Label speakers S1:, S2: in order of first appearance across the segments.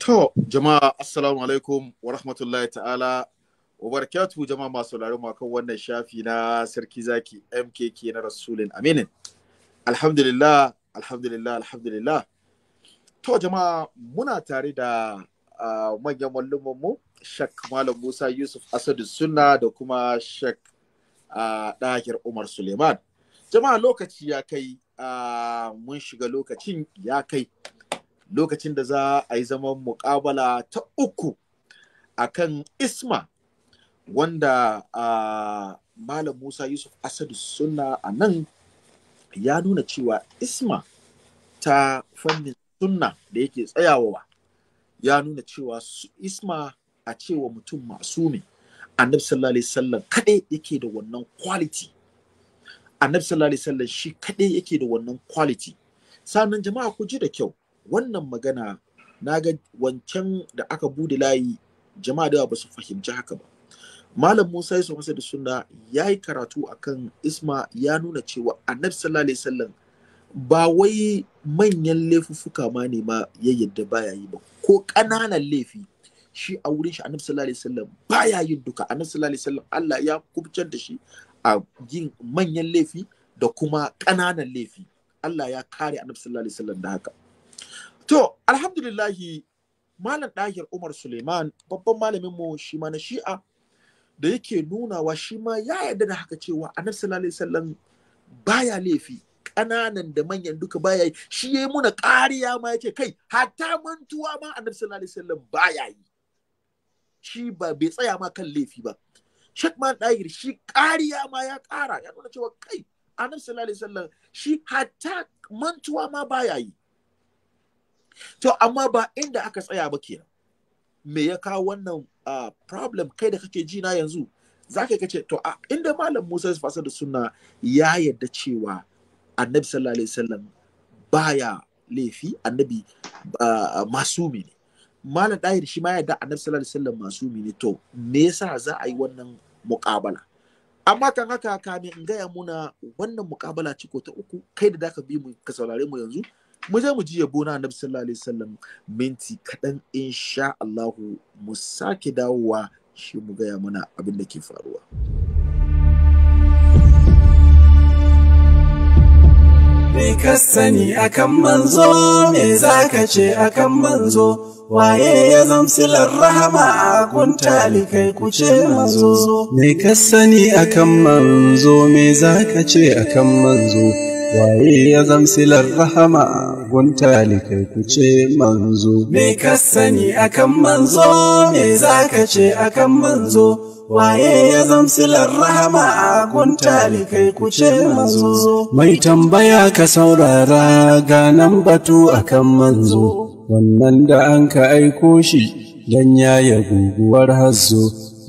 S1: To, jama'a assalamu alaikum wa rahmatullahi ta'ala wa barakatuhu jama'a masu larin kan wannan shafi na sarki zaki MKK na Rasulun Aminin. Alhamdulillah, alhamdulillah, alhamdulillah. To, jama'a muna tare da uh, manyan mu Shak Malam Musa Yusuf Asadu Sunna da kuma Shak uh, Umar Suleiman. Jama'a lokaci ya kai, mun shiga lokacin ya kai. lokacin da za a yi zaman muƙabala ta uku a kan isma wanda uh, Malam Musa Yusuf Asadu suna a nan ya nuna cewa isma ta fannin sunna da yake tsayawa ya nuna cewa isma a cewa mutum masu annabi sallallahu alaihi sallar kaɗai yake da wannan kwaliti. annabi sallallahu alaihi shi kaɗai yake da wannan kwaliti. sannan jama'a ku ji da kyau wannan magana na ga wancan da aka bude layi jama'a da ba su fahimci haka ba malam musa ya masa da sunna ya yi karatu akan isma ya nuna cewa annabi sallallahu alaihi wasallam ba wai manyan laifuffuka ma ne ma ya yadda baya yi ba ko ƙananan laifi shi a wurin shi annabi sallallahu alaihi wasallam baya yin duka annabi sallallahu alaihi wasallam Allah ya kubutar da shi a yin manyan laifi da kuma ƙananan laifi Allah ya kare annabi sallallahu alaihi wasallam da haka To, alhamdulillahi, Malam ɗahir Umar Suleiman, babban malamin mu shi ma na shi'a, da yake nunawa shi ma ya yarda da haka cewa annabi sallallahu alaihi wasallam baya laifi ƙananan da manyan duka baya yi shi yayi muna ƙariya ma yake kai hatta mantuwa ma annabi sallallahu alaihi wasallam baya yi shi ba bai tsaya ma kan laifi ba shek man ɗahir shi ƙariya ma ya ƙara ya nuna cewa kai annabi sallallahu alaihi wasallam shi hatta mantuwa ma baya yi to amma ba inda aka tsaya ba kenan me ya kawo wannan problem kai da kake ji na yanzu za ka kace to a inda malam Musa ya fasa da sunna ya yadda cewa annabi sallallahu alaihi wasallam baya laifi annabi masumi ne malam dahir shi ma yadda annabi sallallahu alaihi wasallam masumi ne to me yasa za a yi wannan muƙabala amma kan haka kamin in gaya muna wannan muƙabala ciko ta uku kai da zaka bi mu ka saurare mu yanzu mu je mu ji yabo na annabi sallallahu alaihi wasallam minti kaɗan insha Allah mu sake dawowa shi mu gaya mana abin da ke faruwa.
S2: Me ka sani akan manzo, me za ka ce akan manzo, waye ya zamsilar rahama a kuntali kai kuce manzo. Me ka sani akan manzo, me za ka ce akan manzo. waye ya zamsilar rahama gunta likai ku ce manzo me ka sani akan manzo me zaka ce akan manzo waye ya zamsilar rahama gunta likai ku ce manzo mai tambaya ka saurara ganan batu akan manzo wannan da an ka aiko shi dan yi guguwar hazo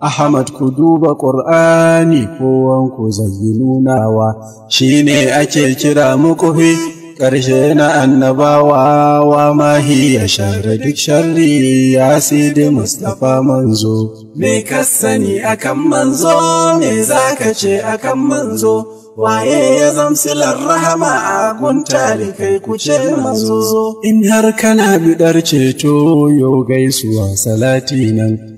S2: Ahmad ku duba ƙur'ani kowanku zayyinunawa shi ne ake kira muku fi ƙarshe na annabawa wa mahi ya share duk sharri ya sidi Mustapha manzo. Me ka sani akan manzo, me za ka ce akan manzo? waye ya zamsilar rahama a guntali kai kuce manzo in har kana biɗar ceto yo gaisuwa salati nan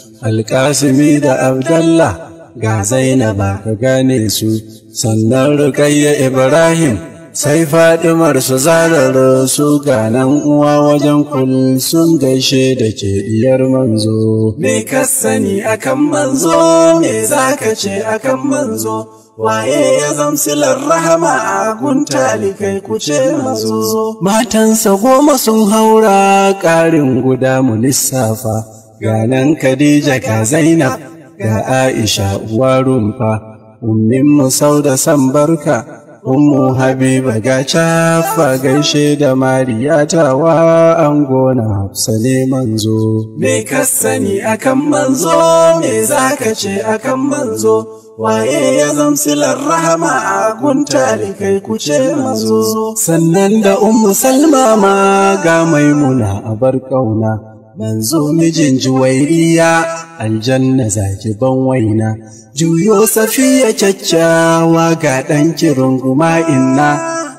S2: alƙasimi da abdallah ga ba ka gane su sannan rukayya ibrahim sai fadimar su zarar su ga nan uwa wajen kullum sun gaishe da ke diyar manzo me ka sani akan manzo me za ka ce akan manzo waye ya zamsilar rahama a guntali kai kuce manzo matansa goma sun haura ƙarin guda mu lissafa ga nan Khadija ka Zainab ga Aisha uwa rumfa ummin musau da san barka ummu habiba ga fa gaishe da mariya wa, an gona hafsa ne manzo me ka sani akan manzo me zaka ce akan manzo waye ya zamsilar rahama a kuntali kai kuce manzo. sannan da ummu salma ma ga maimuna abar ƙauna. Manzo mijin juwairiya, aljanna zaki ban waina, juyo safiya kyakkyawa ga ɗan runguma inna,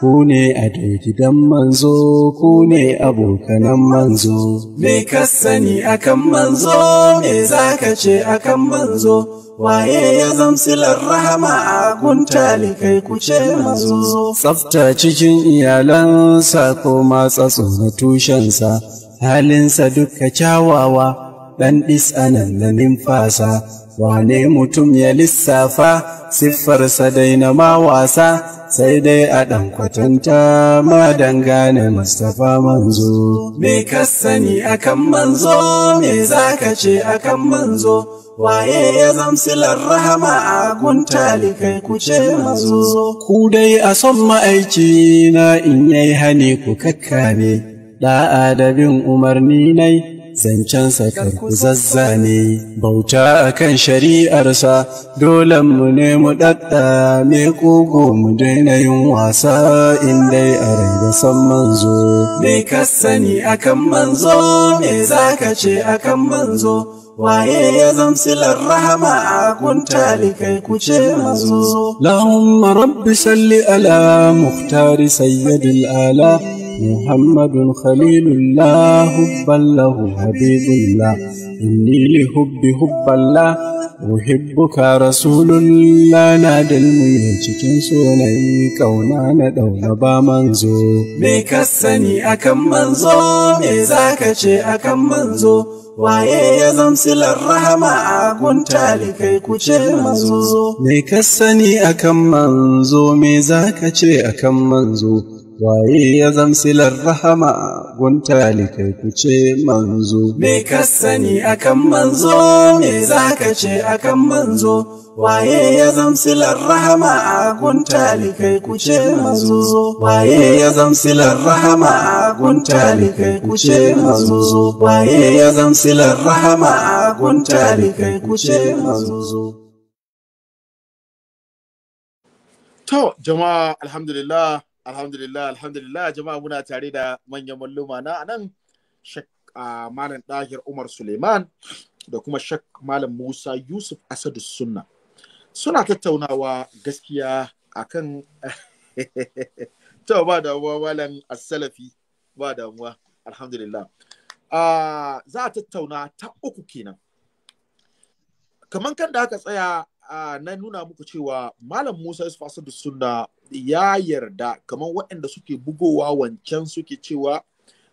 S2: ku ne a gidan manzo, ku ne abokanan manzo. Me ka sani akan manzo, me za ka ce akan manzo, waye ya zamsilar rahama a kuntali kai ce manzo. Tsafta cikin iyalansa ko matsa na tushensa. halinsa duka kyawawa ɗan ɗis'anan da nimfasa wane mutum ya lissafa siffarsa daina ma wasa sai dai a ɗan kwatanta ma dangane mustapha manzo me ka sani akan manzo me za ka ce akan manzo waye ya zamsilar rahama a kuntali kai ce manzo ku dai a son ma'aiki na in yai hane ku kakkame ɗa'a da bin umarni nai zancensa karkuzazza ne bauta a kan shari'arsa dole mu ne mu ɗaɗɗa me ƙugu mu daina yin wasa in a rai san manzo me ka sani akan manzo me za ka ce akan manzo waye ya zamsilar rahama a kunta ku ce manzo lahumma rabbi salli ala muhtari sayyidil ala محمد خليل الله حبا له حبيب الله إني لحب حب الله أحبك رسول الله نادى cikin sonayi كونا na نبا منزو ميك السني أكم منزو ميزاك شيء أكم منزو waye ya zamsilar rahama a guntali kai kuce manzo. Me ka sani akan manzo, me za ka ce akan manzo. waye ya zamsilar rahama gunta likai kuce manzo me ka sani akan manzo me zaka ce akan manzo waye ya zamsilar rahama gunta likai kuce manzo waye ya zamsilar rahama gunta likai kuce manzo waye ya zamsilar rahama gunta likai kuce manzo
S1: To, jama'a alhamdulillah Alhamdulillah, alhamdulillah jama'a muna tare da manyan malluma na nan a ah, Malam Dahir Umar Suleiman da kuma Shak Malam Musa Yusuf Asadu Sunna. Suna tattaunawa gaskiya akan to ba damuwa malam asalafi ba damuwa alhamdulillah. Ah, za a tattauna ta uku kenan. Kamar kan da aka tsaya ah, na nuna muku cewa Malam Musa Yusuf Asadu Sunna ya yarda kamar waɗanda suke bugowa wancan suke cewa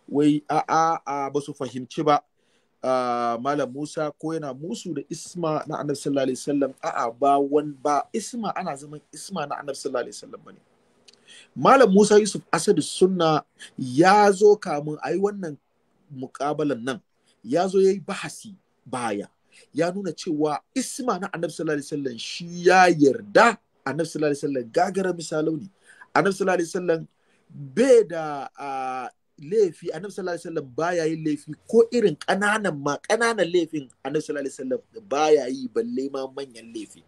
S1: wai a a a ba su fahimci ba malam Musa ko yana musu da isma na annabi sallallahu alaihi wasallam a a ba wan ba isma ana zaman isma na annabi sallallahu alaihi wasallam bane malam Musa Yusuf Asadu Sunna ya zo kamun yi wannan mukabalan nan ya zo ya yi bahasi baya ya nuna cewa isma na annabi sallallahu alaihi wasallam shi ya yarda annabi sallallahu alaihi wasallam gagara misalau ne annabi sallallahu alaihi wasallam bai da laifi annabi sallallahu alaihi wasallam baya yin laifi ko irin kananan ma kananan laifin annabi sallallahu alaihi wasallam baya yi balle ma manyan laifi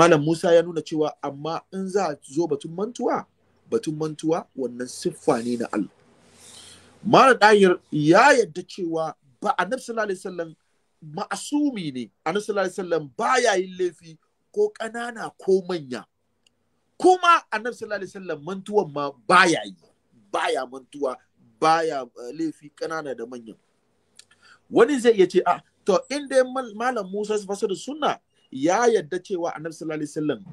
S1: malam Musa ya nuna cewa amma in za a zo batun mantuwa batun mantuwa wannan siffa ne na Allah malam Dahir ya yadda cewa ba annabi sallallahu alaihi wasallam ma'asumi ne annabi sallallahu alaihi wasallam baya yin laifi ko ƙanana ko manya kuma annabi sallallahu alaihi wasallam mantuwan ma baya yi baya mantuwa baya eh, laifi ƙanana da manya wani zai iya ce a ah, to in dai malam Musa fasir sunna ya yadda cewa annabi sallallahu alaihi wasallam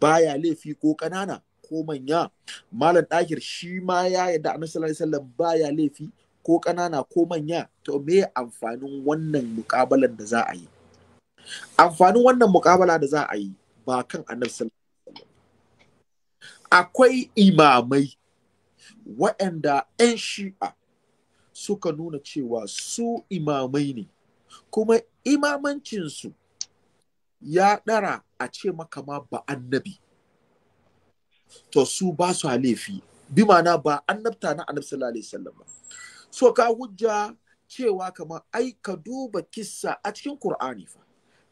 S1: baya laifi ko ƙanana ko manya malam ɗakir shi ma ya yadda annabi sallallahu alaihi wasallam baya laifi ko ƙanana ko manya to me amfanin wannan muƙabalan da za a yi amfanin wannan muƙabala da za a yi ba kan annabi akwai imamai waɗanda 'yan shi'a suka nuna cewa su imamai ne kuma imamancinsu ya ɗara a ce makama ba annabi to su ba su halefi bi mana ba annabta na annabi sallallahu alaihi ba so ka hujja cewa kamar ai ka duba kissa a cikin qur'ani fa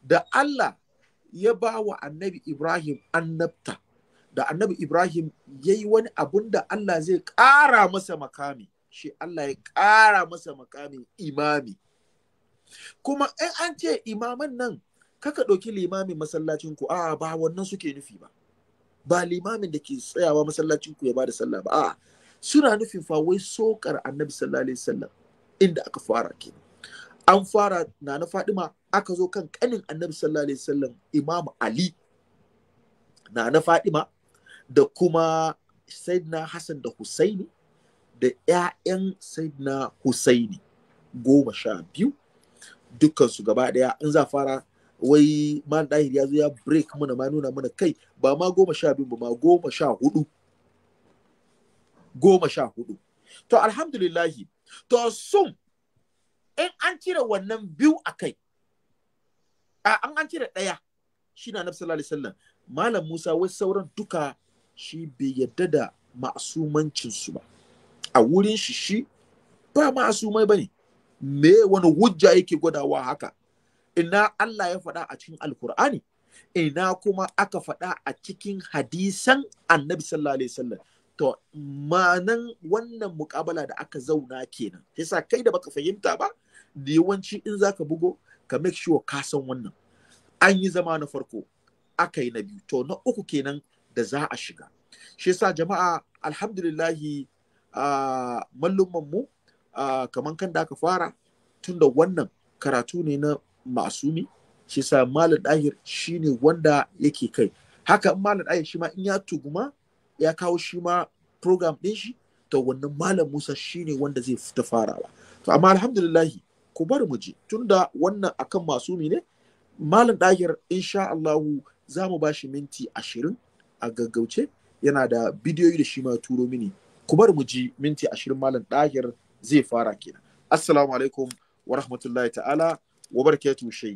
S1: da Allah ya ba wa annabi Ibrahim annabta da annabi Ibrahim ya yi wani abun da Allah zai ƙara masa makami shi Allah ya ƙara masa makamin imami kuma in an ce imaman nan kaka ɗauki limamin masallacin ku a ba wannan suke nufi ba ba limamin da ke tsayawa masallacin ku ya ba da sallah ba a suna nufin fa wai sokar annabi sallallahu alaihi wasallam inda aka fara kenan an fara na na fadima aka zo kan kanin annabi sallallahu alaihi wasallam imamu ali na na fadima da kuma sayyidina hassan da husaini da 'ya'yan sayyidina husaini goma sha biyu dukkansu gaba daya in za fara wai man dahir ya zo ya break mana ma nuna mana kai ba ma goma sha biyu ba ma goma sha hudu goma sha hudu to alhamdulillahi to sun in an cire wannan biyu a kai an an cire ɗaya shi na nafi sallallahu malam musa wai sauran duka shi bai yadda da masumancinsu ba a wurin shi shi ba masumai ba ne me wani hujja yake gwadawa haka ina allah ya faɗa a cikin alkur'ani ina kuma aka faɗa a cikin hadisan annabi sallallahu alaihi wasallam to manan wannan mukabala da aka zauna kenan yasa kai da baka fahimta ba da yawanci in zaka bugo ka make sure ka san wannan an yi zama na farko aka yi na biyu to na uku kenan da za a shiga shi yasa jama'a alhamdulillahi uh, mallumman mu uh, kaman kan da aka fara tunda wannan karatu ne na masumi shi yasa malam dahir shine wanda yake kai haka malam dahir shi ma in ya tuguma ya kawo shi ma program din shi to wannan malam musa shine wanda zai fita farawa to amma alhamdulillahi ku bar mu ji tunda wannan akan masumi ne malam ɗahir insha Allahu za mu ba shi minti ashirin a gaggauce yana da bidiyoyi da shi ma turo mini ku bar mu ji minti ashirin malam ɗahir zai fara kenan assalamu alaikum wa rahmatullahi ta'ala wa barakatuhu shai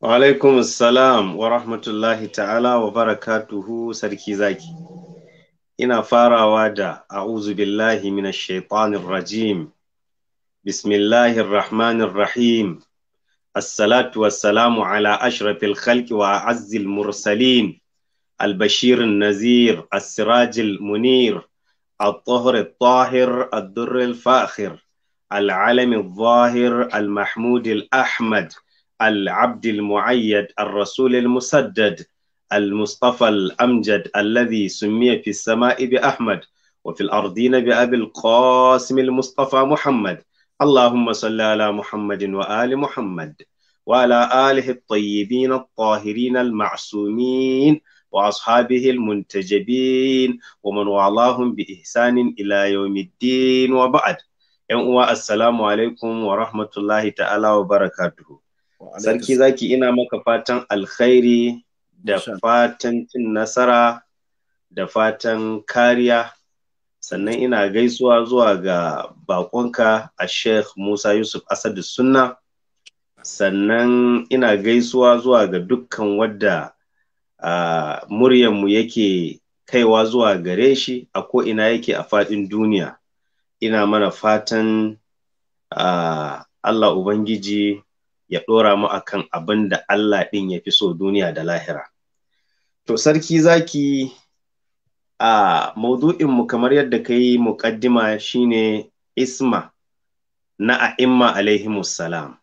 S3: wa alaikum assalam wa rahmatullahi ta'ala wa barakatuhu sarki zaki ina farawa da a'udhu billahi minash shaitanir rajim بسم الله الرحمن الرحيم الصلاة والسلام على أشرف الخلق وأعز المرسلين البشير النذير السراج المنير الطهر الطاهر الدر الفاخر العلم الظاهر المحمود الأحمد العبد المعيد الرسول المسدد المصطفى الأمجد الذي سمي في السماء بأحمد وفي الأرضين بأبي القاسم المصطفى محمد اللهم صل على محمد وآل محمد وعلى آله الطيبين الطاهرين المعصومين وأصحابه المنتجبين ومن والاهم بإحسان إلى يوم الدين وبعد uwa assalamu alaikum wa rahmatullahi ta'ala wa barakatuhu sarki zaki ina maka fatan alkhairi da fatan cin nasara da fatan kariya sannan ina gaisuwa zuwa ga bakonka a sheikh musa yusuf asadu sunna sannan ina gaisuwa zuwa ga dukkan wadda muryanmu yake kaiwa zuwa gare shi a ko'ina yake a faɗin duniya ina mana fatan allah ubangiji ya ɗora mu akan abin da allah ɗin ya fi so duniya da lahira to sarki zaki a Maudu'inmu kamar yadda ka yi muƙaddima shine isma na a'imma alaihimussalam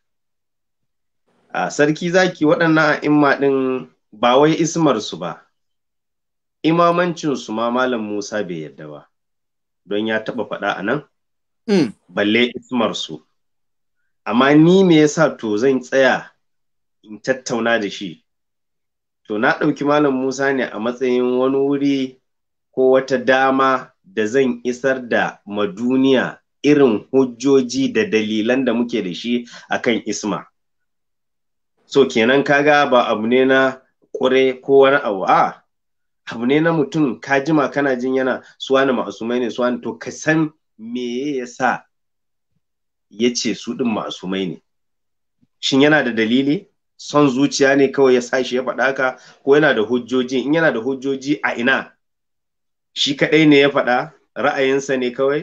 S3: a sarki zaki waɗannan a'imma ɗin ba wai ismarsu ba imamancinsu ma malam musa bai yadda ba don ya taɓa faɗa a nan hmm. balle ismarsu amma ni me yasa to zan tsaya in tattauna da shi to na ɗauki malam musa ne a matsayin wani wuri ko wata dama da zan isar da maduniya irin hujjoji da dalilan da muke da shi akan isma so kenan kaga ba abu ne na kure ko wani abu a abu ne na mutum ka jima kana jin yana suwani ma'asumai ne suwani to ka san me ya sa ya ce su ɗin ma'asumai ne shin yana da dalili son zuciya ne kawai ya sa shi ya faɗa haka ko yana da hujjoji in yana da hujjoji a ina shi kaɗai ne ya faɗa ra'ayinsa ne kawai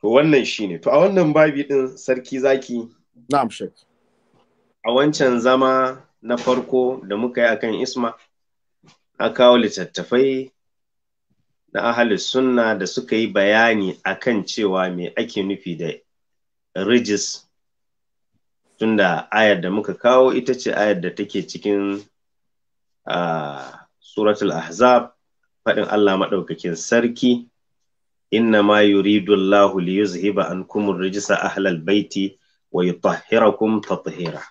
S3: to wannan shi ne to a wannan babi ɗin sarki zaki na'am shek a wancan zama na farko da muka yi akan isma a kawo littattafai na ahalis sunna da suka yi bayani akan cewa me ake nufi da rijis tunda ayar da muka kawo ita ce ayar da take cikin ah, suratul ahzab faɗin Allah maɗaukakin sarki inna ma yuridu Allahu li yuzhiba ankum rijsa ahlal baiti wa yutahhirakum tathira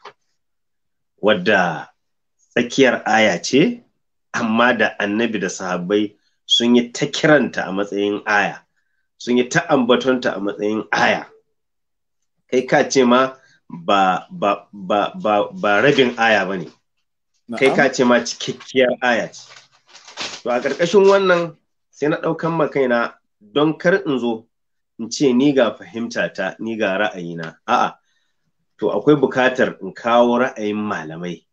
S3: wadda tsakiyar aya ce amma da annabi da sahabbai sun yi ta kiranta a matsayin aya sun yi ta ambatonta a matsayin aya kai ka ce ma ba ba ba ba, ba rabin aya kai ka ce ma cikakkiyar aya ce To a ƙarƙashin wannan sai na ɗaukan ma kaina don kar in zo in ce ni ga fahimta ta ni ga ra'ayina a'a to akwai bukatar in kawo ra'ayin malamai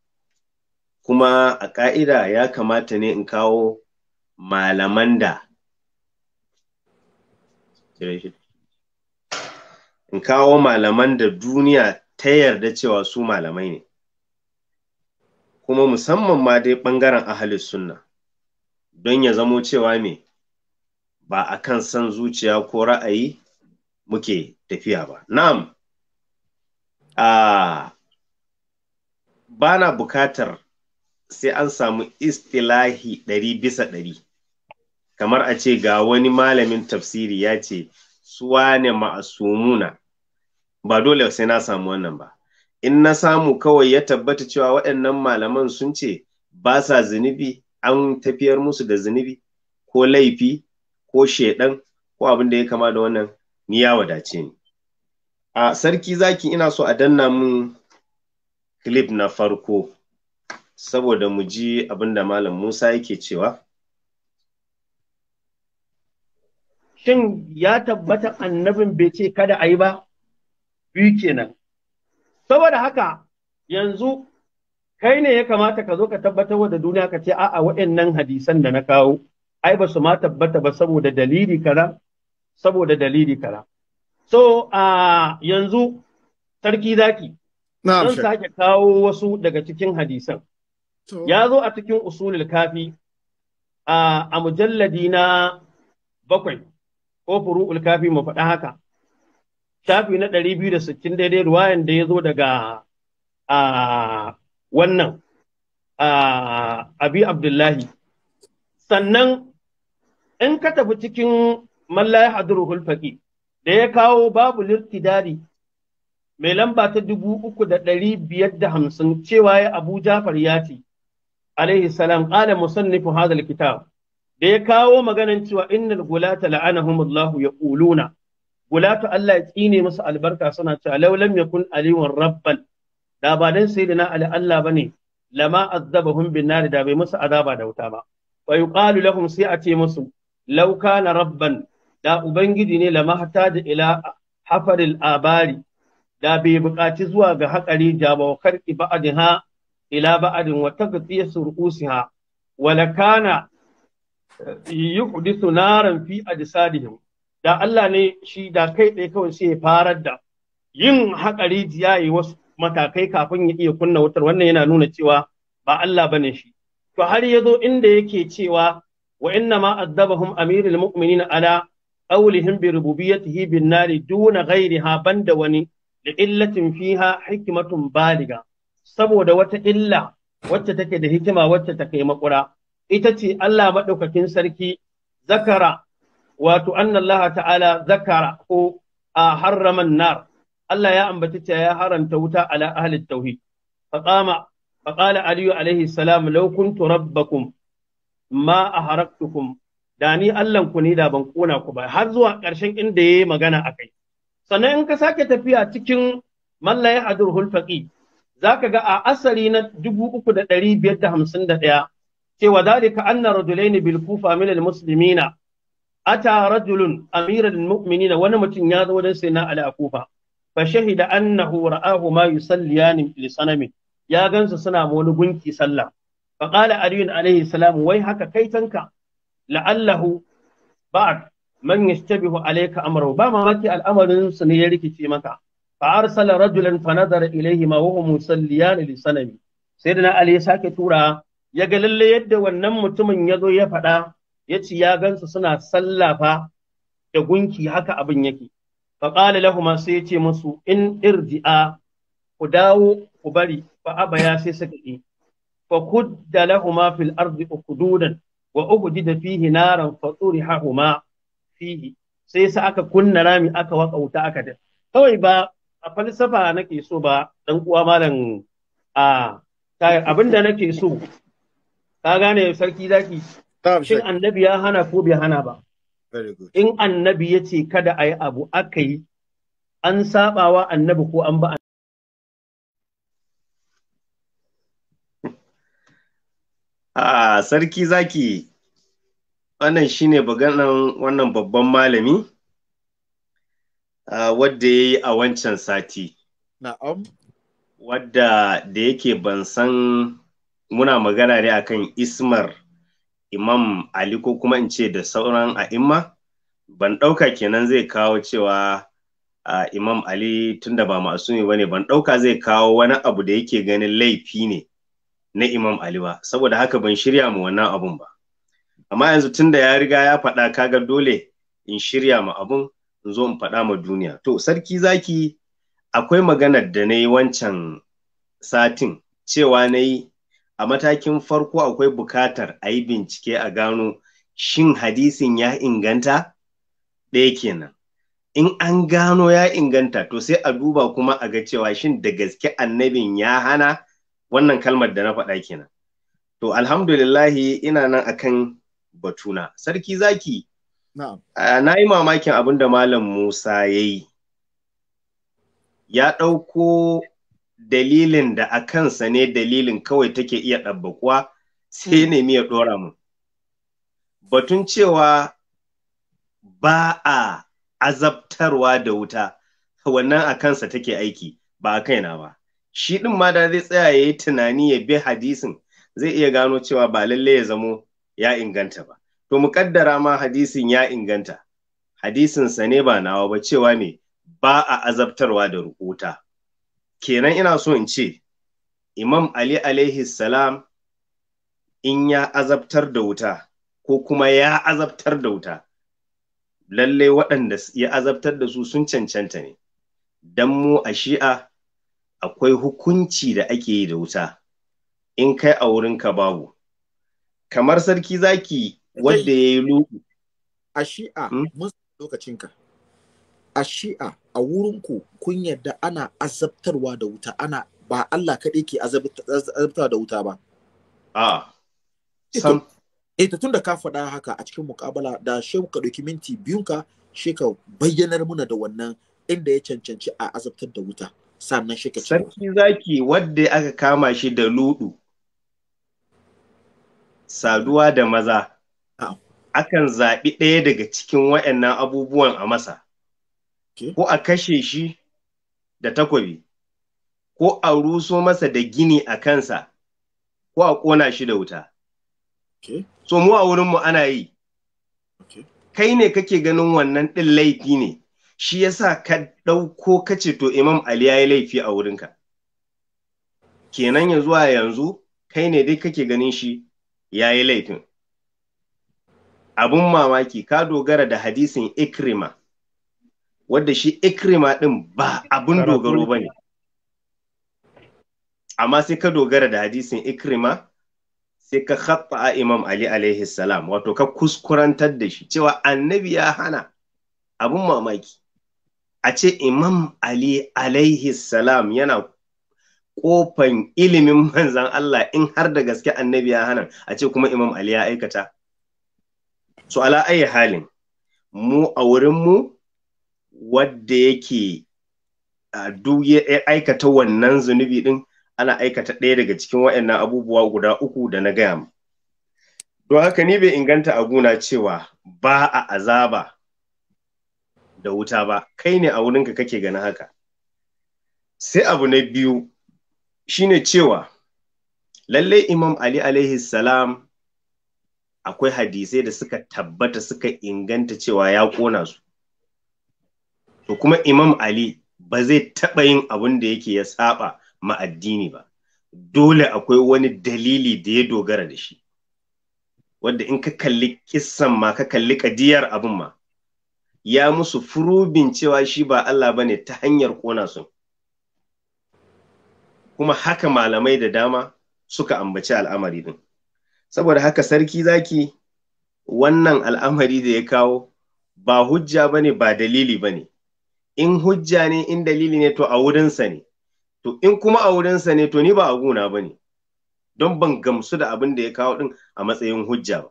S3: kuma a ƙa'ida ya kamata ne in kawo malaman da in kawo malaman da duniya ta yarda cewa su malamai ne kuma musamman ma dai ɓangaren ahalis sunna don ya zamo cewa me ba a kan san zuciya ko ra'ayi muke tafiya ba na'am a ba na bukatar sai an samu istilahi ɗari bisa ɗari kamar a ce ga wani malamin tafsiri ya ce suwane ma'asumuna ba dole sai na samu wannan ba in na samu kawai ya tabbata cewa waɗannan malaman sun ce ba sa zunubi an tafiyar musu da zunubi ko laifi ko shaidan ko abin da ya kama da wannan ni ya wadace ni a sarki zaki ina so a danna mun clip na farko saboda mu ji abin da malam musa yake cewa
S4: shin ya tabbata annabin bai ce kada a yi ba biyu kenan saboda haka yanzu kai ne ya kamata ka zo ka tabbatar da duniya ka ce a'a waɗannan hadisan da na kawo ai ba su ma tabbata ba saboda dalili kara saboda dalili kara so a yanzu sarki zaki zan sake kawo wasu daga cikin hadisan ya zo a cikin usulul kafi a mujalladi na bakwai ko furu'ul kafi mu faɗa haka shafi na 260 daidai ruwayan da ya zo daga wannan abi abdullahi sannan in ka tafi cikin mallaya hadruhul faqi da ya kawo babu lirtidari mai lamba ta dubu uku da ɗari biyar da hamsin cewa ya abu jafar ya ce alaihi salam ala musannifu hadal kitab da ya kawo maganan cewa innal gulata la'anahum Allah ya uluna gulata Allah ya tsine musu albarka suna cewa law lam yakun aliyun rabban da ba dan na ali Allah bane lama azzabahum bin nar da bai musu azaba da wuta ba wa yuqalu lahum sai a ce musu law kana rabban da ubangiji ne lama hatta da ila hafaril abari da bai buƙaci zuwa ga haƙari jaba wa ba'adin ha ila ba'adin wa taqtiya surusiha wa lakana eh, yuhdisu naran fi ajsadihim da Allah ne shi da kai tsaye kawai sai ya farar da yin haƙari jiya yi wasu matakai kafin ya iya kunna wutar wannan yana nuna cewa ba Allah bane shi to har ya zo inda yake cewa wa inna ma addabahum amirul mu'minin ala qawlihim bi rububiyyatihi bin nari duna ghayriha banda wani li illatin fiha hikmatun baliga saboda wata illa wacce take da hikima wacce ta kai makura ita ce Allah madaukakin sarki zakara wato anna Allah ta'ala zakara ko a harraman nar Allah ya ambaci cewa ya haramta wuta ala ahli tauhid faqama faqala ali alaihi salam law kuntu rabbakum ma aharaktukum da ni Allah ku ne da ban kona ku ba har zuwa ƙarshen inda yayi magana akai sannan in ka sake tafiya cikin mallaya adurhul faqi zaka ga a asali na 3551 cewa dalika anna rajulain bil kufa min al muslimina ata rajulun amiral mu'minina wani mutum ya zo wajen sai ali a kufa fa shahida annahu ra'ahu ma yusalliyan li sanami ya gansu suna ma wani gunki sallah fa qala ali alaihi salam wai haka kai tanka la'allahu ba'd man yashtabihu alayka amru ba mamaki al'amarin su ne ya rikice maka fa arsala rajulan fa nadara ilayhi ma huwa musalliyan li sanami sayyidina ali ya sake tura ya ga lalle yadda wannan mutumin ya zo ya faɗa ya ce ya gansu suna sallafa da gunki haka abin yake faƙali lahuma sai ya ce musu in irji'a ku dawo ku bari fa abaya sai suka ƙi fa kudda lahuma fil ardi ukududan wa uhudida fihi naran fa hahuma fihi sai sa aka kunna rami aka wakauta aka da kawai ba a falsafa nake so ba dan uwa malam a abinda nake so ka gane sarki zaki shin annabi ya hana ko bai hana ba in annabi ya ce kada a yi abu aka yi an sabawa annabi ko an ba a
S3: ah, sarki zaki wannan shine baganan wannan babban malami ah, wadda ya yi a wancan sati na'am wadda da yake ban san muna magana ne akan ismar imam ali ko kuma in ce da sauran a'imma ban ɗauka kenan zai kawo cewa uh, imam ali tunda ba masu ba bane ban ɗauka zai kawo wani abu da yake ganin laifi ne na imam ali ba saboda haka ban shirya mu wannan abun ba amma yanzu tunda ya riga ya faɗa kaga dole in shirya ma abun in zo in faɗa ma duniya to sarki zaki akwai maganar da na yi wancan satin cewa na yi a matakin farko akwai bukatar a yi bincike a gano shin hadisin ya inganta ɗaya kenan in an gano ya inganta to sai a duba kuma a ga cewa shin da gaske annabin ya hana wannan kalmar da na faɗa kenan to alhamdulillahi ina nan akan batuna sarki zaki na yi mamakin abin da malam musa ya yi ya ɗauko dalilin da a kansa ne dalilin kawai take iya ɗabbaƙuwa sai hmm. nemi ya ɗora mu. Batun cewa ba a azabtarwa da wuta, wannan a kansa take aiki ba a kaina ba. Shi ɗin ma da zai tsaya ya yi tunani ya bi hadisin zai iya gano cewa ba lalle ya zamo ya inganta ba. To mu kaddara ma hadisin ya inganta, hadisinsa ne ba nawa ba cewa ne ba a azabtarwa da wuta. kenan ina so in ce imam ali alaihi salam in ya azabtar da wuta ko kuma ya azabtar da wuta lalle waɗanda ya azabtar da su sun cancanta ne don mu a shi'a akwai hukunci da ake yi da wuta in kai a wurinka babu kamar sarki zaki wadda ya yi lugu a shi'a hmm?
S1: lokacinka a shi'a a wurinku kun yarda ana azabtarwa da wuta ana ba Allah kaɗai ke azabtarwa da wuta ba. A. Ita eh eh tun da ka faɗa haka a cikin mukabala da shehu ka ɗauki minti biyun ka shi ka bayyanar muna da wannan inda ya cancanci a azabtar da wuta sannan shi
S3: ka Sarki zaki wadda aka kama shi da ludu saduwa da maza akan zaɓi ɗaya daga cikin waɗannan abubuwan a masa. ko a kashe shi da takwabi ko a ruso masa da gini a kansa ko a ƙona shi da wuta so mu a wurinmu ana yi kai ne kake ganin wannan ɗin laifi ne shi ya sa ka ɗauko ka ce to imam ali ya yi laifi a wurinka kenan ya zuwa yanzu kai ne dai kake ganin shi ya yi laifin Abin mamaki ka dogara da hadisin ikrima wadda shi ikrima ɗin ba abin dogaro ba ne. Amma sai ka dogara da hadisin ikrima sai ka haɓa imam Ali alaihi salam wato ka kuskurantar da shi cewa annabi ya hana abin mamaki. A ce imam Ali alaihi salam yana kofan ilimin manzan Allah in har da gaske annabi ya hana a ce kuma imam Ali ya aikata. So ala ayi halin mu a wurin mu wadda yake duk ya aikata wannan zunubi din ana aikata ɗaya daga cikin wa'annan abubuwa guda uku da na gaya To haka ni bai inganta a guna cewa ba a azaba da wuta ba kai ne a wurinka kake ganin haka sai abu na biyu shine cewa lallai imam ali alaihi salam akwai hadisai da suka tabbata suka inganta cewa ya ƙona su to kuma imam ali ba zai taɓa yin abin da yake ya saba ma addini ba dole akwai wani dalili da ya dogara da shi wadda in ka kalli kissan ma ka kalli kadiyar abin ma ya musu furubin cewa shi ba Allah bane ta hanyar kona su kuma haka malamai da dama suka ambaci al'amari din saboda haka sarki zaki wannan al'amari da ya kawo ba hujja bane ba dalili bane in hujja ne in dalili ne to a wurinsa ne to in kuma a wurinsa ne to ni ba a guna ba ne don ban gamsu da abin da ya kawo din a matsayin hujja ba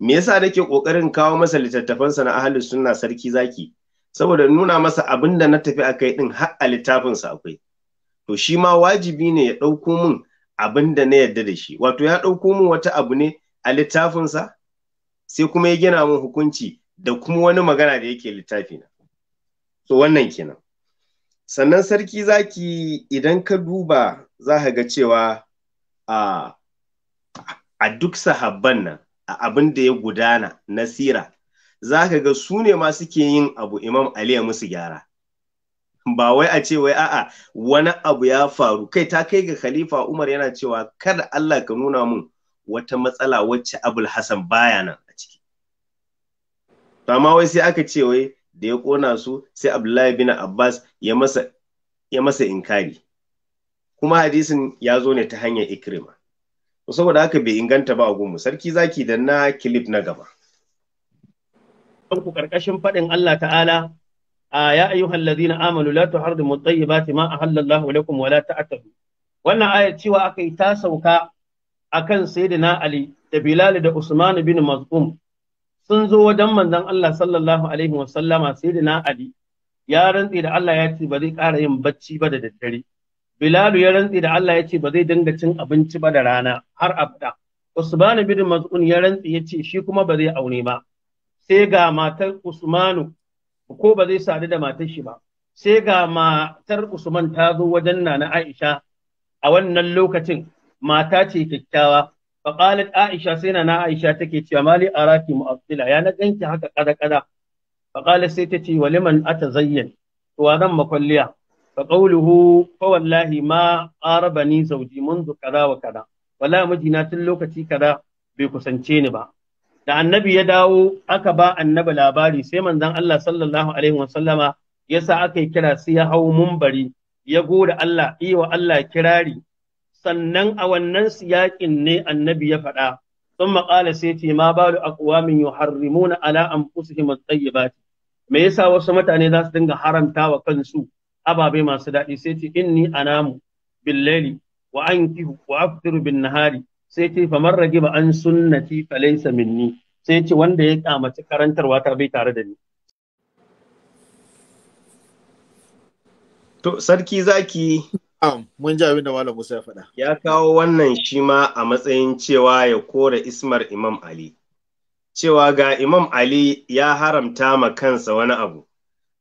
S3: me yasa nake kokarin kawo masa littattafansa na ahlus sunna sarki zaki saboda nuna masa abin da na tafi akai din har a littafinsa akwai to shi ma wajibi ne ya ɗauko min abin da na yarda da shi wato ya ɗauko min wata abu ne a littafinsa sai kuma ya gina min hukunci da kuma wani magana da yake littafina so wannan kenan sannan sarki zaki idan ka duba za ka ga cewa a duk sahabban nan a abin da ya gudana na sira za ka ga su ne ma suke yin abu imam ali ya musu gyara ba wai a ce wai a'a wani abu ya faru kai ta kai ga khalifa umar yana cewa kada allah ka nuna mun wata matsala wacce abul hassan baya nan a ciki Ta ma wai sai aka ce wai da ya kona su sai Abdullahi bin Abbas ya masa ya masa inkari kuma hadisin ya zo ne ta hanyar Ikrima saboda haka bai inganta ba a gumu sarki zaki da na kilif na gaba
S4: ku karkashin faɗin Allah ta'ala a ya ayyuhal ladina amanu la tuharrimu at-tayyibati ma ahallallahu lakum wa la wannan aya cewa aka yi ta sauka akan sayyidina Ali da Bilal da Usman bin Maz'um sun zo wajen manzon Allah sallallahu alaihi wasallama sayyidina Ali ya rantsi da Allah ya ce ba zai ƙara yin bacci ba da daddare Bilalu ya rantsi da Allah ya ce ba zai dinga cin abinci ba da rana har abada Usman bin Mas'un ya rantsi ya ce shi kuma ba zai aure ba sai ga matar Usmanu ko ba zai sadu da matar shi ba sai ga matar Usman ta zo wajen Nana Aisha a wannan lokacin mata ce kyakkyawa faqalat aisha sai na aisha take cewa mali araki mu'attila ya na ganke haka kada kada faqalat sai ta ce waliman atazayyan to wa zan makwalliya fa qawluhu fa wallahi ma qarabani zawji منذ kaza wa kaza wallahi mijina tun lokaci kaza bai kusance ni ba da annabi ya dawo aka ba annabi labari sai manzon Allah sallallahu alaihi wasallama yasa aka yi kira sai ya hau mumbari ya gode Allah iya wa Allah kirari sannan a wannan siyaƙin ne annabi ya faɗa sun maƙala sai ce ma balu aqwamin yuharrimuna ala tsaye ba ce. me yasa wasu mutane za su dinga haramta wa kansu ababe masu daɗi sai ce inni anamu billali wa ankihu wa aftiru bin nahari sai ce famar rage ba an sunnati kalaisa minni sai ce wanda ya kamaci karantarwa ta bai tare da ni
S3: to sarki zaki
S1: mun ji abin da Malam Musa ya faɗa.
S3: Ya kawo wannan shi ma a matsayin cewa ya kore ismar Imam Ali. Cewa ga Imam Ali ya haramta ma kansa wani abu.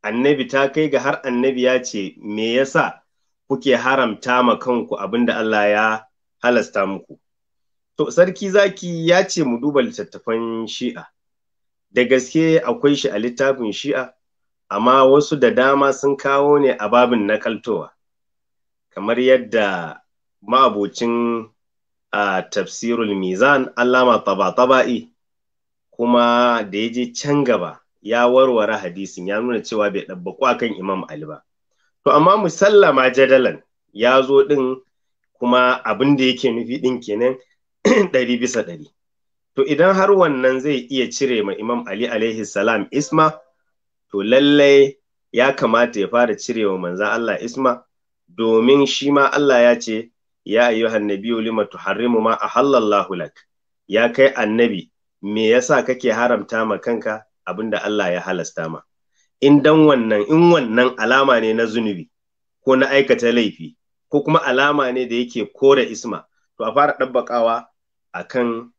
S3: Annabi ta kai ga har annabi ya ce, Me yasa kuke haramta ma kanku abin da Allah ya halasta muku? To, Sarki Zaki ya ce mu duba littattafan shi'a. Da gaske akwai shi a littafin shi'a, amma wasu da dama sun kawo ne a babin nakaltowa. kamar yadda ma'abocin a tafsirul mizan allama taba-taba'i kuma da ya je can gaba ya warware hadisin ya nuna cewa bai ɗabbaku akan imam ali ba to amma musallama jadalan ya zo ɗin kuma abin da yake nufi ɗin kenan ɗari bisa ɗari to idan har wannan zai iya cire ma imam ali alaihi salam isma to lallai ya kamata ya fara cire wa manzan allah isma domin shi ma Allah ya ce ya ayyuhan nabiyyu lima tuharrimu ma a hallar lak ya kai annabi me yasa kake haramta ma kanka abin da Allah ya halasta ma in dan wannan in wannan alama ne na zunubi ko na aikata laifi ko kuma alama ne da yake kore isma to a fara dabbakawa akan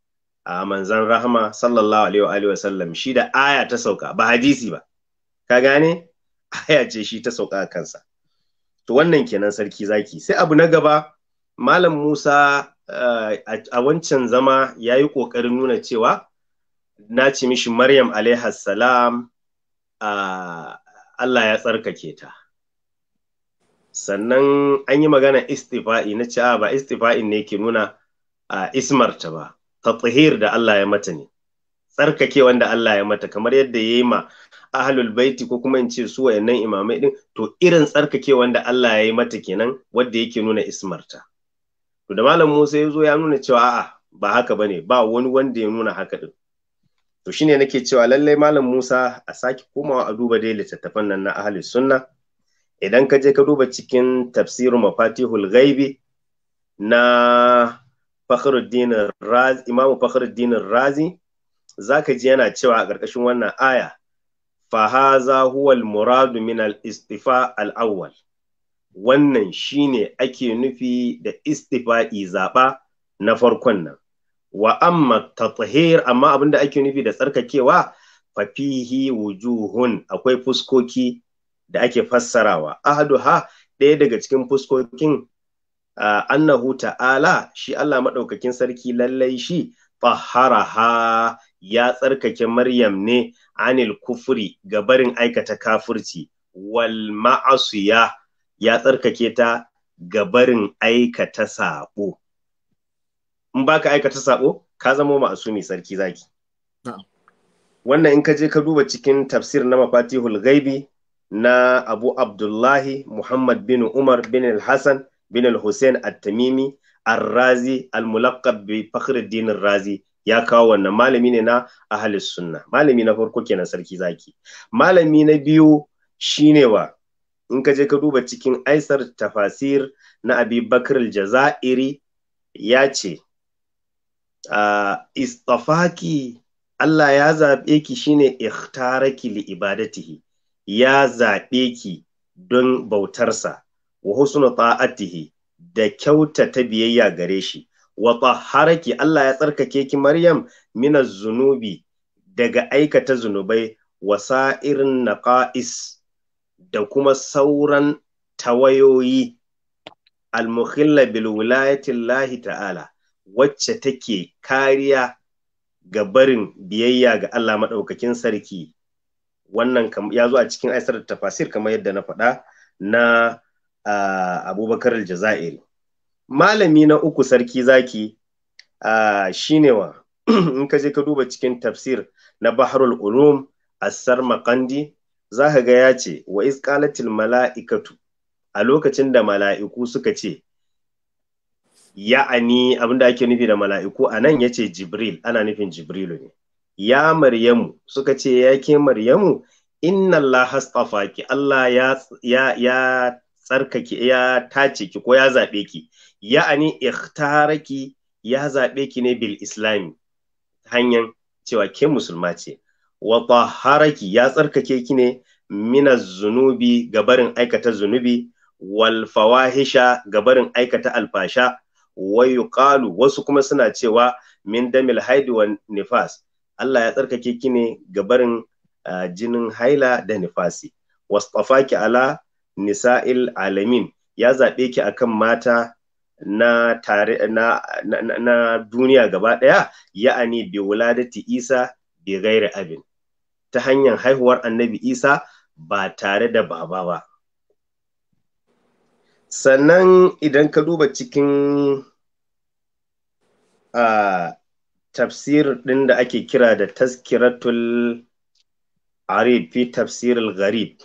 S3: a manzan rahama sallallahu alaihi wa shi da aya ta sauka ba hadisi ba ka gane aya ce shi ta sauka kansa to wannan kenan sarki zaki sai abu na gaba malam musa eh, a wancan zama ya yi ƙoƙarin nuna cewa na ci mishi maryam alaihas salam allah ya tsarkake ta sannan an yi magana istifa'i na ce ba istifa'in ne ke nuna a ismarta ba tatsihir da allah ya mata ne tsarkake wanda Allah ya mata kamar yadda ya yi ma ahlul baiti ko kuma in ce su wayannan imamai din to irin tsarkake wanda Allah ya yi mata kenan wanda yake nuna ismarta to da malam Musa ya zo ya nuna cewa a'a ba haka bane ba wani wanda ya nuna haka din to shine nake cewa lallai malam Musa a sake komawa a duba dai littattafan nan na ahlus sunna idan ka je ka duba cikin tafsirin mafatihul ghaibi na Fakhruddin Razi Imam Fakhruddin Razi zaka ji yana cewa a ƙarƙashin wannan aya fahaza huwal muradu min al-istifa al-awwal wannan shine ake nufi da istifa'i zaɓa na farkon nan wa amma tathir amma abinda ake nufi da tsarkakewa fa wujuhun akwai fuskoki da ake fassarawa ha ɗaya daga cikin fuskokin annahu ta'ala shi Allah maɗaukakin sarki lallai shi fahara ha ya tsarkake Maryam ne anil kufuri ga barin aikata kafurci, wal ma'asiya ya tsarkake ta ga barin aikata saɓo. in baka aikata saɓo, ka zama ma'asumi sarki zaki wannan in ka je ka duba cikin tafsir na mafatihul ghaibi na Abu Abdullahi Muhammad bin Umar bin Al-Hassan bin Al-Hussein At-Tamimi Ar-Razi Al-Mulaqqab bi Fakhruddin Ar-Razi ya kawo wannan malami ne na ahalis sunna malami na farko kenan sarki zaki malami na biyu shine wa in ka je ka duba cikin aisar tafasir na abi bakar jazairi ya ce istafaki Allah ya zaɓe ki shine ikhtaraki li ibadatihi ya zaɓe ki don bautarsa wa husnu ta'atihi da kyauta ta biyayya gare shi wa haraki Allah ya tsarkake ki Maryam mina zunubi daga aikata zunubai wa sa'irin naqa'is da kuma sauran tawayoyi al-mukhilla bil wilayati ta'ala wacce take kariya ga barin biyayya ga Allah maɗaukakin sarki wannan ya zo a cikin aisar tafasir kamar yadda na faɗa na ah, abubakar al-jaza'iri malami na uku sarki zaki a shine wa in ka je ka duba cikin tafsir na baharul ulum asar makandi za ka ga ya ce wa isqalatil mala'ikatu a lokacin da mala'iku suka ce ya'ani abinda ake nufi da mala'iku a nan ya ce jibril ana nufin jibrilu ne ya maryamu suka ce ya ke maryamu inna allah ki? allah ya ya tsarkake ya tace ki ko ya zaɓe ki ya'ani ikhtaraki ya zaɓe ki ne bil islami hanyar cewa ke musulma ce wa taharaki ya tsarkake ki ne mina zunubi gabarin aikata zunubi wal fawahisha gabarin aikata alfasha wayu qalu wasu kuma suna cewa min damil haidi wa nifas Allah ya tsarkake ki ne gabarin jinin haila da nifasi wastafaki ala nisa'il alamin ya zaɓe ki akan mata na tare na, na, duniya gaba ɗaya ya'ani bi wuladati isa bi gaira abin ta hanyar haihuwar annabi isa ba tare da baba ba sannan idan ka duba cikin a tafsir ɗin da ake kira da taskiratul arif fi tafsirul gharib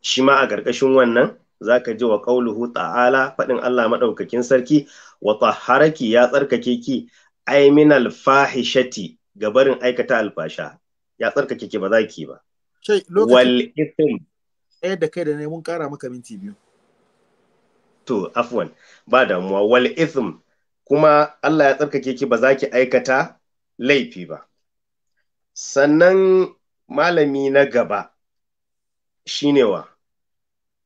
S3: shi ma a ƙarƙashin wannan zaka ji wa qauluhu ta'ala fadin Allah madaukakin sarki wa haraki ya tsarkake ki ay min al fahishati gabarin aikata alfasha ya tsarkake ki ba za ki ba shai lokacin wal
S1: eh da kai da ne mun kara maka minti biyu
S3: to afwan ba damuwa wal ithm kuma Allah ya tsarkake ki ba za ki aikata laifi ba sannan malami na gaba shine wa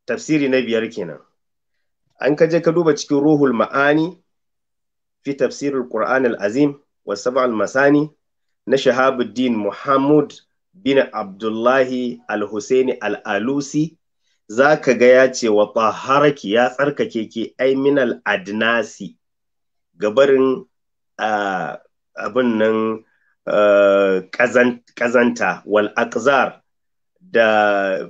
S3: tafsiri na biyar kenan an kaje ka duba cikin ruhul ma'ani fi tafsirul qur'an al-azim wa sab'al masani na shahabuddin muhammad bin abdullahi al-husaini al-alusi za ka ga ya ce wa taharaki ya tsarkake ke aiminal adnasi gabarin barin abin nan kazanta wal aqzar da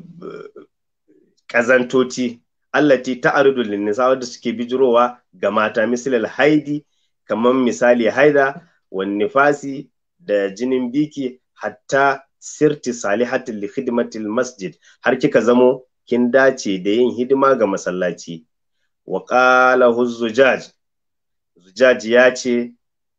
S3: ƙazantoci allati ta arudu nisa wadda suke bijirowa ga mata misalil haidi kamar misali haida wan nifasi da jinin biki hatta sirti salihatin li khidmatil masjid har kika zamo kin dace da yin hidima ga masallaci wa qala zujaj zujaj ya ce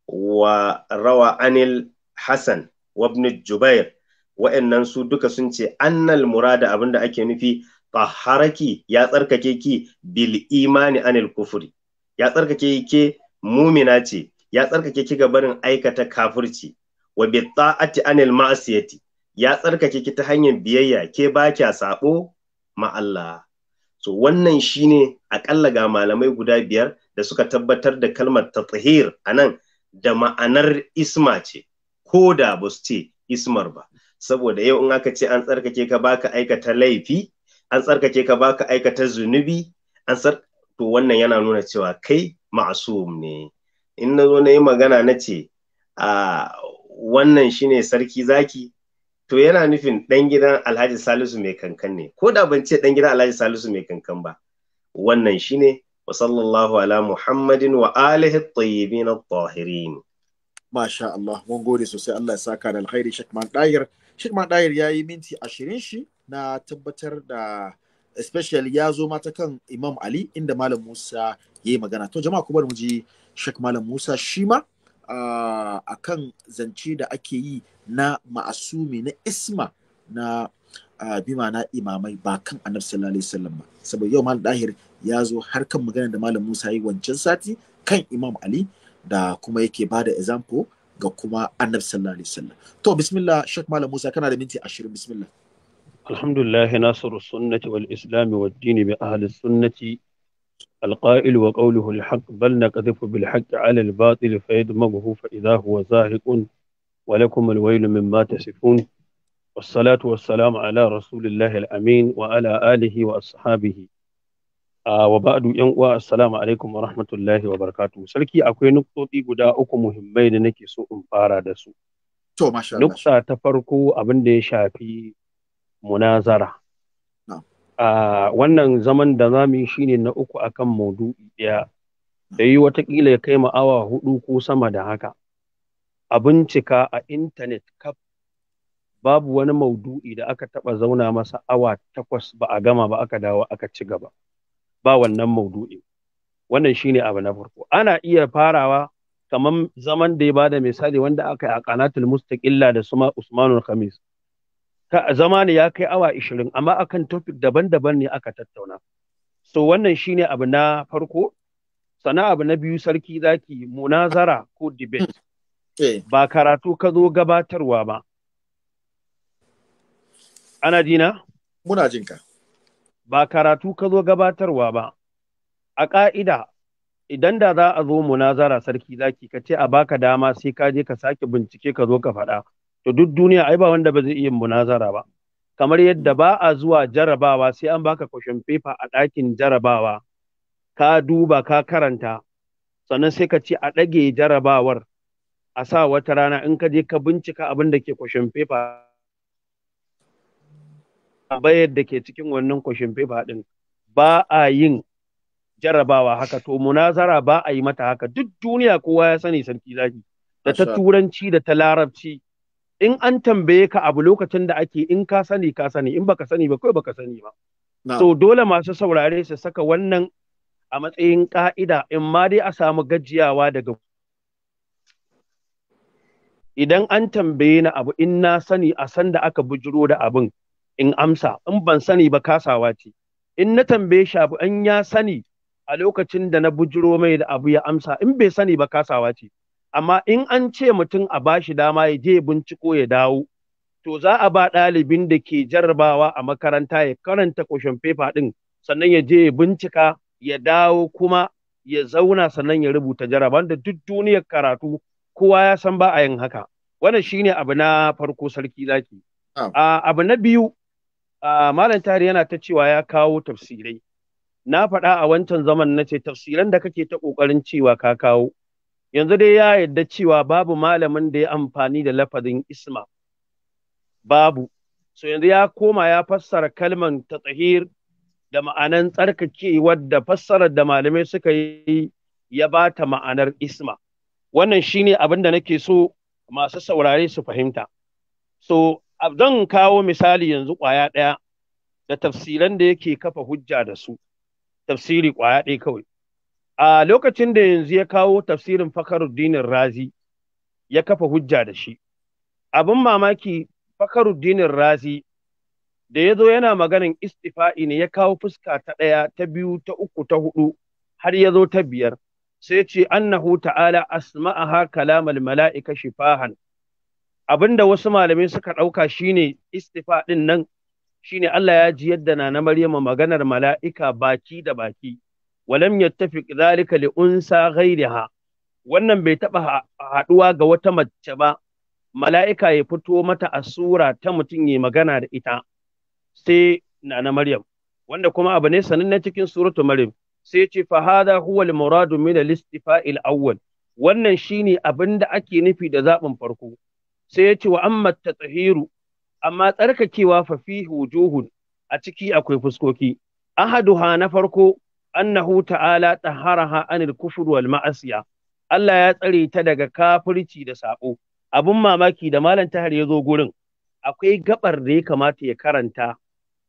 S3: wa rawa anil hasan wa ibn jubair wa'annan su duka sun ce annal murada abinda ake nufi taharaki ya tsarkake ki bil imani anil kufri ya tsarkake ke mumina ce ya tsarkake ki ga barin aikata kafirci wa bi ta'ati anil ma'siyati ya tsarkake ki ta hanyar biyayya ke ba kya sabo ma Allah so wannan shine akalla ga malamai guda biyar da suka tabbatar da kalmar tatahir anan da ma'anar isma ce ko da ba ce ismar ba saboda yau in aka ce an tsarkake ka baka aikata laifi an tsarkake ka baka aikata zunubi an tsar to wannan yana nuna cewa kai ma'asum ne in na zo na yi magana na ce a wannan shine sarki zaki to yana nufin ɗan gidan alhaji salisu mai kankan ne ko da ban ce ɗan gidan alhaji salisu mai kankan ba wannan shine wa sallallahu ala muhammadin wa alihi tayyibin at-tahirin masha Allah mun gode sosai Allah ya saka da alkhairi shekman Dayir Sheikh ya Dayir minti ashirin
S1: shi na tabbatar da especially ya zo mata kan Imam Ali inda Malam Musa ya yi magana. To jama'a kuma mu ji shek Malam Musa shi ma uh, a kan zance da ake yi na ma'asumi na isma na uh, bima na imamai ba kan annabi sallallahu alaihi wasallam ba. Saboda yau Malam Dahir ya zo har kan magana da Malam Musa yi wancan sati kan Imam Ali da kuma yake ba da example ga kuma annabi sallallahu alaihi wasallam. To bismillah shek Malam Musa kana da minti ashirin, bismillah.
S4: الحمد لله ناصر السنة والإسلام والدين بأهل السنة القائل وقوله الحق بل نقذف بالحق على الباطل فيدمغه فإذا هو زاهق ولكم الويل مما تصفون والصلاة والسلام على رسول الله الأمين وعلى آله وأصحابه آه وبعد ينقوى السلام عليكم ورحمة الله وبركاته سلكي أكوي نقطة قداء أكو مهمين نكي سوء مفارا دسو نقطة تفرقوا أبن دي شافي munazara a wannan zaman da za mu yi ne na uku a kan maudu'i ɗaya da yi watakila ya kai awa hudu ko sama da haka a bincika a intanet kaf babu wani maudu'i da aka taɓa zauna masa awa takwas ba a gama ba aka dawo aka ci gaba ba wannan maudu'i wannan shi ne abu na farko ana iya farawa kamar zaman da ya bada misali wanda aka yi a kanatul mustaqilla da suma usmanul khamis zama ne ya kai awa ishirin amma akan topic daban-daban ne aka tattauna so wannan shine abu na farko sana abu na biyu sarki zaki munazara ko debate hmm. eh. ba karatu ka zo gabatarwa ba ana jina muna jinka ba karatu ka zo gabatarwa ba a ƙa'ida idan da za a zo munazara sarki zaki ka ce a baka dama sai ka je ka sake bincike ka zo ka faɗa to duk duniya ai ba wanda ba zai iya munazara ba kamar yadda ba a zuwa jarabawa sai an baka question paper a ɗakin jarabawa ka duba ka karanta sannan sai ka ce a ɗage jarabawar a sa wata rana in ka je ka bincika abin da ke question paper bayar da ke cikin wannan question paper ɗin ba a yin jarabawa haka to munazara ba a yi mata haka duk duniya kowa ya sani sarki zaki da ta turanci da ta larabci in an tambaye ka abu lokacin da ake in ka sani ka sani in baka sani ba kai baka sani ba so dole masu saurare su saka wannan a matsayin ka'ida in ma dai a samu gajiyawa daga idan an tambaye ni abu in na sani a san da aka bujiro da abin in amsa in ban sani ba kasawa ce in na tambaye shi abu an ya sani a lokacin da na bujiro mai da abu ya amsa in bai sani ba kasawa ce amma in an ce mutum a ba shi dama ya je binciko ya dawo to za a ba ɗalibin da ke jarrabawa a makaranta ya karanta question fefa ɗin sannan ya je ya bincika ya dawo kuma ya zauna sannan ya rubuta jaraban da duk duniyar karatu kowa ya san ba a yin haka wannan shine abu na farko sarki zaki abu na biyu malam tari yana ta cewa ya kawo tafsirai na faɗa a wancan zaman na ce tafsiran da kake ta ƙoƙarin cewa ka kawo yanzu dai ya yadda cewa babu malamin da ya amfani da lafazin isma babu so yanzu ya koma ya fassara kalman ta da ma'anan tsarkake wadda fassarar da malamai suka yi ya ba ta ma'anar isma wannan shine abin da nake so masu saurare su fahimta so zan kawo misali yanzu kwaya ɗaya da tafsiran da yake kafa hujja da su tafsiri ƙwaya ɗaya kawai a lokacin da yanzu ya kawo tafsirin fakaruddinin razi ya kafa hujja da shi abin mamaki fakaruddinin razi da ya zo yana maganin istifa'i ne ya kawo fuska ta ɗaya ta biyu ta uku ta hudu har ya zo ta biyar sai ce annahu ta'ala asma'aha kalamal mala'ika shifahan abinda wasu malamai suka ɗauka shine istifa nan shine Allah ya ji yadda na na Maryama maganar mala'ika baki da baki walam yattafiq dhalika li unsa wannan bai taɓa haɗuwa ga wata mace ba mala'ika ya fito mata a sura ta mutum ya magana da ita sai na maryam wanda kuma abu ne na cikin suratu maryam sai ce fa huwal muradu min al awwal wannan shine abin da ake nufi da zaɓin farko sai ya ce wa amma tsahiru. amma tsarkakewa fa fi hujuhun. a ciki akwai fuskoki ahaduha na farko annahu ta'ala taharaha anil kufur wal ma'asiya Allah ya tsare ta daga kafirci da sabo abun mamaki da malam tahar ya zo gurin akwai gabar da ya kamata ya karanta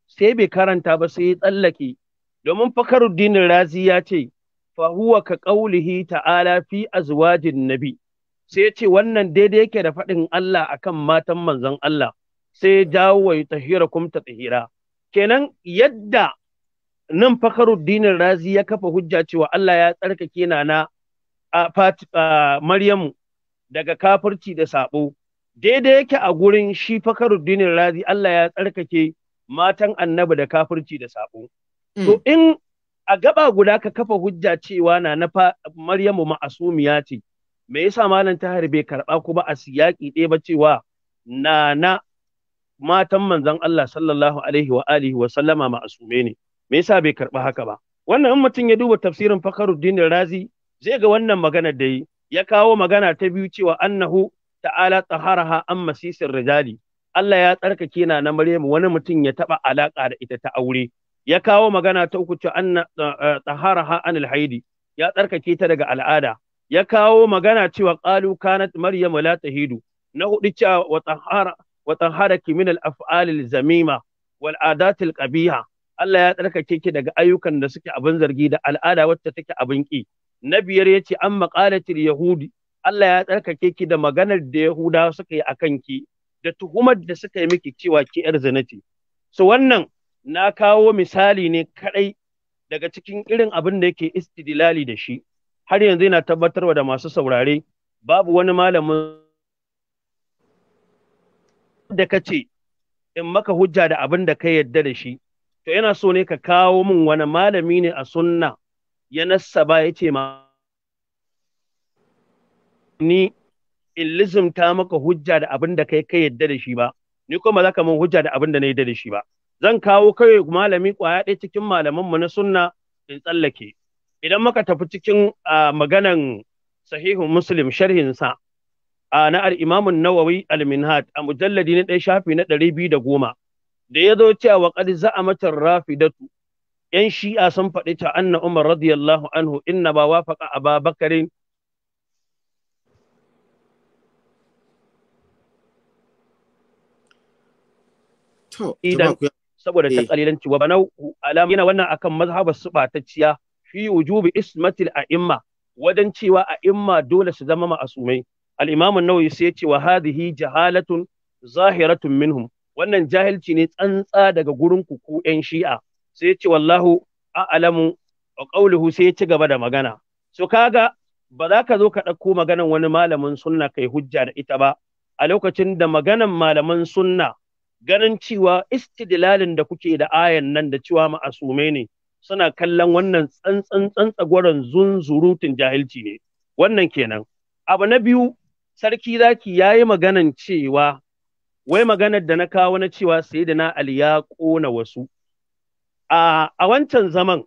S4: sai bai karanta ba sai ya tsallake domin fakaruddin razi ya ce fa huwa ka qaulihi ta'ala fi azwajin nabi sai ya ce wannan daidai yake da faɗin Allah akan matan manzon Allah sai ya jawo wa tahira kum ta tahira kenan yadda nan fakaruddinin razi ya kafa hujja cewa Allah ya tsarkake na na Maryamu daga kafirci da sabo daidai yake a gurin shi fakaruddinin razi Allah ya tsarkake matan annabi da kafirci da sabo mm. to in a gaba guda ka kafa hujja cewa na na Maryamu ma'asumiya ce me yasa malam tahir bai karba kuma a siyaki ɗaya ba cewa na matan manzon Allah sallallahu alaihi wa alihi wa sallama ma'asume ne me yasa bai karɓi haka ba wannan in mutum ya duba tafsirin Fakhruddin Razi zai ga wannan magana da yi ya kawo magana ta biyu cewa annahu ta'ala tsaharaha an masisir rijali Allah ya tsarkake na na Maryamu wani mutum ya taɓa alaƙa da ita ta aure ya kawo magana ta uku cewa anna eh, eh, tsaharaha anil ya tsarkake ta daga al'ada ya kawo magana cewa qalu kanat maryamu la tahidu na hudu cewa wa tahara wa taharaki min al af'al al zamima wal adat al qabiha Allah ya tsarkake ki daga ayyukan da suke abin zargi da al'ada wacce take abin ki na biyar yace an maqalatil yahudi Allah ya tsarkake ki da maganar da yahuda suka yi akan ki da tuhumar da suka yi miki cewa ki yar zina ce so wannan na kawo misali ne kaɗai daga cikin irin abin da yake istidilali da shi har yanzu yana tabbatarwa da masu saurare babu wani malamin da ka ce in maka hujja da abin da ka yarda da shi to yana so ne ka kawo min wani malami ne a sunna ya nassaba ya ce ma ni in lizimta maka hujja da abin da kai ka yadda da shi ba ni kuma za ka min hujja da abin da na yadda da shi ba zan kawo kai malami kwaya ɗaya cikin malaman mu na sunna in tsallake idan maka tafi cikin maganan sahihun muslim sharhin sa na al-imam nawawi al-minhaj a mujalladi na ɗaya shafi na ɗari biyu da goma da ya zo cewa qad za'amatar rafidatu yan shi'a sun faɗi ta anna umar radiyallahu anhu inna ba wafaqa idan saboda eh. ta kalilanci wa banau alam yana wannan akan mazhabar su batacciya fi wujubi ismatil a'imma wajen cewa a'imma dole su zama ma'asumai al-imam an-nawawi sai ya ce wa hadhihi jahalatun zahiratun minhum wannan jahilci ne tsantsa daga gurin ku ku ƴan shi'a sai ya ce wallahu a'lamu wa qawluhu sai ya ci gaba da magana so kaga ba za ka zo ka ɗauko maganan wani malamin sunna kai hujja da ita ba a lokacin da maganan malaman sunna ganin cewa istidlalin da kuke da ayan nan da cewa ma'asume ne suna kallon wannan tsantsan tsantsagoran zunzurutun jahilci ne wannan kenan abu na biyu sarki zaki ya yi maganan cewa wai maganar da na kawo na cewa sayyidina Ali ya ƙona wasu a wancan zaman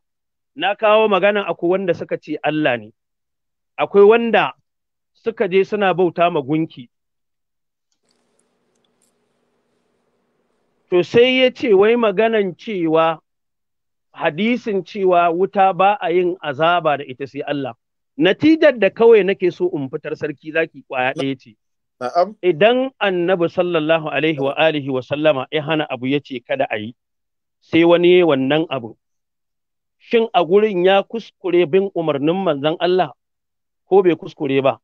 S4: na kawo magana akwai wanda suka ce Allah ne akwai wanda suka je suna bauta ma gunki to sai ya ce wai maganan cewa hadisin cewa wuta ba a yin azaba da ita sai Allah. Natijar da kawai nake so in fitar sarki zaki kwaya ɗaya ce. Idan annabi sallallahu alaihi wa alihi wa sallama ya hana abu ya ce kada a yi, sai wani wannan abu. Shin a gurin ya kuskure bin umarnin manzon Allah ko bai kuskure ba?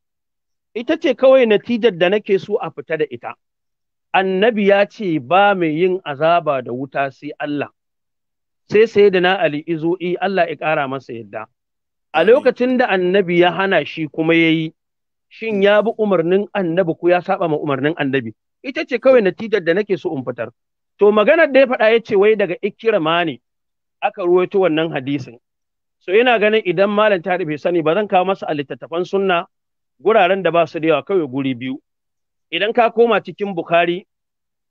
S4: Ita ce kawai natijar da nake so a fita da ita. Annabi ya ce ba mai yin azaba da wuta sai Allah. Sai sai da na Ali izo eh, Allah ya ƙara masa yadda. A lokacin da annabi ya hana shi kuma ya yi, shin ya bi umarnin annabi ko ya saba ma umarnin annabi ita ce kawai natijar da nake so in fitar to maganar da ya faɗa ya ce wai daga ikirama ne aka ruwaito wannan hadisin so ina ganin idan malam ta bai sani ba zan kawo masa a littattafan sunna guraren da ba su da yawa kawai guri biyu idan ka koma cikin bukhari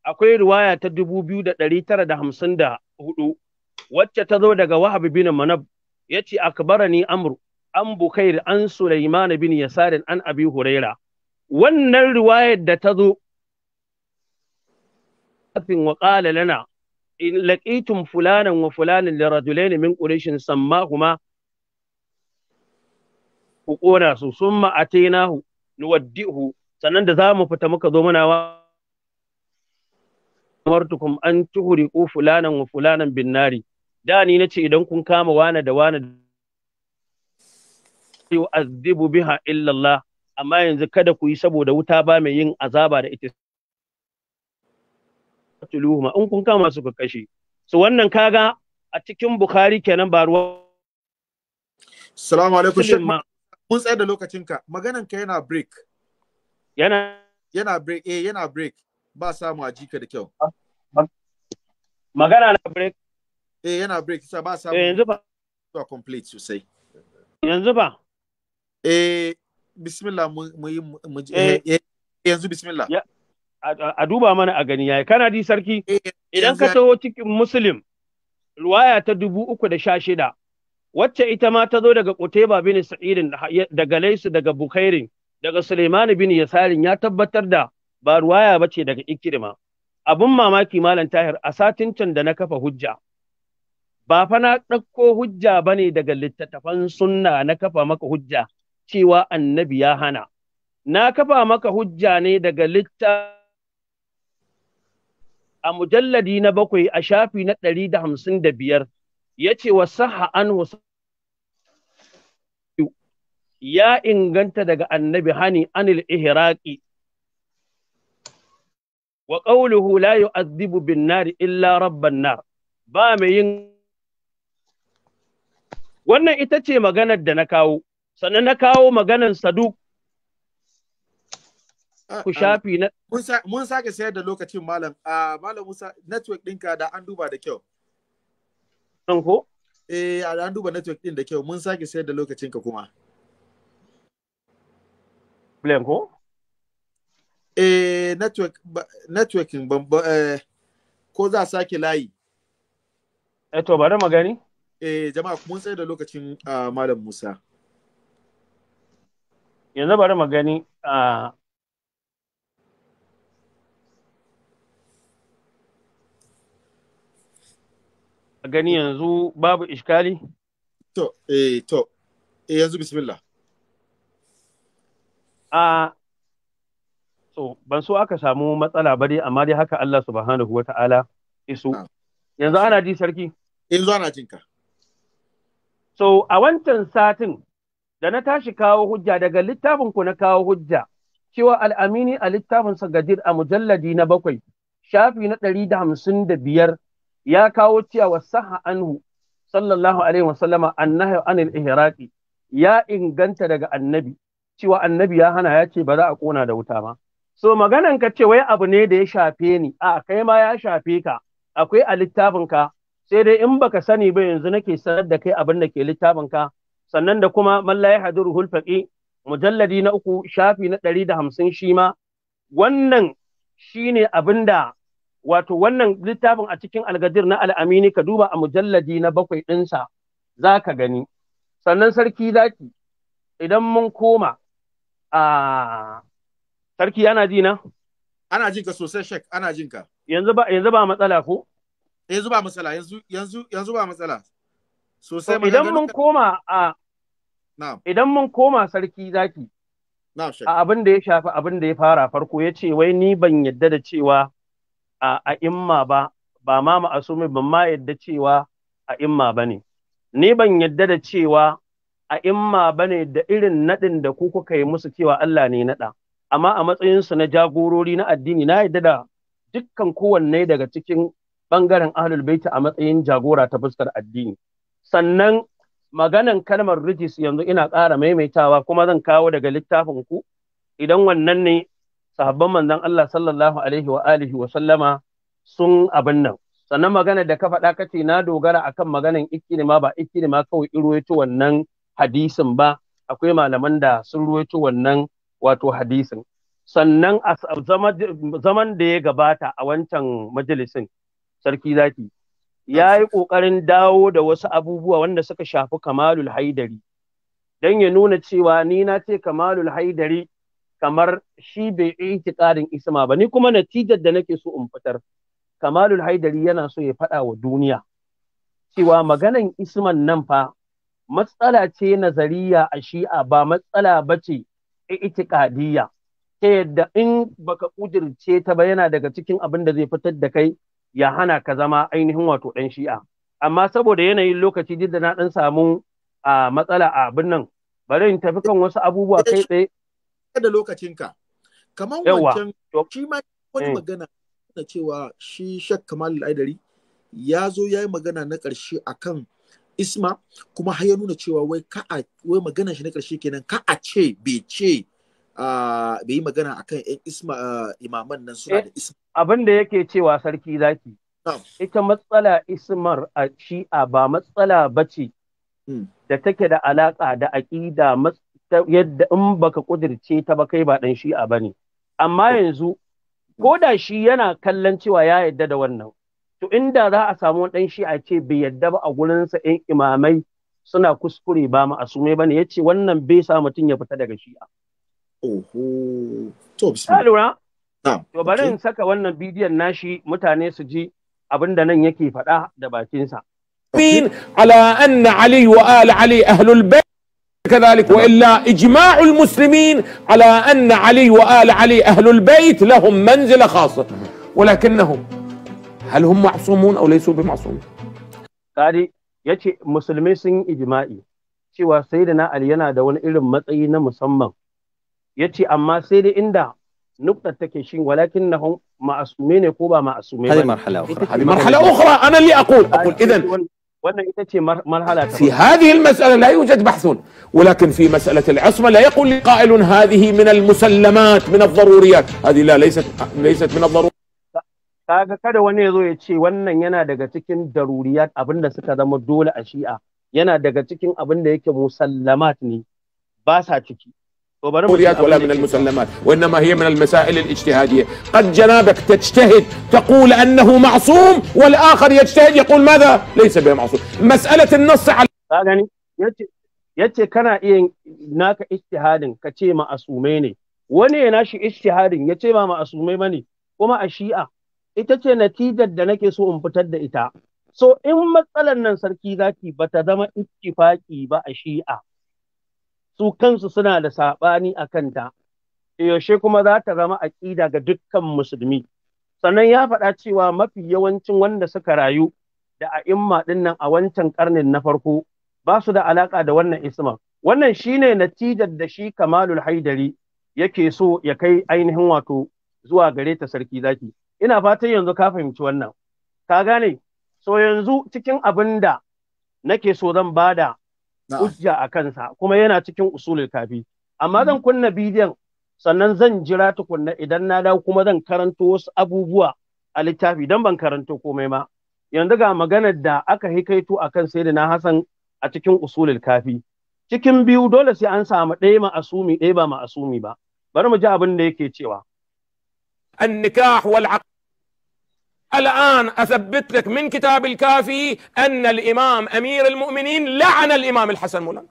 S4: akwai riwaya ta dubu biyu da ɗari tara da hamsin da hudu wacce ta zo daga wahab bin manab ya ce akbarani amru an bukair an Sulaiman bin Yasarin an Abi Huraira wannan riwayar da ta zo kafin wa qala lana in laqitum fulanan wa fulanan li rajulain min quraish sammahuma ku kona su summa atainahu nuwaddihu sannan da za mu fita muka zo muna wa amartukum an tuhriqu fulanan wa fulanan bin nari da ni nace idan kun kama wana da wana yu'azzibu biha illa Allah amma yanzu kada ku yi saboda wuta ba mai yin azaba da ita tuluhuma in kun kama su ku kashe so wannan kaga a cikin bukhari kenan ba ruwa assalamu alaikum shin mun tsaya da lokacinka maganan ka yana break yana
S1: yana break eh yana break ba samu a jika da kyau magana na break eh yana break sa ba samu eh, yanzu ba to complete sosai
S4: yanzu ba bismillah yanzu bismillah a duba mana a gani yayi kana di sarki eh, idan ka taho cikin muslim ruwaya ta dubu uku da sha shida wacce ita ma ta zo daga Qutayba bin Sa'idin daga Laisu daga bukairin daga Suleiman bin Yasarin ya tabbatar da ba ruwaya ba ce daga ikirma Abin mamaki malam Tahir a satin can da na kafa hujja ba fa na ɗauko hujja ne daga littattafan sunna na kafa maka hujja cewa annabi ya hana na kafa maka hujja ne daga litta a mujalladi na bakwai a shafi na ɗari da hamsin da biyar ya ce wa saha an ya inganta daga annabi hani anil ihraqi wa qawluhu la yu'adhibu bin nar illa rabban nar ba mai yin wannan ita ce maganar da na kawo sannan na kawo maganan saduk ah, ku ah, shafi na
S1: mun sake sayar da lokacin malam ah, malam Musa network ɗinka da an duba da kyau an ko eh an duba network ɗin da kyau mun sake sayar da lokacin ka kuma problem ko eh network networking ban eh ko za sake layi
S4: eh to bari magani eh jama'a mun sayar da lokacin malam Musa yanzu bari mu gani a gani yanzu babu iskali? To, eh, to, eh, yanzu bismillah. A, so, ban so aka samu matsala ba dai, amma dai haka Allah subhanahu wa ta'ala iso. Ah. Yanzu ana ji sarki? Yanzu ana jinka. So, a wancan satin, da na tashi kawo hujja daga littafin ku na kawo hujja cewa al'amini a littafin gadir a mujalladi na bakwai shafi na ɗari da hamsin da biyar ya kawo cewa saha anhu sallallahu alaihi wasallama annahu anil ihraqi ya inganta daga annabi cewa annabi ya hana ya ce ba za a kona da wuta ba so maganan ka ce wai abu ne da ya shafe ni a kai ma ya shafe ka akwai a littafin ka sai dai in baka sani ba yanzu nake sanar da kai abin da ke littafin ka sannan da kuma mallaye hadiru hulfaƙi mujalladi na uku shafi na ɗari hamsin shi ma wannan shi ne abin da. wato wannan littafin a cikin algadir na al'amini ka duba a mujalladi na bakwai ɗinsa za ka gani sannan sarki zaki idan mun koma a sarki ana ji na? ana jinka sosai shek ana jinka yanzu ba yanzu ba matsala ko? yanzu ba
S1: matsala yanzu yanzu yanzu ba matsala sosai idan mun koma a
S4: Idan mun koma sarki zaki, a abin da ya shafi abin da ya fara farko ya ce wai ni ban yadda da cewa a imma ba, ba ma ma'asumi ban ma yadda cewa a imma ba ne. Ni ban yadda da cewa a imma ba ne da irin naɗin da ku kuka yi musu cewa Allah ne naɗa. Amma a matsayinsu na jagorori na addini na yadda da dukkan kowanne daga cikin ɓangaren ahlul baiti a matsayin jagora ta fuskar addini. Sannan maganan kalmar rijis yanzu ina ƙara maimaitawa kuma zan kawo daga littafin ku idan wannan ne sahabban manzon Allah sallallahu alaihi wa alihi wa sallama sun abin nan sannan magana da ka faɗa kace na dogara akan maganan ma ba ma kawai ruwaito wannan hadisin ba akwai malaman da sun ruwaito wannan wato hadisin sannan a zaman da ya gabata a wancan majalisin sarki zaki ya yi ƙoƙarin dawo da wasu abubuwa wanda suka shafi kamalul haidari don ya nuna cewa ni na ce kamalul haidari kamar shi bai itiƙadin isma ba ni kuma natijar da nake so in fitar kamalul haidari yana so ya faɗa wa duniya cewa maganan isman nan fa matsala ce nazariya a shi'a ba matsala ba ce itiƙadiyya ta yadda in baka ƙudirce ta ba yana daga cikin abin da zai fitar da kai ya hana ka zama ainihin wato ɗan shi'a amma saboda yanayin lokaci duk da na ɗan samu a matsala a abin nan bari in tafi kan wasu abubuwa kai tsaye da lokacinka kamar wancan
S1: shi ma wani eh. magana na cewa shi shak kamal al'adari ya zo ya yi magana na ƙarshe a kan isma kuma har ya nuna cewa wai magana shi na ƙarshe kenan ka a ce bai ce bai yi magana akan yan isma imaman nan suna da eh, isma
S4: abin da yake cewa sarki zaki ita matsala ismar a shi'a ba matsala ba ce. Hmm. da take da alaƙa da aƙida yadda in baka kudirce ta ba kai ba dan shi'a bane amma hmm. yanzu ko da shi yana kallon cewa ya yadda da wannan to inda za a samu ɗan shi'a ce bai yadda ba a gurinsa yan imamai suna kuskure ba ma'asume bane ce wannan bai sa mutum ya fita daga shi'a
S1: Oho, to
S4: bismillah. lura? To bari in saka wannan bidiyon nashi mutane su ji abin da nan yake faɗa da bakinsa. Min
S5: ala anna Ali wa al Ali ahlul bayt كذلك والا اجماع المسلمين على ان علي وال علي اهل البيت لهم منزله خاصه ولكنهم هل هم معصومون او ليسوا بمعصومين؟
S4: قال يجي مسلمين سن اجماعي cewa sayyidina ali yana da wani irin matsayi na musamman ya ce amma sai da inda نقطة تكيشين ولكنهم معصومين كوبا معصومين هذه مرحلة أخرى هذه مرحلة أخرى أنا اللي أقول أقول إذا مرحلة في هذه
S5: المسألة لا يوجد بحث ولكن في مسألة العصمة لا يقول لي قائل هذه من المسلمات من الضروريات هذه لا ليست ليست من الضروريات
S4: kaga kada wani ya zo ya ce wannan yana daga cikin daruriyat abin da suka zama dole a shi'a yana daga cikin abin da yake musallamat
S5: ne ba sa ciki وبرمجيات ولا من المسلمات وإنما هي من المسائل الاجتهادية قد جنابك تجتهد تقول أنه معصوم والآخر يجتهد يقول ماذا ليس به معصوم مسألة النص على
S4: كان إيه هناك اجتهاد كتي ما أصوميني وني ناشي اجتهاد يتي ما أصوميني وما أشياء itace natijar da nake so in fitar da ita so in matsalan nan sarki su kansu suna da saɓani a kanta yaushe kuma za ta zama aƙida ga dukkan musulmi sannan ya faɗa cewa mafi yawancin wanda suka rayu da a'imma ɗin nan a wancan ƙarnin na farko ba su da alaƙa da wannan isma wannan shi ne natijar da shi kamalul haidari yake so ya kai ainihin wato zuwa gare ta sarki zaki ina fatan yanzu ka fahimci wannan ka gane so yanzu cikin abin da nake so zan bada hujja a kansa kuma yana cikin usulul kafi amma zan hmm. kunna bidiyon sannan zan jira tukunna idan na dawo kuma zan karanto wasu abubuwa a littafi dan ban karanto komai ma yanzu ga maganar da aka hikaito akan na hasan a cikin usulul kafi cikin biyu dole sai an samu ɗaya ma'asumi ɗaya ba ma'asumi ba bari mu ji abin da yake cewa
S5: wal aqd الآن أثبت لك من كتاب الكافي أن الإمام أمير المؤمنين لعن الإمام الحسن مولانا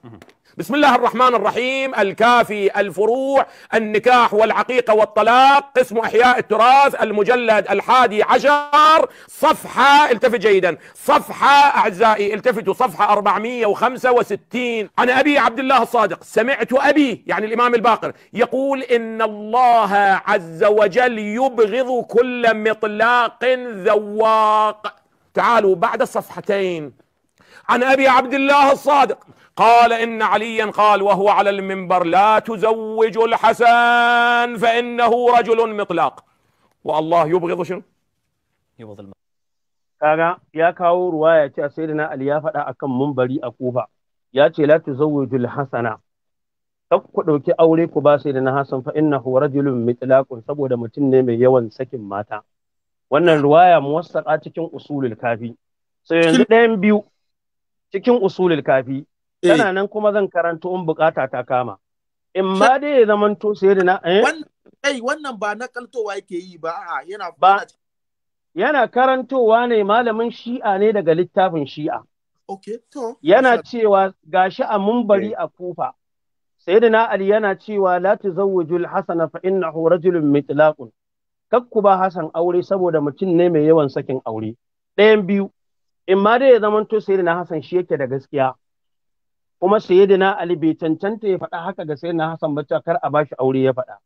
S5: بسم الله الرحمن الرحيم الكافي الفروع النكاح والعقيقة والطلاق قسم أحياء التراث المجلد الحادي عشر صفحة التفت جيدا صفحة أعزائي التفتوا صفحة 465 عن أبي عبد الله الصادق سمعت أبي يعني الإمام الباقر يقول إن الله عز وجل يبغض كل مطلاق ذواق تعالوا بعد الصفحتين عن أبي عبد الله الصادق قال إن عليا قال وهو على المنبر لا تزوج الحسن فإنه رجل مطلاق والله يبغض شنو يبغض المطلاق كاغا يا كاو
S4: رواية سيدنا اليافة أكم منبري أكوفا يا لا تزوج الحسن تقولوا كي أولي كبا سيدنا حسن فإنه رجل مطلق سبو دمتن نمي يوان سكن ماتا وأن الرواية موسطة أتكين أصول الكافي سيدنا بيو تكين أصول الكافي Eh. tana nan kuma zan karanto in bukata ta kama in ma dai ya zaman to sai da na eh
S1: wannan ba na kaltowa yake yi ba a yana ba
S4: yana karantowa ne malamin shi'a ne daga littafin shi'a Ok, to yana cewa gashi a mumbari eh. a kufa na ali yana cewa la na hasana fa innahu rajulun mitlaqun kakku ba hasan aure saboda mutum ne mai yawan sakin aure ɗayan biyu in ma dai ya zaman to sayyidina hasan shi yake da gaskiya kuma sayyidina Ali bai cancanta ya faɗa haka ga sayyidina Hassan ba kar a bashi aure ya faɗa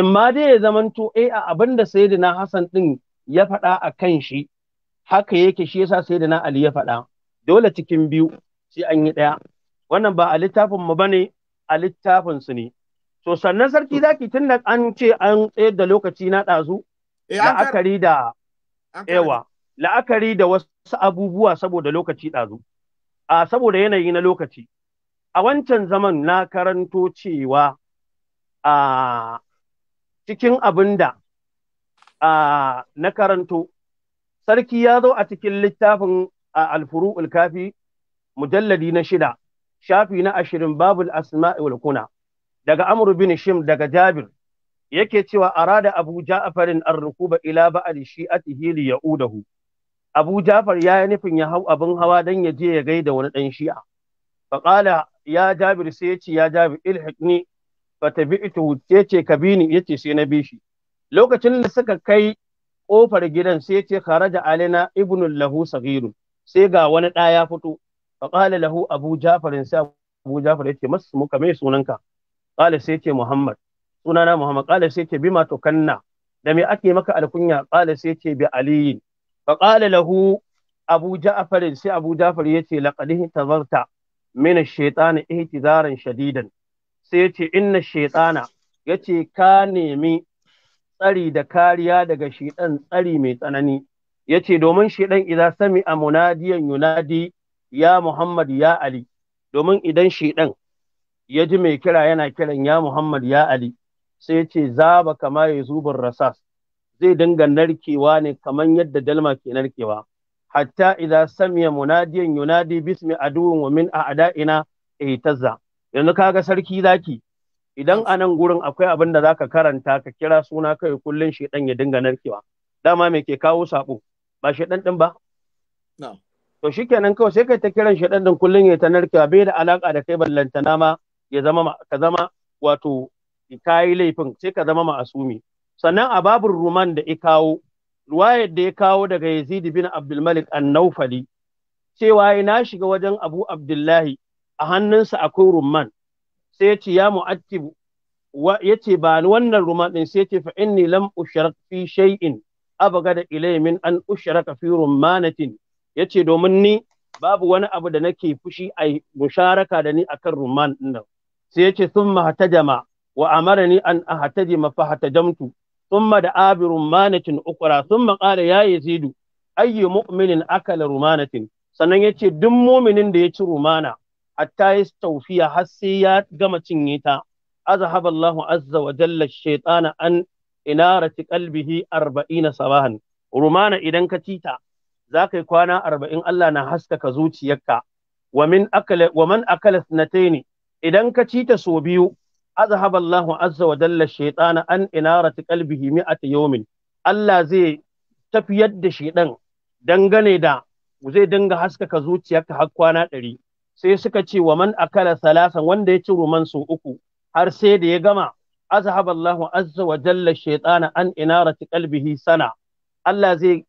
S4: in ma dai ya zamanto eh a abin da sayyidina Hassan din ya faɗa a kan shi haka yake shi yasa sayyidina Ali ya faɗa dole cikin biyu sai an yi ɗaya wannan ba a littafin mu bane a littafin su ne to sannan sarki zaki tun da an ce an tsayar da lokaci na ɗazu eh, la'akari da ewa la'akari da wasu abubuwa saboda lokaci ɗazu a saboda yanayi na lokaci a wancan zaman na karanto cewa a cikin abin da na karanto sarki ya zo a cikin littafin alfuru ulkafi mujalladi na shida shafi na ashirin babul asma'i wal kuna daga amr bin shim daga jabir yake cewa arada abu ja'farin ar-rukuba ila ba'd shi'atihi li ya'udahu abu ja'far ya nufin ya hau abin hawa dan ya je ya gaida wani dan shi'a faqala ya jabir sai ya ce ya jabir ilhiqni fa tabi'tu yace ka bi ni yace sai na bi lokacin da suka kai kofar gidan sai yace kharaja Alina ibnu lahu saghirun sai ga wani ɗa ya fito fa qala lahu abu ja'far sai abu ja'far yace mas muka mai sunanka qala sai ce muhammad sunana muhammad qala sai yace bima tukanna da me ake maka alkunya qala sai ce bi aliyin fa qala lahu abu ja'far sai abu ja'far yace laqad tazarta Mina shaitani ihtizaran shadidan sai yace inna shaitana yace ka nemi tsari da kariya daga shaitan tsari mai tsanani yace domin shaitan idan sami a munadiyan yunadi ya Muhammad ya Ali domin idan shaitan ya ji mai kira yana kiran ya Muhammad ya Ali sai yace zaba kama ya zubin rasas zai dinga narkewa ne kamar yadda dalma ke narkewa hatta idza samiya munadiyan yunadi bismi aduwwin wa min a'da'ina ihtazza yanzu kaga sarki zaki idan a nan gurin akwai abin da zaka karanta ka kira suna kai kullun shedan ya dinga narkewa dama me ke kawo sabo ba shedan din ba to shikenan kawai sai kai ta kiran shedan din kullun ya ta narkewa bai da alaka da kai ballantana ma ya zama ka zama wato kayi laifin sai ka zama ma'asumi sannan a babur ruman da i kawo ruwayar da ya kawo daga Yazid bin Abdulmalik An-Naufali cewa na shiga wajen Abu Abdullahi a hannunsa akwai rumman sai ya ce ya mu'attibu ya ce ba ni wannan rumman din sai ya ce fa inni lam usharak fi shay'in abgada ilay min an usharaka fi rummanatin yace domin ni babu wani abu da nake fushi a musharaka da ni akan rumman din nan sai yace thumma hatajama wa amarani an ahtajima fa hatajamtu thumma da abi rumanatin ukra thumma qala ya yazidu ayyu mu'minin akala rumanatin sannan yace duk mu'minin da ya ci rumana hatta taufiya har sai ya gama cinye ta azhaba Allahu azza wa jalla shaytana an inarati qalbihi 40 sabahan rumana idan ka cita zaka yi kwana 40 Allah na haskaka zuciyarka wa min akala wa man akala idan ka cita so biyu azhaba Allahu azza wa jalla shaytana an inarati qalbihi mi'ata Allah zai tafiyar da shaydan dangane da zai dinga haskaka zuciyarka har kwana ɗari sai suka ce wa man akala salasan wanda ya ci ruman su uku har sai da ya gama azhaba Allahu azza wa jalla shaytana an inarati qalbihi sana Allah zai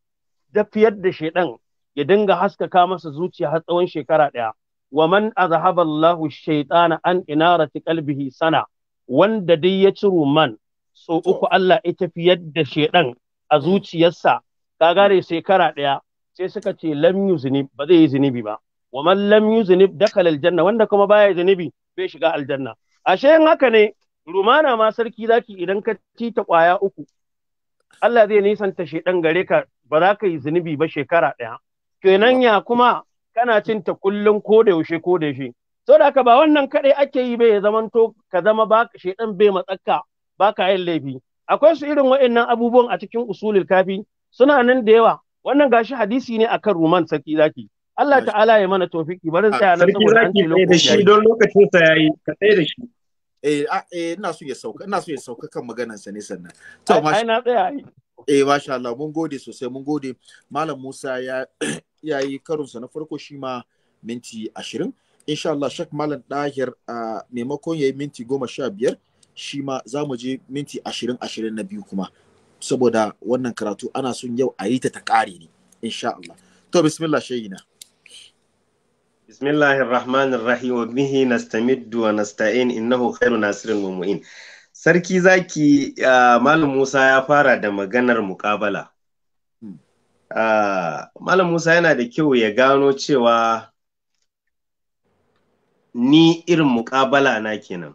S4: tafiyar da shaydan ya dinga haskaka masa zuciya har tsawon shekara ɗaya wa man azhaba Allahu shaytana an inarati qalbihi sana wanda dai ya ci ruman so uku Allah ita fi yadda shedan a zuciyarsa ka gare shekara ɗaya sai suka ce lam yuzni ba zai yi zunubi ba wa man lam yuzni dakala aljanna wanda kuma baya zunubi bai shiga aljanna ashe in haka ne rumana ma sarki zaki idan ka ci ta kwaya uku Allah zai nisanta shedan gare ka ba za ka yi zunubi ba shekara ɗaya kenan ya kuma kana cin ta kullum ko da yaushe ko da yaushe so da haka ba wannan kadai ake yi bai zamanto ka zama ba shedan bai matsakka ba ka yin laifi akwai su irin wa'annan abubuwan a cikin usulul kafi suna nan da yawa wannan gashi hadisi ne akan ruman sarki zaki Allah ta'ala ya mana tofiki barin
S1: tsaya nan saboda an da shi don
S3: lokacin sa yayi ka tsaye da shi
S1: eh eh ina so ya sauka ina so ya sauka kan maganar sa ne sannan to ma ai na tsaya eh masha Allah mun gode sosai mun gode malam Musa ya yayi karon sa na farko shi ma minti 20 insha Allah shak malam dahir a maimakon yayi minti goma sha biyar shi ma za mu je minti ashirin ashirin na biyu kuma saboda wannan karatu ana son yau a yi ta ta ƙare ne insha Allah to bismillah shayina
S3: bismillahir rahmanir rahim wa bihi nastamiddu wa nasta'in innahu khairun nasirin wa mu'in sarki zaki uh, malam Musa ya fara da maganar muƙabala Uh, Malam Musa yana da kyau ya gano cewa ni irin muƙabala na kenan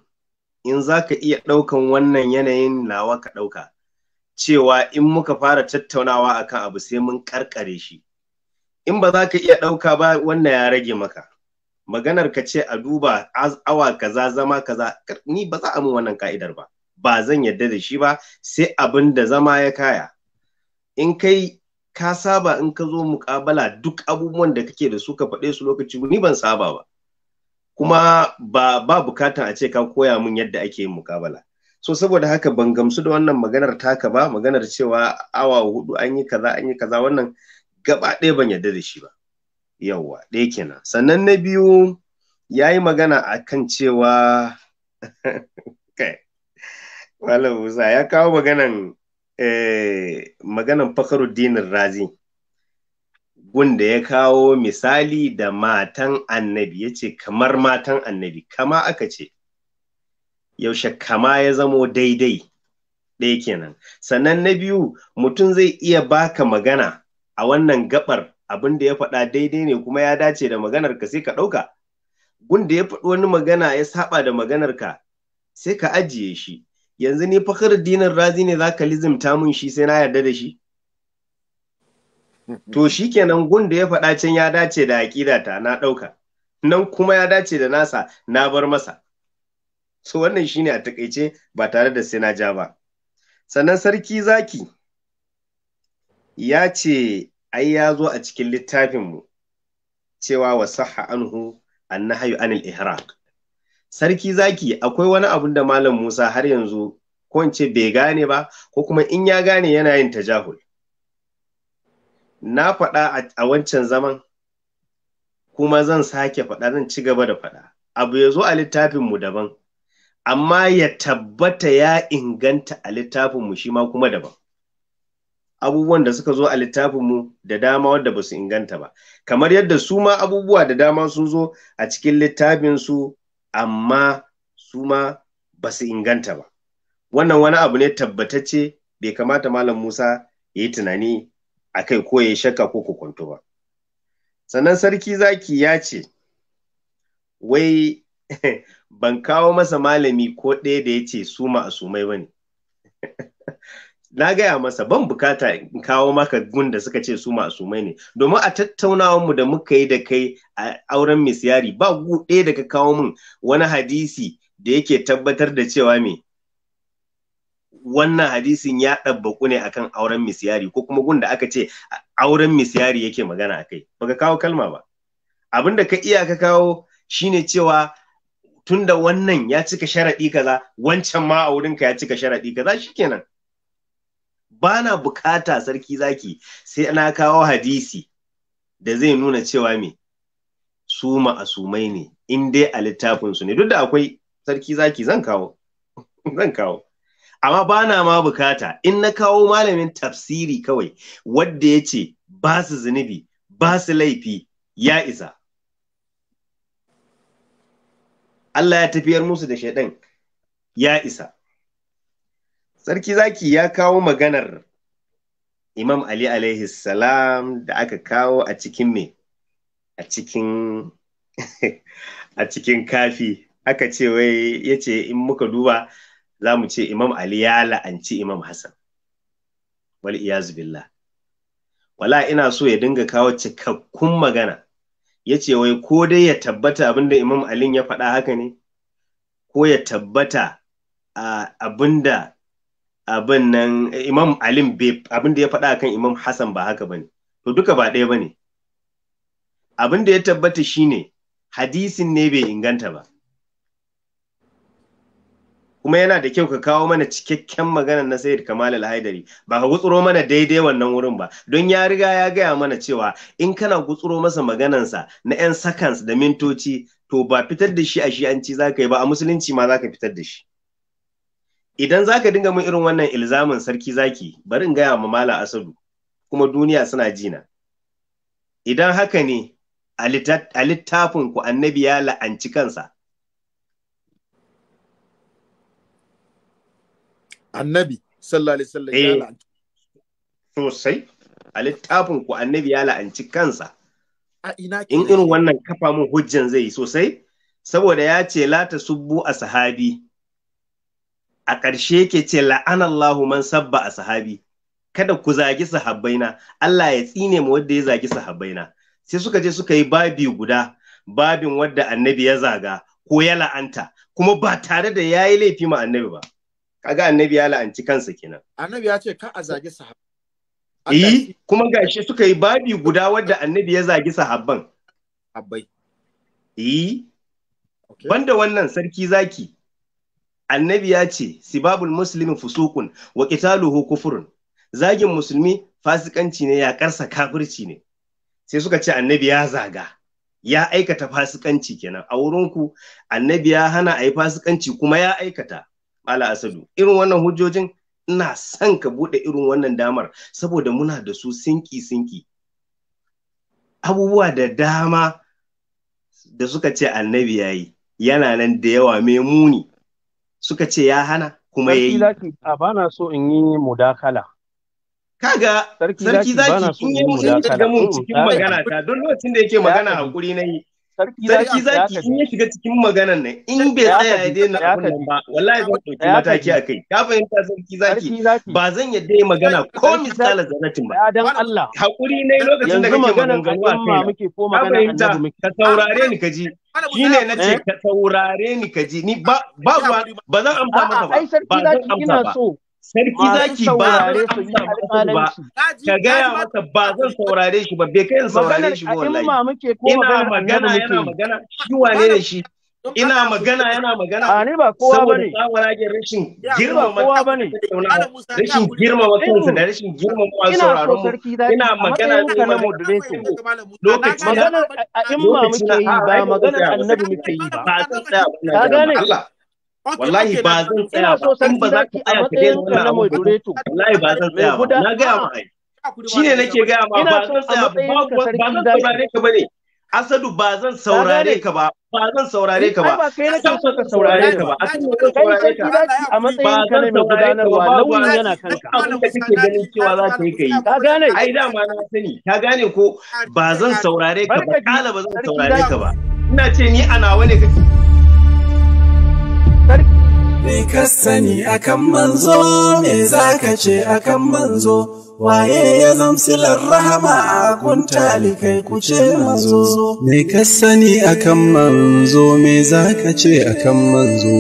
S3: in za ka iya ɗaukan wannan yanayin nawa ka ɗauka cewa in muka fara tattaunawa akan abu sai mun ƙarƙare shi in ba za ka iya ɗauka ba wannan ya rage maka maganar ka ce a duba awa kaza zama kaza ni ba za a mun wannan ka'idar ba ba zan yadda da shi ba sai abin da zama ya kaya in kai ka saba in ka zo muƙabala duk abubuwan da kake da su ka faɗe su lokaci ni ban saba ba kuma ba ba bukatan a ce ka koya mun yadda ake yin mukabala so saboda haka ban gamsu da wannan maganar taka ba maganar cewa awa hudu an yi kaza an yi kaza wannan gaba ɗaya ban yarda da shi ba yawwa ɗaya kenan sannan na biyu ya yi magana a kan cewa Malam Musa ya kawo maganan eh, maganan Fakhruddin Razi gunda ya kawo misali da matan annabi ya ce kamar matan annabi kama aka ce yaushe kama ya zamo daidai ɗaya kenan sannan na biyu mutum zai iya baka magana a wannan gabar abin da ya faɗa daidai ne kuma ya dace da maganar ka sai ka ɗauka gunda ya faɗi wani magana ya saba da maganar ka sai ka ajiye shi yanzu ni fakar dinar razi ne za ka lizimta mun shi sai na yarda da shi to shi kenan gun da ya faɗa can ya dace da aƙida ta na ɗauka nan kuma ya dace da nasa na bar masa so wannan shi ne a takaice ba tare da sai na ja ba sannan sarki zaki ya ce ai ya zo a cikin littafinmu cewa wa sahha anhu nahayu anil ihraq sarki zaki akwai wani abun da malam Musa har yanzu ko in ce bai gane ba ko kuma in ya gane yana yin tajahul na faɗa a wancan zaman kuma zan sake faɗa zan ci gaba da faɗa abu ya zo a littafinmu daban amma ya tabbata ya inganta a littafinmu shi ma kuma daban abubuwan da suka zo a littafinmu da dama wadda ba su inganta ba kamar yadda su ma abubuwa da dama sun zo a cikin littafinsu amma su ma ba su inganta ba wannan wani abu ne tabbatacce bai kamata malam musa ya yi tunani a kai ko ya shakka ko ku kwanto ba sannan sarki zaki ya ce wai ban kawo masa malami ko ɗaya da ya ce su ma'asumai ba ne na gaya masa ban bukata in kawo maka gun da suka ce su ma'asumai ne domin a mu da muka yi da kai a auren misyari ba gu ɗaya da ka kawo min wani hadisi da yake tabbatar da cewa me wannan hadisin ya ɗabbaku ne akan auren misiyari, ko kuma da aka ce auren misiyari yake magana a kai baka kawo kalma ba abin da ka iya ka kawo shine cewa tunda wannan ya cika sharaɗi kaza wancan ma a wurinka ya cika sharaɗi kaza shikenan ba na bukata sarki zaki sai na kawo hadisi da zai nuna cewa me su ma'asumai ne in dai a littafinsu ne duk da akwai sarki zaki zan kawo zan kawo amma ba na ma bukata in na kawo malamin tafsiri kawai wadda ya ce ba su zunubi ba su laifi ya isa Allah ya tafiyar musu da shaidan ya isa sarki zaki ya kawo maganar imam ali alaihi salam da aka kawo a cikin me a cikin a cikin kafi aka ce wai ya ce in muka duba za mu ce imam ali ya la'anci imam hassan wal iyazu billah wala ina so ya dinga kawo cikakkun magana ya ce wai ko dai ya tabbata abinda imam Ali ya faɗa haka ne ko ya tabbata abinda abin nan imam Ali abinda ya faɗa kan imam hassan ba haka ba ne, to duka ba ɗaya ba ne. abinda ya tabbata shine hadisin ne bai inganta ba kuma yana da kyau ka kawo mana cikakken maganar na Sayyid Kamal Alhaidari, ba ka gutsuro mana daidai wannan wurin ba don ya riga ya gaya mana cewa in kana gutsuro masa maganansa na 'yan sakans da mintoci to ba fitar da shi a shi an ci za ka yi ba a musulunci ma za ka fitar da shi idan za ka dinga min irin wannan ilzamin sarki zaki bari in gaya ma Malam Asadu kuma duniya suna jina idan haka ne a littafin ku annabi ya la'anci kansa annabi sallallahu alaihi wasallam ya eh, sosai a littafin ku annabi ya la'anci kansa
S1: a ina in irin
S3: wannan kafa mun hujjan zai sosai saboda ya ce la ta subbu a sahabi a ƙarshe yake ce la'anallahu man sabba a sahabi kada ku zagi sahabbaina Allah ya tsine mu wanda ya zagi sahabbaina sai suka je suka yi babi guda babin wadda annabi ya zaga ko ya la'anta kuma ba tare da ya yi laifi ma annabi ba kaga annabi ya la'anci kansa kenan
S1: annabi ya ce ka a zagi
S3: sahabbai eh kuma gashi suka yi babi guda wadda annabi ya zagi sahabban sahabbai eh banda wannan sarki zaki annabi ya ce sibabul muslimin fusukun wa qitaluhu kufrun zagin musulmi fasikanci ne ya karsa kafirci ne sai suka ce annabi ya zaga ya aikata fasikanci kenan a wurinku annabi ya hana a yi fasikanci kuma ya aikata ala asadu irin wannan hujjojin ina son ka bude irin wannan damar saboda muna da su sinki sinki abubuwa da dama da suka ce annabi ya yi yana nan da yawa mai muni suka ce ya hana kuma ya yi a bana so in yi mudakala kaga sarki zaki in yi mudakala da cikin magana ta don lokacin da yake magana hankuri na yi sarki za ki, in ya shiga cikin maganan nan in bai tsaya ya daina abin ba wallahi zan ɗauki mataki a kai ka fahimta sarki za ki, ba zan ya yi magana ko misalin zanatin ba dan Allah hakuri ne lokacin da kake maganganu a kai muke ko maganan ka saurare ni ka ji shine na eh? ce ka saurare ni ka ji ni ba ba ba zan amsa masa ba ba zan amsa ba
S6: sarki zaki ba
S4: ba ka gaya mata ba zan saurare shi ba bai kai saurare shi ba wallahi ina magana yana magana shi wane ne shi ina magana yana magana a ne ba
S3: kowa bane saboda tsawara rashin girma girmama kowa bane rashin girma girmama kansa da rashin girmama sauraron mu ina magana ne na moderation lokaci magana
S4: a imma muke yi ba magana annabi muke yi ba ka gane wallahi ba zan tsaya ba in ba za ka tsaya ka daina wannan abu wallahi ba zan tsaya ba na ga
S3: ba shine nake ga ma ba zan tsaya ba ba zan saurare ka bane Asadu ba zan saurare ka ba ba zan saurare ka ba
S4: Asadu ba zan ka saurare ka ba Asadu zan saurare ka a matsayin ka mai gudanarwa nauyin yana kanka abin da kake ganin
S3: cewa za ka yi ka yi ka gane ai dama na sani ka gane ko ba zan saurare ka ba kala ba zan saurare ka ba ina ce ni a nawa ne kake
S2: Ni kasani akan manzo, me za ce akan manzo, waye ya zamsilar rahama a kuntali kai kuce manzo. Ni kasani akan manzo, me za ce akan manzo,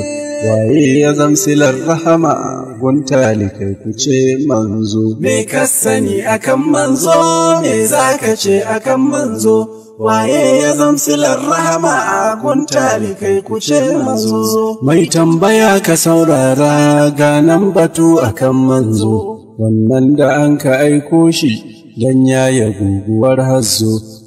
S2: waye ya zamsilar rahama gunta talikai ku ce manzo. Me ka sani akan manzo, me za ce akan manzo, waye ya zamsilar rahama a gunta talikai ku ce manzo. Mai tambaya ka saurara ganan batu akan manzo, wannan da an ka aiko shi don yi guguwar hazo.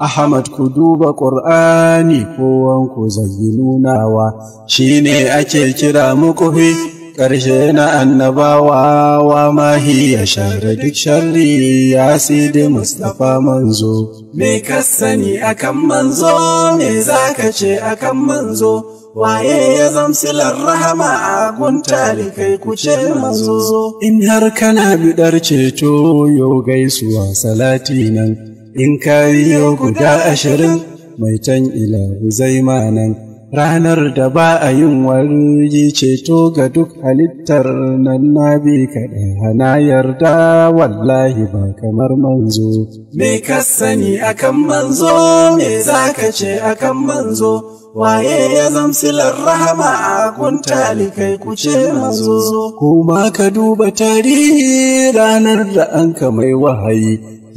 S2: Ahmad ku duba ƙur'ani kowanku zayyinunawa shi ne ake kira mukufi ƙarshe na annabawa wa mahi ya share duk sharri ya sidi Mustapha manzo. Me ka sani akan manzo, me za ka ce akan manzo, waye ya zamsilar rahama a guntali kai kuce manzo. In har kana biɗar ceto yau gaisuwa salati nan. in ka guda ashirin mai can ilahu zai manan ranar da ba a yin wari ceto ga duk halittar nan na bi kaɗa hana yarda wallahi ba kamar manzo me ka sani akan manzo me za ka ce akan manzo waye ya silar rahama a talikai kai ce manzo kuma ka duba tarihi ranar da an ka mai wahayi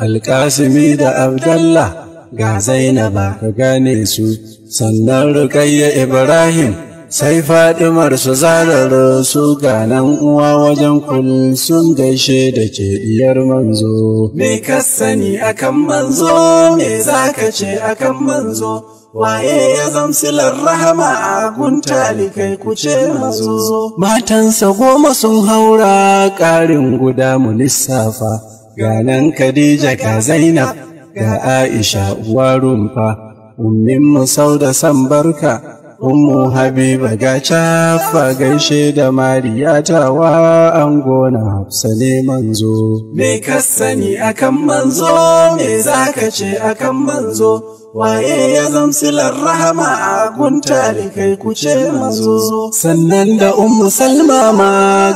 S2: alƙasimi da abdallah ga zainaba ka gane su sannan rukayya ibrahim sai fadimar su zararo su ga nan uwa wajen kullum sun gaishe da ke diyar manzo me ka sani akan manzo me za ka ce akan manzo waye ya zamsilar rahama a guntali kai ce manzo matansa goma sun haura ƙarin guda mu lissafa ga nan Khadija ka Zainab ga Aisha uwa rumfa ummin musau da san barka ummu habiba ga cafa gaishe da mariya tawa an gona hafsa ne manzo me ka sani akan manzo me zaka ce akan manzo waye ya zamsilar rahama a gunta da kai kuce manzo sannan da ummu salma ma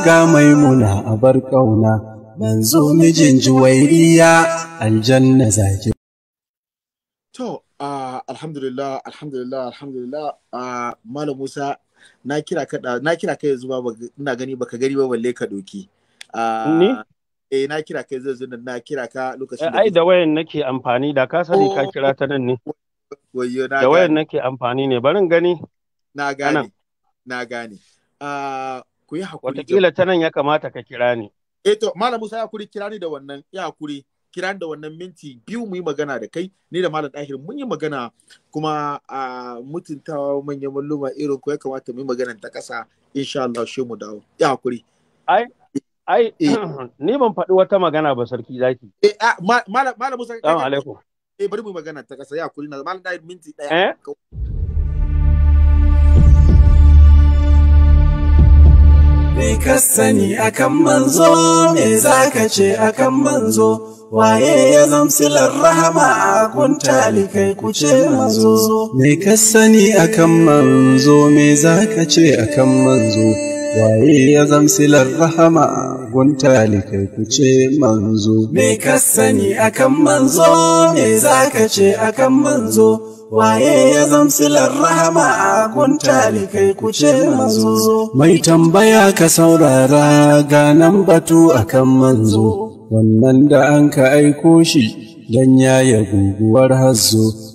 S2: ga maimuna abar ƙauna. manzo mijin juwairiya aljanna zaki.
S1: To, alhamdulillah, alhamdulillah, alhamdulillah, Malam Musa, na kira ka yanzu ba ina gani baka gani ba balle ka doki. Ni? Eh, na kira ka yanzu nan na kira ka lokacin da. Eh, ai, da
S4: wayan nake amfani da ka sani ka oh. kira ta nan ne.
S1: na Da wayan nake
S4: amfani ne, barin gani. Na gane,
S1: na gane. ku yi hakuri. kila ta
S4: nan ya kamata ka kira ni.
S1: eto eh malam Musa ya kuri kira ni da wannan ya kuri kira da wannan minti biyu mu yi magana da kai ni da malam Dahir mun yi magana kuma a mutuntawa manyan malluma irin ku ya kamata mu yi magana ta kasa
S4: insha Allah shi mu dawo ya kuri. ai ai eh. ni ban faɗi wata magana ba sarki zaki
S1: eh malam malam Musa assalamu alaikum eh bari mu magana ta kasa ya kuri na malam Dahir minti daya eh
S2: Me ka sani akan manzo, me za ce akan manzo, waye ya zamsilar rahama a kun talikai ku ce manzo. Me ka sani akan manzo, me za ce akan manzo. waye ya zamsilar rahama gunta kai ku ce manzo me ka sani akan manzo me zaka ce akan manzo waye ya zamsilar rahama gunta kai ku manzo mai tambaya ka saurara ga nan batu akan manzo wannan da an ka aiko shi dan yi guguwar hazzo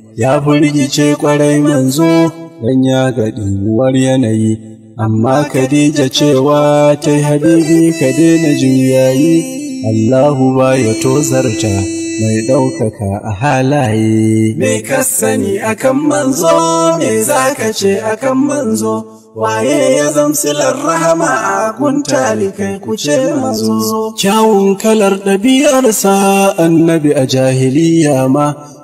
S2: ya firgice kwarai manzo dan ya ga ɗinguwar yanayi amma Khadija cewa ta habibi ka daina juyayi Allahu ba ya tozarta mai ɗaukaka a halaye. Me ka sani akan manzo, me za ka ce akan manzo, waye ya zamsilar rahama a kuntali kai kuce manzo. Kyawun kalar ɗabi'arsa annabi a jahiliya ma,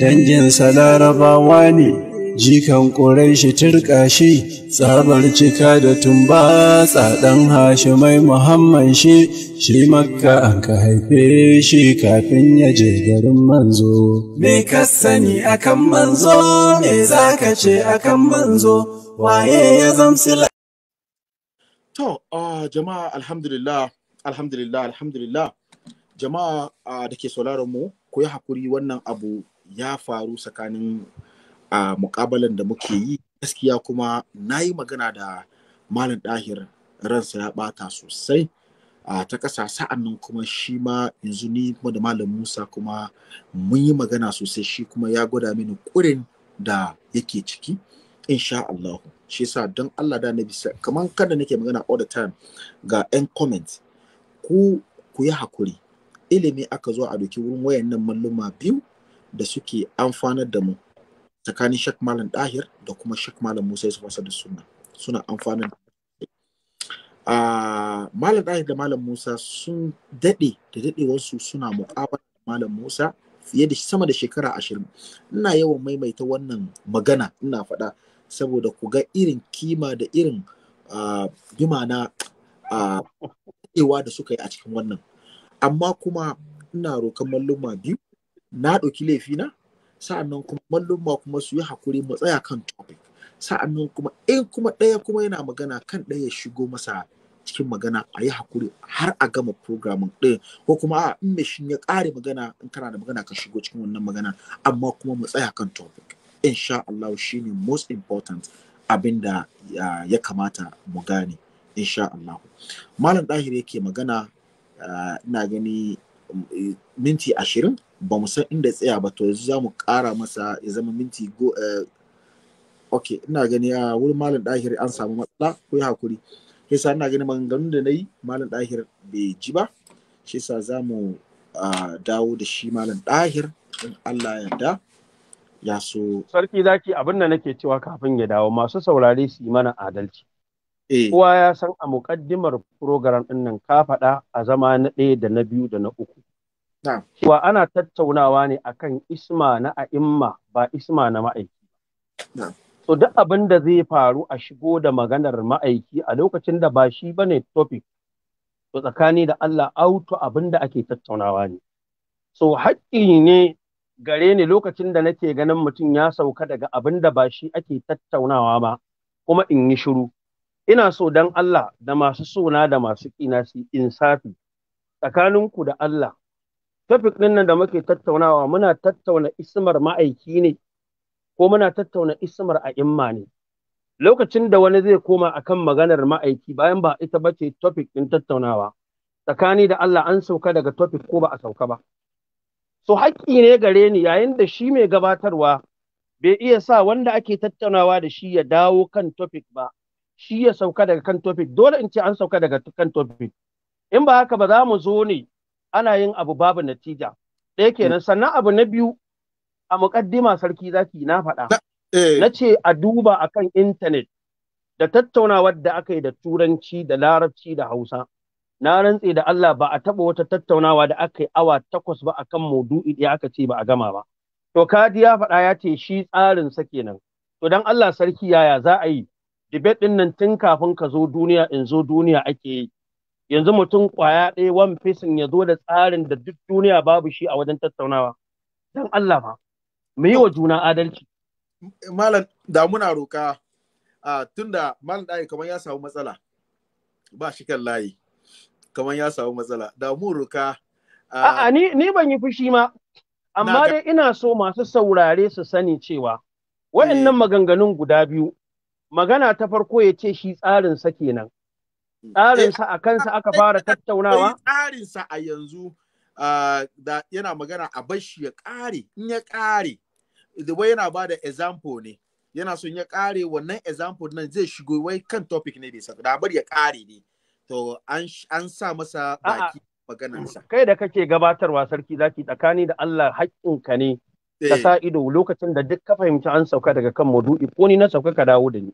S2: danginsa larabawa ne jikan ƙuraishi turka shi tsabar cika da tumba tsadan mai muhamman shi shi makka an ka haife shi kafin ya je garin manzo me ka sani akan manzo me za ka ce akan manzo waye ya zamsila
S1: to jama'a alhamdulillah alhamdulillah alhamdulillah jama'a da ke sauraron mu ku yi hakuri wannan abu ya faru tsakanin a mukabalan da muke yi gaskiya kuma na yi magana da malam Dahir, ransa ya ɓata sosai a ta ƙasa sa'an nan kuma shi ma yanzu ni kuma da malam musa kuma mun yi magana sosai shi kuma ya gwada mini ƙurin da yake ciki insha Allah shi yasa don Allah da na nabi kamar kada nake magana all the time ga yan comment ku ku yi hakuri ilimi aka zo a doki wurin wayannan malluma biyu da suke amfanar da mu tsakanin Shek Malam Dahir da kuma Shek Malam Musa Yusuf Asad da suna suna amfanar a ah, Malam Dahir da Malam Musa sun dade da dadewarsu suna mu'amala da Malam Musa fiye da sama da shekara ashirin ina yawan maimaita wannan magana ina faɗa saboda ku ga irin kima da irin ah, bima na ah, daɗewa da suka yi a cikin wannan amma kuma ina rokan malluma biyu na ɗauki laifina sa'annan kuma mallumma kuma su yi hakuri mu tsaya kan topic sa'annan kuma in kuma ɗaya kuma yana magana kan ɗaya ya shigo masa cikin magana a yi hakuri har a gama programin ɗin ko kuma a in mai ya ƙare magana in kana da magana ka shigo cikin wannan magana amma kuma mu tsaya kan topic insha Allah ne most important abin da ya kamata mu gane insha Allah malam ɗahir yake magana ah, ina gani mm, eh, minti ashirin ba mu san inda tsaya ba to yanzu za mu ƙara masa ya zama minti go eh, ok ina gani a wurin malam ɗahir an samu matsala ko ya hakuri shi yasa ina gani maganganun da na yi malam ɗahir bai ji ba shi yasa za mu
S4: dawo da shi malam ɗahir in Allah yarda ya so sarki zaki abin da nake cewa kafin ya dawo masu saurare su yi mana adalci eh. kowa ya san a muƙaddimar program ɗin nan ka faɗa a zama na ɗaya da na biyu da na uku Wa ana tattaunawa ne akan isma na a'imma ba isma na ma'aiki. So duk abin da zai faru a shigo da maganar ma'aiki a lokacin da ba shi ba ne topic. To tsakani da Allah auto abin da ake tattaunawa ne. So haƙƙi ne gare ni lokacin da nake ganin mutum ya sauka daga abin da ba shi ake tattaunawa ba kuma in yi shiru ina so dan Allah da masu sona da masu ƙinasi su insafi tsakaninku da Allah Topic ɗin nan da muke tattaunawa muna tattauna ismar ma'aiki ne ko muna tattauna ismar a a'imma ne. Lokacin da wani zai koma akan maganar ma'aiki bayan ba ita ba ce topic ɗin tattaunawa. Tsakani da Allah an sauka daga topic ko ba a sauka ba. So haƙƙi ne gare ni yayin da shi mai gabatarwa bai iya sa wanda ake tattaunawa da shi ya dawo kan topic ba. Shi ya sauka daga kan topic dole in ce an sauka daga kan topic. In ba haka ba za mu zo ne ana yin abu babu natija ɗaya kenan mm. sannan abu na biyu a muƙaddima sarki zaki na faɗa na eh. ce a duba akan intanet da tattaunawar da aka yi da turanci da larabci da hausa na rantse da Allah ba a taɓa wata tattaunawa da aka yi awa takwas ba a akan maudu'i da aka ce ba a gama ba to kadi ya faɗa ya ce shi tsarin sa kenan to dan Allah sarki yaya za a yi debate din nan tun kafin ka zo duniya in zo duniya ake yi yanzu mutum kwaya ɗaya wan fesin ya zo da tsarin da duk duniya babu shi a wajen tattaunawa Don Allah ba mu yi wa juna adalci
S1: malam da muna roka a tunda malam ɗaya kamar ya samu matsala ba shi kan layi kamar ya samu matsala da mu roka a'a ni ni ban
S4: yi fushi ma amma dai ina so masu saurare su sani cewa wa'annan eh. maganganun guda biyu magana ta farko ya ce shi tsarin sa kenan tsarinsa a kansa aka fara tattaunawa
S1: tsarinsa a yanzu da yana magana a bashi ya ƙare in ya ƙare the way yana bada example ne yana son ya ƙare wannan example nan zai shigo wai kan topic ne bisa, da bar ya ƙare ne
S4: to an sa masa baki maganarsa kai da kake gabatarwa sarki zaki tsakani da Allah ka ne eh. ka sa ido lokacin da duk ka fahimci an sauka daga kan maudu'i ko ni na sauka ka dawo da ni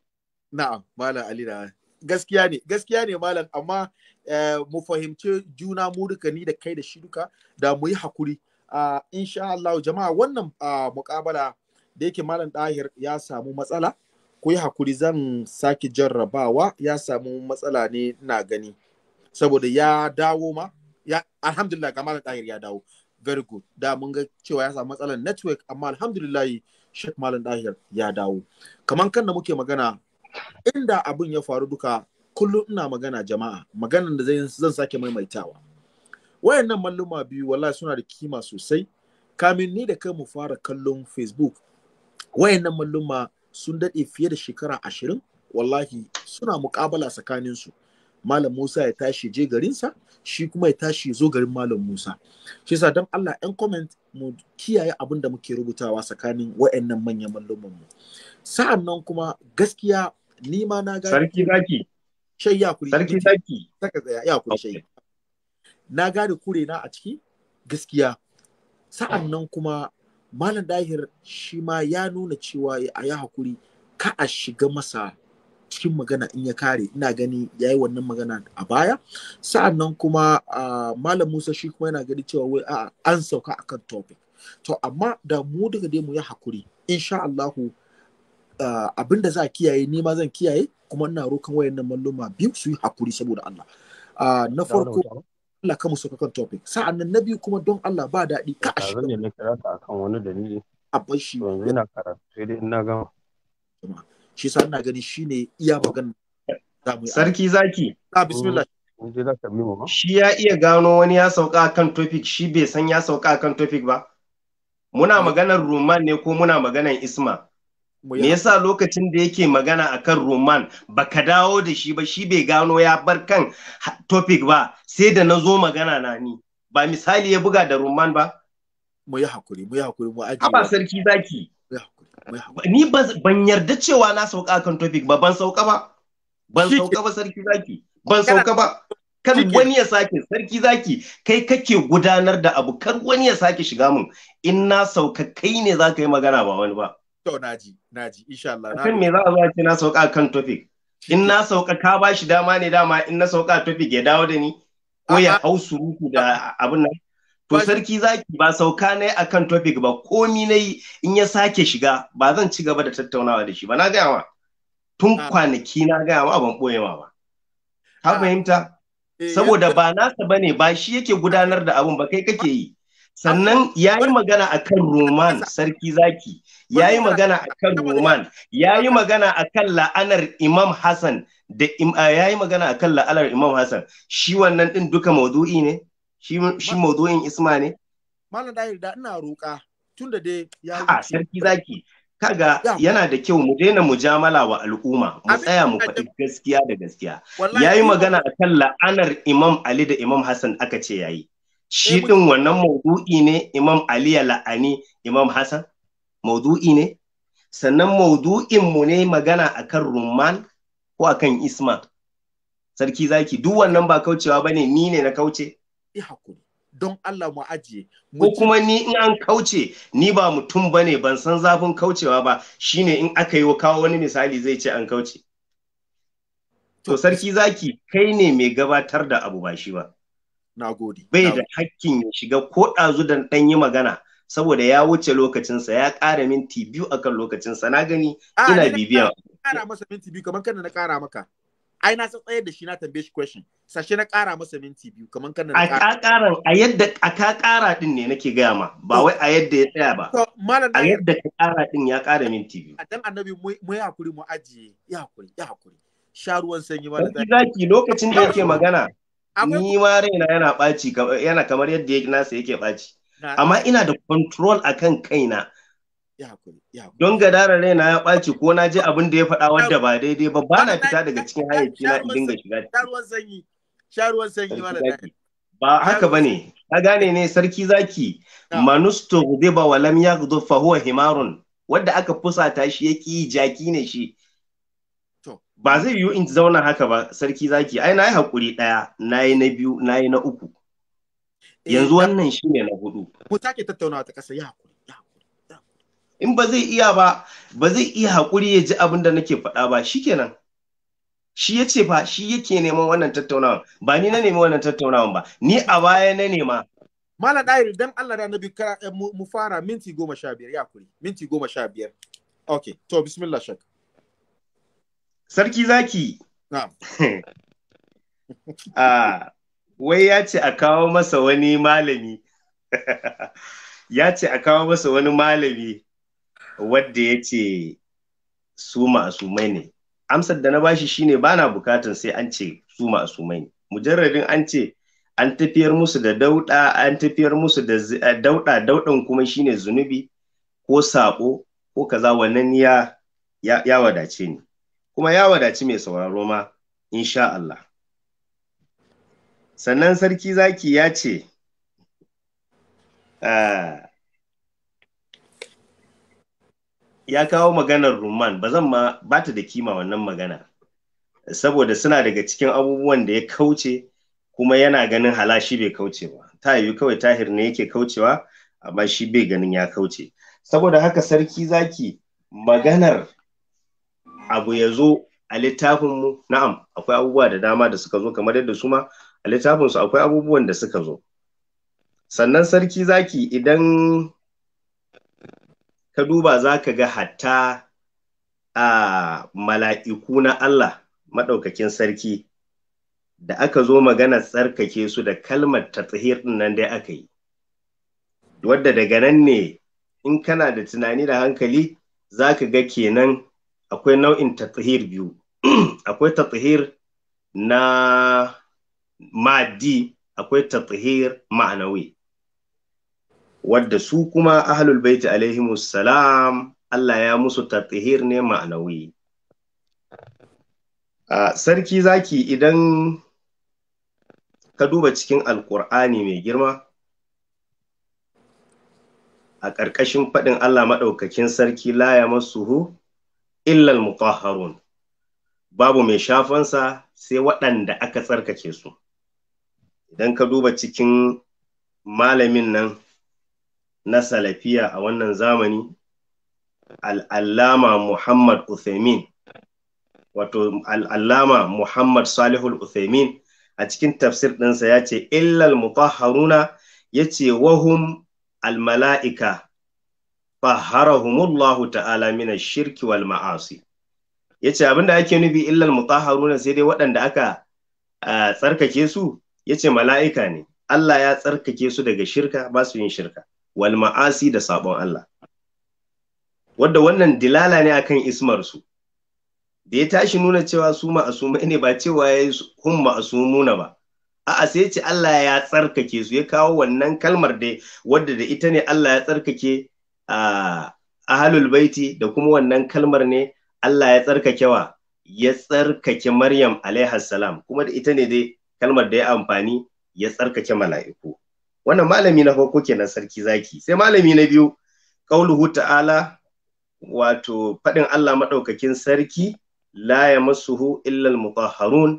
S1: na'am malam ali da gaskiya ne gaskiya ne malam amma eh, mu fahimci juna mu duka ni da kai da shi duka da mu yi hakuri insha Allah jama'a wannan mukabala da yake malam dahir ya samu matsala ku yi hakuri zan sake jarrabawa ya samu matsala ne na gani saboda ya dawo ma ya alhamdulillah ga malam dahir ya dawo very good da mun ga cewa ya samu matsalar network amma alhamdulillah Sheikh Malam Dahir ya dawo. Kaman kan da muke magana inda abin ya faru duka kullum ina magana jama'a maganan da zan sake maimaitawa wayannan malluma biyu wallahi suna da kima sosai kamin ni da kai mu fara kallon facebook wayannan malluma sun daɗe fiye da shekara ashirin wallahi suna muƙabala tsakaninsu malam musa ya tashi je garinsa shi kuma ya tashi zo garin malam musa shi yasa don allah yan comment mu kiyaye abin da muke rubutawa tsakanin wayannan manyan malluman mu sa'an nan kuma gaskiya ni ma na gane sarki zaki shai ya kuri sarki zaki saka tsaya ya kuri shai na gane kure na a ciki gaskiya sa'an nan kuma malam dahir shi ma ya nuna cewa a ya hakuri ka a shiga masa cikin magana in ya kare ina gani ya yi wannan magana a baya sa'an nan kuma malam musa shi kuma yana gani cewa wai an sauka akan topic to amma da mu daga dai mu ya hakuri insha Allahu Ah, abin da za a kiyaye ni ma zan kiyaye kuma ina rokan wayannan malluma biyu su yi hakuri saboda Allah ah, na farko Allah ka musu kan topic sa'annan na biyu kuma don Allah ba daɗi ka a shiga ne kira ka akan wani dalili a bar shi yanzu ina karatu sai dai ina gama shi sa ina gani shine iya magana sarki zaki a ah, bismillah
S4: mm,
S3: shi ya iya gano wani ya sauka kan topic shi bai san ya sauka kan topic ba muna mm. maganar roman ne ko muna maganar Isma me yasa lokacin da yake magana akan roman baka dawo da shi ba shi bai gano ya bar kan topic ba sai da na zo magana na ni ba misali ya buga da roman ba mu yi hakuri mu yi hakuri mu ajiye ba sarki zaki ni ban yarda cewa na sauka kan topic ba ban sauka ba ban sauka ba sarki zaki ban sauka ba kan wani ya sake sarki zaki kai kake gudanar da abu kan wani ya sake shiga mun in na sauka kai ne za ka yi magana ba wani ba
S1: To naji, naji, insha Allah.
S3: me za a zuwa ce na sauka kan topic? In na sauka ka ba shi dama ne dama in na sauka topic ya dawo da ni ko ya hau surutu da abin nan. To sarki zaki ba sauka ne kan topic ba komi na yi in ya sake shiga ba zan ci gaba da tattaunawa da shi ba na gaya ma. Tun kwanaki na gaya ma ban ɓoye ma ba. Ka fahimta? Eh, Saboda ba nasa ba ne ba shi yake gudanar da abun ba kai kake yi. Sannan ya yi magana a kan Roman sarki zaki. ya yi magana a kan Roman, ya yi magana a kan la'anar Imam Hassan da ya yi magana a kan la'anar Imam Hassan. Shi wannan din duka maudu'i ne? Shi maudu'in Isma ne?
S1: Malam Dahir da ina roƙa da dai ya
S3: A sarki zaki. Kaga yana da kyau mu daina mujamala wa al'umma mu tsaya mu faɗi gaskiya da gaskiya. Ya yi magana a kan la'anar Imam Ali da Imam Hassan aka ce ya yi. Shi din eh, wannan maudu'i ne Imam Ali ya la'ani Imam Hassan? maudu'i ne sannan maudu'inmu ne magana akan rumman ko akan isma sarki zaki duk wannan ba kaucewa ba ne ni ne na kauce
S1: don Allah mu ajiye ko
S3: kuma ni in an kauce ni ba mutum ba ne ban san zafin kaucewa ba shine in aka yi kawo wani misali zai ce an kauce to sarki zaki kai ne mai gabatar da abu ba shi ba nagode bai da hakkin ya shiga ko ɗazu da ɗan yi magana saboda ya wuce lokacinsa ya ƙara minti biyu akan lokacinsa na gani ah, ina bibiya
S1: ƙara masa minti biyu kamar kana na ƙara maka ai na san tsayar da shi na tambaye shi question sashe na ƙara masa minti biyu kamar kana na ƙara
S3: ƙara a yadda a ka ƙara din ne nake gaya ma ba wai a yadda ya tsaya ba to a yadda ka ƙara din ya ƙara minti biyu a
S1: dan annabi mu ya hakuri mu ajiye ya hakuri ya hakuri sha ruwan sanyi ba da zaki lokacin da yake magana
S3: ni ma raina yana ɓaci yana kamar yadda nasa yake ɓaci amma ina da control akan kaina don gadara raina ya ɓaci ko na ji abin da ya faɗa wadda ba daidai ba ba na fita daga cikin hayyaci na in dinga shiga ba haka ba ne ka gane ne sarki zaki manusto ba wa lamya, yaghdu fa himarun wadda aka fusata shi yaki jaki ne shi ba zai yiwu in zauna haka ba sarki zaki ai na yi haƙuri ɗaya na yi na biyu na yi na uku yanzu wannan shi ne na hudu mu take tattaunawa ta kasa ya hakuri in ba zai iya ba ba zai iya hakuri ya ji abin da nake faɗa ba shikenan shi ya ce fa shi yake neman wannan tattaunawa ba ni na nemi wannan tattaunawa ba ni a baya na nema
S1: Malam Dairi dan Allah da Annabi eh, mu fara minti goma sha biyar ya kuri minti goma sha biyar okay to bismillah
S3: shak sarki zaki na'am ah wai ya ce a kawo masa wani malami ya ce a kawo masa wani malami wadda ya ce su mai ne amsar da na bashi shine ba na bukatan sai an ce su ma'asumai ne mujarradin an ce an tafiyar musu da dauɗa, an tafiyar musu da eh, dauda daudan kuma shine zunubi ko saƙo ko kaza wannan ya ya wadace ni kuma ya wadaci mai sauraro ma insha Allah sannan sarki zaki ya ce ah, ya kawo maganar rumman ba zan ma ba ta da kima wannan magana saboda suna daga cikin abubuwan da ya kauce kuma yana ganin halashi bai kauce ba ta yi kawai tahir ne yake kaucewa amma shi bai ganin ya kauce saboda haka sarki zaki maganar abu ya zo a littafinmu na'am akwai abubuwa da dama da suka zo kamar yadda su ma a littafinsu akwai abubuwan da suka zo sannan sarki zaki idan ka duba za ka ga hatta a mala'iku na Allah maɗaukakin sarki da aka zo magana tsarkake su da kalmar ta din nan dai aka yi wadda daga nan ne in kana da tunani da hankali za ka ga kenan akwai nau'in ta biyu akwai ta na maddi akwai tathir ma'anawi wadda su kuma ahlul baiti alaihi salam Allah ya musu tathir ne ma'anawi A sarki zaki idan ka duba cikin alkur'ani mai girma a ƙarƙashin faɗin Allah maɗaukakin sarki laya hu illal muƙaharun babu mai shafansa sai waɗanda aka tsarkake su idan ka duba cikin malamin nan na salafiya a wannan zamani al'allama muhammad uthaymin wato al'allama muhammad salihul uthaymin a cikin tafsir ɗinsa ya ce illal mutahharuna ya ce wahum al-mala'ika faharahumullahu ta'ala mina shirki wal ma'asi ya ce abinda ake nufi illal mutahharuna sai dai waɗanda aka ah, tsarkake su Ya ce mala'ika ne Allah ya tsarkake su daga shirka ba su yin shirka wal ma'asi da sabon Allah wadda wannan dilala ne akan ismar su da ya tashi nuna cewa su ma'asumai ne ba cewa ya yi hun nuna ba a'a sai ce Allah ya tsarkake su ya kawo wannan kalmar dai wadda da ita ne Allah ya tsarkake a ahalul baiti da kuma wannan kalmar ne Allah ya tsarkakewa ya tsarkake Maryam alaihassalam kuma da ita ne dai kalmar da ya amfani ya tsarkake mala'iku wannan malami na farko kenan sarki zaki sai malami na biyu Ƙauluhu ta'ala wato faɗin Allah maɗaukakin sarki la ya masuhu illal mutahharun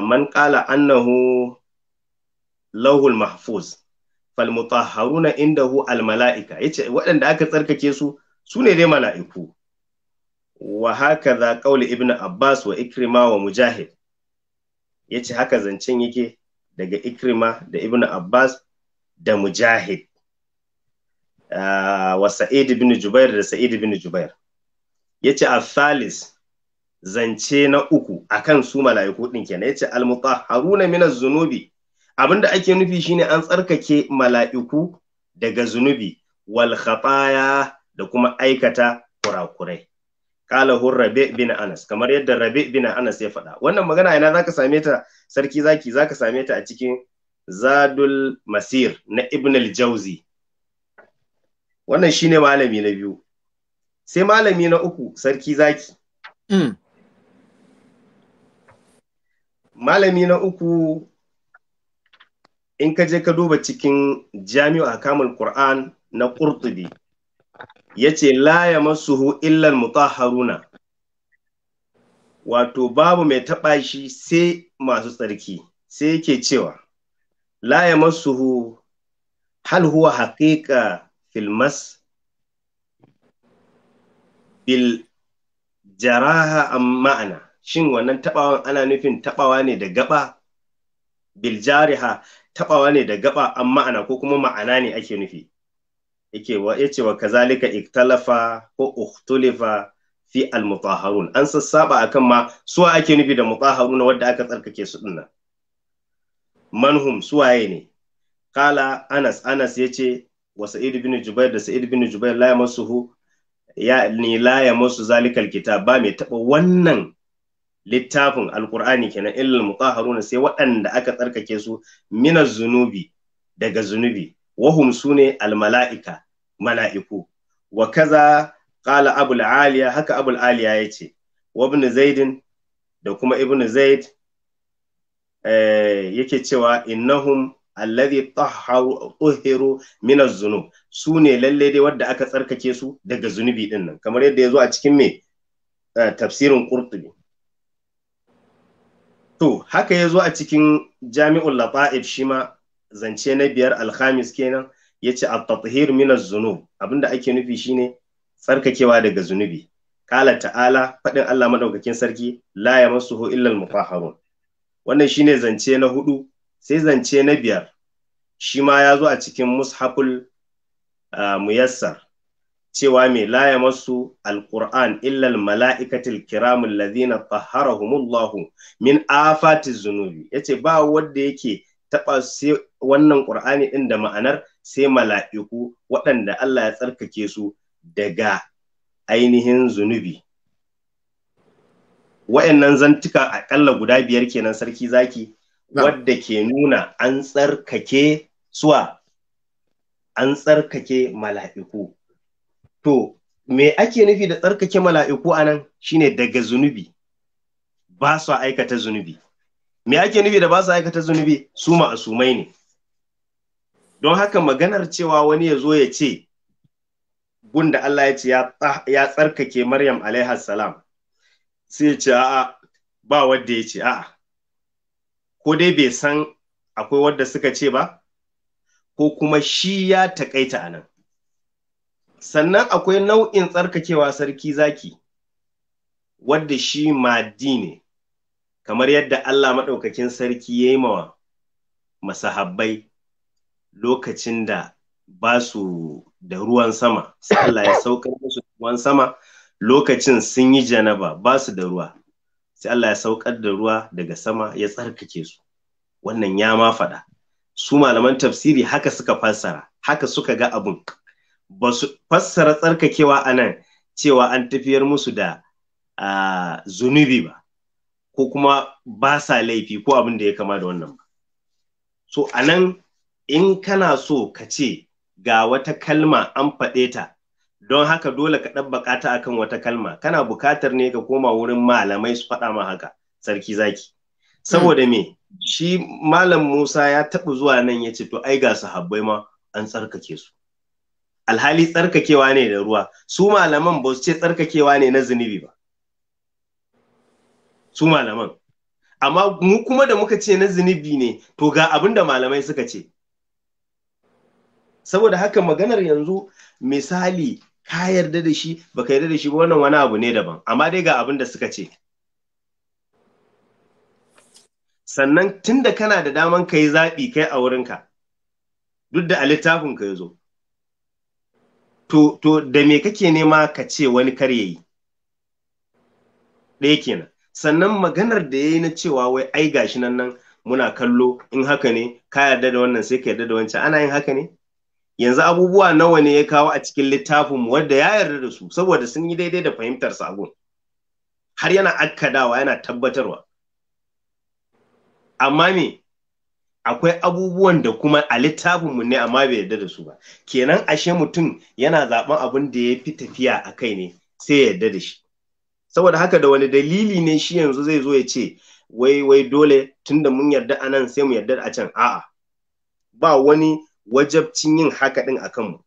S3: man qala annahu lawhul mahfuz fal mutahharuna indahu al mala'ika yace waɗanda aka tsarkake su sune dai mala'iku wa hakaza qauli ibnu abbas wa ikrima wa mujahid ya ce haka zancen yake daga ikrima da ibn abbas da mujahid ah, wa sa'id ibn jubair da sa'id ibn jubair ya ce athalis zance na uku akan su mala'iku ɗin kenan ya ce almutahharuna min zunubi abinda ake nufi shine an tsarkake mala'iku daga zunubi wal da kuma aikata kurakurai kala hu rabi bin anas kamar yadda rabi bin anas ya faɗa wannan magana ina zaka same ta sarki zaki zaka same ta a cikin zadul masir na ibn al-jauzi wannan shine malami na biyu sai malami na uku sarki zaki hmm. malami na uku in ka je ka duba cikin jami'u hakamul qur'an na qurtubi Ya ce la yamassuhu illa al-mutahharuna wato babu mai taɓa shi sai masu tsarki sai yake cewa la hu, hal huwa haƙiƙa, filmas bil jaraha ma'ana shin wannan tabawan ana nufin tabawa ne da gaba bil jariha tabawa ne da gaba an ma'ana ko kuma ma'ana ne ake nufi yake wa ce wa kazalika iktalafa ko uktulifa fi al an sassaba akan ma suwa ake nufi da mutahharun wanda aka tsarkake su dinnan manhum suwaye ne kala anas anas yace wa sa'id bin jubair da sa'id bin jubair la yamassuhu ya ni la yamassu zalikal kitab ba mai taɓa wannan littafin alqur'ani kenan illa mutahharun sai waɗanda aka tsarkake su mina zunubi daga zunubi wahum sune almala'ika mala'iku wa kaza qala abul aliya haka abul aliya yace wa ibn zaidin da kuma ibn zaid eh, yake cewa innahum alladhi tahharu tuhiru min az-zunub su ne lalle dai wanda aka tsarkake su daga zunubi din nan kamar yadda yazo a cikin me eh, tafsirin qurtubi to haka yazo a cikin jami'ul lata'ib shima zance na biyar al-khamis kenan yace at-tathhir min az-zunub abinda ake nufi shine tsarkakewa daga zunubi kala ta'ala faɗin Allah madaukakin sarki la yamassuhu illa al-mutahharun wannan shine zance na hudu sai zance na biyar shi ma ya zo a cikin mushaful muyassar cewa mai laya masu alƙur'an illal mala'ikatil kiramun lazina humullahu min afati zunubi ya ce ba wadda yake taɓa wannan ƙur'ani ɗin da ma'anar sai mala'iku waɗanda Allah ya tsarkake su daga ainihin zunubi wa'annan zantuka aƙalla guda biyar kenan sarki zaki wadda ke nuna an tsarkake suwa an tsarkake mala'iku to me ake nufi da tsarkake mala'iku a nan shine daga zunubi ba su aikata zunubi me ake nufi da ba su aikata zunubi su ma'asumai ne don haka maganar cewa wani ya zo ya ce gunda Allah ya ce ya tsarkake Maryam alaihi salam sai ya ce a'a ba wadda ya ce a'a ko dai bai san akwai wadda suka ce ba ko kuma shi ya takaita a nan sannan akwai nau'in tsarkakewa sarki zaki wadda shi maddi ne kamar yadda Allah maɗaukakin sarki ya yi mawa masahabbai lokacin da ba su da ruwan sama Allah ya saukar musu ruwan sama lokacin sun yi janaba ba su da ruwa sai Allah ya saukar da ruwa daga sama ya tsarkake su wannan ya ma faɗa su malaman tafsiri haka suka fassara haka suka ga abun ba su fassara tsarkakewa a nan cewa an tafiyar musu da zunubi ba ko kuma ba sa laifi ko abin da ya kama da wannan ba so a nan in kana so ka ce ga wata kalma an faɗe ta don haka dole ka ɗabbaka ta akan wata kalma kana buƙatar ne ka koma wurin malamai su faɗa ma haka sarki zaki saboda me shi malam Musa ya taɓa zuwa nan ya ce to ai ga su ma an tsarkake su alhali tsarkakewa ne da ruwa su malaman ba su ce tsarkakewa ne na zunubi ba su malaman amma mu kuma da muka ce na zunubi ne to ga abin da malamai suka ce saboda haka maganar yanzu misali ka yarda da shi baka yarda da shi ba wannan wani abu ne daban amma dai ga abin da suka ce sannan tunda kana da daman ka yi zaɓi kai a wurinka duk da a littafin ka ya zo to, da me kake nema ka ce wani kar yi? ɗaya kenan sannan maganar da ya yi na cewa wai ai gashi nan nan muna kallo in haka ne ka yarda da wannan sai ka yarda da wancan ana yin haka ne yanzu abubuwa nawa ne ya kawo a cikin littafin wadda ya yarda da su saboda sun yi daidai da fahimtar sagon har yana akkadawa yana tabbatarwa amma me akwai abubuwan da kuma a littafin mu ne amma bai yarda da su ba kenan ashe mutum yana zaben abin da ya fi tafiya a kai ne sai ya yarda da shi saboda haka da wani dalili ne shi yanzu zai zo ya ce wai wai dole tunda mun yarda anan sai mu yarda a can a'a ba wani wajabcin yin haka ɗin a kanmu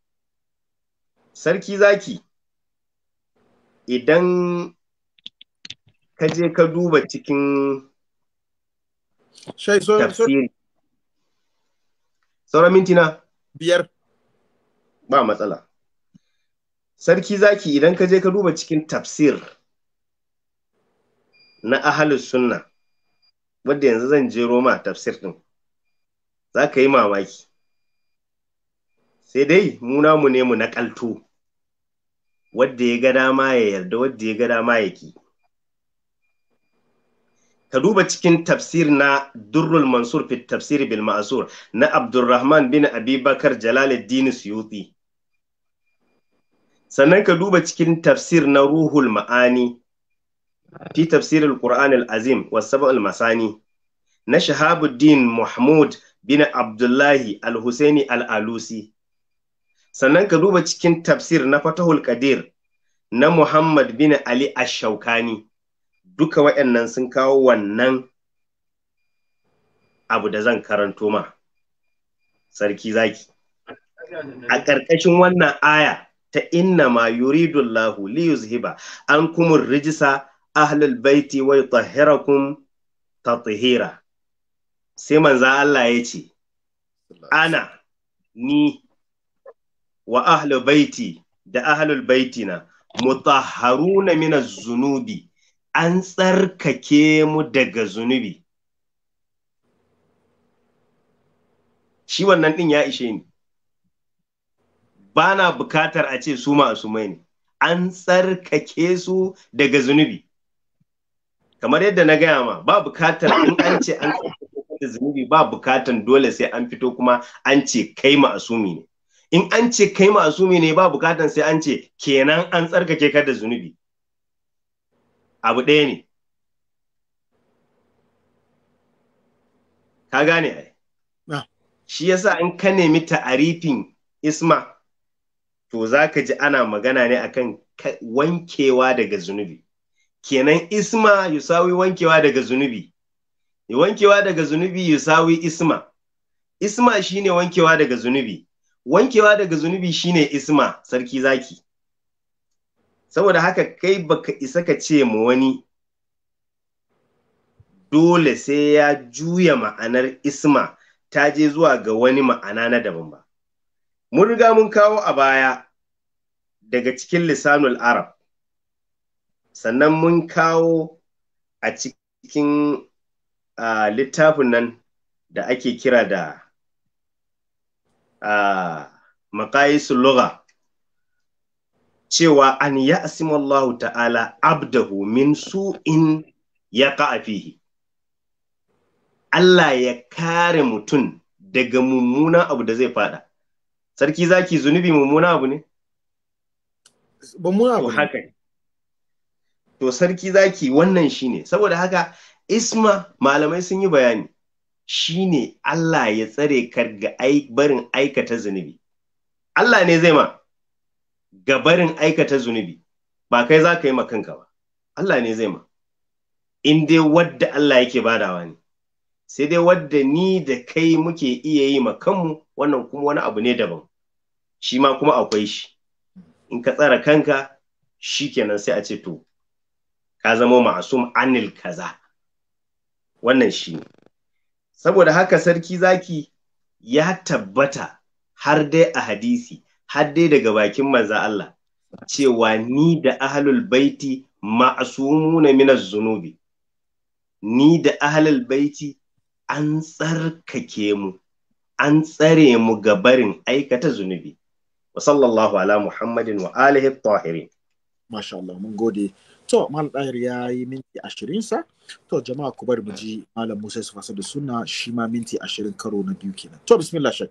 S3: sarki zaki idan ka je ka duba cikin tafsiri sauran mintina biyar ba matsala sarki zaki idan ka je ka duba cikin tafsir na ahalus sunna wadda yanzu zan je roma tafsir din za ka yi mamaki sai dai mu namu ne mu nakalto wadda ya ga dama ya yarda wadda ya ga dama ya ki ka duba cikin tafsir na durrul mansur fi tafsir bil ma'asur na abdurrahman bin abubakar jalaluddin suyuti sannan ka duba cikin tafsir na ruhul ma'ani fi tafsirul qur'an al-azim wasaba al-masani na shahabuddin mahmud bin abdullahi al-husaini al-alusi sannan ka duba cikin tafsir na fatahul qadir na muhammad bin ali ash-shaukani duka waɗannan sun kawo wannan abu da zan karanto ma sarki zaki a ƙarƙashin wannan aya ta inna ma yuridullahu li yuzhiba an kuma rijisa ahlul baiti wa yutahhirakum tathira sai manza Allah ya ce ana ni wa ahlul baiti da ahlul baitina mutahharuna min zunubi an tsarkake mu daga zunubi shi wannan din ya ishe ni Bana na bukatar a ce su ma'asumai ne an tsarkake su daga zunubi kamar yadda na gaya ma ba bukatar in an ce an tsarkake da zunubi ba bukatan dole sai an fito kuma an ce kai ma'asumi ne in an ce kai masumi ne ba bukatan sai an ce kenan an tsarkake ka da zunubi abu ɗaya ne ka gane ai shi yasa in ka nemi ta'arifin isma to za ka ji ana magana ne akan wankewa daga zunubi kenan isma yusawi wankewa daga zunubi wankewa daga zunubi yusawi isma isma shine wankewa daga zunubi wankewa daga zunubi shine isma sarki zaki saboda haka kai baka isa ka ce ma wani dole sai ya juya ma'anar isma ta je zuwa ga wani ma'ana na daban ba mun riga mun kawo a baya daga cikin lisanul arab sannan mun kawo a cikin ah, littafin nan da ake kira da maqayisul lugha cewa an ya'simallahu ta'ala abdahu min su'in yaqa fihi Allah ya kare mutum daga mummuna abu da zai fada sarki zaki zunubi mummuna abu ne Mummuna abu haka ne to sarki zaki wannan shine saboda haka isma malamai sun yi bayani shine Allah ya tsare ka ga barin aikata zunubi Allah ne zai ma ga barin aikata zunubi ba kai za ka yi makanka ba Allah ne zai ma in dai wadda Allah yake badawa ne sai dai wadda ni da kai muke iya yi kanmu wannan kuma wani abu ne daban shi ma kuma akwai shi in ka tsara kanka shi kenan sai a ce to ka zama ma'asum anil kaza wannan shi ne saboda haka sarki zaki ya tabbata har dai a hadisi har dai daga bakin manza Allah cewa ni da ahlul baiti ma'asumuna minaz zunubi ni da ahlul baiti an tsarkake mu an tsare mu ga barin aikata zunubi wa sallallahu ala muhammadin wa alihi tahirin masha Allah mun gode
S1: to mal ya yi minti 20 sa to jama'a ku bari mu ji malam Musa Yusuf da suna shi ma minti ashirin karo na biyu kenan to bismillah shak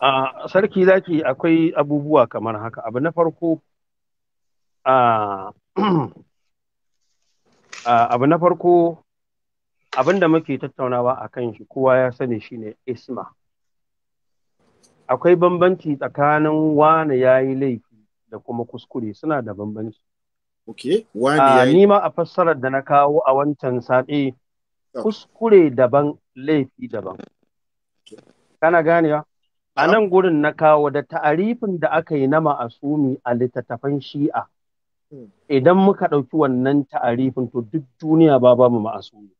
S1: a sarki
S4: zaki akwai abubuwa kamar haka abu na farko a abu na farko abinda muke tattaunawa a kan shi kowa ya sani shine isma akwai bambanci tsakanin wani yayi laifi da kuma kuskure suna da bambanci Okay, wani ah, Ni ma a fassarar da na kawo a wancan saɗe oh. kuskure daban laifi daban. Kana ganewa? A nan gurin na kawo da ta'arifin da aka yi na ma'asumi a littattafan shi'a. Hmm. Idan muka ɗauki wannan ta'arifin to duk duniya ba ba mu ma'asumi.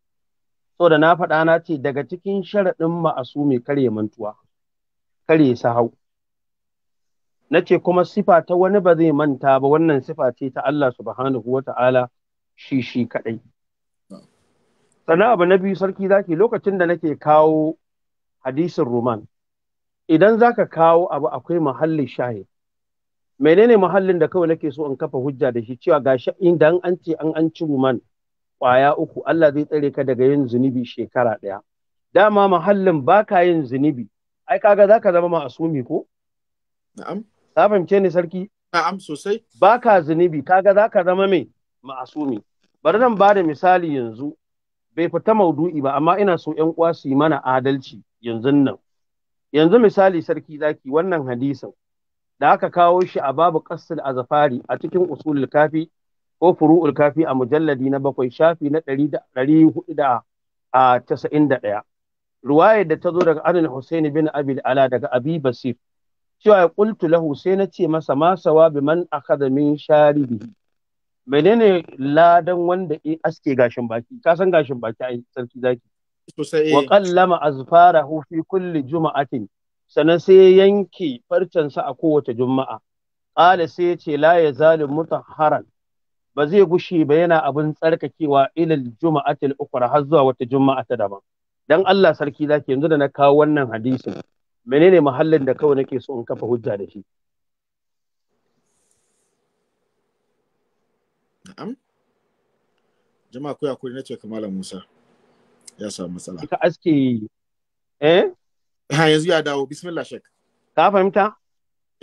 S4: So da na faɗa na ce daga cikin sharaɗin ma'asumi kare mantuwa, karya sahau. na ce kuma sifa ta wani ba zai manta ba wannan sifa ce ta Allah subhanahu wa ta'ala shi shi kaɗai. Sana abu na biyu sarki zaki lokacin da nake kawo hadisin Roman, idan za ka kawo abu akwai muhallin shahid. Menene muhallin da kawai nake so in kafa hujja da shi cewa gashi idan an ce an an ci Roman ƙwaya uku Allah zai tsare ka daga yin zunubi shekara ɗaya. Dama muhallin baka yin zunubi, ai kaga za ka zama ma'asumi ko? Na'am. ka fahimce ni sarki am sosai ba ka zunubi ga za ka zama mai ma'asumi bari zan ba da misali yanzu bai fita maudu'i ba amma ina so yan uwa su yi mana adalci yanzu nan yanzu misali sarki zaki wannan hadisin da aka kawo shi a babu a Zafari a cikin usulul kafi ko furu'ul kafi a mujalladi na bakwai shafi na ɗari hudu da a casa'in da ɗaya ruwayar da ta zo daga anin Hussein bin Abil Ala daga Abi Basir cewa ƙultu lahu sai na ce masa ma bi man akhadha sharibi menene ladan wanda in aske gashin baki ka san gashin baki ai sarki zaki eh. wa qallama azfarahu fi kulli juma'atin sannan sai yanke farcensa a kowace juma'a qala sai ya ce la yazalu mutahharan ba zai gushe ba yana abin tsarkakewa ilal juma'atil ukhra har zuwa wata juma'a ta daban dan Allah sarki zaki yanzu da na kawo wannan hadisin menene mahallin da kawai nake so in kafa hujja da shi
S1: na'am jama'a ku yakuri nace ka malam Musa ya samu matsala
S4: ka aske eh ha yanzu ya dawo bismillah shek ka fahimta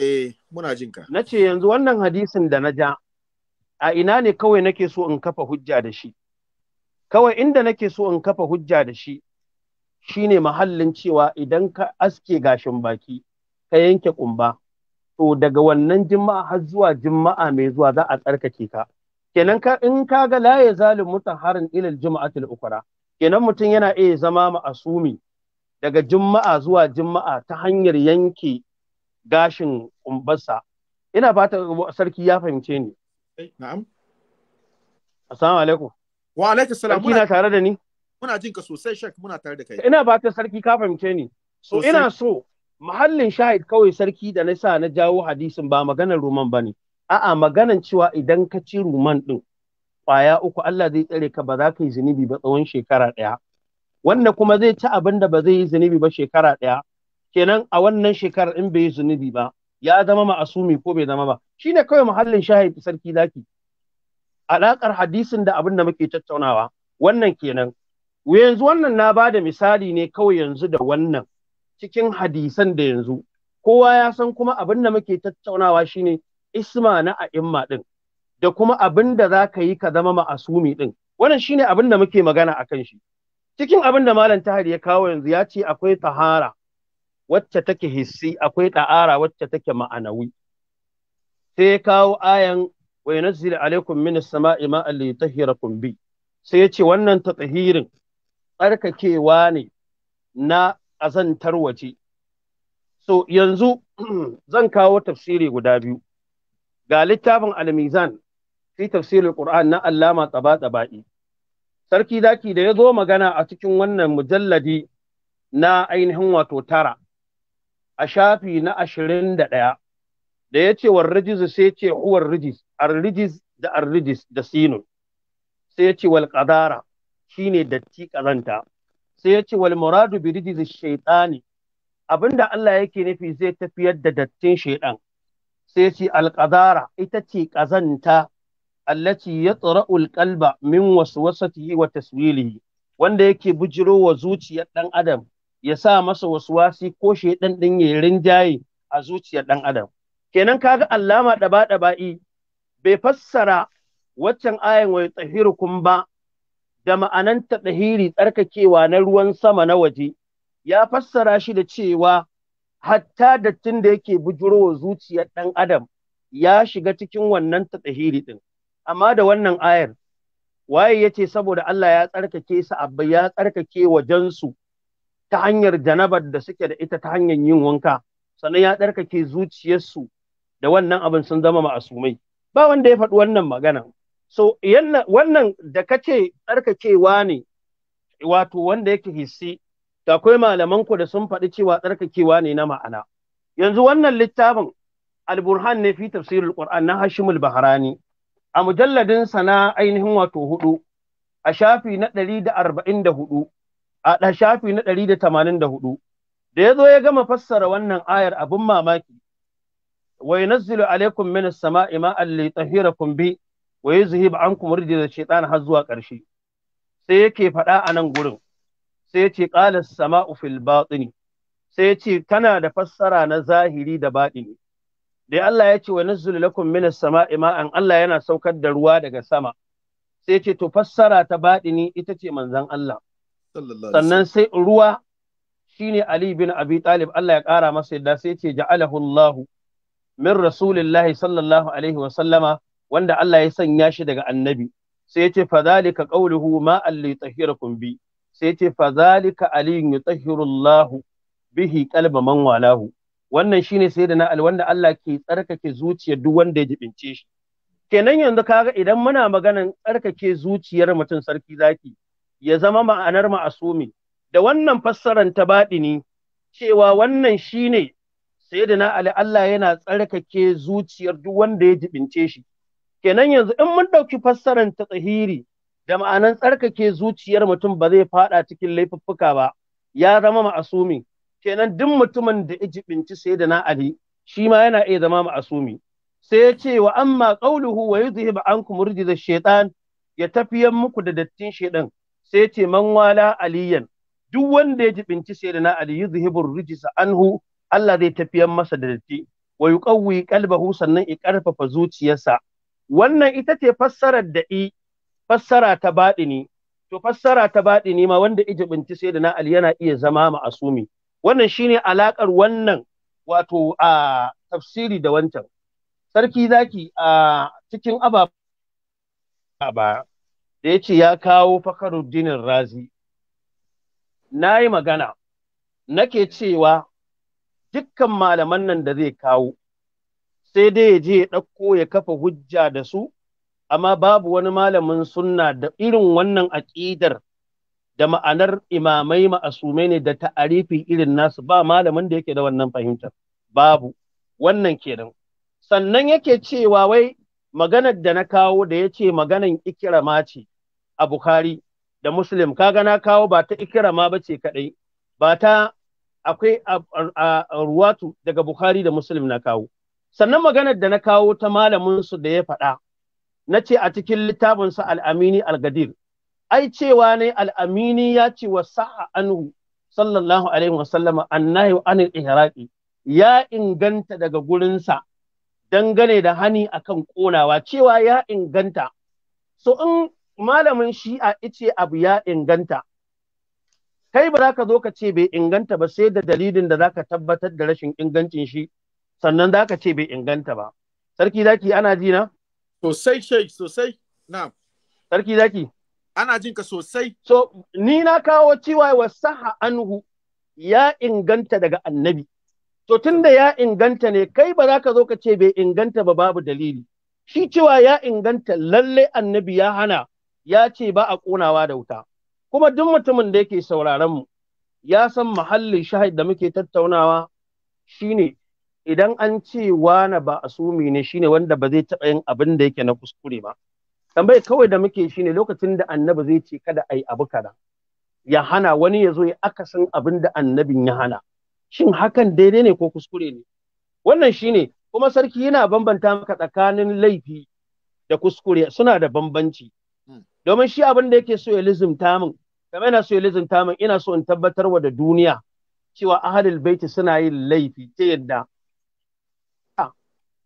S4: eh muna jin ka nace yanzu wannan hadisin da na ja a ina ne kawai nake so in kafa hujja da shi kawai inda nake so in kafa hujja da shi shine mahallin cewa idan ka aske gashin baki ka yanke kumba to daga wannan juma'a har zuwa juma'a mai zuwa za a tsarkake ka kenan ka in ka ga la ya zalim mutahharin ila juma'atul ukra kenan mutum yana iya zama ma'asumi daga juma'a zuwa juma'a ta hanyar yanke gashin kumbarsa ina fata sarki ya fahimce ni eh, na'am assalamu alaikum wa alaikum salam kina tare da ni
S1: muna jin ka sosai shek muna
S4: tare da kai ina ta sarki ka fahimce ni so ina so mahallin shahid kawai sarki da na sa na jawo hadisin ba maganar ruman bane a'a maganan cewa idan ka ci ruman din kwaya uku Allah zai tsare ka ba za ka yi zunubi ba tsawon shekara ɗaya wanda kuma zai ci abinda da ba zai yi zunubi ba shekara ɗaya kenan a wannan shekarar in bai yi zunubi ba ya zama ma'asumi ko bai zama ba shine kawai muhallin shahid sarki zaki alakar hadisin da abinda muke tattaunawa wannan kenan yanzu wannan na ba da misali ne kawai yanzu da wannan cikin hadisan da yanzu kowa ya san kuma abin da muke tattaunawa shine isma na a'imma din da kuma abin da za ka yi ka zama ma'asumi din wannan shine abin da muke magana akan shi cikin abin da malam tahari ya kawo yanzu ya ce akwai tahara wacce take hissi akwai ta'ara wacce take ma'anawi sai ya kawo ayan wa yunazzilu alaikum minas sama'i ma'an li bi sai ya ce wannan tatahirin tsarkakewa ne na azantar waje. So yanzu zan kawo tafsiri guda biyu. Ga littafin Almizan fi tafsirin Qur'an na Allama tsaba tsaba'i. Sarki zaki da ya zo magana a cikin wannan mujalladi na ainihin wato tara a shafi na ashirin da ɗaya da ya ce war rijis sai ce huwar rijis ar rijis da ar rijis da sinu sai ce wal ƙadara, shine datti ƙazanta sai ya ce wal muradu bi rijiz shaytani abinda Allah yake nufi zai tafiyar da dattin shaiɗan. sai ce Alkazara ita ce ƙazanta allaci ya al qalba min waswasatihi wa taswilihi wanda yake bujiro wa zuciyar ɗan adam ya sa masa waswasi ko shaidan ɗin ya rinjaye a zuciyar ɗan adam kenan kaga allama daba ɗaba'i bai fassara waccan ayan wai tahirukum ba da ma'anan ɗahiri tsarkakewa na ruwan sama na waje ya fassara shi da cewa hatta dattin da yake bujurowa zuciyar ɗan adam ya shiga cikin wannan ɗahiri ɗin. amma da wannan ayar waye ya ce saboda Allah ya tsarkake su abba ya tsarkake wajensu ta hanyar janabar da suke da ita ta hanyar yin wanka sannan ya tsarkake zuciyarsu da wannan abin sun zama ma'asumai ba wanda ya faɗi wannan magana So, wannan da ka ce tsarkakewa ne, wato wanda yake hissi, da akwai malamanku da sun faɗi cewa tsarkakewa ne na ma'ana. Yanzu wannan littafin Al-Burhan ne fi tafsirul Qur'an na Hashimul Baharani, a mujalladin na ainihin wato hudu, a shafi na ɗari da arba'in da hudu, a shafi na ɗari da tamanin da hudu. Da ya zo ya gama fassara wannan ayar abin mamaki, wa yunazzilu alaikum minas samai ma'al li tahirakum bi wa yuzhib ankum da shaytan har zuwa ƙarshe sai yake faɗa a nan gurin sai ya ce qala samau fil batini sai ya ce tana da fassara na zahiri da batini dai Allah ya ce wa nazzulu lakum minas sama'i ma'an Allah yana saukar da ruwa daga sama sai ce to fassara ta batini ita ce manzon Allah sannan sai ruwa shine Ali bin Abi Talib Allah ya ƙara masa yadda sai ce ja'alahu Allahu min rasulillahi sallallahu alaihi wa sallama wanda Allah ya sanya shi daga annabi sai ya ce fa zalika qawluhu ma alli tahirakum bi sai ya ce fa zalika aliyun yutahhiru Allah bihi qalba man walahu wannan shine sayyidina da wanda Allah ke tsarkake zuciyar duk wanda ya jibince shi kenan yanzu kaga idan muna maganan tsarkake zuciyar mutum sarki zaki ya zama ma'anar ma'asumi da wannan fassaran ta baɗini cewa wannan shine sayyidina ali Allah yana tsarkake zuciyar duk wanda ya jibince shi kenan yanzu in mun ɗauki fassarar ta tsahiri da ma'anan tsarkake zuciyar mutum ba zai faɗa cikin laifuffuka ba ya zama ma'asumi kenan duk mutumin da ya jibinci sai da na ali shi ma yana iya zama ma'asumi sai ya ce wa amma qauluhu wa yuzhibu ankum da shaytan ya tafiyan muku da dattin shaydan sai ya ce man wala aliyan duk wanda ya jibinci sai da na ali yuzhibu rijza anhu Allah zai tafiyan masa da datti wa yuqawwi qalbahu sannan i karfafa zuciyarsa wannan ita ce fassarar da i fassara ta baɗini to fassara ta baɗini ma wanda ijibinci sai da na Ali yana iya zama ma'asumi wannan shine alakar wannan wato a tafsiri da wancan sarki zaki a cikin ababa da ya ce ya kawo fakaruddinin razi na yi magana nake cewa dukkan malaman nan da zai kawo sai dai ya je ya ɗauko ya kafa hujja da su amma babu wani malamin sunna da irin wannan aƙidar da ma'anar imamai ma'asumai ne da ta'arifi irin nasu ba malamin da yake da wannan fahimtar babu wannan kenan sannan yake cewa wai maganar da na kawo da ya ce maganan ikirama ce a Bukhari da Muslim kaga na kawo ba ta ikirama ba ce kaɗai ba ta akwai a ruwatu daga Bukhari da Muslim na kawo sannan maganar da na kawo ta malamin su da ya faɗa na ce a cikin littafinsa al'amini al-gadir ai cewa ne al'amini ya ce wa sa'a anhu sallallahu alaihi wasallama annahi anil ihraqi ya inganta daga gurinsa dangane da hani akan konawa cewa ya inganta so in malamin shi'a ice abu ya inganta kai ba za ka zo ka ce bai inganta ba sai da dalilin da za ka tabbatar da rashin ingancin shi sannan za ka ce bai inganta ba sarki zaki ana ji na sosai sheik sosai na sarki zaki ana jin ka sosai so ni na kawo cewa wa saha anhu ya inganta daga annabi to tunda ya inganta ne kai ba za ka zo ka ce bai inganta ba babu dalili shi cewa ya inganta lalle annabi ya hana ya ce ba a ƙonawa da wuta kuma duk mutumin da yake sauraron mu ya san muhallin shahid da muke tattaunawa shine idan an ce wane ba a sumi ne shine wanda ba zai taɓa yin abin da yake na kuskure ba tambayi kawai da muke shine lokacin da annabi zai ce kada a yi abu kada ya hana wani ya zo ya akasin abin da annabin ya hana shin hakan daidai ne ko kuskure ne wannan shine kuma sarki yana bambanta maka tsakanin laifi da kuskure suna da bambanci hmm. domin shi abin da yake so ya lizimta min kamar yana so ya lizimta min ina so in tabbatarwa da duniya cewa ahalul baiti suna yin laifi ta yadda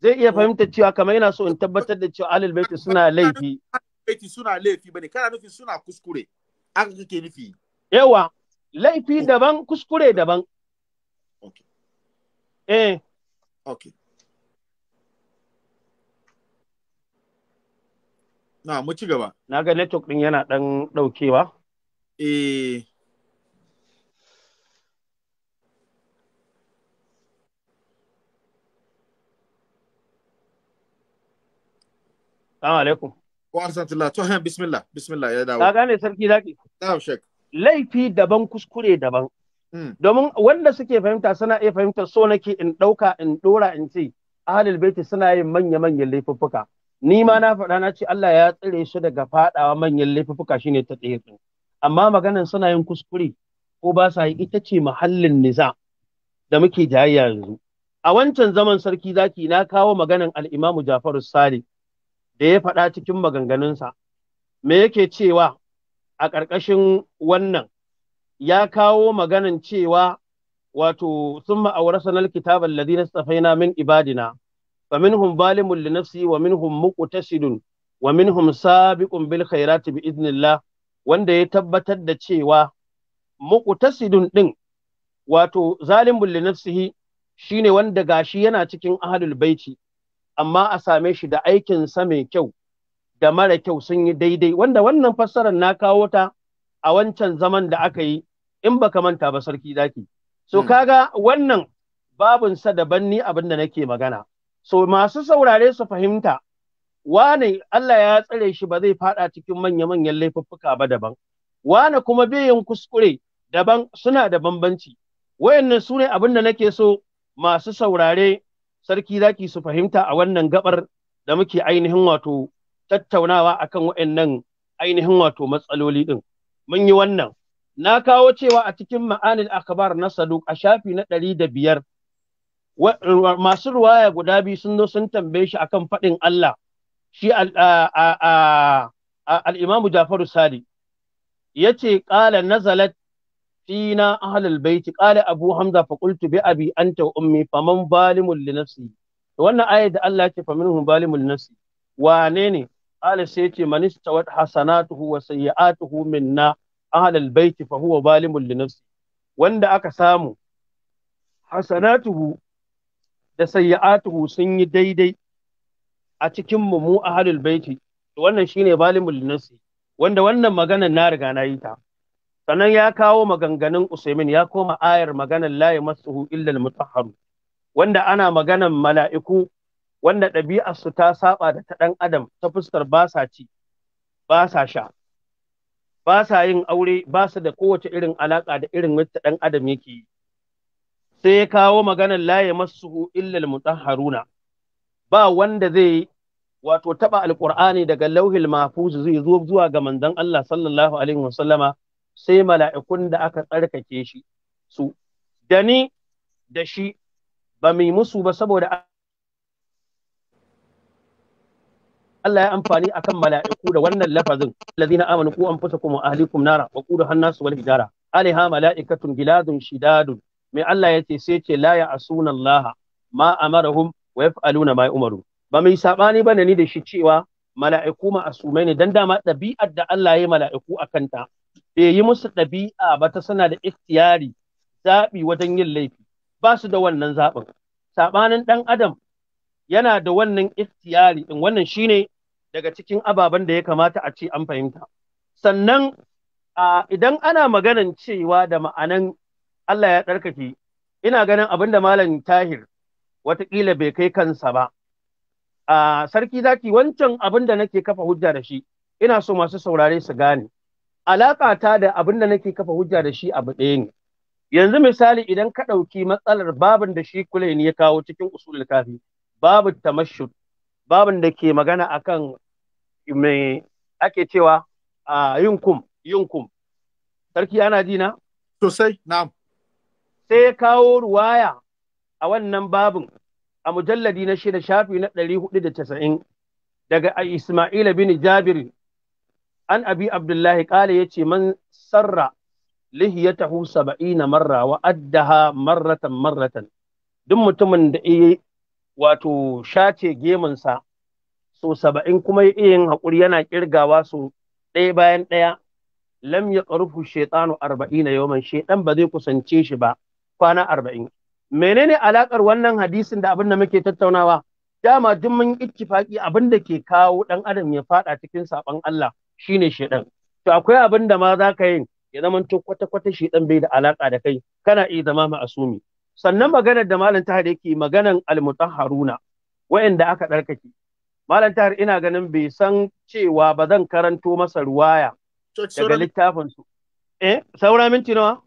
S4: zai iya oh. fahimta cewa kamar yana so in tabbatar da cewa alil baiti suna laifi baiti suna laifi bane kana nufi suna kuskure aka kake nufi yawa laifi oh. daban kuskure daban okay eh okay na mu ci gaba na ga network din yana dan daukewa eh alaikum. Wa To bismillah, bismillah ya dawo. sarki zaki? Na'am shek. Laifi daban kuskure daban. Hmm. Domin wanda suke fahimta suna iya fahimtar so nake in ɗauka in ɗora in ce ahalul baiti suna yin manya-manyan laifuffuka. Ni ma na faɗa na ce Allah ya tsire su daga faɗawa manyan laifuffuka shine ta tsaye Amma maganan suna yin kuskure ko ba sa yi ita ce muhallin niza da muke jayayya yanzu. A wancan zaman sarki zaki na kawo maganan al'imamu Jafaru Sale da ya faɗa cikin maganganunsa me yake cewa a ƙarƙashin wannan ya kawo maganan cewa wato sun ma'aurasa na kitab min ibadina min hum zalimun li nafsi wa minhum muqtasidun wa minhum sabiqun bil khairati bi idnillah wanda ya tabbatar da cewa muqtasidun din wato zalimun li nafsihi shine wanda gashi yana cikin ahlul baiti amma a same shi da aikin sa mai kyau da mara kyau sun yi daidai wanda wannan fassarar na kawo ta a wancan zaman da aka yi in baka manta ba sarki zaki so hmm. kaga wannan babun sa daban ni abin da nake magana so masu saurare su fahimta wane Allah ya tsare shi ba zai fada cikin manya-manyan laifuffuka ba daban wane kuma biyan kuskure daban suna da bambanci wayannan su ne abin da nake so masu saurare sarki zaki su fahimta a wannan gabar da muke ainihin wato tattaunawa akan waɗannan ainihin wato matsaloli din mun yi wannan na kawo cewa a cikin ma'anil akbar na saduk a shafi na ɗari da biyar masu ruwaya guda biyu sun zo sun tambaye shi akan faɗin Allah shi al'imamu Jafaru Sadi ya ce ƙala nazalat fina ahlul baiti qala abu hamza fa qultu bi abi anta wa ummi faman balimul li nafsi wannan ayat da Allah ya ce faminhum balimul nafsi wane ne qala sai ce man istawat hasanatuhu wa sayyi'atuhu minna ahlul fa huwa balimul li nafsi wanda aka samu hasanatuhu da sayyi'atuhu sun yi daidai a cikin mu mu ahlul baiti wannan shine balimul nafsi wanda wannan magana na riga na yi ta sannan ya kawo maganganun usaimin ya koma ayar maganar layi yamassuhu illal mutahharu wanda ana maganan mala'iku wanda ɗabi'arsu ta saba da ta ɗan adam ta fuskar ba sa ci ba sa sha ba sa yin aure ba su da kowace irin alaƙa da irin wata ɗan adam yake yi sai ya kawo maganar layi masu illal mutahharuna ba wanda zai wato taɓa alƙur'ani daga lauhil mahfuz zai zo zuwa ga manzon Allah sallallahu alaihi wasallama sai mala'ikun da aka tsarkake shi su da ni da shi ba mai musu ba saboda Allah ya amfani akan mala'iku da wannan lafazin lazina amanu ku anfusakum wa ahlikum nara wa qudu hannasu wal hijara alaiha mala'ikatun giladun shidadun mai Allah ya ce sai ce a sunan Laha. ma amarahum wa yaf'aluna ma umaru ba mai sabani bane ni da shi cewa mala'iku ma'asumai ne dan dama ɗabi'ar da Allah ya yi mala'iku a kanta. bai yi musu ɗabi'a ba ta suna da ikhtiyari zaɓi wajen yin laifi ba su da wannan zaɓin saɓanin ɗan adam yana da wannan ikhtiyari ɗin wannan shine daga cikin ababen da ya kamata a ce an fahimta sannan idan ana maganan cewa da ma'anan Allah ya tsarkake ina ganin abin da malam tahir watakila bai kai kansa ba a sarki zaki wancan abin da nake kafa hujja da shi ina so masu saurare su gane alaƙa ta da abin da nake kafa hujja da shi abu ɗaya ne yanzu misali idan ka ɗauki matsalar babin da shi ne ya kawo cikin usulul kafi babu tamashshud babin da ke magana akan mai ake cewa a yin kum yin kum sarki ana ji na sosai na'am sai ya kawo ruwaya a wannan babin a mujalladi na shida shafi na ɗari daga da casa'in daga Ismaila bin Jabir an abi abdullahi kale ya ce man sarra lihiyatahu saba'ina marra wa addaha marratan marratan duk mutumin da iya wato shace gemunsa so saba'in kuma ya iya yin haƙuri yana ƙirgawa so ɗaya bayan ɗaya lam ya ƙarufu shaitanu arba'ina yawman shaitan ba zai kusance shi ba kwana arba'in menene alaƙar wannan hadisin da abin da muke tattaunawa dama duk mun ittifaki abin da ke kawo ɗan adam ya faɗa cikin saɓon Allah shine shedan to akwai abin da ma za ka yi ya zama to kwata-kwata shedan bai da alaka da kai kana iya zama asumi. sannan maganar da malam tahar yake maganan almutahharuna wa'anda aka ɗarkake malam tahar ina ganin bai san cewa ba zan karanto masa ruwaya daga littafin su eh saura minti nawa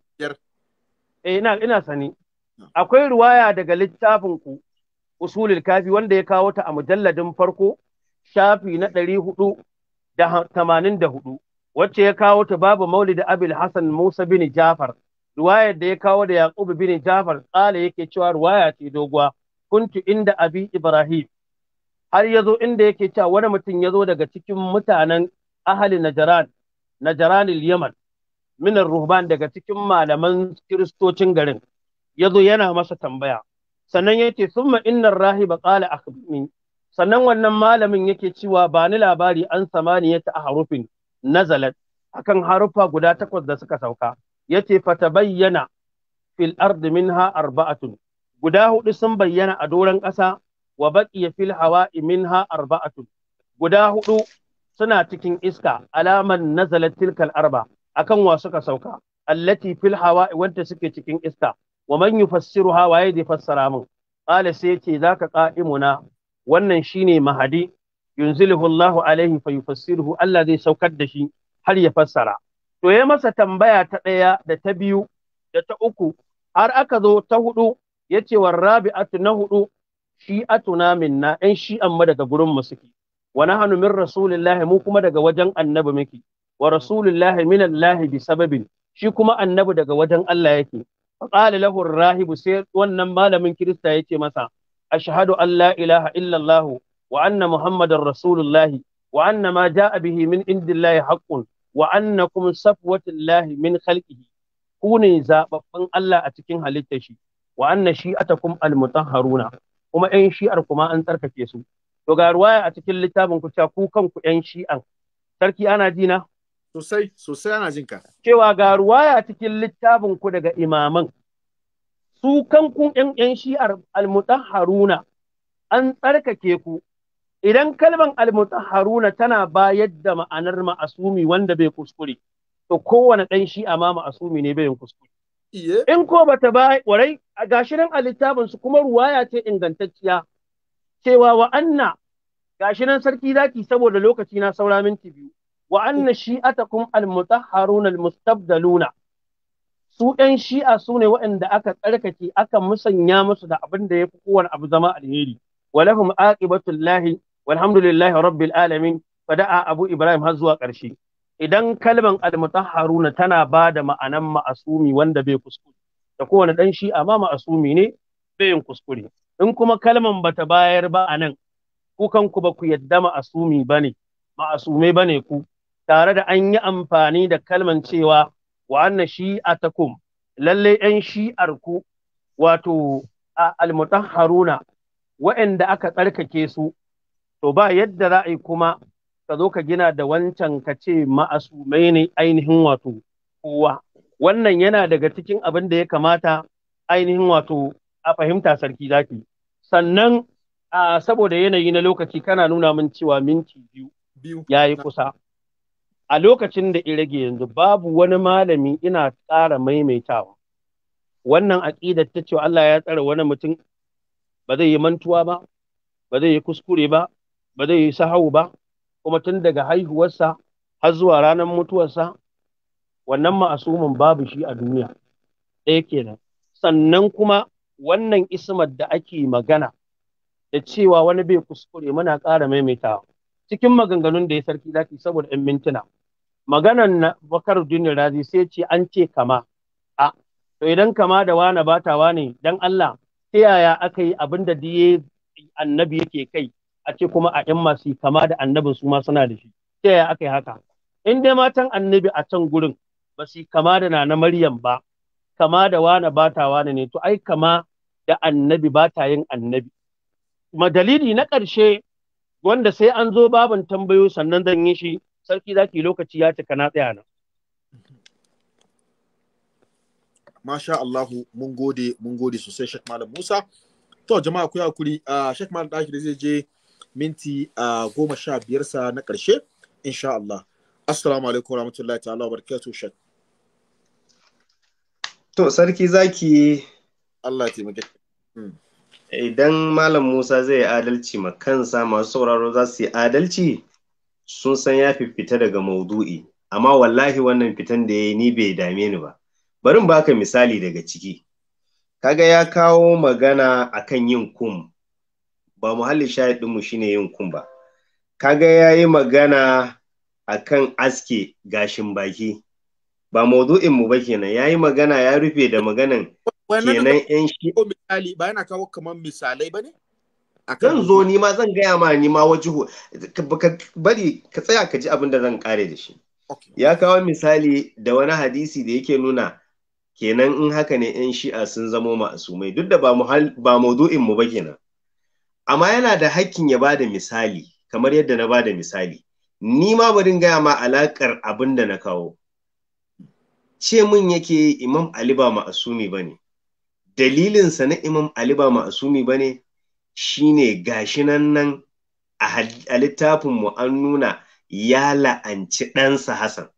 S4: eh ina ina sani hmm. akwai ruwaya daga littafin ku usulul kafi wanda ya kawo ta a mujalladin farko shafi na ɗari hudu da tamanin da hudu wacce ya kawo ta babu maulid abil hasan musa bin jafar ruwayar da ya kawo da yaqub bin jafar qala yake cewa ruwaya ce doguwa kuntu inda abi ibrahim har yazo inda yake cewa wani mutum ya zo daga cikin mutanen ahali najran al yaman minar ruhban daga cikin malaman kiristocin garin yazo yana masa tambaya sannan ya ce summa innar rahiba qala akhbirni sannan wannan malamin yake cewa ba ni labari an samaniyata a harufin nazalat akan harufa guda takwas da suka sauka yace fatabayyana fil ardi minha arba'atun guda hudu sun bayyana a doron ƙasa wa baqiya fil hawa'i minha arba'atun guda hudu suna cikin iska alaman nazalat tilkal arba akan wa suka sauka allati fil hawa'i wanda suke cikin iska wa man yufassiruha wa yadi fassara min qala sai yace zaka qa'imuna wannan shine mahadi yunziluhu Allahu alaihi fa yufassiruhu Allah zai saukar da shi har ya fassara to ya masa tambaya ta ɗaya da ta biyu da ta uku har aka zo ta hudu yace rabi'atu na hudu shi shi'atuna minna ɗan shi amma daga gurin mu suke wa nahnu min rasulillahi mu kuma daga wajen annabi muke wa rasulillahi min Allah bi sababin shi kuma annabi daga wajen Allah yake fa qala lahu rahibu sai wannan malamin kirista yake masa ashhadu an la ilaha illallah wa anna muhammadar rasulullahi wa anna ma ja'a bihi min indillahi haqqun wa annakum safwatullahi min khalqihi ku ne zababban Allah a cikin halittar shi wa anna shi'atakum almutahharuna kuma ƴan shi'ar kuma an tsarkake su to ga a cikin littafin ku ƴan shi'an sarki ana ji sosai sosai ana jinka cewa ga a cikin littafin ku daga imaman su kanku ‘yan shi shi'ar almutahharuna an tsarkake ku idan kalban almutahharuna tana bayar da ma'anar ma'asumi wanda bai kuskure to kowane ɗan a ma ma'asumi ne bai kuskure in ko bata ba warai a gashi nan a littafin su kuma ruwaya ce ingantacciya cewa wa anna gashi sarki zaki saboda lokaci na saura minti biyu wa anna shi'atakum almutahharuna almustabdaluna su yan shi'a su ne waɗanda aka tsarkake aka musanya musu da abin da ya fi kowane abu zama alheri walahum aqibatul lahi walhamdulillahi rabbil alamin fada'a abu ibrahim har zuwa ƙarshe idan kalman almutahharuna tana ba da ma'anan ma'asumi wanda bai kuskure da kowane ɗan shi'a ma ma'asumi ne bai yin kuskure in kuma kalman bata bayar ba a nan ku kanku ba ku yadda ma'asumi bane ma'asumai bane ku tare da an yi amfani da kalman cewa wa anna shi'atakum lalle 'yan shi'ar ku wato al-mutahharuna wa'anda aka tsarkake su to ba yadda za a yi kuma ka zo ka gina da wancan ka ce ma'asumai ne ainihin wato kowa wannan yana daga cikin abin da ya kamata ainihin wato a fahimta sarki zaki sannan a saboda yanayi na lokaci kana nuna min cewa minti biyu ya yi kusa a lokacin da irage yanzu babu wani malami ina tsara maimaitawa wannan aƙidar ta cewa Allah ya tsara wani mutum ba zai yi mantuwa ba ba zai yi kuskure ba ba zai yi sahau ba kuma tun daga haihuwarsa har zuwa ranar mutuwarsa wannan ma'asumin babu shi a duniya ɗaya kenan sannan kuma wannan ismar da ake magana da cewa wani bai kuskure muna ƙara maimaitawa cikin maganganun da ya sarki zaki saboda 'yan mintuna maganan na bakar dini razi sai ce an ce kama a to idan kama da wane ba ta wane dan Allah ta yaya aka yi abin da diye annabi yake kai a ce kuma a yan masu kama da annabin su ma suna da shi ta yaya aka yi haka in dai matan annabi a can gurin ba su kama da nana maryam ba kama da wane ba ta wane ne to ai kama da annabi ba ta yin annabi madalili na ƙarshe wanda sai an zo babin tambayo sannan zan yi shi sarki za ki lokaci ya cika na tsaya nan
S1: masha Allahu mun gode mun gode sosai Sheikh Malam Musa to jama'a ku hakuri uh, Sheikh Malam Dahir zai je minti uh, goma sha biyar sa na ƙarshe insha Allah assalamu alaikum warahmatullahi ta'ala wabarakatuh Sheikh
S3: to sarki zaki Allah ya taimake hmm. idan Malam Musa zai adalci ma kansa masu sauraro za su yi adalci sun san ya fita daga maudu'i amma wallahi wannan fitan da ya yi ni bai dame ni ba bari in baka misali daga ciki kaga ya kawo magana akan yin kum ba muhalli mu shine yin kum ba kaga ya yi magana akan aske gashin baki ba maudu'in mu ba kenan ya yi magana ya rufe da maganan kenan yan shi ba yana kawo kamar misalai ba ne kan zo ni ma zan gaya ma ni ma wajihu bari ka tsaya ka ji abin da zan kare da shi ya kawo misali da wani hadisi da yake nuna kenan in haka ne yan shi'a sun zamo ma'asumai duk da ba maudu'in mu ba kenan amma yana da hakkin ya bada misali kamar yadda na bada misali ni ma barin gaya ma alakar abin da na kawo ce min yake imam ali ba ma'asumi ba ne dalilinsa na imam ali ba ma'asumi ba ne shine gashi nan nan a littafin an nuna ya la'anci ɗansa Hassan.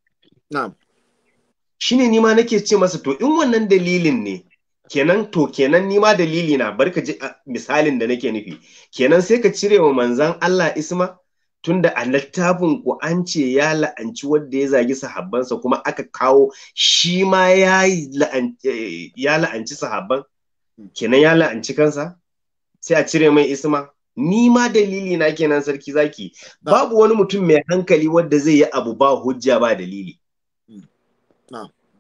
S3: Na'am. Shine nima nake ce masa to in wannan dalilin ne kenan to kenan nima dalili na barka ji misalin da nake nufi kenan sai ka cire wa manzan Allah isma tunda a littafin ku an ce ya la'anci wanda ya zagi sahabbansa kuma aka kawo shi ma ya eh, la'anci sahabban hmm. kenan ya la'anci kansa sai a cire mai isma ni ma dalili na kenan sarki zaki babu wani mutum mai hankali wanda zai yi abu ba hujja ba dalili hmm.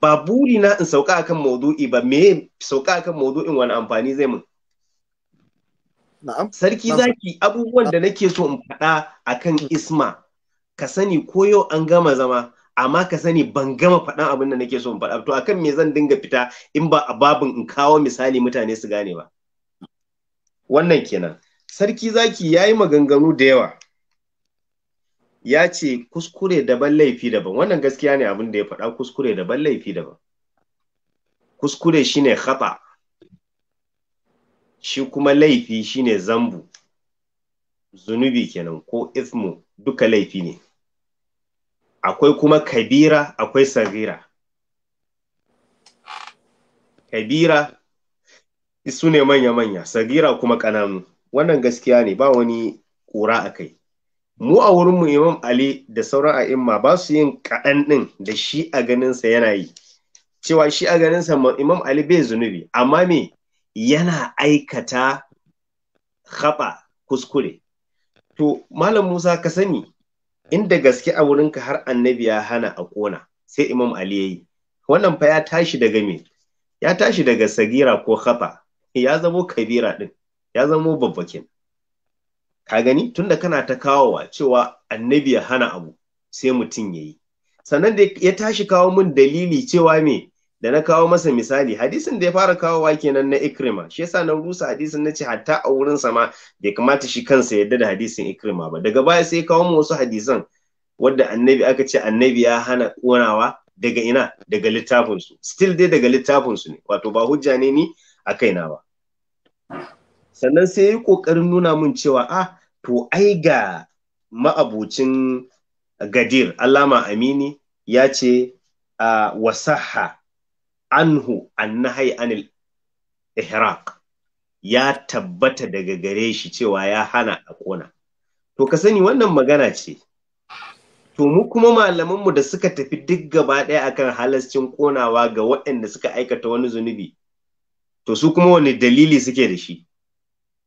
S3: ba buri na in sauka akan maudu'i ba me sauka akan maudu'in wani amfani zai mun sarki zaki abubuwan da nake so in faɗa akan hmm. isma ka sani ko yau an gama zama amma ka sani ban gama faɗan abin da nake so in faɗa to akan me zan dinga fita in ba a babin in kawo misali mutane su gane ba wannan kenan sarki zaki ya yi maganganu da yawa ya ce kuskure daban laifi daban wannan gaskiya ne abin da ya faɗa kuskure daban laifi daban kuskure shine khata shi kuma laifi shine zambu zunubi kenan ko ismu duka laifi ne akwai kuma kabira akwai sagira kabira su ne manya-manya sagira kuma ƙananu wannan gaskiya ne ba wani ƙura a kai mu a wurinmu imam ali da sauran a'imma ba su yin kaɗan ɗin da shi a ganinsa yana yi cewa shi a ganinsa imam ali bai zunubi amma me yana aikata haɓa kuskure to malam musa ka sani inda gaske a wurinka har annabi ya hana a kona sai imam ali ya yi wannan fa ya tashi daga me ya tashi daga sagira ko haɓa ya zamo kabira din ya zamo babba kenan ka gani tunda kana ta kawowa cewa annabi ya hana abu sai mutum yayi yi sannan da ya tashi kawo min dalili cewa me da na kawo masa misali hadisin da ya fara kawowa kenan na ikrima shi yasa na rusa hadisin na ce hatta a wurin sama bai kamata shi kansa yadda da hadisin ikrima ba daga baya sai kawo mu wasu hadisan wadda annabi aka ce annabi ya hana ƙonawa daga ina daga littafinsu still dai daga littafinsu ne wato ba hujja ne ni a kaina ba sannan sai yi ƙoƙarin nuna min cewa ah to ai ga ma'abucin gadir alama amini ya ce a ah, wasaha anhu annahai anil ihraq ya tabbata daga gare shi cewa ya hana a kona to ka sani wannan magana ce to mu kuma malamanmu da suka tafi duk gaba ɗaya akan halascin konawa ga waɗanda suka aikata wani zunubi to su kuma wani dalili suke da shi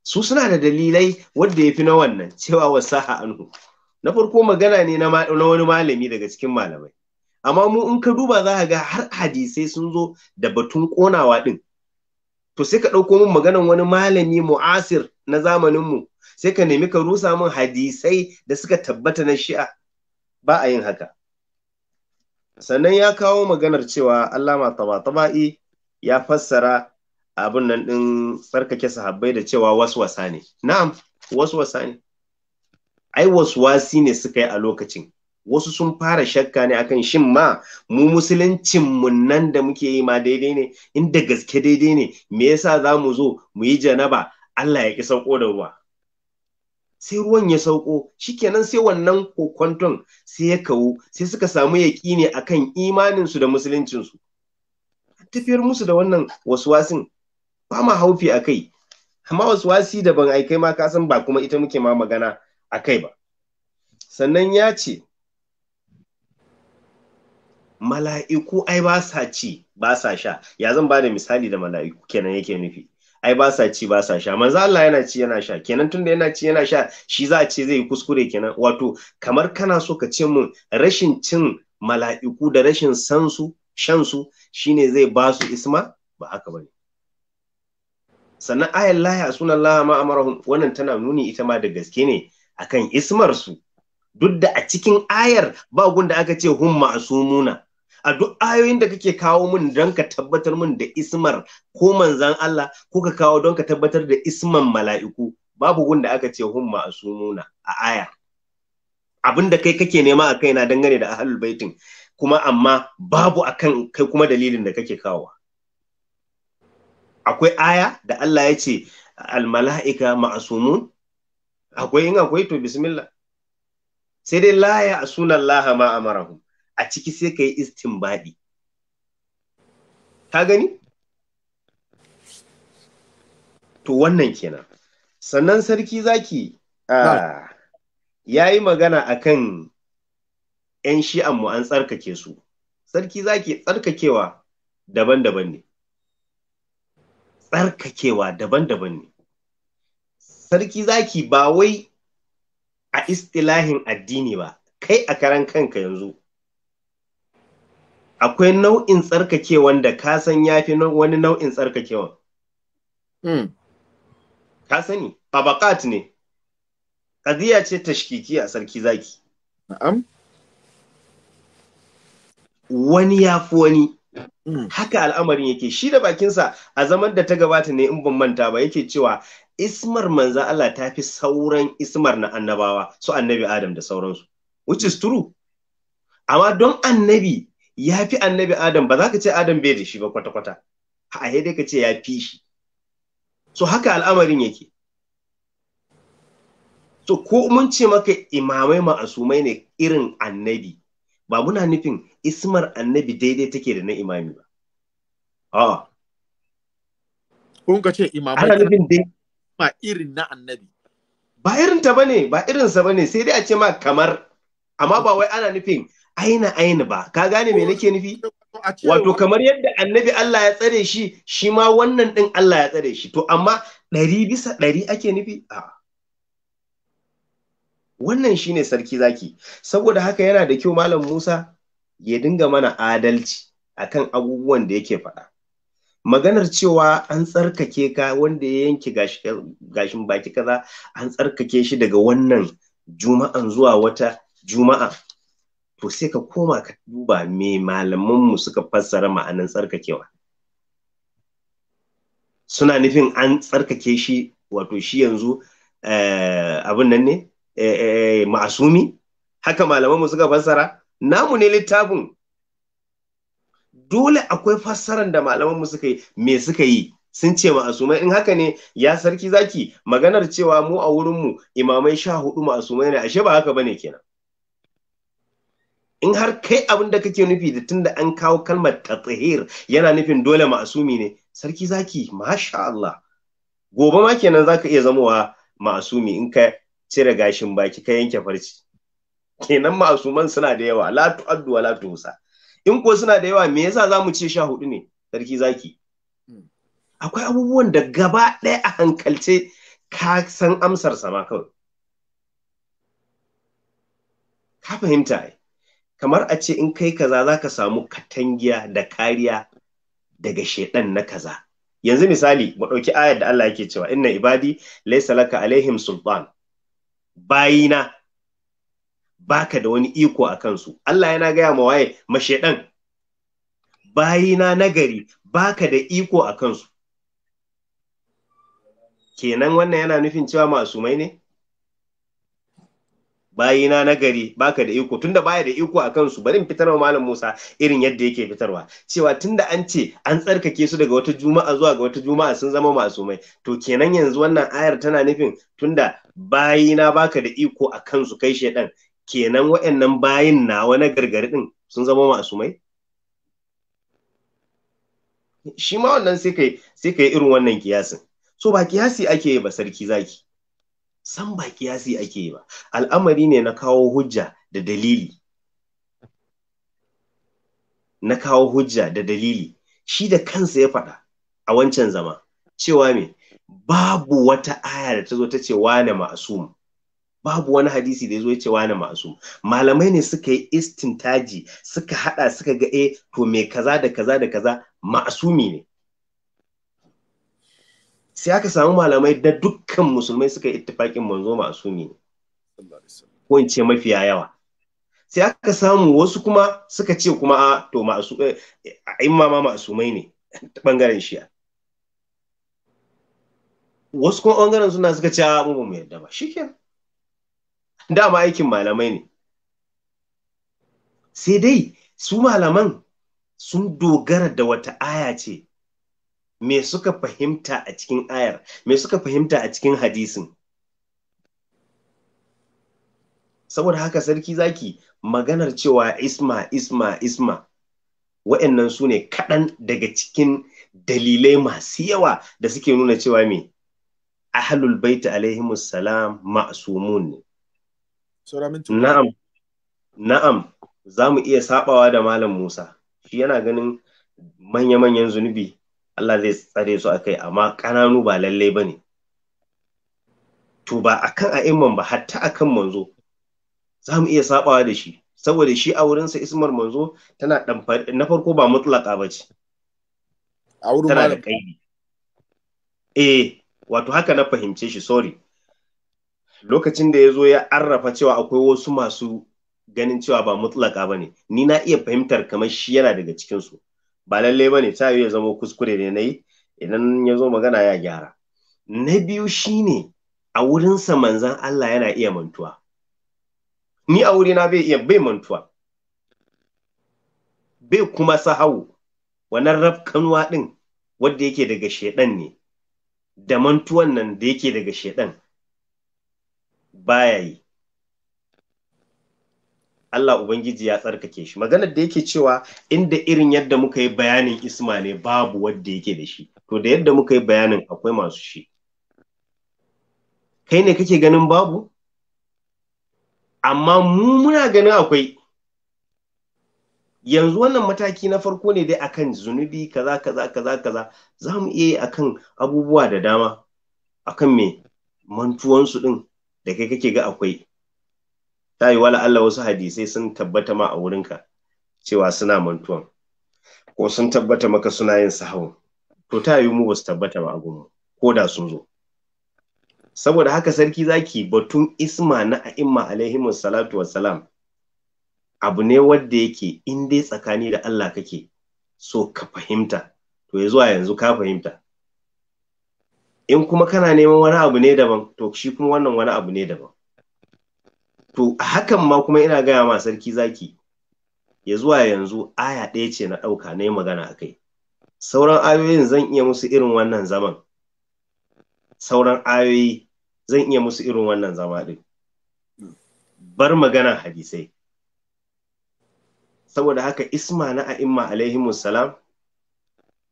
S3: su suna da dalilai wadda ya fi na wannan cewa wasa a anhu na farko magana ne na wani malami daga cikin malamai amma mu in ka duba za ka ga har hadisai sun zo da batun konawa din to sai ka ɗauko min maganan wani malami mu'asir na zamaninmu sai ka nemi ka rusa min hadisai da suka tabbata na shi'a ba a yin haka sannan ya kawo maganar cewa allama taba taba'i ya fassara abin nan ɗin tsarkake sahabbai da cewa waswasa ne na'am waswasa ne ai waswasi ne suka yi a lokacin wasu sun fara shakka ne akan shin ma mu musuluncin mu nan da muke yi ma daidai ne inda gaske daidai ne me yasa za mu zo mu yi janaba Allah ya ki sauko da ruwa sai ruwan ya sauko shikenan sai wannan kokonton sai ya kawo sai suka samu ne akan imaninsu da musuluncinsu tafiyar musu da wannan waswasin ba ma haufi a kai amma waswasi daban ai kai ma ka san ba kuma ita muke ma magana a kai ba sannan ya ce mala'iku ai ba sa ci ba sa sha ya zan ba da misali da mala'iku kenan yake nufi ai ba sa ci ba sa sha manzo Allah yana ci yana sha kenan tunda yana ci yana sha shi za a ce zai kuskure kenan wato kamar kana so ka ce mun rashin cin mala'iku da rashin san su shan su shine zai ba su isma ba haka bane sannan ayan lahi a sunan laha ma wannan tana nuni ita ma da gaske ne akan ismar su duk da a cikin ayar ba gun da aka ce hum ma'sumuna a duk ayoyin da kake kawo min don ka tabbatar min da ismar ko manzan Allah ko ka kawo don ka tabbatar da isman mala'iku babu gun da aka ce hum ma'sumuna a aya abin da kai kake nema a kai na dangane da ahlul baitin kuma amma babu akan kai kuma dalilin da kake kawo akwai aya da Allah ya ce almala'ika ma'asumun akwai in akwai to bismillah sai dai la ya asuna Allah ma a ciki sai kai istinbadi ka gani to wannan kenan sannan sarki zaki ya yi magana a kan 'yan shi'an mu an tsarkake su sarki zaki tsarkakewa daban-daban ne tsarkakewa daban-daban ne sarki zaki ba wai a istilahin addini ba kai a karan kanka yanzu akwai nau'in tsarkakewan da ka san ya fi wani nau'in tsarkakewan hmm. ka sani tabakat ne ƙadiyya ce tashkiki a sarki zaki na'am wani ya fi wani Mm. haka al'amarin yake shi da bakinsa a zaman da ta gabata ne in ban manta ba yake cewa ismar manzan Allah ta fi sauran ismar na annabawa su annabi Adam da sauransu which is true amma don annabi ya fi annabi Adam ba za ka ce Adam bai da shi ba kwata-kwata a dai ka ce ya fi shi so haka al'amarin yake so ko mun ce maka imamai ma'asumai ne irin annabi ba muna nufin ismar annabi daidai take da na imami ba a'a kun ka ce imamai ba irin na annabi ba irin ta bane ba irin sa bane sai dai a ce ma kamar amma ba wai ana nufin aina aina ba ka gane me nake nufi wato kamar yadda annabi Allah ya tsare shi shi ma wannan din Allah ya tsare shi to amma ɗari bisa ɗari ake nufi a'a wannan shine sarki zaki saboda haka yana da kyau malam Musa ya dinga mana adalci akan abubuwan da yake faɗa maganar cewa an tsarkake ka wanda ya yanke gashin baki kaza an tsarkake shi daga wannan juma'an zuwa wata juma'a to sai ka koma ka duba me malamanmu suka fassara ma'anan tsarkakewa suna nufin an tsarkake shi wato shi yanzu eh, abin nan ne Eh, eh, eh, masumi haka malamanmu suka fassara namu ne littafin dole akwai fassarar da malamanmu suka yi me suka yi sun ce ma'asumai in haka ne ya sarki zaki maganar cewa mu a wurinmu imamai sha hudu ma'asumai ne ashe ba haka bane kenan in har kai abin da kake nufi da tunda an kawo kalmar tatsahir yana nufin dole ma'asumi ne sarki zaki masha Allah gobe ma kenan zaka iya zamowa ma'asumi in ka cire gashin baki ka yanke farci kenan masuman suna da yawa la tu'addu wa la tuhsa in ko suna da yawa me yasa zamu ce sha hudu ne sarki zaki hmm. akwai abubuwan da gaba ɗaya a hankalce ka san amsar ma kawai ka fahimta kamar a ce in kai kaza za ka samu katangiya da kariya daga shedan na kaza yanzu misali mu ɗauki ayar da Allah yake cewa inna ibadi laysa laka alaihim sultan bayina baka da wani iko a kansu Allah yana gaya ma waye mashaɗan bayina nagari baka da iko a kansu kenan wannan yana nufin cewa masumai ne bayina na gari baka da iko tunda baya da iko a kansu bari fitar wa malam Musa irin yadda yake fitarwa cewa tunda an ce an tsarkake su daga wata juma'a zuwa ga wata juma'a sun zama masu mai to kenan yanzu wannan ayar tana nufin tunda bayina baka da iko a kansu kai shedan kenan wa'annan bayin nawa na gargari din sun zama mai shi ma wannan sai kai sai kai irin wannan kiyasin so ba kiyasi ake yi ba sarki zaki san ba kiyasi ake yi ba al'amari ne na kawo hujja da dalili na kawo hujja da dalili shi da kansa ya faɗa a wancan zama cewa me babu wata aya da ta zo ta ce wane ma'asum babu wani hadisi da ya zo ya ce wane ma'asum malamai ne suka yi istintaji suka haɗa suka ga eh to me kaza da kaza da kaza ma'asumi ne sai aka samu malamai da dukkan musulmai suka yi ittifaƙin manzo ne ko in ce mafiya yawa sai aka samu wasu kuma suka ce kuma a to yi mama eh, ma ma'asumai ne ta bangaren shi'a wasu kuma bangaren suna suka ce a mu yadda ba shikenan dama aikin malamai ne sai dai su malaman sun dogara da wata aya ce me suka fahimta a cikin ayar me suka fahimta a cikin hadisin saboda haka sarki zaki maganar cewa isma isma isma wa'annan su ne kaɗan daga cikin dalilai masu yawa da suke nuna cewa me ahlul baiti alaihimus salam ma'sumun
S1: ne
S3: na'am na'am za mu iya sabawa da malam Musa shi yana ganin manya-manyan zunubi Allah zai tsare su a kai, amma ƙananu ba lallai bane to ba akan a'imman ba hatta akan manzo za mu iya sabawa da shi saboda shi a wurinsa ismar manzo tana na farko ba mutlaka ba ce tana da kaidi eh wato haka na fahimce shi sorry lokacin da ya zo ya arrafa cewa akwai wasu masu ganin cewa ba mutlaka ba ne ni na iya fahimtar kamar shi yana daga cikinsu ba lalle ba ne ta ya zama kuskure ne na yi idan ya zo magana ya gyara na biyu shine a wurinsa manzan Allah yana iya mantuwa ni a wurina bai iya bai mantuwa bai kuma sahau wannan rafkanwa ɗin wadda yake daga shedan ne da mantuwan nan da yake daga shedan baya yi Allah Ubangiji ya tsarkake shi maganar da yake cewa inda irin yadda muka yi bayanin isma ne babu wadda yake da shi to da yadda muka yi bayanin akwai masu shi kai ne kake ganin babu amma mu muna ganin akwai yanzu wannan mataki na farko ne dai akan zunubi kaza kaza kaza kaza za mu iya yi akan abubuwa da dama akan me mantuwansu din da kai kake ga akwai ta yi wala Allah wasu hadisai sun tabbata ma a wurinka cewa suna mantuwan ko sun tabbata maka suna yin sahau to ta yi mu wasu tabbata ba a gunmu ko da sun zo saboda haka sarki zaki batun isma na a'imma alaihimu salatu wassalam abu ne wadda yake in dai tsakani da Allah kake so ka fahimta to ya zuwa yanzu ka fahimta in kuma kana neman wani abu ne daban to shi kuma wannan wani abu ne daban to hakan ma kuma ina gaya ma sarki zaki ya zuwa yanzu aya ɗaya ce na ɗauka na yi magana a kai sauran ayoyin zan iya musu irin wannan zaman sauran ayoyi zan iya musu irin wannan zama ɗin bar magana hadisai saboda haka isma na a'imma salam,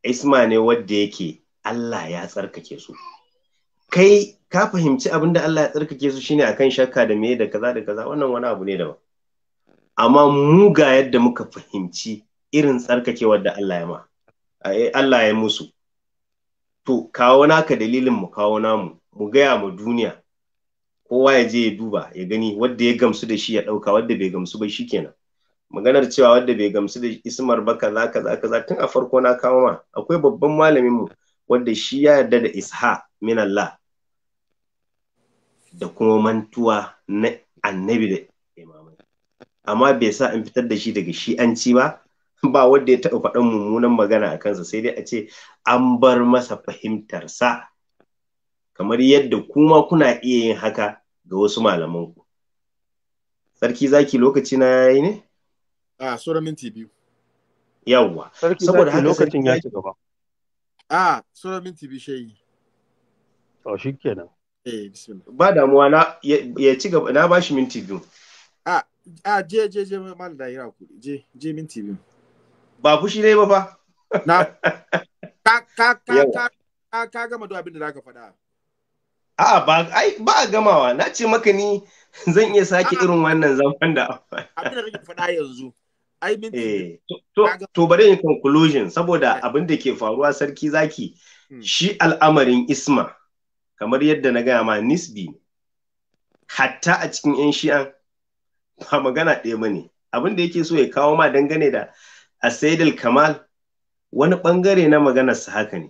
S3: isma ne wadda yake Allah ya tsarkake su kai ka fahimci abin da Allah ya tsarkake su shine akan shakka da me da kaza da kaza wannan wani abu ne daban amma mu ga yadda muka fahimci irin tsarkakewar da Allah ya ma eh, Allah ya musu to kawo naka dalilin mu kawo namu mu gaya mu duniya kowa ya je ya duba ya gani wadda ya gamsu da shi ya ɗauka wadda bai gamsu ba shikenan maganar cewa wadda bai gamsu da ismar ba kaza kaza kaza tun a farko na kawo ma akwai babban malamin mu wanda shi ya yarda da isha minallah da kuma mantuwa na annabi da imamai amma bai sa an fitar da shi daga shi'anci ba ba wanda ya taɓa faɗan mummunan magana a kansa sai dai a ce an bar masa fahimtarsa kamar yadda kuma kuna iya yin haka ga wasu malamanku sarki zaki lokaci na yayi ne a sura minti biyu yawwa saboda haka lokacin ya ci gaba a sura minti biyu shayi to Eh, ba damuwa na ya ci gaba na minti biyu
S1: a je je je da ku je je minti biyu ba fushi ne ba fa na ka ka ka ka gama duk abin da zaka faɗa
S3: a'a ba ai ba gamawa na ce maka ni zan iya sake irin wannan zaman da abin da kake faɗa yanzu ai minti eh, to to bari in conclusion saboda eh. abin da ke faruwa sarki zaki hmm. shi al'amarin isma kamar yadda na gaya ma nisbi ne hatta a cikin 'yan shi'an ba magana ɗaya ba ne abin da yake so ya kawo ma dangane da a saidal kamal wani ɓangare na maganarsa haka ne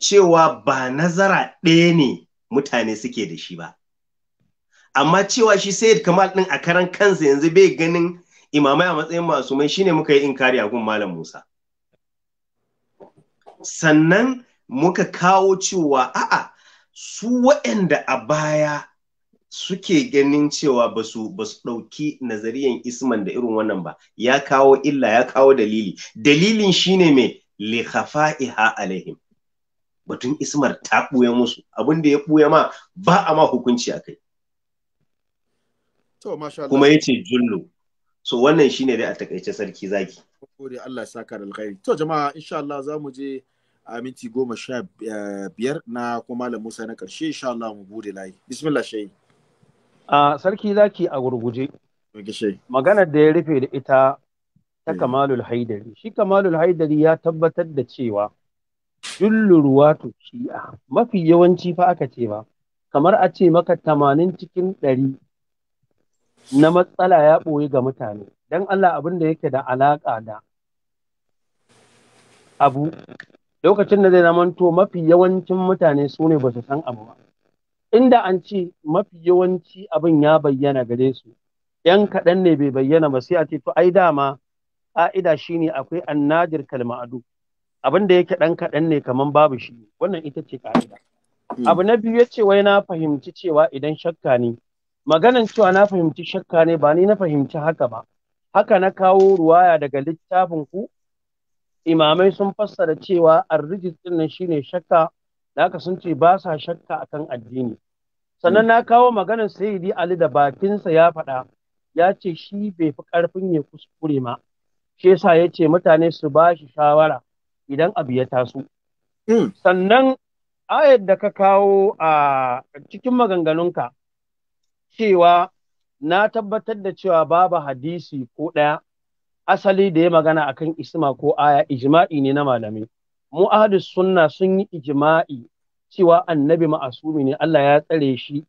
S3: cewa ba nazara ɗaya ne mutane suke da shi ba amma cewa shi sayid kamal ɗin a karan kansa yanzu bai ganin imamai a matsayin masu mai shine muka yi inkari a gun malam musa sannan muka kawo cewa a'a su waɗanda a baya suke ganin cewa ba su ɗauki nazariyan isman da irin wannan ba ya kawo illa ya kawo dalili dalilin shine mai iha alaihim batun ismar ta ɓuya musu abin da ya ɓuya ma ba a ma hukunci a kai kuma ya ce jullu so wannan shine dai a takaice sarki zaki
S1: Allah ya a minti goma sha eh, biyar na kuma malam musa na karshe insha Allah mu bude layi
S3: bismillah
S4: shayi a sarki zaki a gurguje maganar da ya rufe da ita ta eh. kamalul haidari shi kamalul haidari ya tabbatar da cewa jullu ruwatu shi'a mafi yawanci fa aka ce ba kamar a ce maka tamanin cikin ɗari na matsala ya ɓoye ga mutane don Allah abin da yake da alaƙa da abu lokacin da zai zamanto mafi yawancin mutane su ne ba su san abu ba inda an ce mafi yawanci abin ya bayyana gare su yan kaɗan ne bai bayyana ba sai a ce to ai dama ƙa'ida shine akwai annadir kalma'adu abin da yake ɗan kaɗan ne kamar babu shi wannan ita ce ƙa'ida hmm. abu na biyu ya ce wai na fahimci cewa idan shakka ne maganan cewa na fahimci shakka ne ba ni na fahimci haka ba haka na kawo ruwaya daga littafin ku imamai sun fassara cewa arrijis din nan shine shakka da aka sun ce ba sa shakka akan addini sannan hmm. na kawo maganar sayyidi ali da bakinsa ya faɗa ya ce shi bai fi ƙarfin ya kuskure ma shi yasa ya ce mutane su ba shi shawara idan abu ya taso hmm. sannan ayar da ka kawo a cikin maganganunka cewa na tabbatar da cewa babu hadisi ko ɗaya asali da ya magana akan isma ko aya ijma'i ne na malamai mu sunna sun yi ijma'i cewa annabi ma'asumi ne Allah ya tsare shi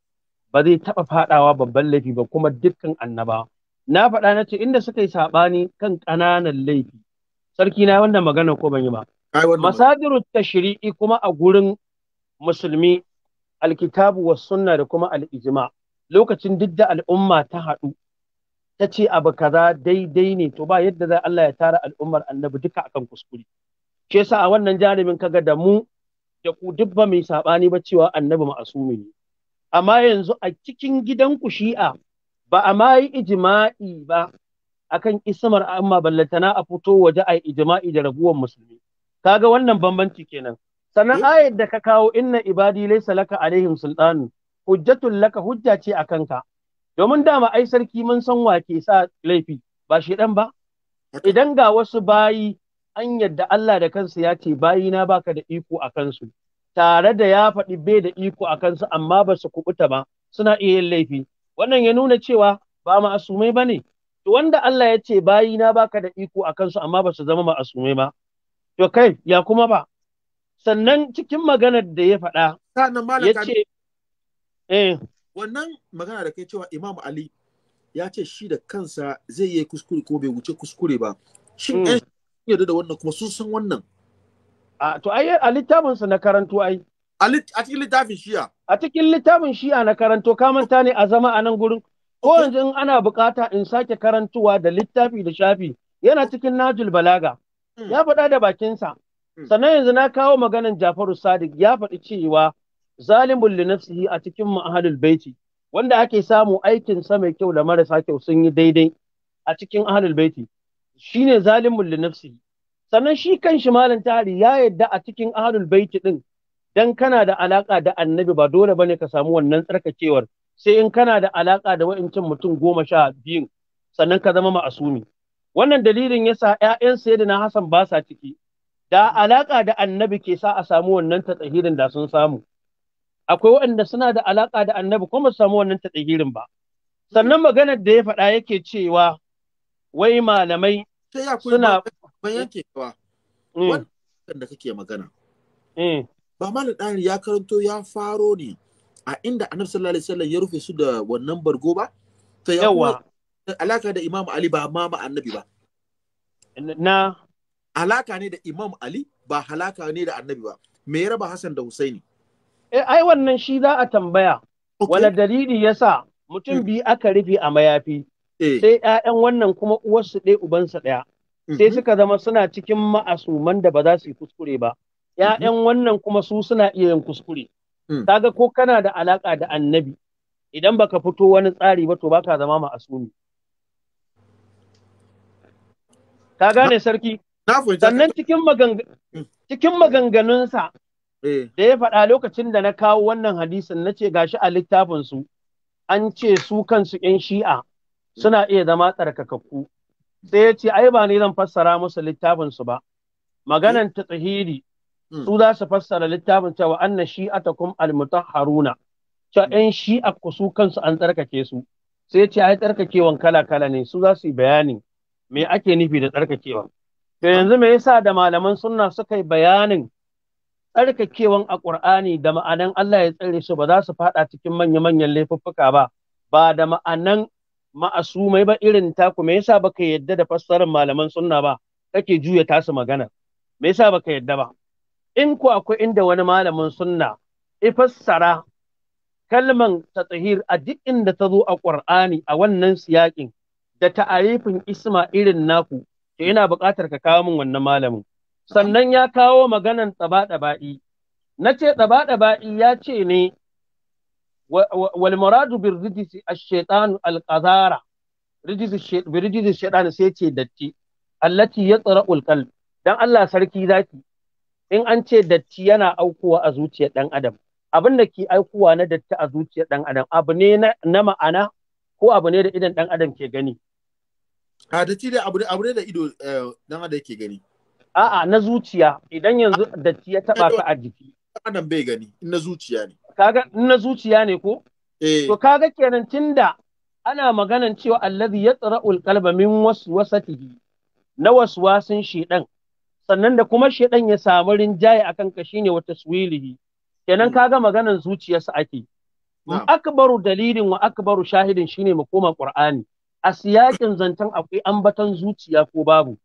S4: ba zai taɓa faɗawa babban laifi ba kuma dukkan annaba na faɗa na ce inda suka yi saɓani kan ƙananan laifi sarki na wannan magana ko ban yi ba masadirut tashri'i kuma a gurin musulmi alkitabu was sunna da kuma al-ijma lokacin duk da al'umma ta haɗu ta ce abu kaza daidai ne to ba yadda za Allah ya tara al'ummar annabi duka akan kuskure shi yasa a wannan jarumin kaga da mu da ku duk ba mai sabani ba cewa annabi ma'asumi ne amma yanzu a cikin gidan ku shi'a ba a ma yi ijma'i ba akan ismar amma ballatana a fito waje a ijma'i da raguwar musulmi kaga wannan bambanci kenan sannan ayar da ka kawo inna ibadi laysa laka alaihim sultan hujjatul laka hujja ce akan ka domin dama ai sarki mun san wa ke sa laifi ba shi dan ba idan ga wasu bayi an yadda Allah da kansa ya ce bayi na baka da iko a kansu tare da ya faɗi bai da iko a kansu amma ba su kubuta ba suna iya yin laifi wannan ya nuna cewa ba ma'asumai ba ne to wanda Allah ya ce bayi na baka da iko a kansu amma ba su zama ma'asumai ba to kai ya kuma ba sannan cikin maganar da ya faɗa ya ce eh
S1: wannan magana da kai cewa Imam Ali ya ce shi da kansa zai yi kuskure ko bai wuce
S4: kuskure ba. Shin hmm. ƴan yarda da wannan kuma sun san wannan. A to ai a littafin sa na karanto ai. A cikin littafin shiya. A cikin littafin shiya na karanto ka manta ne a zama a nan gurin. Ko yanzu in ana bukata in sake karantuwa da littafi da shafi yana cikin Najul Balaga. Hmm. Ya faɗa da bakinsa. Hmm. Sannan yanzu na kawo maganan Jafaru Sadiq ya faɗi cewa zalimun li nafsihi a cikin mu ahlul baiti wanda ake samu aikin sa mai kyau da marasa kyau sun yi daidai a cikin ahlul baiti shine zalimun li nafsihi sannan shi kan shi malam tari ya yadda a cikin ahlul baiti din dan kana da alaka da annabi ba dole bane ka samu wannan tsarkakewar sai in kana da alaka da wa'incin mutum goma sha biyun sannan ka zama ma'asumi wannan dalilin yasa ƴaƴan sayyidina Hassan ba sa ciki da alaka da annabi ke sa a samu wannan tatsahirin da sun samu akwai waɗanda suna da alaƙa da annabi kuma samu wannan tatahirin ba sannan maganar da ya faɗa yake cewa wai malamai suna ban yanke cewa mm. wannan da kake magana
S1: mm. ba malam ɗari ya karanto ya faro ne a inda annabi sallallahu alaihi wasallam ya rufe su da wannan bargo ba to ya alaka da imam ali ba ma annabi ba na alaka ne da imam ali ba halaka ne da annabi
S4: ba me ya raba Hassan da Husaini? Eh, ai wannan shi za a tambaya. Wala dalili ya sa mutum mm. biyu aka rufe a mayafi, eh. sai ‘ya'yan wannan kuma uwarsu ɗaya ubansa ɗaya, mm-hmm. sai suka zama suna cikin ma'asuman da ba za su yi kuskure ba, ‘ya'yan mm-hmm. wannan kuma su suna iya yin kuskure. Mm. Kaga ko kana da alaƙa da annabi, idan baka fito wani tsari ba to baka zama ma'asumi. Ka gane sarki? Sannan cikin mm. maganganunsa Eh. Da ya faɗa lokacin da na kawo wannan hadisin na ce gashi a littafinsu an ce su kansu ‘yan shi'a suna iya zama tsarkakakku. Sai ya ce ai ba ne zan fassara musu littafinsu ba. Maganan ta tsahiri hmm. su za su fassara littafin cewa ta shi'ata kum almutahharuna. Cewa ‘yan hmm. shi'a ku su kansu an tsarkake su. Sai ya ce ai tsarkakewan kala-kala ne su za su yi bayani me ake nufi da tsarkakewa. To hmm. yanzu me yasa da malaman sunna suka yi bayanin tsarkakewan a ƙur'ani da ma'anan Allah ya tsare su ba za su faɗa cikin manya-manyan laifuffuka ba ba da ma'anan ma'asumai ba irin taku me yasa baka yadda da fassarar malaman sunna ba kake juya tasu magana me yasa baka yadda ba in ku akwai inda wani malamin sunna i fassara kalman tatsahir a duk inda ta zo a ƙur'ani a wannan siyaƙin da ta'arifin isma irin naku to ina buƙatar ka kawo min wannan malamin sannan ya kawo maganan tsaba-tsaba'i. Na ce tsaba ba'i ya ce ne, wal muradu bir rijisi ash-shaytan al-qazara rijisi shaytan sai ce datti allati ya al-qalb dan Allah sarki zaki in an ce datti yana aukuwa a zuciyar dan adam abin da ke aukuwa na datti a zuciyar dan adam abu ne na ma'ana ko abu ne da idan dan adam ke gani a datti da abu ne da ido dan eh, adam ke gani A'a na zuciya idan yanzu datti ya taba ka a jiki. Adam bai gani na zuciya ne. Kaga na zuciya ne ko? Eh. To kaga kenan tinda ana maganan cewa allazi yatra'ul qalba min waswasatihi na waswasin shedan sannan da kuma shedan ya samu rinjaye akan ka shine wata suwilihi kenan hmm. kaga maganan zuciyarsa ake. Akbaru dalilin wa akbaru shahidin shine mu koma Qur'ani. A siyakin zancen akwai ambatan zuciya ko babu.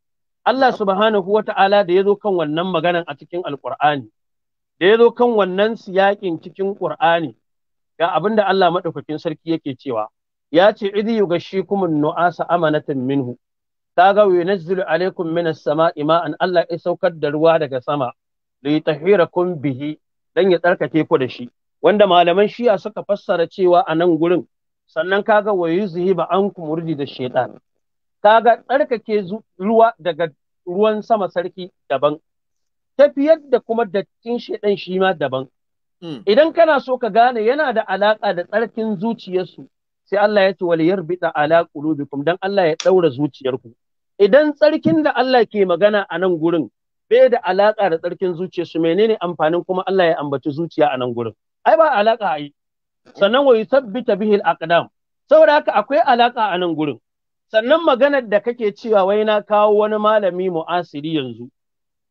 S4: Allah subhanahu wa ta'ala da ya zo kan wannan maganan a cikin alƙur'ani da ya zo kan wannan siyaƙin cikin ƙur'ani ga abin da Allah maɗaukakin sarki yake cewa ya ce ga shi kuma nuasa amanatan minhu ta kaga yunazzilu alaikum minas sama'i an Allah ya saukar da ruwa daga sama tahira kun bihi dan ya tsarkake ku da shi wanda malaman shi'a suka fassara cewa a nan gurin sannan kaga wa ba an urdi da shaytan kaga tsarkake ruwa daga ruwan sama sarki daban tafiyar da kuma dattin shedan shi ma daban hmm. idan kana so ka gane yana da alaka da tsarkin zuciyarsu sai Allah ya ce wal yarbita ala qulubikum dan Allah ya daura zuciyarku idan tsarkin da Allah ke magana a nan gurin bai da alaka da tsarkin zuciyarsu menene amfanin kuma Allah ya ambaci zuciya a nan gurin ai ba alaka ai sannan wa yusabbita al aqdam saboda haka akwai alaka a nan gurin sannan maganar da kake cewa wai na kawo wani malami mu'asiri yanzu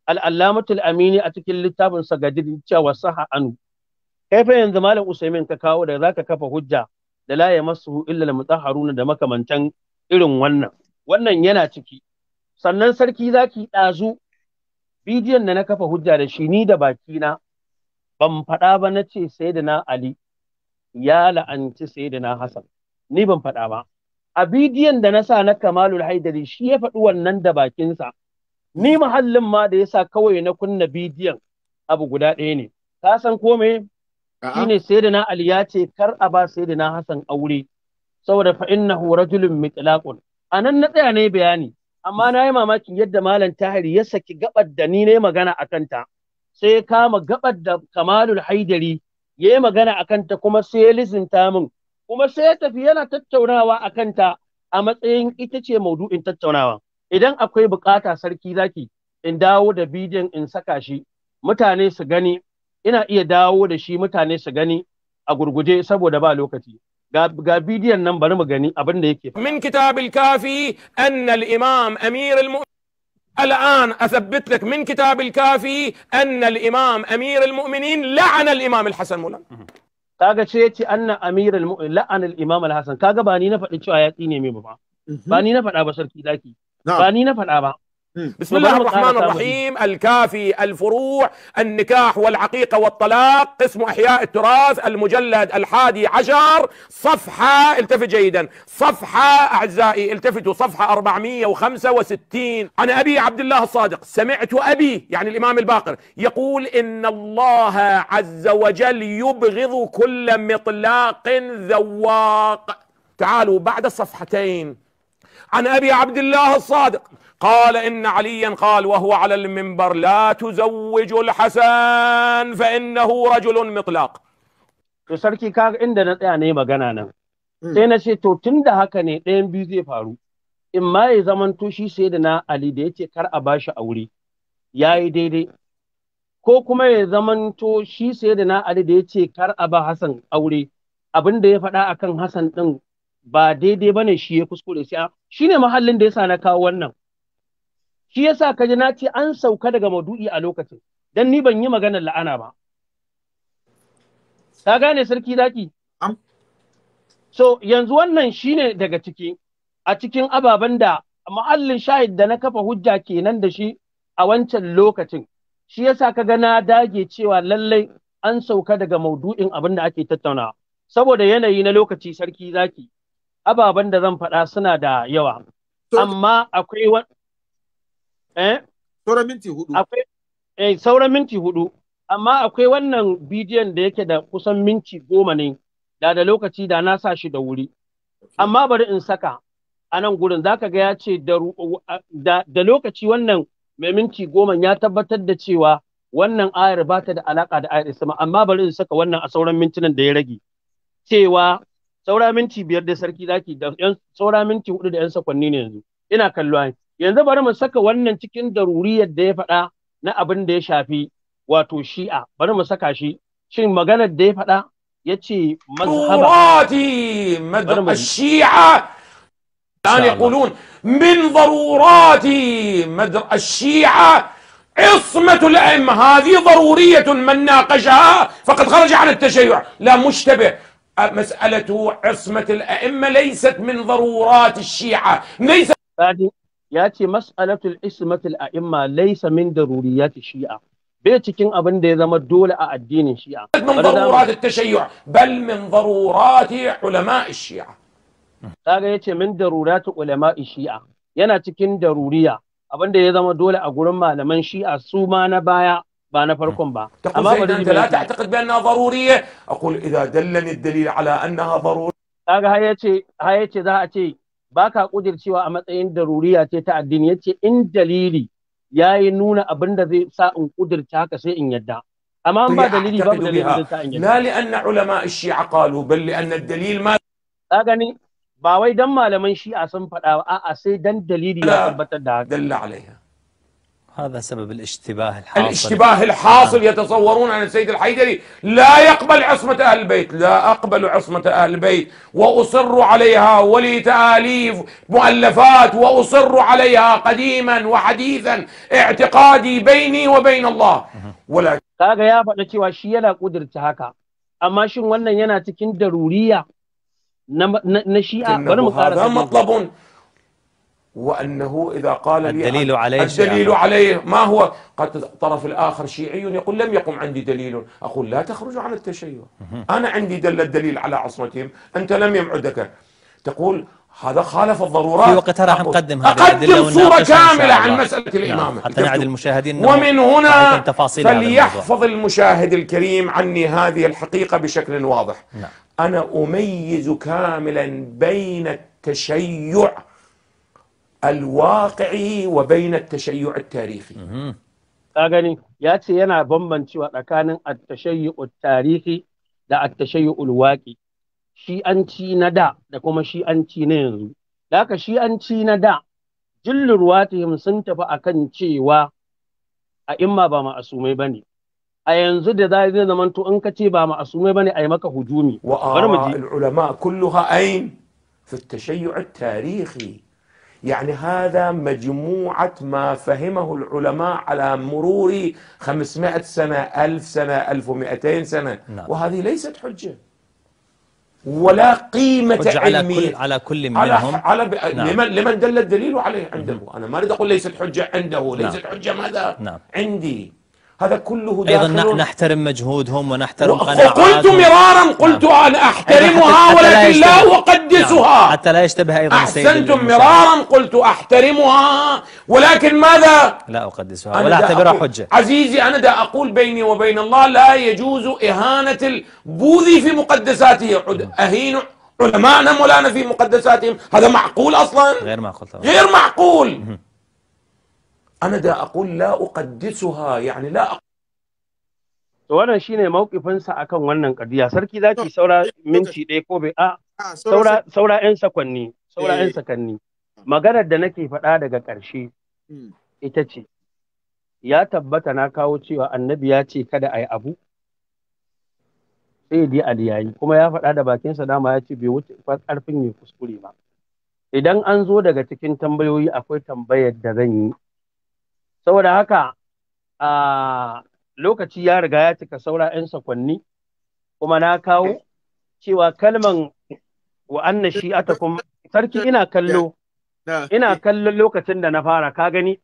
S4: al'allamatul amini a cikin littafin sagadin cewa saha anu kai yanzu malam usaimin ka kawo da zaka kafa hujja da la yamassuhu illa al-mutahharun da makamantan irin wannan wannan yana ciki sannan sarki zaki ɗazu bidiyon da na kafa hujja da shi ni da bakina ban faɗa ba na ce sai da na ali ya la'anci sayyidina da hasan ni ban faɗa ba a bidiyon da na sa na Kamalul Haidari shi ya faɗi wannan da bakinsa. Ni mahallin ma da ya sa kawai na kunna bidiyon abu guda ɗaya ne. Ka san ko me? ne sai da na Aliya ce kar a ba sai da na Hassan aure saboda fa innahu rajulun mitlaqun. A nan na tsaya ne bayani amma na yi mamakin yadda Malam Tahiri ya saki gabar da ni ne magana a kanta. Sai ya kama gabar da Kamalul Haidari ya yi magana a kanta kuma sai ya lizinta min kuma sai ya tafi yana tattaunawa a kanta a matsayin ita ce maudu'in tattaunawa idan akwai bukata sarki zaki in dawo da bidiyon in saka shi mutane su gani ina iya dawo da shi mutane su gani a gurguje saboda ba lokaci
S5: ga bidiyon nan bari mu gani abin da yake min kitabil kafi anna al-imam amir al الآن أثبت لك من كتاب الكافي أن الإمام أمير المؤمنين لعن الإمام الحسن مولانا
S4: kaga ce yace anna amiral mu'min la'an al-imam al-hasan kaga ba ni na faɗi cewa ya ne mai ba ba mhm. ni na faɗa ba sarki zaki ba ni
S5: na faɗa ba بسم الله الرحمن الرحيم الكافي الفروع النكاح والعقيقة والطلاق قسم أحياء التراث المجلد الحادي عشر صفحة التفت جيدا صفحة أعزائي التفتوا صفحة 465 عن أبي عبد الله الصادق سمعت أبي يعني الإمام الباقر يقول إن الله عز وجل يبغض كل مطلاق ذواق تعالوا بعد صفحتين عن أبي عبد الله الصادق قال إن عليا قال وهو على المنبر لا تزوج الحسن فإنه رجل مطلق
S4: to sarki ka inda na tsaya ne magana nan
S5: hmm. sai
S4: na ce to tun da haka ne ɗayan biyu zai faru in ma ya zaman shi sai da na Ali da ya ce kar a bashi aure ya yi daidai ko kuma ya zaman shi sai da na Ali da ya ce kar a ba Hassan aure abin da ya faɗa akan Hassan ɗin ba daidai ba ne shi ya kuskure sai shi ne mahallin da ya sa na kawo wannan shi yasa ka ji na ce an sauka daga maudu'i a lokacin dan ni ban yi maganar la'ana ba ta gane sarki zaki so yanzu wannan shine daga ciki a cikin ababen da ma'allin shahid da na kafa hujja kenan da shi a wancan lokacin shi yasa ka ga na dage cewa lallai an sauka daga maudu'in abin da ake tattauna saboda yanayi na lokaci sarki zaki ababen da zan faɗa suna da yawa amma akwai wani. Eh? Sauran minti hudu. Akwai eh, minti hudu. Amma akwai wannan bidiyon da yake da kusan minti goma ne, da da lokaci da na sa shi da wuri. Amma bari in saka a nan gurin za ka ga ya ce da lokaci wannan mai minti goma ya tabbatar da cewa wannan ayar ba ta da alaka da ayar isma amma bari in saka wannan a sauran mintunan da ya rage cewa saura minti biyar da sarki zaki da saura minti hudu da yan sakwanni ne yanzu ina kallo ai yanzu bari mu saka wannan cikin daruriyar da ya fada na abin da ya shafi wato shi'a bari mu saka shi shin maganar da ya fada yace mazhaba wati
S5: madhhab ash shi'a dan yaqulun min darurati madhhab ash-shi'a عصمة الأئمة هذه ضرورية من ناقشها فقد خرج عن التشيع لا مشتبه مسألة عصمة الأئمة ليست من ضرورات الشيعة ليست ya
S4: ce mas'alatul ismatul a'imma laysa min daruriyati shi'a bai cikin abin da ya
S5: zama dole a addinin
S4: shi'a min darurat
S5: at-tashayyu' bal min darurati ulama shi'a
S4: kaga yace min darurati ulama shi'a yana cikin daruriya abin da ya zama dole a gurin malaman shi'a su ma na baya ba na farkon ba amma ba da la ta'taqid
S5: bi annaha daruriyya aqul idha dallani ad-dalil ala annaha
S4: daruriyya kaga har yace har yace za a ce ba ka kudircewa a matsayin daruriya ce ta addini ce in dalili ya yi nuna abin da zai sa in kudirce haka sai in yadda
S5: amma ba dalili ba dalili zai sa in yadda la li anna ulama shi'a qalu bal li anna dalil ma
S4: ka gani ba wai dan malaman shi'a sun faɗa ba a'a sai dan dalili ya tabbatar
S5: da haka dalla alaiha
S3: هذا سبب الاشتباه الحاصل الاشتباه
S5: الحاصل آه. يتصورون أن السيد الحيدري لا يقبل عصمة أهل البيت لا أقبل عصمة أهل البيت وأصر عليها ولي تآليف مؤلفات وأصر عليها قديما وحديثا اعتقادي بيني وبين الله ولكن kaga ya faɗa cewa shi yana ƙudurta haka amma shin wannan
S4: yana cikin daruriya
S5: na shi'a bari mu ƙara وأنه إذا قال لي الدليل عليه الدليل يعني. عليه ما هو قد الطرف الآخر شيعي يقول لم يقم عندي دليل أقول لا تخرج عن التشيع أنا عندي دل الدليل على عصمتهم أنت لم يمعدك تقول هذا خالف الضرورات في وقتها راح نقدم هذه أقدم صورة كاملة عن مسألة نعم، الإمامة حتى نعد
S4: المشاهدين ومن هنا فليحفظ
S5: المشاهد الكريم عني هذه الحقيقة بشكل واضح نعم. أنا أميز كاملا بين التشيع الواقعي وبين التشيع التاريخي أغني ياتي أنا بمن شو
S4: التشيع التاريخي لا التشيع الواقعي شي أنتي ندا لكم شي أنتي نين لك شي أنتي ندا جل رواتهم سنت فأكن شي و أئما بما أسومي بني أين زد ذا من تو أنكتي بما أسومي بني أيمك هجومي وآراء العلماء كلها
S5: أين في التشيع التاريخي يعني هذا مجموعة ما فهمه العلماء على مرور 500 سنة 1000 سنة 1200 سنة نعم. وهذه ليست حجة ولا قيمة حجة علمية على كل, على
S4: كل منهم على, على نعم. لمن,
S5: لمن دل الدليل عليه عنده مم. أنا ما أريد أقول ليست حجة عنده ليست نعم. حجة ماذا نعم. عندي هذا كله داخل أيضا
S4: نحترم مجهودهم ونحترم قناعاتهم قلت مرارا قلت نعم. أنا أحترمها ولكن لا نعم. أقدسها حتى لا يشتبه أيضا أحسنتم مرارا
S5: قلت أحترمها ولكن ماذا
S3: لا أقدسها
S4: ولا أعتبرها حجة
S5: عزيزي أنا دا أقول بيني وبين الله لا يجوز إهانة البوذي في مقدساته أهين علماءنا مولانا في مقدساتهم هذا معقول أصلا غير معقول طبعا. غير معقول ana da aqul la uqaddisuha yani la
S4: to wannan shine maukifinsa akan wannan kadiya sarki ki saura eh, minti ɗaya ko bai a ah, saura saura yan sakwanni saura yan eh, eh. sakanni maganar da nake faɗa daga ƙarshe hmm. ita ce ya tabbata na kawo cewa annabi ya ce kada a yi abu sai dai ali yayi kuma ya faɗa da bakinsa dama ya ce bai wuce ƙarfin ya kuskure ba idan an zo daga cikin tambayoyi akwai tambayar da zan yi saboda haka a lokaci ya riga ya cika saura 'yan sakonni kuma na kawo eh. cewa kalman wa anna shi kuma sarki ina kallo ina eh. kallon lokacin da na fara ka gani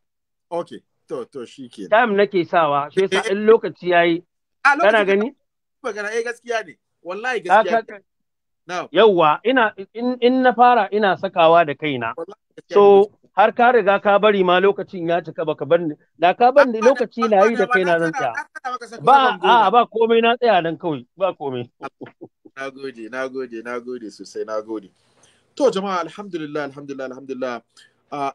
S4: okay
S1: to to shi ke
S4: time nake sawa shi yasa eh. in lokaci yayi kana gani
S1: magana eh gaskiya ne wallahi gaskiya
S4: yauwa ina in na fara ina sakawa da kaina so har ka riga ka bari ma lokacin ya cika baka bar ni da ka bar ni lokaci na yi da kai na zan tsaya ba a ba komai na tsaya nan kawai
S1: ba komai nagode nagode nagode sosai nagode to jama'a alhamdulillah alhamdulillah alhamdulillah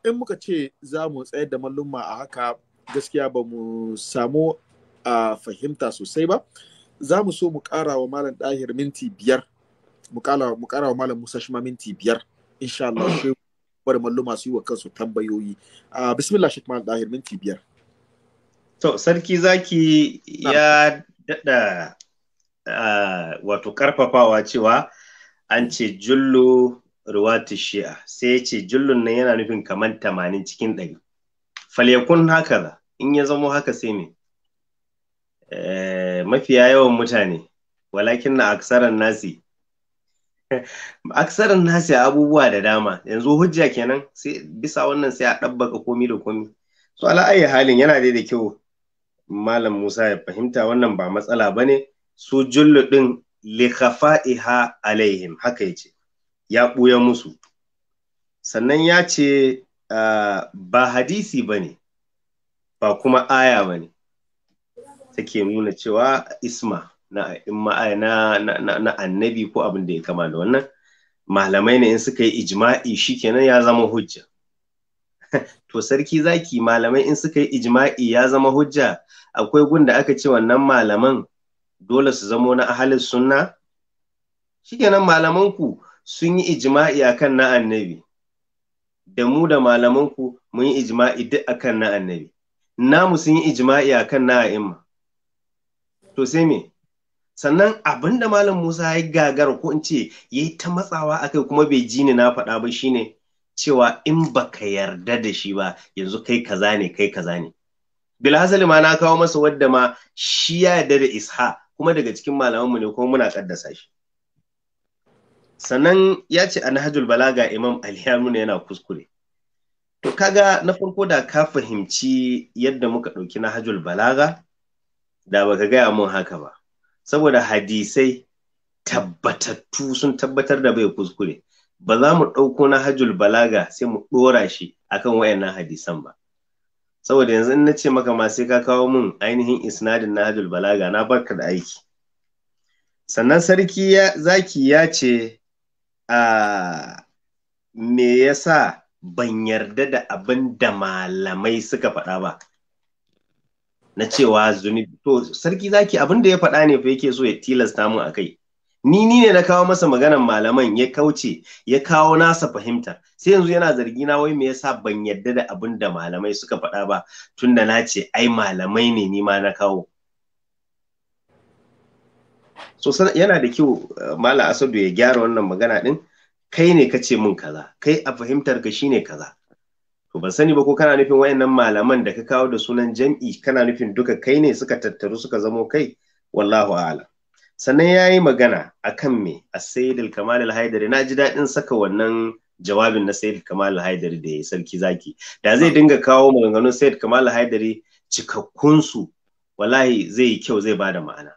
S1: in muka ce za mu tsayar da mallum'a a haka gaskiya ba mu samu fahimta sosai ba za mu so mu ƙara wa malam dahir minti biyar mu ƙara wa malam musa shima minti biyar insha Allah bari malluma su yi wa kansu tambayoyi uh,
S3: bismillah dahir minti biyar to sarki zaki ya daɗa wato karfafawa cewa an ce jullu ruwatu shi'a sai ya ce jullun nan yana nufin kamar tamanin cikin ɗari falyakun haka za in ya zamo haka sai me eh, mafiya yawan mutane walakin na aksarar nasi aksarin nasi abubuwa da dama yanzu hujja kenan sai bisa wannan sai a ɗabbaka komi da komi Su ala ayi halin yana dai da kyau malam musa ya fahimta wannan ba matsala ba ne su jullu ɗin likhafa'iha alaihim haka yace ya ɓuya musu sannan ya ce ba hadisi ba ne ba kuma aya ba ne take nuna cewa isma na na annabi ko abin da ya kama da wannan malamai ne in suka yi ijma'i shikenan ya zama hujja to sarki zaki malamai in suka yi ijma'i ya zama hujja akwai gunda aka ce wannan malaman dole su zamo na ahalin sunna shikenan malamanku sun yi ijma'i akan na annabi da mu da malamanku mun yi ijma'i duk akan na annabi namu sun yi ijma'i akan na a'imma to sai me sannan abin da malam musa ya gagara ko in ce ya yi ta matsawa akai kuma bai ji ni na faɗa ba shine cewa in baka yarda da shi ba yanzu kai kaza ne kai kaza ne bilhazali ma na kawo masa wadda ma shi ya yarda da isha kuma daga cikin malamanmu ne kuma muna kaddasa shi sannan ya ce a nahajul balaga imam ne yana kuskure to kaga na farko da ka fahimci yadda muka ɗauki na nahajul balaga da baka gaya mun haka ba saboda hadisai tabbatattu sun tabbatar da bai kuskure ba za mu ɗauko na hajjul balaga sai mu ɗora shi akan wayannan hadisan ba saboda yanzu in na ce maka ma sai ka kawo min ainihin isnadin na hajjul balaga na barka da aiki sannan sarki ya zaki ya ce a me yasa ban yarda da abin da malamai suka faɗa ba na cewa zunubi to sarki zaki abin da ya faɗa ne fa yake so ya tilasta mu akai ni ni ne na kawo masa maganan malaman ya kauce ya kawo nasa fahimta sai yanzu yana zargi na wai me yasa ban yadda da abin da malamai suka faɗa ba tunda na ce ai malamai ne ni ma na kawo so yana da kyau eh, mala asadu ya gyara wannan magana din kai ne ka ce min kaza kai a fahimtar ka shine kaza to ban sani ba ko kana nufin wayannan malaman da ka kawo da sunan jam'i kana nufin duka kai ne suka tattaru suka zamo kai wallahu a'lam sannan yayi magana akan kan me a al kamal al-haidari na ji daɗin saka wannan jawabin na Sayyid kamal al-haidari da ya sarki zaki da zai dinga kawo maganganun Sayyid kamal al-haidari cikakkunsu wallahi zai yi kyau zai bada ma'ana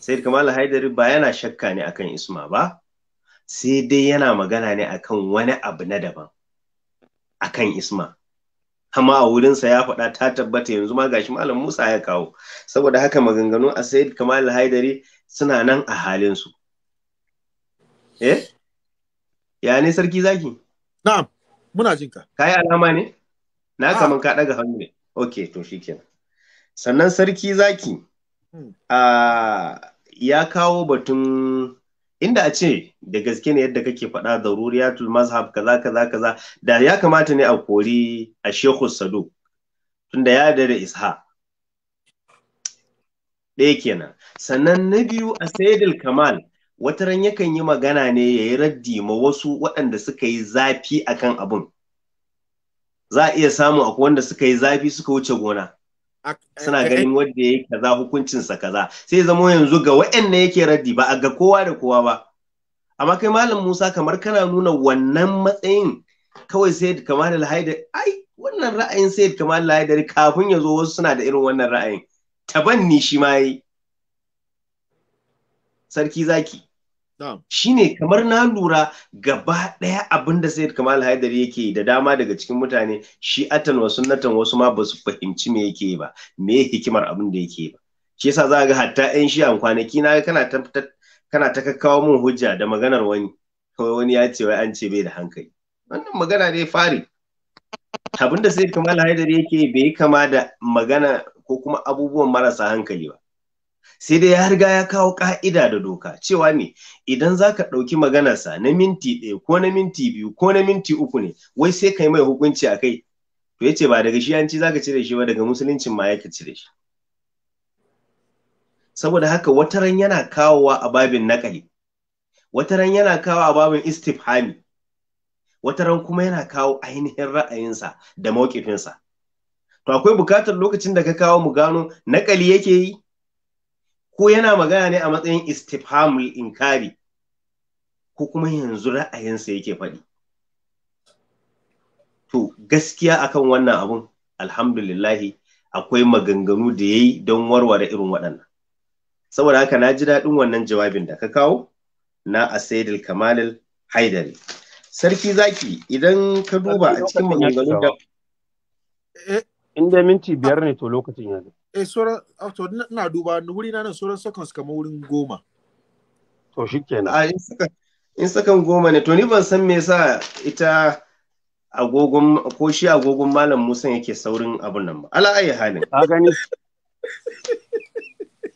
S3: Sayyid kamal al-haidari ba yana shakka ne akan isma ba sai dai yana magana ne akan wani abu na daban akan isma amma a wurinsa ya faɗa ta tabbata yanzu ma gashi malam Musa ya kawo saboda haka maganganun a Sayyid Kamal Haidari suna nan a halin su eh ya ne sarki zaki na'am muna jin ka yi alama ne na kaman ka ɗaga hannu ne okay to shikenan sannan sarki zaki hmm. a ah, ya kawo batun inda a ce da gaske ne yadda kake faɗa da mazhab kaza kaza kaza da ya kamata ne a kori a shehu sadu tunda ya da isha ɗaya kenan sannan na biyu a sayyidul kamal wata ran yakan yi magana ne ya yi raddi ma wasu waɗanda suka yi zafi akan abun za a iya samu akwai wanda suka yi zafi suka wuce gona suna eh, eh, ganin wanda ya kaza hukuncinsa kaza sai zamo yanzu ga waɗanda yake raddi ba a ga kowa da kowa ba amma kai malam Musa kamar kana nuna wannan matsayin kawai Sayyid da al ai wannan ra'ayin Sayyid Kamal al kafin ya zo wasu suna da irin wannan ra'ayin ni shi ma yi sarki zaki shine kamar na lura gaba ɗaya abin da Kamal Haidari yake da dama daga cikin mutane shi atan wasu natan wasu ma ba su fahimci me yake ba me hikimar abin da yake ba shi yasa za ga hatta ƴan shi an kwanaki na kana ta kana ta kakkawo mun hujja da maganar wani wani ya ce wai an ce bai da hankali wannan magana ne fari abin da Sayyid Kamal Haidari yake bai kama da magana ko kuma abubuwan marasa hankali ba sai dai ya riga ya kawo ka'ida da doka cewa ne idan za ka ɗauki maganarsa na minti ɗaya ko na minti biyu ko na minti uku ne wai sai ka yi mai hukunci a kai to yace ba daga shi ci za ka cire shi ba daga musuluncin ma ya ka cire shi saboda haka wataran yana kawowa a babin naƙali wataran yana kawo a babin istifhami wataran kuma yana kawo ainihin ra'ayinsa da mawkifinsa to akwai bukatar lokacin da ka kawo mu gano naƙali yake yi ko yana magana ne a matsayin istifhamul inkari ko kuma yanzu ra'ayinsa yake faɗi to gaskiya akan wannan abun alhamdulillahi akwai maganganu da ya yi don warware irin waɗannan saboda haka na ji daɗin wannan jawabin da ka kawo na Asaidul kamalil haidari sarki zaki idan ka duba a cikin maganganun da eh, inda minti biyar ne to lokacin yanzu
S1: eh sauran after ah, na duba wuri
S3: na nan sauran seconds kamar wurin goma to shikenan a ah, in sakan goma ne to ni ban san me yasa ita agogon ko shi agogon malam Musa yake saurin abun nan ba ala ayi halin ka gani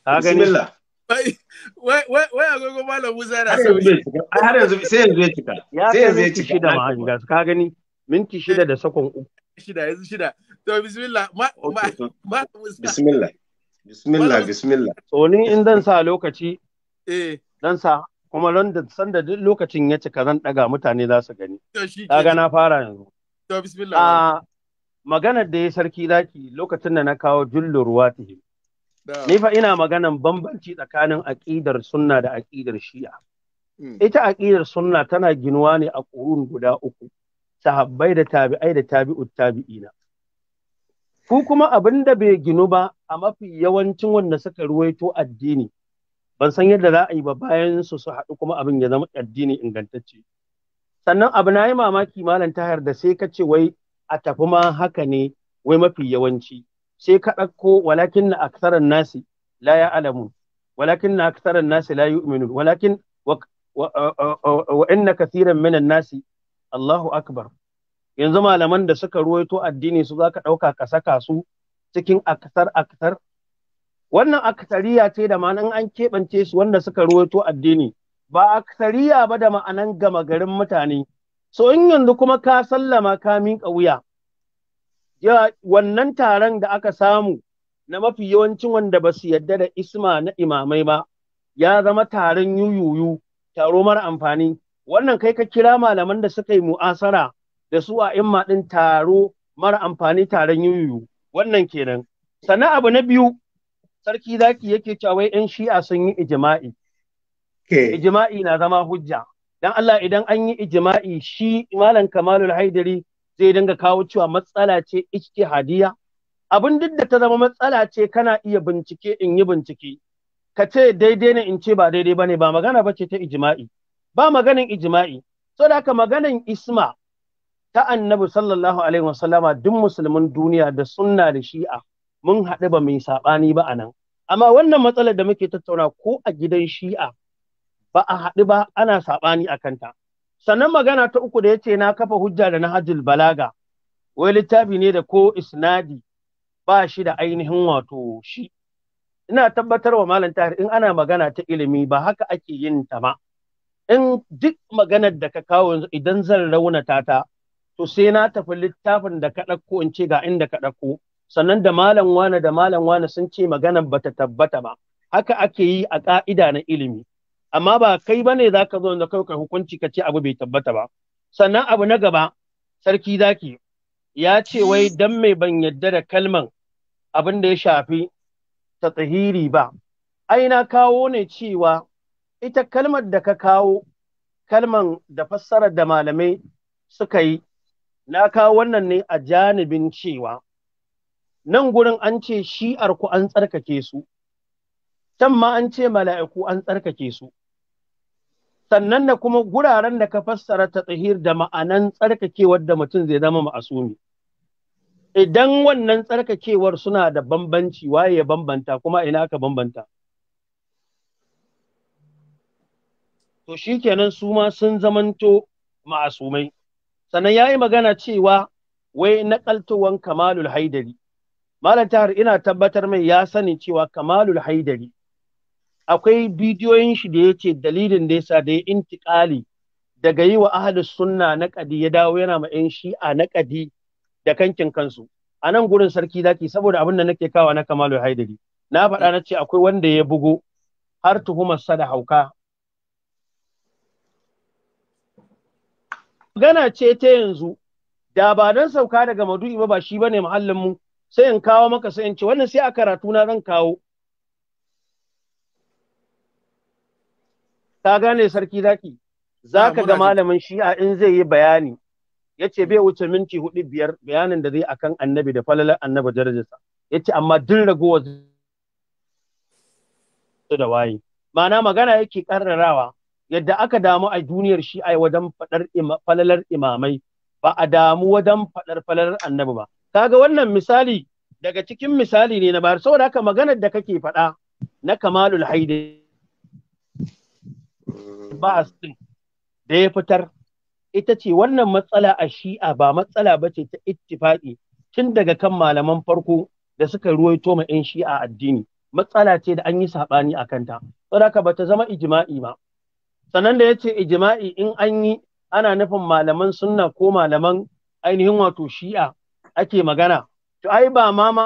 S3: ka gani
S7: wai wai agogon malam Musa yana sauri
S3: har yanzu sai yanzu
S4: ya cika sai yanzu ya cika da ma ka gani minti shida da sakon uku shida yanzu shida to bismillah ma ma
S3: bismillah bismillah bismillah
S4: tsonin in dan sa lokaci eh dan sa kuma London sanda duk lokacin ya cika zan daga mutane za su gani ga na fara yanzu to bismillah a ah, maganar da ya sarki zaki lokacin da na kawo jullu ruwatihim ni fa ina maganan bambanci tsakanin aƙidar sunna da aƙidar shi'a mm. ita aƙidar sunna tana ginuwa ne a ƙurun guda uku sahabbai da tabi'ai da tabi'ut tabi'ina ku kuma abin da bai ginu ba a mafi yawancin wanda suka ruwaito addini ban san yadda za a yi ba bayan su su haɗu kuma abin ya zama addini ingantacce sannan abu na yi mamaki malam tahir da sai ka ce wai a tafi ma haka ne wai mafi yawanci sai ka ɗauko walakin na aksarar nasi la ya alamu walakin na aksarar nasi la yu'minu walakin wa inna kathiran minan nasi Allahu akbar yanzu malaman da suka ruwaito addini su za ka ɗauka ka saka su cikin aksar aksar wannan aktariya ce da ma'anan an keɓance su wanda suka ruwaito addini ba aktariya ba da ma'anan gama garin mutane so in yanzu kuma ka sallama ka miƙa wuya ya wannan taron da aka samu na mafi yawancin wanda ba su yadda da isma na imamai ba ya zama taron yuyuyu taro mara amfani wannan kai ka kira malaman da suka yi mu'asara da su a imma ɗin taro mara amfani taron yuyu wannan kenan sannan abu na biyu sarki zaki yake cewa wai yan shi'a sun yi ijima'i ijima'i na zama hujja dan Allah idan an yi ijima'i shi malam kamalul haidari zai dinga kawo cewa matsala ce ijtihadiyya Abun duk da ta zama matsala ce kana iya bincike in yi bincike ka ce daidai ne in ce ba daidai bane ba magana bace ta ijima'i ba maganin ijma'i so da haka maganin isma ta annabi sallallahu alaihi wasallama duk musulmin duniya da sunna da shi'a mun haɗu ba mai saɓani ba anan. nan amma wannan matsalar da muke tattauna ko a gidan shi'a ba a haɗu ba ana saɓani a kanta sannan magana ta uku da ya ce na kafa hujja da na hajjul balaga wai littafi ne da ko isnadi ba shi da ainihin wato shi ina tabbatar wa malam tahir in ana magana ta ilimi ba haka ake yin ta ba. in duk maganar da ka kawo idan zan raunata ta to sai na tafi littafin da ka ɗauko in ce ga inda ka ɗauko sannan da malam wane da malam wane sun ce maganar bata tabbata ba haka ake yi a ƙa'ida na ilimi amma ba kai bane za ka zo da kai ka hukunci ka ce abu bai tabbata ba sannan abu na gaba sarki zaki ya ce wai dan mai ban yadda da kalman abin da ya shafi ta tsahiri ba ai na kawo ne cewa ita kalmar da ka kawo kalman da fassarar da malamai suka yi na kawo wannan ne a janibin cewa nan gurin an ce shi'ar ku an tsarkake su can ma an ce mala'iku an tsarkake su sannan da kuma guraren da ka fassara ta tsahir da ma'anan tsarkakewar da mutum zai zama ma'asumi idan wannan tsarkakewar suna da bambanci waye ya bambanta kuma ina ka bambanta to shi shikenan su ma sun zamanto ma'asumai sannan ya yi magana cewa wai naƙaltowan kamalul haidari malam tahar ina tabbatar mai ya sani cewa kamalul haidari akwai bidiyoyin shi da ya ce dalilin da yasa da ya intikali daga yi wa ahli sunna kadi ya dawo yana ma 'yan shi'a kadi da kankin kansu a nan gurin sarki zaki saboda abin da nake kawa na kamalul haidari na faɗa na ce akwai wanda ya bugo har tuhumarsa da hauka magana ce ta yanzu da ba don sauka daga madu'i ba ba shi ba ne mu sai in kawo maka sai in ce wannan sai a karatu na zan kawo ka gane sarki zaki za ah, ka ga malamin shi'a in zai yi bayani ya ce bai wuce minti hudu biyar bayanin da zai akan annabi da falalar annabi darajarsa ya ce amma duk ragowar da waye ma'ana magana yake karrarawa yadda aka damu a duniyar shi a wajen faɗar falalar imamai ba a damu wajen faɗar falalar annabi ba kaga wannan misali daga cikin misali ne na bayar saboda haka maganar da kake faɗa na kamalul haide ba da ya fitar ita ce wannan matsala a shi'a ba matsala ba ce ta ittifaƙi tun daga kan malaman farko da suka ruwaito ma 'yan shi'a addini matsala ce da an yi saɓani a kanta saboda haka ba ta zama ijma'i ba sannan da ya ce ijima'i in an yi ana nufin malaman sunna ko malaman ainihin wato shi'a ake magana to ai ba ma ma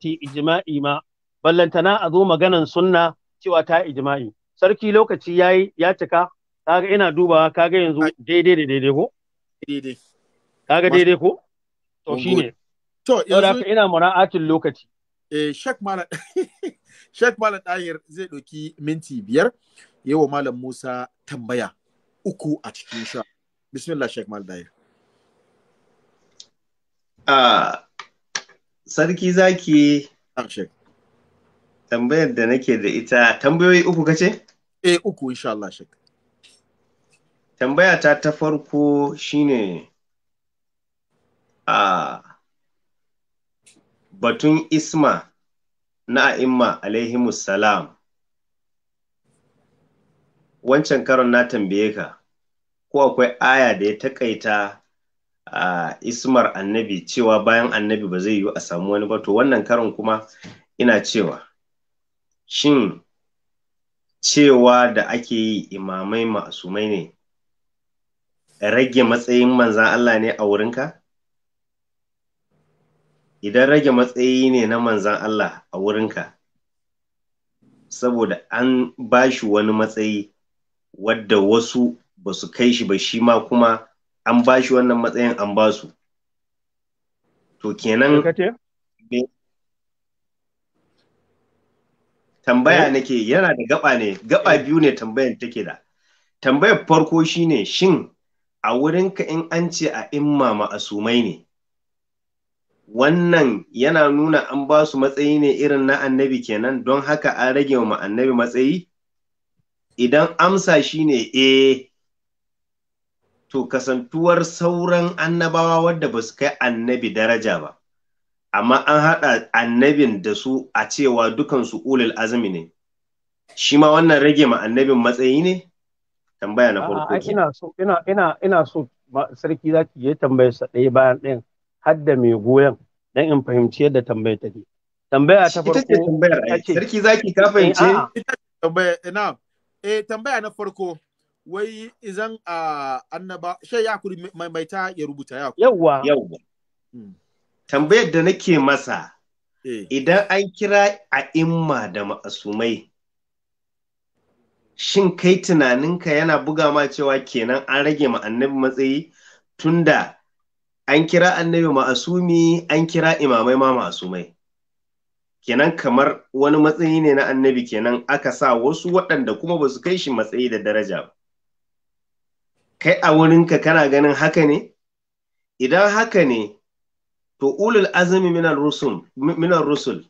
S4: ti ijima'i ma ballantana a zo maganan sunna cewa ta ijima'i sarki lokaci yi ya cika kaga ina dubawa kaga yanzu daidai da daidai ko daidai kaga daidai ko to shine to yanzu ina mura'atin lokaci Eh, Sheikh malam
S1: shek dahir zai ɗauki minti biyar yi wa malam musa tambaya uku a cikin sha bismillah Sheikh malam dahir
S3: ah sarki zaki tambayar da nake da ita tambayoyi uku kace eh uku insha Allah shek tambaya ta ta farko shine ah batun isma na a'imma alaihimus salam wancan karon na tambaye ka ko akwai aya da ya takaita a ismar annabi cewa bayan annabi ba zai yi a samu wani ba to wannan karon kuma ina cewa shin cewa da ake yi imamai masumai ne rage matsayin manzan Allah ne a wurinka? idan rage matsayi ne na manzan Allah a wurinka saboda an ba shi wani matsayi wadda wasu ba su kai shi ba shi ma kuma an ba shi wannan matsayin an ba su to kenan tambaya eh? nake yana da gaba ne gaba eh. biyu ne tambayan take da tambayar farko shine shin a wurinka in an ce a imma ma'asumai ne wannan yana nuna an ba su matsayi ne irin na annabi kenan don haka an rage wa annabi matsayi idan amsa shi ne eh to kasantuwar sauran annabawa wadda ba su kai annabi daraja ba amma an haɗa annabin da su a cewa dukansu ulul azumi ne shi ma wannan rage ma annabin matsayi ne tambaya na farko
S4: ina so ina ina ina so sarki zaki yi tambayar sa ɗaya bayan ɗayan hadda mai goyon don in fahimci yadda tambayar ke. Tambaya ta farko. Ita ce tambayar eh, ai. Sarki zaki ka eh, fahimce.
S1: Tambaya ina. Eh tambaya na farko wai izan a annaba shai ya kuri maimaita ya rubuta ya. Yawwa. Yawwa.
S3: Hmm. Tambayar da nake masa eh. idan an kira a imma da ma'asumai shin kai tunaninka yana buga ma cewa kenan an rage ma annabi matsayi tunda an kira annabi ma'asumi an kira imamai ma ma'asumai kenan kamar wani matsayi ne na annabi kenan aka sa wasu waɗanda kuma ba su kai shi matsayi da daraja ba kai a wurinka kana ganin haka ne idan haka ne to ulul azumi minar rusul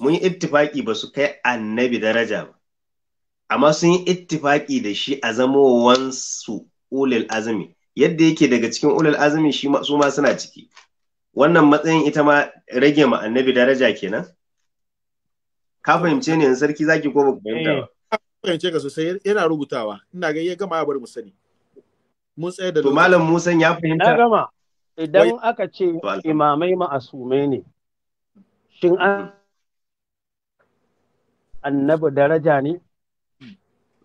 S3: mun yi ittifaki ba su kai annabi daraja ba amma sun yi ittifaki da shi a zamowansu ulul azumi yadda yake daga cikin ulul azumi shi su ma suna ciki wannan matsayin ita ma rage ma annabi daraja kenan ka fahimce ne sarki zaki ko baka fahimta ba
S1: eh, fahimce ka sosai yana rubutawa ina ga ya gama ya bari mu sani mun tsaya da to malam
S4: musan ya fahimta na gama idan aka ce imamai ma'asumai ne shin an hmm. annabi daraja ne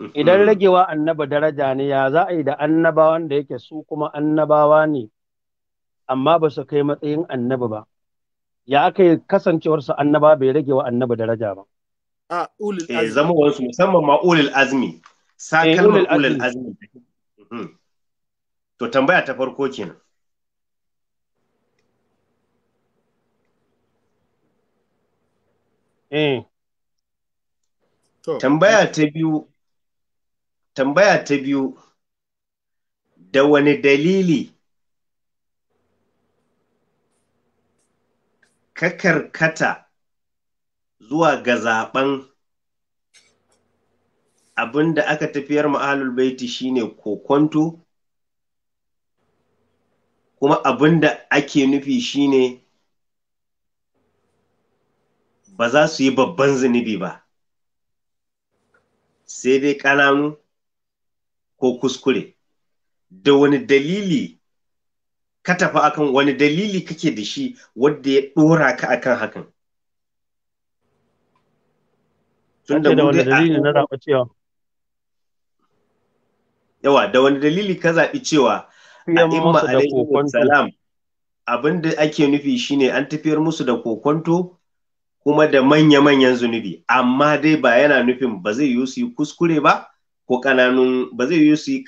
S4: idan mm-hmm. ragewa annaba daraja ne ya za a yi da annabawan da yake su kuma annabawa ne amma ba su kai matsayin annaba ba ya aka yi kasancewarsa annaba bai ragewa
S3: annaba daraja ba a ulil eh, azmi zama wasu musamman ma ulil azmi sa kalmar eh, ulil azmi mm-hmm. to tambaya ta farko kenan eh tambaya ta biyu tambaya ta biyu da wani dalili ka karkata zuwa ga zaben abin da aka tafiyar ma'alul baiti shine kokonto kuma abin da ake nufi shine ba za su yi babban zunubi ba sai dai ƙananu ko kuskure da wani dalili ka tafi akan wani dalili kake da shi wadda ya ɗora ka akan hakan tunda da wani dalili na zaɓi cewa yawa da wani dalili ka zaɓi cewa a imma alaihi salam abin da ake nufi shine an tafiyar musu da kokonto kuma da manya-manyan zunubi amma dai ba yana nufin ba zai yiwu su yi kuskure ba ko kananun ba zai yi su yi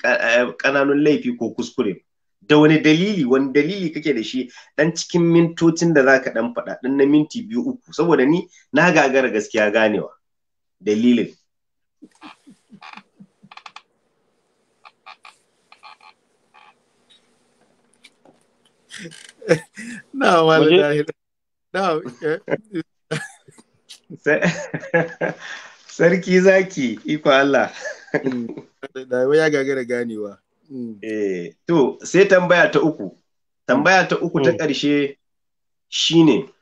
S3: kananun eh, laifi ko kuskure da wani dalili wani dalili kake da shi dan cikin mintocin da zaka dan faɗa dan na minti biyu uku saboda ni na gagara gaskiya ganewa dalilin na Sarki zaki, iko Allah. Da ya gagara ganewa. Hmm. Eh, to, sai tambaya ta uku. Tambaya ta uku ta hmm. ƙarshe shine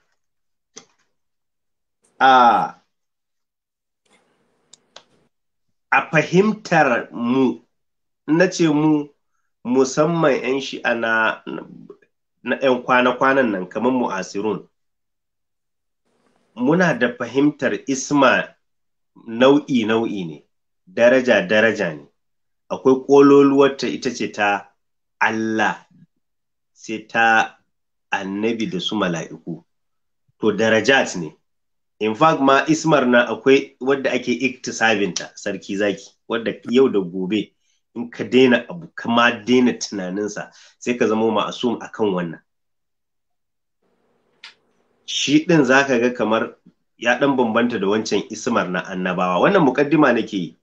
S3: a a fahimtar mu, na ce mu musamman 'yan shi'a na na 'yan kwana-kwanan nan kamar mu'asirun muna da fahimtar isma nau'i nau'i ne daraja daraja ne akwai ƙololuwarta ita ce ta Allah sai ta annabi da su mala'iku to darajat ne in fact ma ismar na akwai wadda ake iktisabinta sarki zaki wadda yau da gobe in ka daina abu kama daina tunaninsa sai ka zama ma'asum akan wannan shi ɗin za ka ga kamar ya ɗan bambanta da wancan ismar na annabawa wannan mukaddima nake yi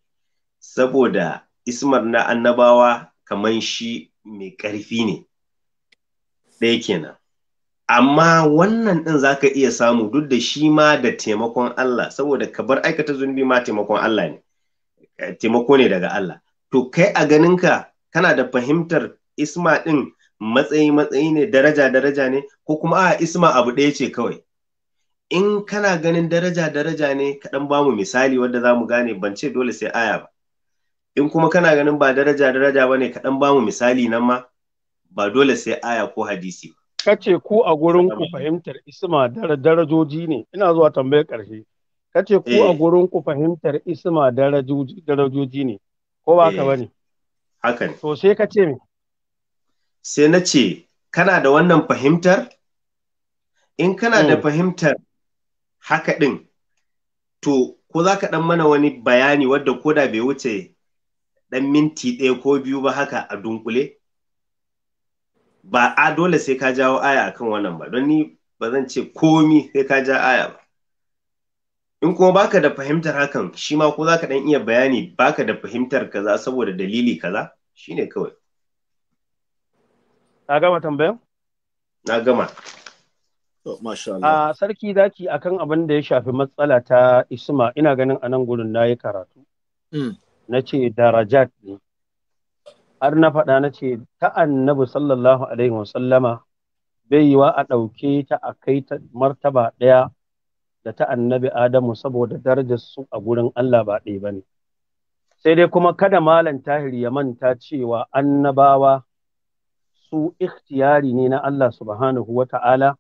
S3: saboda ismar na annabawa kamar shi mai ƙarfi ne ɗaya kenan amma wannan ɗin za ka iya samu duk da shi ma da taimakon Allah saboda ka bar aikata zunubi ma taimakon Allah ne taimako ne daga Allah to kai a ganinka kana da fahimtar isma ɗin matsayi matsayi ne daraja daraja ne ko kuma a isma abu ɗaya ce kawai in kana ganin daraja daraja ne kaɗan ba mu misali wadda za mu gane ban ce dole sai aya ba in kuma kana ganin ba daraja daraja ba ne kaɗan ba mu misali nan ma ba dole sai aya ko hadisi ba
S4: kace ku a gurin ku fahimtar isma darajoji ne ina zuwa tambayar ƙarshe kace ku a eh. gurin ku fahimtar isma darajoji ne ko ba ka eh.
S3: bane haka ne to sai kace me sai na ce kana da wannan fahimtar in kana da mm. fahimtar haka ɗin to ko za ka ɗan mana wani bayani wadda koda bai wuce ɗan minti ɗaya ko biyu ba haka a dunkule ba a dole sai ka jawo aya akan wannan ba don ni ba zan ce komi sai ka ja aya ba in kuma baka da fahimtar hakan shi ma ko za ka ɗan iya bayani baka da fahimtar kaza saboda dalili kaza shine kawai na gama tambayan na gama sarki
S4: zaki akan abin da ya shafi matsala ta isma ina ganin a nan gurin na yi karatu. Hmm. Na ce darajat ne. Har na faɗa na ce ta annabi sallallahu alaihi wasallama bai yiwa a ɗauke ta a kai ta martaba ɗaya da ta annabi Adamu saboda darajar su a gurin Allah ba ɗaya ba ne. Sai dai kuma kada malam tahir ya manta cewa annabawa su ikhtiyari ne na Allah subhanahu wa ta'ala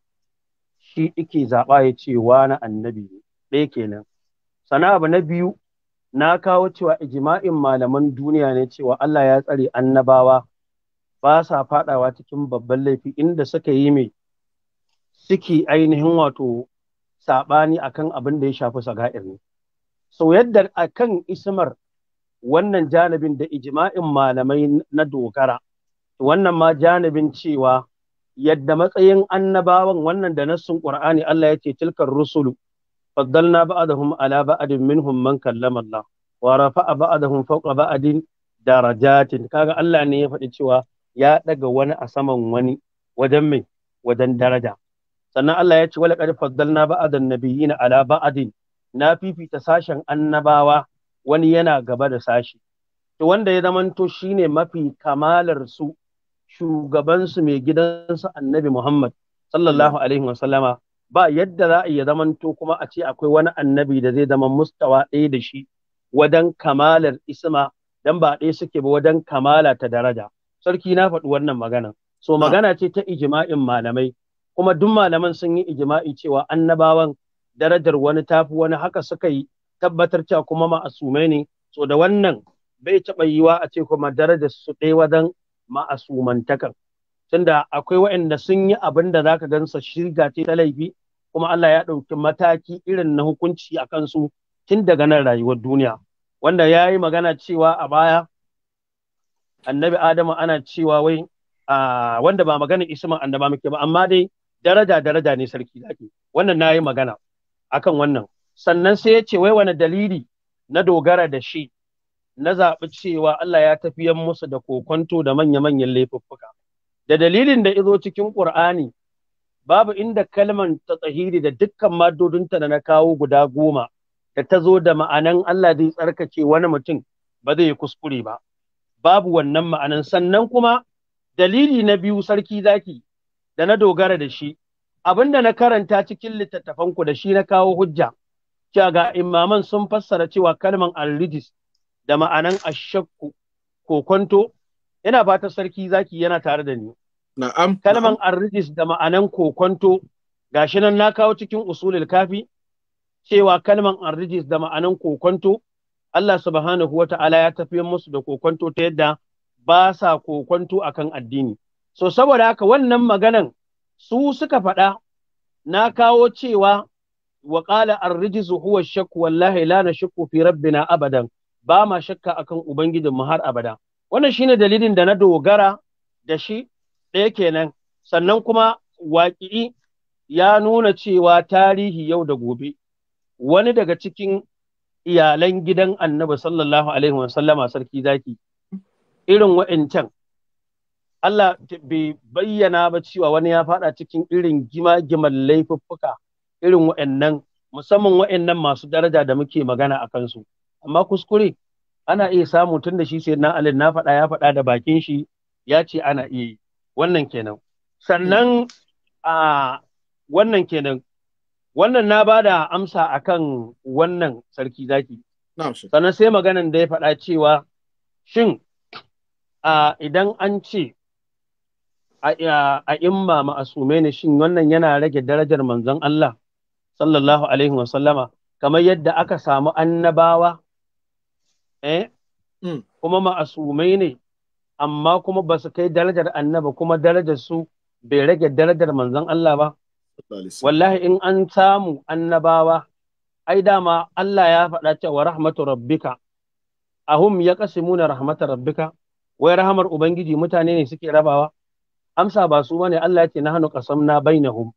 S4: shi ike zaɓa ya ce wani annabi ne ɗaya kenan sana abu na biyu na kawo cewa ijima'in malaman duniya ne cewa Allah ya tsare annabawa ba sa faɗawa cikin babban laifi inda suka yi mai suke ainihin wato saɓani akan abin da ya shafi saga'ir ne so yadda akan ismar wannan janibin da ijma'in malamai na dogara wannan ma janibin cewa yadda matsayin annabawan wannan da nassun qur'ani Allah ya ce tilkar rusulu faddalna ba'dahum ala ba'din minhum man kallama Allah wa rafa'a ba'dahum fawqa ba'din darajatin kaga Allah ne ya faɗi cewa ya daga wani a saman wani wajen mai wajen daraja sannan Allah ya ce wala qad faddalna ba'dan nabiyina ala ba'din na fifita sashen annabawa wani yana gaba da sashi to wanda ya zamanto shine mafi kamalar su shugabansu mai gidansu annabi Muhammad sallallahu mm. alaihi wasallama ba yadda za a iya zamanto kuma a ce akwai wani annabi da zai zama mustawa ɗaya da shi wajen kamalar isma dan ba ɗaya suke ba wajen kamala ta daraja sarki na faɗi wannan magana so ah. magana ce ta ijma'in malamai kuma duk malaman sun yi ijima'i cewa annabawan darajar wani tafi wani haka suka yi tabbatar cewa kuma ma'asumai ne so da wannan bai taɓa yiwa a ce kuma darajar su ɗaya wajen ma'asumantakan tunda akwai waɗanda sun yi abin da zaka gansa shirga ce ta laifi kuma Allah ya ɗauki mataki irin na hukunci a kansu tun daga nan rayuwar duniya wanda ya yi magana cewa a baya annabi Adamu ana cewa wai wanda ba magana isma ba muke ba amma dai daraja daraja ne sarki zaki wannan na yi magana akan wannan sannan sai ya ce wai wani dalili na dogara da shi na zaɓi cewa Allah ya tafiyan musu da kokonto da manya-manyan laifuffuka. Da dalilin da izo cikin Ƙur'ani, babu inda kalman ta tsahiri da dukkan madodinta da na kawo guda goma da ta zo da ma'anan Allah zai tsarkake wani mutum ba zai yi kuskure ba. Babu wannan ma'anan sannan kuma dalili na biyu sarki zaki da na dogara da shi abin da na karanta cikin littattafanku da shi na kawo hujja cewa ga imaman sun fassara cewa kalman al-rijis da ma'anan ashakku yana ina fata sarki zaki yana tare da ni na'am kalman arrijis da ma'anan kokonto gashi nan na kawo cikin usulul kafi cewa kalman arrijis da ma'anan kokonto Allah subhanahu wa ta'ala ya tafi musu da kokonto ta yadda ba sa kokonto akan addini so saboda haka wannan maganan su suka faɗa na kawo cewa wa qala arrijis huwa shakku wallahi la nashku fi rabbina abadan ba ma shakka akan ubangijin mu har abada wannan shine dalilin da na dogara da shi ɗaya kenan sannan kuma waƙi ya nuna cewa tarihi yau da gobe wani daga cikin iyalan gidan annabi sallallahu alaihi wasallama sarki zaki irin wa'incan Allah bai bayyana ba cewa wani ya faɗa cikin irin gima-giman laifuffuka irin wa'annan musamman wa'annan masu daraja da muke magana a kansu. amma kuskure ana iya samu tun da shi sai na alin na faɗa ya faɗa da bakin shi ya ce ana iya yi wannan kenan sannan a wannan kenan wannan na ba da amsa a kan wannan sarki zaki sannan sai maganan da ya faɗa cewa shin a idan an ce a imma ma'asume ne shin wannan yana rage darajar manzon Allah sallallahu alaihi wasallama kamar yadda aka samu annabawa eh mm. kuma ma'asumai ne amma kuma ba su kai darajar annaba kuma darajar su bai rage darajar manzon Allah ba wallahi in an samu annabawa ai dama Allah ya faɗa cewa rahmatu rabbika ahum ya kasimuna rahmatar rabbika wai rahamar ubangiji mutane ne suke rabawa amsa ba su bane Allah ce nahnu qasamna bainahum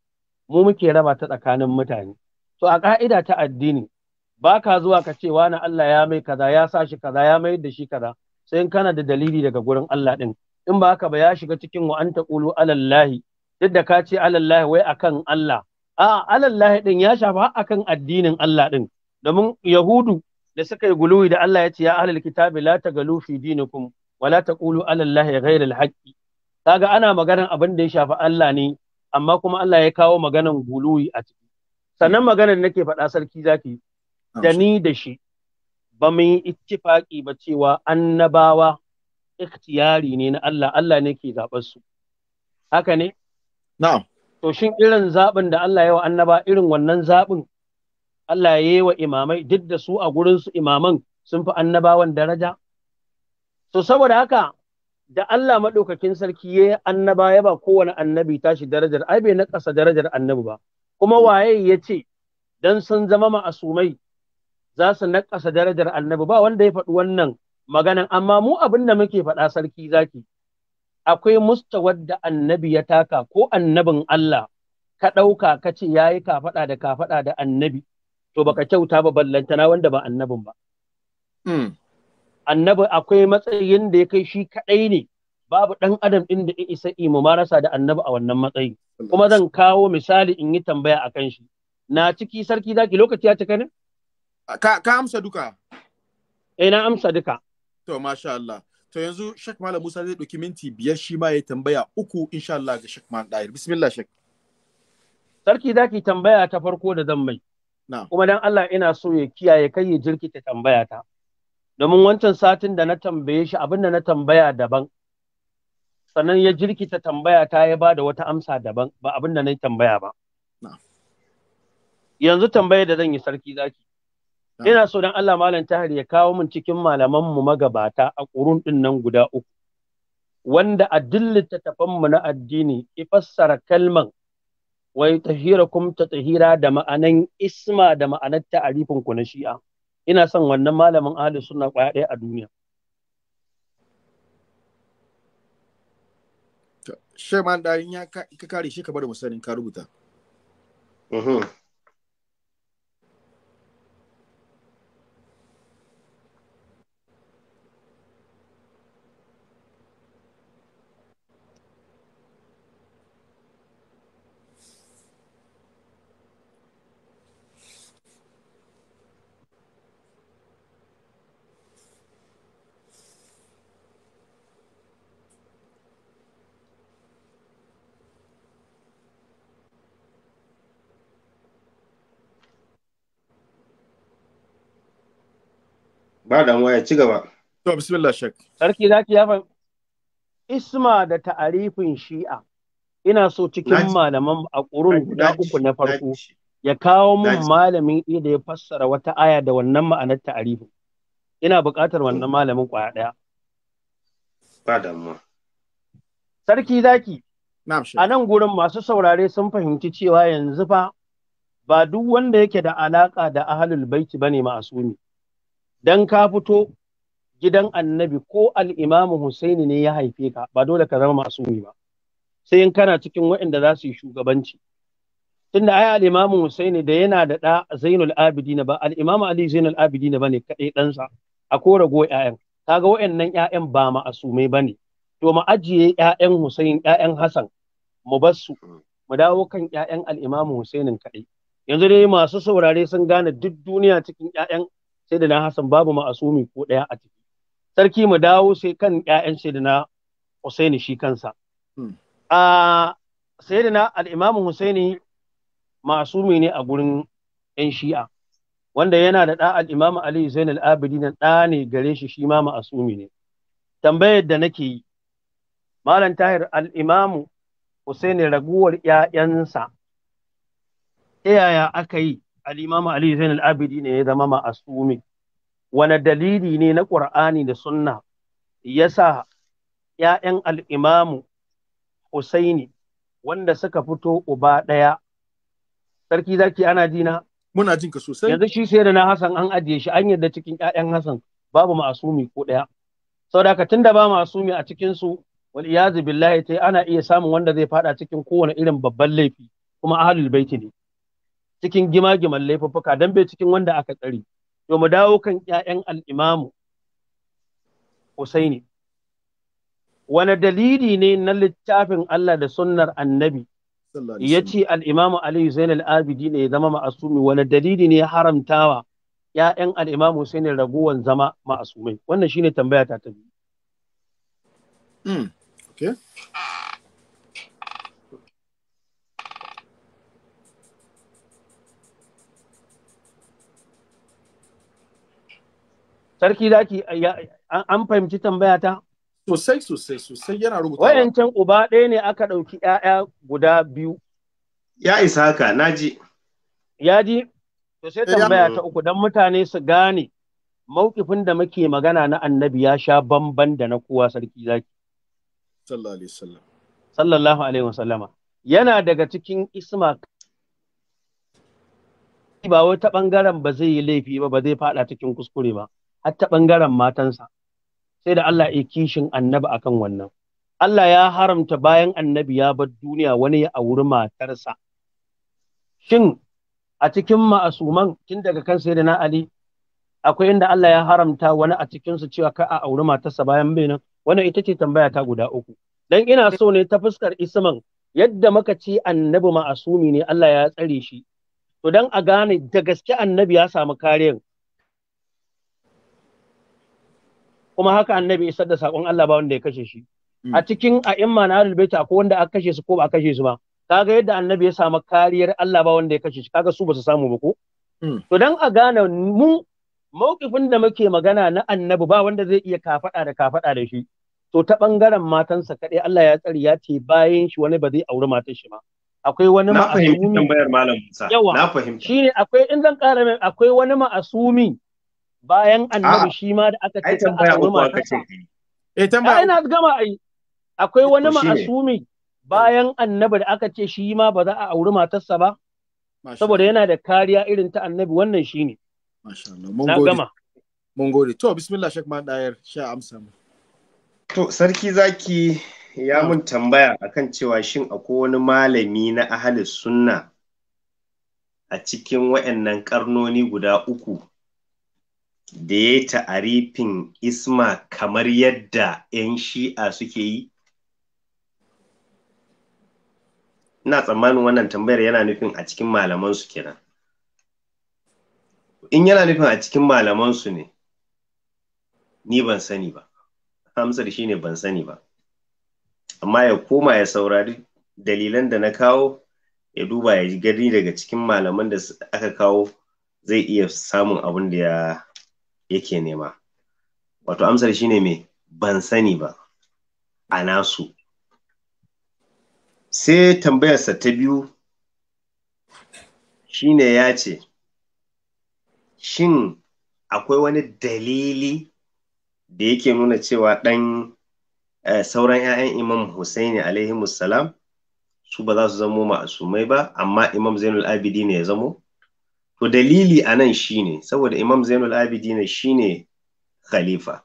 S4: mu muke raba ta tsakanin mutane to a ka'ida ta addini ba ka zuwa ka ce wani Allah ya mai kaza ya sa shi kaza ya mayar da shi kaza sai in kana da dalili daga gurin Allah din in ba haka ba ya shiga cikin wa anta qulu alallahi duk da ka ce alallahi wai akan Allah a alallahi din ya shafa akan addinin Allah din domin yahudu da suka yi guluwi da Allah ya ce ya ahlul kitabi la tagalu fi dinikum wa la taqulu alallahi ghayra alhaqi kaga ana maganar abin da ya shafi Allah ne amma kuma Allah ya kawo maganan guluwi a ciki sannan maganar nake faɗa sarki zaki da ni da shi ba mu yi ittifaki ba cewa annabawa ikhtiyari ne na Allah Allah ne ke zaɓar su haka ne na'am to shin irin zaɓin da Allah ya wa annaba irin wannan zaɓin Allah ya yi wa imamai duk da su a gurin imaman sun fi annabawan daraja to saboda haka da Allah maɗaukakin sarki ya yi annaba ya ba kowane annabi tashi darajar ai bai na ƙasa darajar annabi ba kuma waye ya ce dan sun zama ma'asumai za su nakasa darajar annabi ba wanda ya faɗi wannan maganan amma mu abin da muke faɗa sarki zaki akwai mustawar da annabi ya taka ko annabin Allah ka ɗauka ka ce ya yi kafaɗa da kafaɗa da annabi to baka kyauta ba ballantana wanda ba annabin ba. Hmm. Annabi akwai matsayin da ya kai shi kaɗai ne babu ɗan adam ɗin da ya isa imu marasa da annabi a wannan matsayi. Kuma zan kawo misali in yi tambaya a kan shi. Na ciki sarki zaki lokaci ya cika ne? Ka, ka amsa duka? Eh na amsa duka.
S1: To masha Allah. To yanzu Sheikh Malam Musa zai ɗauki minti biyar shi ma ya tambaya uku insha Allah ga Sheikh Malam Dair. Bismillah
S4: Sheikh. Sarki zaki tambaya ta farko da zan mai. Kuma dan Allah ina so ya kiyaye kai ya jirkita tambaya ta. Domin wancan satin da na tambaye shi abin da na tambaya daban. Sannan ya jirkita tambaya ta ya ba da wata amsa daban ba abin da na tambaya ba. Yanzu tambaye da zan yi sarki zaki. ina so dan Allah malam tahir ya kawo min cikin malaman mu magabata a ƙurun din nan guda uku wanda a dillita mu na addini ifassara kalman wai tahirakum ta tahira da ma'anan isma da ma'anar ta'arifin ku na shi'a ina son wannan malamin ahli sunna kwaya ɗaya a duniya Shema da ya ka kare shi
S1: ka bari mu sanin ka rubuta. Mhm.
S3: Ba damuwa ci gaba. To bismillah shek.
S4: Sarki zaki ya fa isma da ta'arifin shi'a. Ina so cikin malaman a ƙurun guda uku na farko ya kawo min malamin ɗaya da ya fassara wata aya da wannan ma'anar ta'arifin. Ina buƙatar wannan malamin ƙwaya ɗaya. Ba Sarki zaki. A nan gurin masu saurare sun fahimci cewa yanzu fa ba duk wanda yake da alaƙa da ahalul baiti ne ma'asumi. dan ka fito gidan annabi ko al'imamu Husaini ne ya haife ka ba dole ka zama masumi ba sai in kana cikin waɗanda za su yi shugabanci tunda ai al'imamu Husaini da yana da ɗa Zainul Abidin ba al'imamu Ali Zainul Abidin ba ne kaɗai ɗansa a ko rago ƴaƴan kaga waɗannan 'ya'yan ba ma ba ne to mu ajiye ƴaƴan Husain 'ya'yan Hassan mu bar su mu dawo kan 'ya'yan al'imamu Husainin kaɗai yanzu dai masu saurare sun gane duk duniya cikin ƴaƴan sai da na Hassan babu ma'asumi ko ɗaya a ciki. Sarki mu dawo sai kan ‘ya'yan sai da na Husaini shi kansa. Hmm. A sai da na al'imamin Husaini ma'asumi ne a gurin ‘yan shi'a, wanda yana da ɗa al'imamu Ali zainal Abidin na ɗa ne gare shi shi ma ma'asumi ne. Tambayar da nake yi, Malam Tahir al'imamu Husaini raguwar ‘ya'yansa, ta yaya aka yi al-Imam Ali Zain al-Abidi ne ya zama ma'asumi wani dalili ne na Qur'ani da Sunna yasa ‘ya'yan al'imamu Husaini wanda suka fito uba ɗaya, sarki zaki ana jina? Muna jin ka sosai. Yanzu shi sai da na Hassan an ajiye shi an yadda cikin ‘ya'yan Hassan babu ma'asumi ko ɗaya. Saboda ka da ba ma'asumi a cikinsu, wal iyazu billahi ta ana iya samun wanda zai faɗa cikin kowane irin babban laifi kuma ahlul baiti ne. cikin gima-giman laifuffuka dan bai cikin wanda aka tsare to mu dawo kan ƴaƴan al-Imam Husaini wani dalili ne na littafin Allah da sunnar annabi ya ce al'imamu Ali Zainal Abidi ne ya zama ma'asumi wani dalili ne ya haramtawa ‘ya'yan al'imamu Hussein raguwan zama ma'asumai wannan shine tambaya ta ta biyu. Hmm, sarki daki an fahimci tambaya ta sosai sosai sosai yana rubuta wayancan uba ɗaya ne aka ɗauki ƴaƴa guda biyu
S3: ya isa haka naji
S4: ya ji to sai eh, tambaya ta uku don mutane su gane mawkifin da muke magana na annabi ya sha bamban da na kowa sarki zaki sallallahu alaihi wasallam sallallahu alaihi wasallama yana daga cikin isma ba wata ɓangaren ba zai yi laifi ba ba zai faɗa cikin kuskure ba har ta ɓangaren matansa sai da Allah ya kishin annabi akan wannan Allah ya haramta bayan annabi ya bar duniya wani ya auri matarsa shin a cikin ma'asuman tun daga kan sai na Ali akwai inda Allah ya haramta wani a cikinsu cewa ka a auri matarsa bayan bai nan ita ce tambaya ta guda uku dan ina so ne ta fuskar isman yadda muka ce annabi ma'asumi ne Allah ya tsare shi to dan a gane da gaske annabi ya samu kariyar kuma haka annabi isar da sakon Allah ba wanda ya kashe shi mm. a cikin a'imma na ahlul baiti akwai wanda aka kashe su ko ba kashe su ba kaga yadda annabi ya samu kariyar Allah ba wanda ya kashe shi kaga su ba su samu ba ko mm. to dan a gane mu mawkifin da muke magana na annabi ba wanda zai iya kafada da kafada da shi to ta bangaren matansa kadai Allah ya tsari ya ce bayan shi wani ba zai auri matan shi ma
S3: akwai wani ma'asumi na fahimci tambayar malam Musa na fahimci
S4: shine akwai in zan kara akwai wani ma'asumi bayan annabi shi ma da aka ce ka azumi matarsa eh tambaya ina gama ai akwai wani ma'asumi bayan annabi da aka ce shi ma ba za a auri matarsa ba saboda yana da kariya irin ta annabi wannan shi ne na gama
S1: gode mun gode to bismillah shek ma dayar
S3: sha amsa mu to sarki zaki ya mun tambaya akan cewa shin akwai wani malami na ahalis sunna a cikin wayannan karnoni guda uku da ya ta'arifin isma kamar yadda 'yan shi'a suke yi? Ina tsammanin wannan tambayar yana nufin a cikin malamansu kenan. In yana nufin a cikin malamansu ne, ni ban sani ba, amsar shi ne ban sani ba. Amma ya koma ya saurari dalilan da na kawo, ya duba ya gani daga cikin malaman da aka kawo zai iya samun abin da ya yake nema wato amsar shine mai ban sani ba a nasu sai tambayarsa ta biyu shine ya ce shin akwai wani dalili da yake nuna cewa ɗan eh, sauran 'ya'yan imam Hussaini alaihi salam su ba za su zamo ma'asumai ba amma imam zainul abidi ne ya zamo to dalili a nan ne saboda imam zainul shi ne khalifa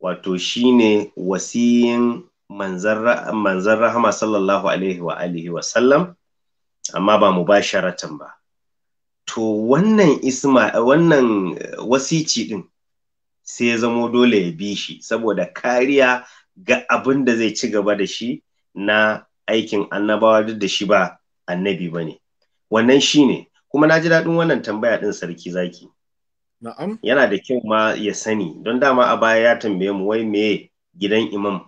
S3: wato shi ne wasiyin manzan rahama sallallahu alaihi wa alihi wa sallam amma ba mu ba sharatan ba to wannan isma wannan wasici din sai ya zamo dole ya bi shi saboda kariya ga abin da zai ci gaba da shi na aikin annabawa duk da shi ba annabi ba ne wannan shi ne kuma na ji daɗin wannan tambaya ɗin sarki zaki na'am yana da kyau ma ya sani don dama a baya ya tambaye mu wai me gidan imam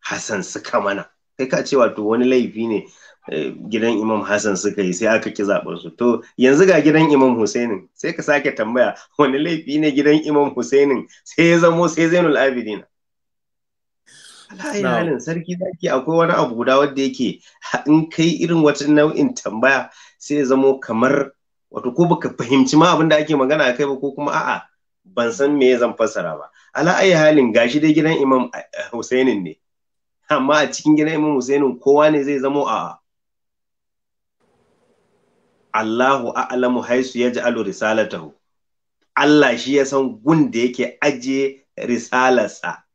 S3: hassan suka mana kai ka ce wato wani laifi ne eh, gidan imam hassan suka yi sai aka ki zaɓarsu. to yanzu ga gidan imam husainin sai ka sake tambaya wani laifi ne gidan imam husainin sai ya zamo sai zainul abidina
S6: Alayi
S3: sarki zaki akwai wani abu guda wanda yake in kai irin wata nau'in tambaya sai ya zamo kamar wato ko baka fahimci ma abin da ake magana a kai ba ko kuma a'a ban san me zan fassara ba. Ala ayi halin gashi dai gidan Imam Husainin ne. Amma a cikin gidan Imam Husainin kowa ne zai zamo a Allahu a'lamu haisu yaj'alu risalatahu. Allah shi ya san gun da yake ajiye risalarsa.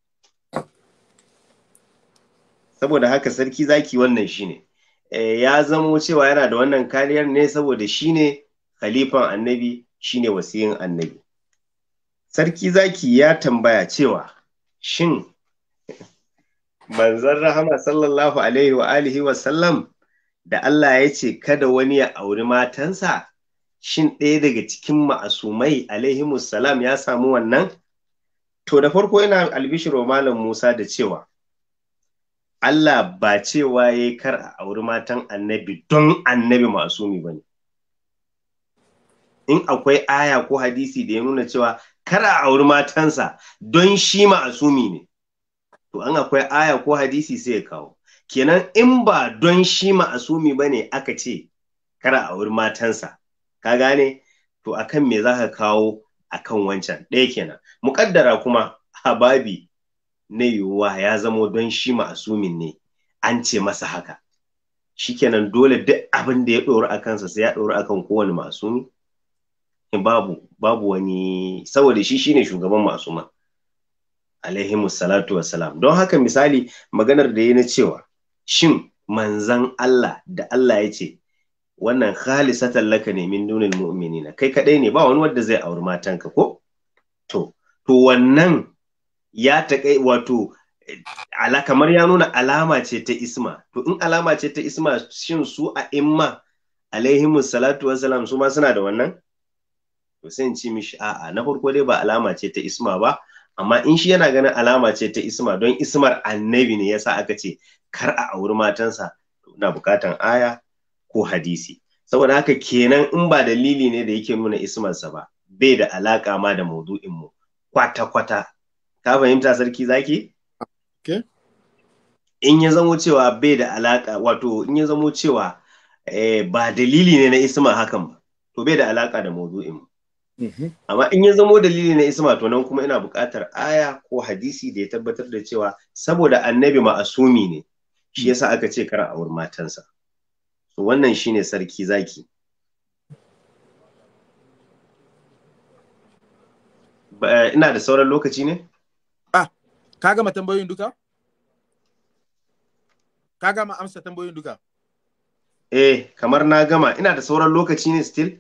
S3: saboda haka sarki zaki wannan shine eh, ya zamo cewa yana da wannan kariyar ne saboda shine khalifan annabi shine wasiyin annabi sarki zaki ya tambaya cewa shin manzon rahama sallallahu alaihi wa alihi wa sallam da Allah ya ce kada wani ya auri matansa shin ɗaya daga cikin ma'asumai alaihi salam ya samu wannan to da farko yana albishiro malam Musa da cewa Allah ba cewa ya yi kar a auri matan annabi don annabi masumi ba ne. In akwai aya ko hadisi da ya nuna cewa kar a auri matansa don shi ma'asumi ne. To an akwai aya ko hadisi sai ya kawo. Kenan in ba don shi ma'asumi ba ne aka ce kar a auri matansa. Ka gane? To akan me za ka kawo akan wancan ɗaya kenan. Muƙaddara kuma hababi na yiwuwa ya zamo don shi ma'asumin ne an ce masa haka shikenan dole duk abin da ya ɗora a kansa sai ya ɗora akan kowane ma'asumi babu babu wani saboda shi shine shugaban ma'asuma alaihimu salatu wassalam don haka misali maganar da ya na cewa shin manzan Allah da Allah ya ce wannan khalisatan laka ne min dunil mu'minina kai kadai ne ba wani wanda zai auri matanka ko to wannan ya kai wato ala kamar ya nuna alama ce ta isma to in alama ce ta isma shin su a imma alaihimu salatu salam, su ma suna da wannan to sai in ci mishi a'a na farko dai ba alama ce ta isma ba amma in shi yana ganin alama ce ta isma don ismar annabi ne yasa aka ce kar a auri matansa na bukatan aya ko hadisi saboda haka kenan in ba dalili ne da yake nuna ismarsa ba bai da alaka ma da maudu'in mu kwata kwata ka fahimta sarki zaki okay. in ya zamo cewa bai da alaka wato in ya zamo cewa eh, ba dalili ne na isma hakan ba to bai da alaka da maudu'in mu mm-hmm. amma in ya zamo dalili na isma to nan kuma ina buƙatar aya ko hadisi da ya tabbatar da cewa saboda annabi ma'asumi ne shi yasa aka ce kara a wurin matansa so wannan shi ne sarki zaki ina da sauran lokaci ne ka gama tambayoyin duka
S1: ka gama amsa tambayoyin duka
S3: eh kamar na gama ina da sauran lokaci ne still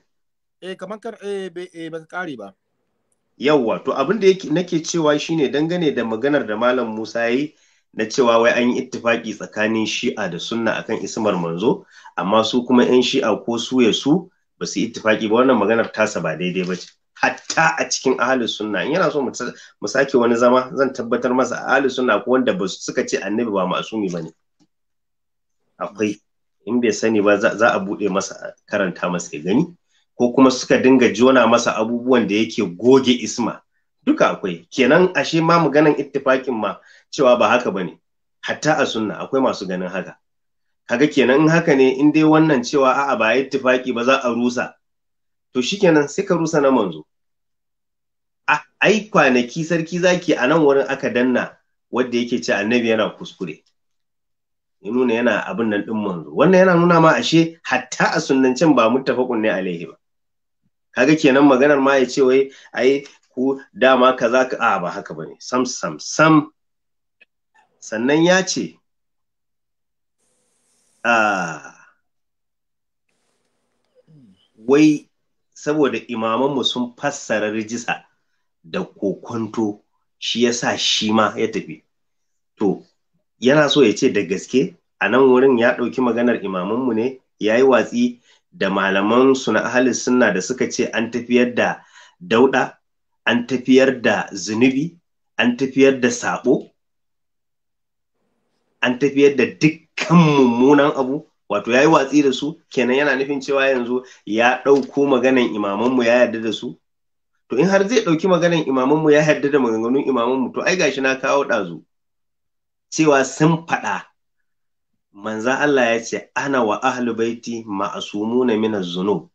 S1: eh kamar kar eh be eh kare ba
S3: yawwa to abin da nake cewa shine dangane da maganar da malam Musa yi na cewa wai an yi ittifaki tsakanin shi'a da sunna akan ismar manzo amma su kuma 'yan shi'a ko su ya su ba su ittifaki ba wannan maganar tasa ba daidai ba ce hatta a cikin ahli sunna in yana so mu sake wani zama zan tabbatar masa ahli sunna ko wanda ba suka ce annabi ba masumi ne. akwai in bai sani ba za a bude masa karanta masa gani ko kuma suka dinga jona masa abubuwan da yake goge isma duka akwai kenan ashe ma maganan ittifakin ma cewa ba haka bane hatta a sunna akwai masu ganin haka kaga kenan in haka ne in dai wannan cewa a'a ba ittifaki ba za a rusa to shikenan sai ka rusa na manzo ai kwanaki sarki zaki a nan wurin aka danna wanda yake ce annabi yana kuskure ya nuna yana abin nan din manzo wannan yana nuna ma ashe hatta a sunnancin ba muttafaqun ne alaihi ba kaga kenan maganar ma ya wai ai ku dama kaza ka a ba haka bane sam sam sam sannan ya ce a ah, wai saboda imamanmu sun fassara rijisa da kokonto shi ya sa shi ma ya tafi to yana so ya ce da gaske a nan wurin ya ɗauki maganar imamanmu ne ya yi watsi da malaman su na ahalin sunna da suka ce an tafiyar da Dauda, an tafiyar da zunubi an tafiyar da saɓo an tafiyar da dukkan mummunan abu wato ya yi watsi da su kenan yana nufin cewa yanzu ya ɗauko maganan imamanmu ya yarda da su to in har zai ɗauki maganan imamanmu ya yarda da maganganun imamanmu to ai gashi na kawo ɗazu cewa sun faɗa manza Allah ya ce ana wa ahlul baiti ma'asumuna min zunub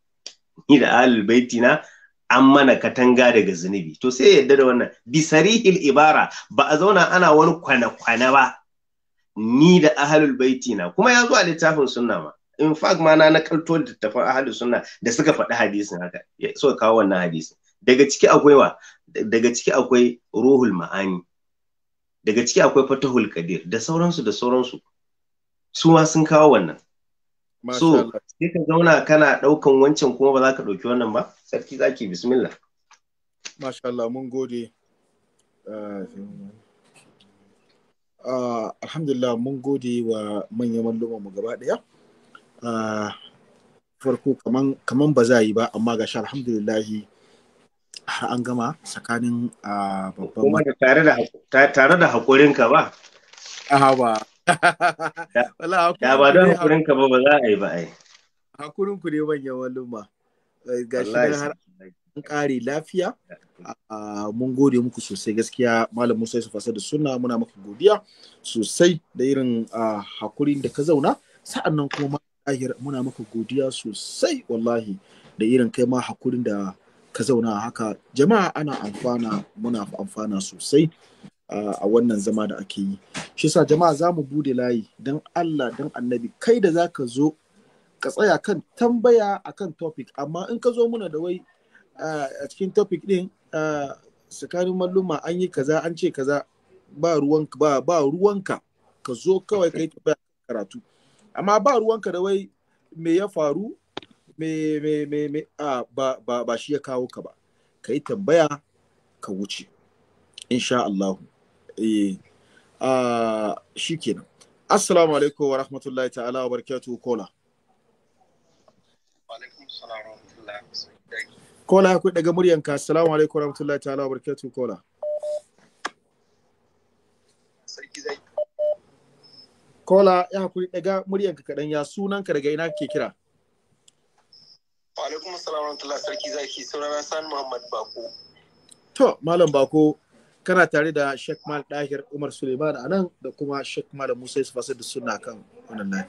S3: ni da ahlul baiti na an mana katanga daga zunubi to sai yarda da wannan bi sarihil ibara ba a zauna ana wani kwana-kwana ba ni da ahlul baiti na kuma ya zo a littafin sunna ma in fact ma na na nakalto littattafan ahlul sunna da suka faɗi hadisin haka suka kawo wannan hadisin daga ciki akwai wa daga ciki akwai ruhul ma'ani daga ciki akwai fatahul kadir da sauransu da sauransu su ma sun kawo wannan so sai ka zauna kana ɗaukan wancan kuma ba za ka ɗauki wannan ba sarki zaki bismillah masha Allah mun gode
S1: ah, alhamdulillah mun gode wa manyan malluma mu gaba ɗaya ah, farko kaman ba za yi ba amma ga alhamdulillahi har an gama tsakanin babban kuma da tare
S3: da tare ka ba a ba da ba don hakurin ka ba ba za a yi ba ai
S1: hakurin ku ne manyan walluma ga shi har an kare lafiya mun gode muku sosai gaskiya malam Musa Yusuf da suna muna maka godiya sosai da irin hakurin da ka zauna sa'an nan kuma muna maka godiya sosai wallahi da irin kai ma hakurin da ka zauna haka jama'a ana amfana muna amfana sosai a wannan zama da ake yi shi sa jama'a za mu bude layi don allah don annabi kai da za ka zo ka tsaya kan tambaya akan topic amma in ka zo muna da wai a cikin topic din tsakanin malluma an yi kaza an ce kaza ba ruwanka ba ba ruwanka ka zo kawai kai tambaya karatu amma ba ruwanka da wai me ya faru me me me me a ba ba ba shi ya kawo ka ba ka yi tambaya ka wuce insha Allah eh a shikenan assalamu alaikum wa rahmatullahi ta'ala wa barakatuh kola kola ya daga ka assalamu alaikum wa rahmatullahi ta'ala wa barakatuh kola kola ya hakuri daga muryanka kadan ya sunanka daga ina ke kira
S4: alaikum assalam wa sarki zaki saurara Sani Muhammad Bako.
S1: To, Malam Bako, kana tare da Sheikh Mal Dahir Umar Suleiman a nan da kuma Sheikh Malam Musa Yusuf asadu suna kan wannan nan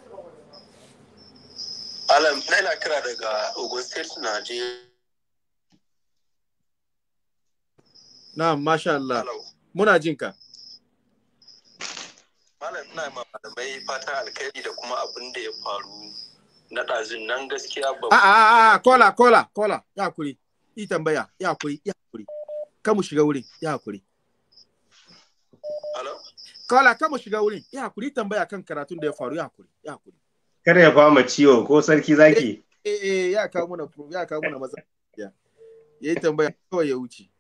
S8: Alam, na ina kira daga Ogun State, Najeriya.
S1: Na'am, masha Allah. Muna jin ka.
S9: Malam, ina ma malamai fata alkhairi da kuma abin da ya faru na ɗazin nan gaskiya ba.
S1: A a kola kola kola ya kuri yi tambaya ya kuri ya kuri ka shiga wurin ya kuri. Hello? Kola ka shiga wurin ya kuri tambaya kan karatun da ya faru ya kuri ya kuri.
S3: Kada ya fama ciwo ko sarki zaki.
S1: Eh eh, eh ya kawo mana ya kawo mana maza. Ya yi tambaya kawai ya wuce.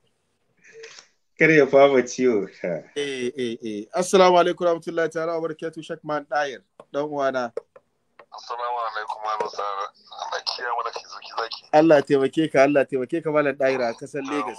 S3: Kada ya fama ciwo. Eh eh eh.
S1: Assalamu alaikum warahmatullahi ta'ala wa barakatuh Shakman Dayar dan uwana.
S6: Assalamu
S10: alaikum wa Allah kiya mana ki zaki zaki.
S1: Allah taimake ka Allah taimake ka malam Daira a kasar Lagos.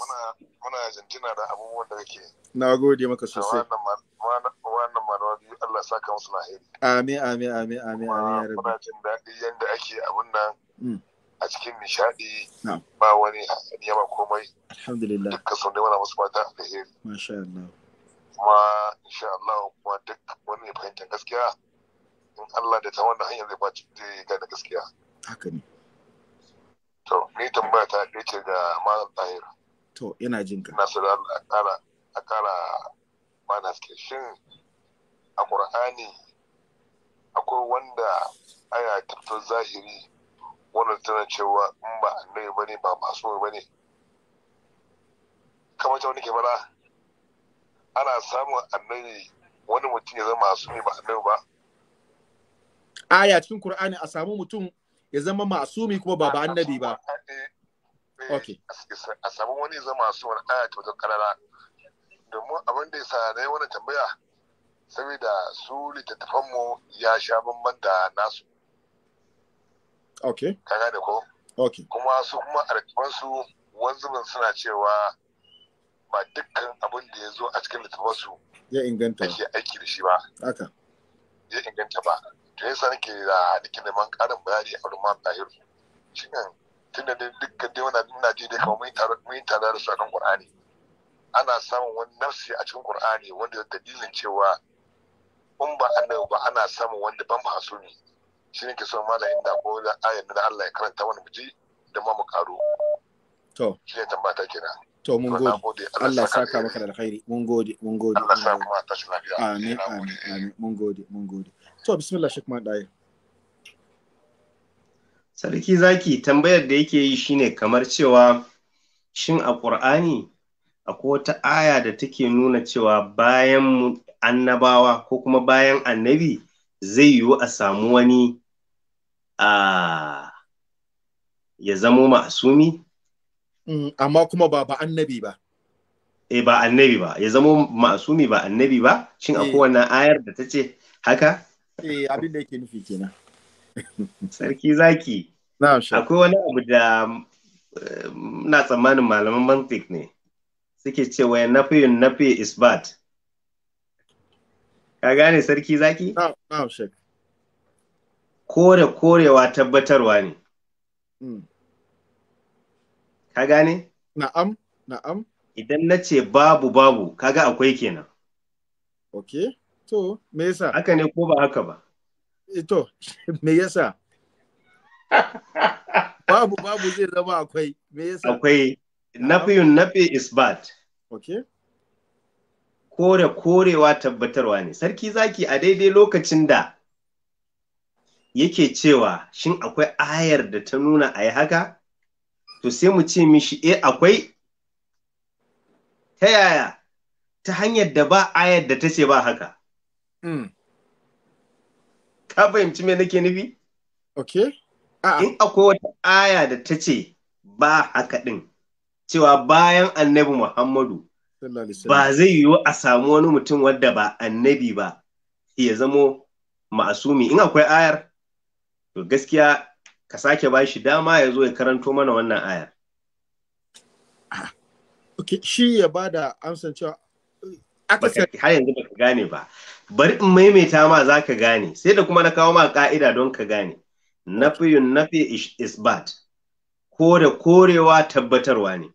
S10: Muna Argentina da abubuwan da kake.
S1: Na gode maka sosai.
S10: Wannan manuwa biyu Allah sa ka musu lahiri.
S1: Amin amin amin amin amin ya rabu. Muna
S10: jin daɗi yadda ake abun nan. Mm. A cikin nishaɗi ba wani yaba komai.
S1: Alhamdulillah. Dukkan sun dai mana musu mata alheri. Masha Allah. Kuma insha Allah
S6: kuma duk wani fahimtar gaskiya. in Allah da ta wannan hanyar zai baci zai
S10: ga da gaskiya haka ne to ni tambaya ta ɗaya ce ga malam tahir
S1: to yana jin
S10: ka nasu da Allah kara a kara mana suke shin a qur'ani akwai wanda aya tafto zahiri wanda tana cewa in ba annabi bane ba masu bane kamar ta wani ke ana samun annabi wani mutum ya zama masu ba annabi ba
S1: aya cikin Qur'ani a samu mutum ya zama masumi kuma ba ba annabi ba okay
S10: a samu wani ya zama su wani aya ta wajen karara domin abin da ya sa na yi wani tambaya saboda su mu ya sha bamban da nasu okay ka gane ko okay kuma su kuma arkibansu wani suna cewa ba dukkan abin da ya zo a cikin littattafansu ya inganta
S6: ake aiki da shi ba haka ya inganta ba da sani nake da ah, nake neman
S10: karin bayani a rumman tahir shi ne tunda da dukkan dai wani ina je dai kawai mai tare da su akan ana samun wani nafsi a cikin Kur'ani wanda dalilin cewa in ba annabi ba ana samun wanda ban ne. shi ne ke son malamin da ko da ayyana da Allah ya karanta wani miji da ma mu karo to shi ne
S1: tambata kenan to mun gode Allah saka maka da alkhairi mun gode mun gode Allah saka maka ta lafiya amin eh, amin eh. amin mun gode mun gode to bismillah shek madai
S3: sarki zaki tambayar da yake yi shine kamar cewa shin a qur'ani akwai wata aya da take nuna cewa bayan annabawa ko kuma bayan annabi zai yiwu a samu wani a ya zamo ma'asumi
S1: Mm, amma kuma ba ba annabi ba
S3: eh ba annabi ba ya zama masumi ba annabi ba shin eh. akwai wannan ayar da ta ce haka E abin da yake nufi kenan sarki zaki akwai wani abu da eh, na tsammanin malaman mantik ne suke ce cewa nafiyun nafi isbat ka gane sarki zaki kore korewa tabbatarwa ne mm. ka gane na'am na'am idan na ce babu babu kaga akwai kenan
S1: ok to me yasa haka ne ko ba haka ba eh, to me yasa babu babu zai zama akwai me yasa
S3: akwai nafiyun nafi bad. Ok. kore korewa tabbatarwa ne sarki zaki a daidai lokacin da yake cewa shin akwai ayar da ta nuna a yi haka to sai mu ce mishi e akwai ta yaya ta hanyar da ba ayar da ta ce ba haka hmm. ka fahimci me nake nufi in akwai wata aya da ta ce ba haka din cewa bayan annabi muhammadu ba zai yiwu a samu wani mutum wadda ba annabi ba ya zamo ma'asumi in akwai ayar to gaskiya ka sake ba shi dama ya zo ya karanto mana wannan aya.
S1: Ok, shi ya ba da amsan cewa
S3: eh, har yanzu ka gane ba bari in maimaita ma za ka gane sai da kuma na kawo ma ka'ida don ka gane nafiyun nafi isbat da korewa tabbatarwa ne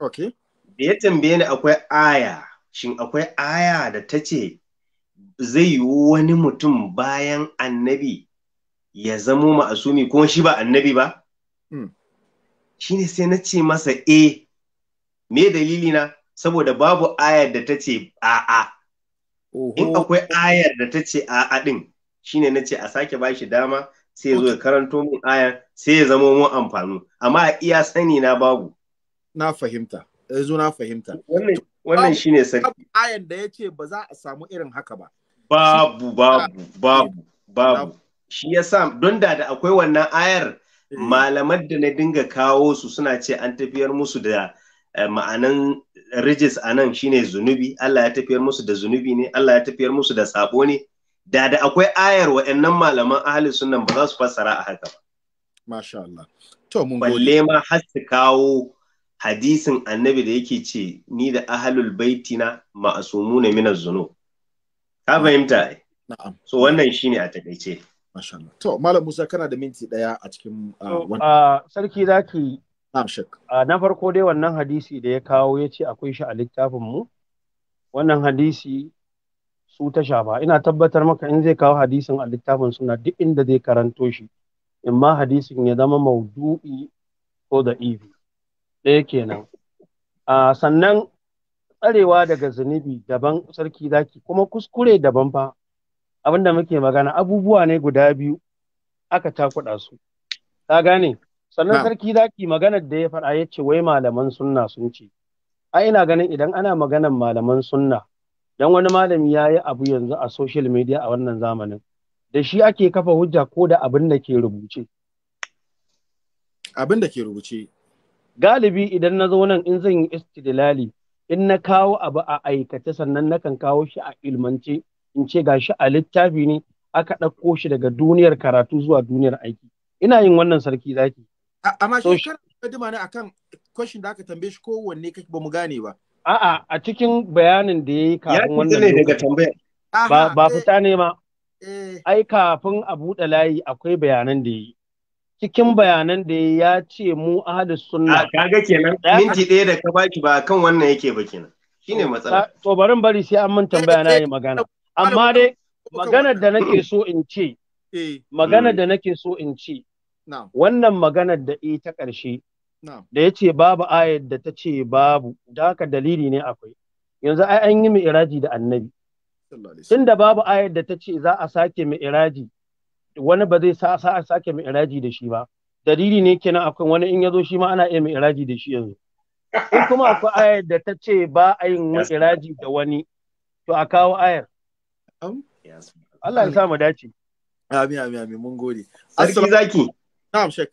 S3: Ok. da ya tambaye ni akwai aya shin akwai aya da ta ce zai yi wani mutum bayan annabi ya zamo ma'asumi kuma shi ba annabi ba? Hmm. Shi ne sai na ce masa e, me dalili na saboda babu ayar da ta ce a'a. In akwai ayar da ta ce a'a ɗin, ne na ce a sake ba shi dama sai zo ya karanto mun ayar sai ya zamo mun amfanu. Amma a iya sani na babu. Na fahimta, yanzu eh, na fahimta. Wannan shi ne sarki.
S1: Ayar da ya ce ba za a samu irin
S3: haka ba. Babu, babu, babu, babu. shi ya sa don da da akwai wannan ayar eh. malaman da na dinga kawo su suna ce an tafiyar musu da eh, ma'anan rijis a nan shine zunubi Allah ya tafiyar musu da zunubi ne Allah ya tafiyar musu da sabo ne da da akwai ayar wa'annan malaman ahli sunan ba za su fassara a haka ba masha Allah to mun gode balle ma har su kawo hadisin annabi da yake ce ni da ahlul baitina ma'asumuna minaz zunub ka fahimta na'am so wannan shine a takaice
S1: To, Malam Musa kana da minti ɗaya a cikin ah, wannan.
S4: Ah, sarki zaki. Ah, na farko dai wannan hadisi da ya kawo ya ce akwai shi a littafin mu. Wannan hadisi su ta shafa. Ina tabbatar maka in zai kawo hadisin a littafin suna duk inda zai karanto shi. In ma hadisin ya zama maudu'i ko da ibi. Ɗaya kenan. Sannan tsarewa daga zunubi daban sarki zaki kuma kuskure daban fa. abin da muke magana abubuwa ne guda biyu aka cakuɗa su ka gane sannan sarki zaki maganar da ya faɗa ya ce wai malaman sunna sun ce ai ina ganin idan ana maganar malaman sunna dan wani malami ya yi abu yanzu a social media a wannan zamanin da shi ake kafa hujja ko da abin da ke rubuce abin da ke rubuce galibi idan na zo nan in zan yi istidlali in na kawo abu a aikace sannan nakan kawo shi a ilmance in ce ga shi a littafi ne aka ɗauko shi daga duniyar karatu zuwa duniyar aiki ina yin wannan sarki zaki amma shi
S1: kana ne akan question da aka tambaye shi
S4: kowanne kake ba mu gane ba a'a a cikin bayanin da yayi kafin wannan ne daga tambaya. ba eh. fita ne ma eh. ai kafin a buɗe layi akwai bayanan da yayi cikin bayanan da ya ce mu ahli sunna kaga kenan minti
S3: ɗaya da ka baki ba kan wannan yake ba kenan shine matsala
S4: to barin bari sai an mun tambaya na yi magana amma dai maganar da nake so in ce eh. maganar mm. da nake so in ce wannan maganar da e ta ƙarshe da ya ce babu ayar da ta ce babu da haka dalili ne akwai yanzu ai an yi mu iraji da annabi tun da babu ayar da ta ce za a sake mu iraji wani ba zai sa a sake mu iraji da shi ba dalili ne kenan akwai wani in ya zo shi ma ana iya mu iraji da shi yanzu in kuma akwai ayar da ta ce ba a yin mai iraji da wani to a kawo ayar
S1: Allah
S4: ya samu dace.
S1: Amin amin amin mun gode. Sarki zaki. Na'am Sheikh.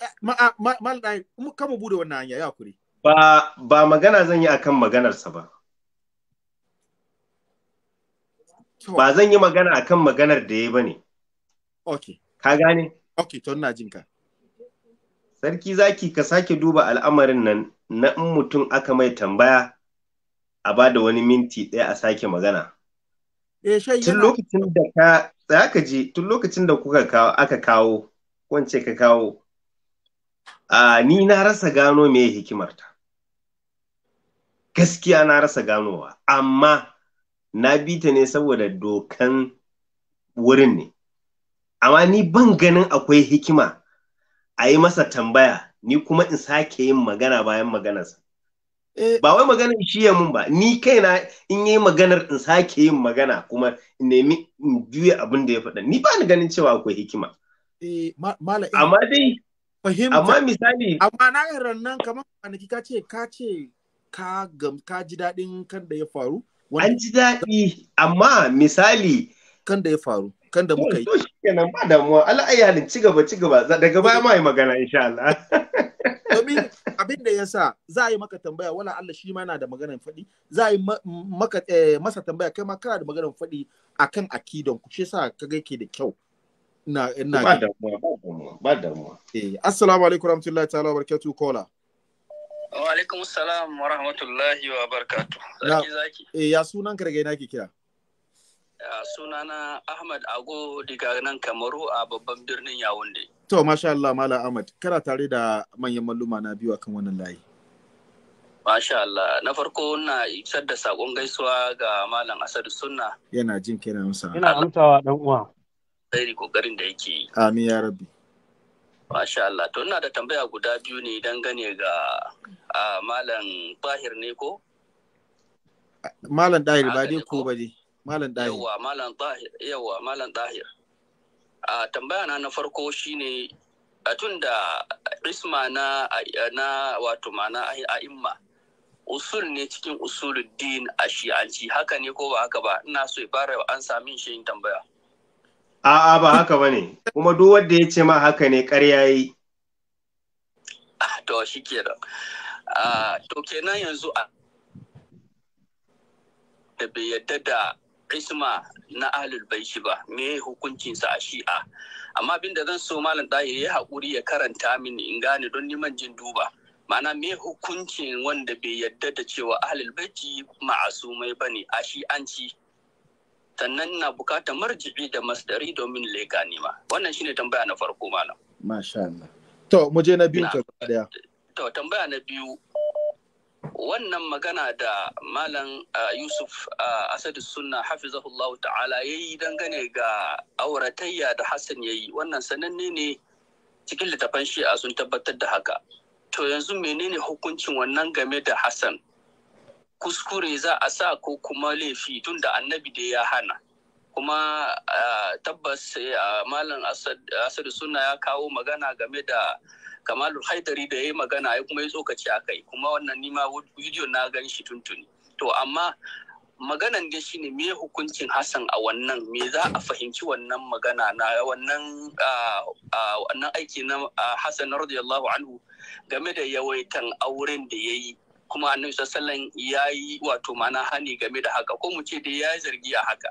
S1: Eh, ah, ma, ma, ma, Mal mu kama bude wannan hanya ya kure.
S3: Ba ba magana zan yi akan maganarsa ba. Ba zan yi magana akan maganar da ya ba ne. Okay. Ka gane? Okay, to ina jinka. Sarki zaki ka sake duba al'amarin nan na in mutum aka mai tambaya a ba da wani minti ɗaya a sake magana. Eh, tun lokacin da ka za tun lokacin da kuka kawo aka kawo wance ka kawo a ni na rasa gano me hikimarta gaskiya na rasa ganowa amma na bi ta ne saboda dokan wurin ne amma ni ban ganin akwai hikima a yi masa tambaya ni kuma in sake yin magana bayan maganarsa Eh, ba wai maganar shi ya mun ba ni kaina in yi maganar in sake yin magana kuma in nemi in juya abin da ya faɗa ni ba ni ganin cewa akwai hikima eh, eh, amma dai amma misali amma
S1: na rannan kamar kwanaki ka ce ka ce ka gam ka ji daɗin kan da ya faru
S3: an ji daɗi amma misali kan da ya faru kan da muka yi to shikenan ba damuwa ayyalin ci gaba ci gaba daga baya ma yi magana insha Allah
S1: domin abin da ya sa za a yi maka tambaya wala Allah shi ma yana da maganar faɗi za a yi maka eh, masa tambaya kai ma kana da maganar faɗi akan akidan ku shi ka kaga yake da kyau na ina ba
S9: damuwa ba
S1: damuwa mu eh assalamu alaikum warahmatullahi ta'ala barakatuh kola
S9: wa alaikum assalam wa rahmatullahi wa barakatuh zaki zaki
S1: eh ya sunan ka daga ina ke kira
S9: sunana Ahmad Ago daga nan Kamaru a babban birnin
S1: Yaounde To, masha Allah, Mala Ahmad, kana tare da manyan malluma na biyu akan wannan layi.
S9: Masha Allah, na farko na isar da saƙon gaisuwa ga Malam Asadu Sunna.
S1: Yana jin kira masa. Yana amsawa ɗan uwa. Sai kokarin da yake Amin ya rabbi. Masha Allah, to ina da tambaya guda
S9: biyu ne gane ga Malam Bahir ne ko?
S1: Malam Dahir ba dai ko ba dai. Malam Dahir. Yawwa,
S9: Malam Dahir. Malam Dahir. tambaya na na farko shine tun da isma na na wato mana a'imma usul ne cikin din a shi'anci haka ne ko ba haka ba ina so fara
S3: an sami shi yin tambaya a'a ba haka ba ne kuma duk wanda ya ce ma haka ne ƙarya yi to
S9: shi kenan to kenan yanzu a da bai yadda da Kisma na ahlul baiti ba me hukuncinsa a shi'a amma bin da zan so malam dahir ya haƙuri ya karanta mini in gane don neman jin duba ma'ana me hukuncin wanda bai yadda da cewa ahlul baiti ma'asumai ba ne a shi'anci sannan na bukatar marjibi da masdari domin leka nima wannan shine tambaya na farko malam
S1: masha Allah to mu je na biyu to tambaya na biyu wannan
S9: magana da malam uh, yusuf uh, asadu sunna hafizahullahu ta'ala ya yi dangane ga auratayya da hassan ya yi wannan sananne ne cikin littafan shi'a sun tabbatar da haka to yanzu menene hukuncin wannan game da hassan kuskure za a sa ko kuma laifi tun da annabi da ya hana kuma tabbas malam asadu suna ya kawo magana game da kamalul haidari da ya yi magana ya kuma ya tsokaci a kai kuma wannan nima video na gan shi tuntuni to amma maganan da shi ne me hukuncin hassan a wannan me za a fahimci wannan magana na wannan wannan aiki na hassan radiyallahu anhu game da yawaitan auren da ya yi kuma annabi sallallahu ya yi wato mana hani game da haka ko mu ce da ya yi zargi a haka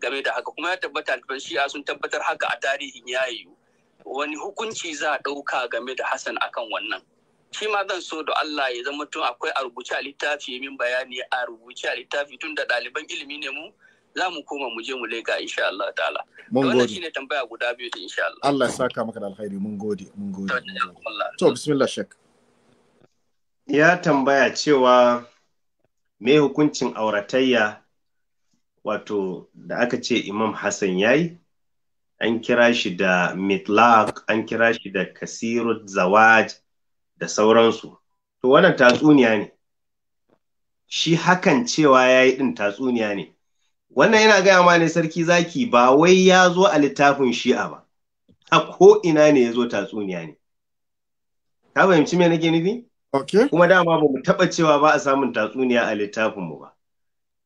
S9: game da haka kuma ya tabbata alfan shi'a sun tabbatar haka a tarihin ya yiwu wani hukunci za a ɗauka game da hassan akan wannan shi ma zan so da Allah ya zama tun akwai a rubuce a littafi min bayani a rubuce a littafi tun da ɗaliban ilimi ne mu za mu koma mu je mu leka insha Allah ta'ala
S1: mun gode shine tambaya guda biyu da insha Allah Allah ya saka maka da alkhairi mun
S3: gode mun gode to bismillah shek ya tambaya cewa me hukuncin auratayya wato da aka ce imam hassan ya yi an kira shi da mitlaq an kira shi da Kasiru zawaj da sauransu to wannan tatsuniya ne shi hakan cewa ya yi ɗin tatsuniya ne wannan yana gaya ma ne sarki zaki ba wai ya zo a littafin shi'a ba a ko ina ne ya zo tatsuniya ne ka fahimci me nake nufi kuma dama ba mu taɓa cewa ba a samun tatsuniya a littafinmu ba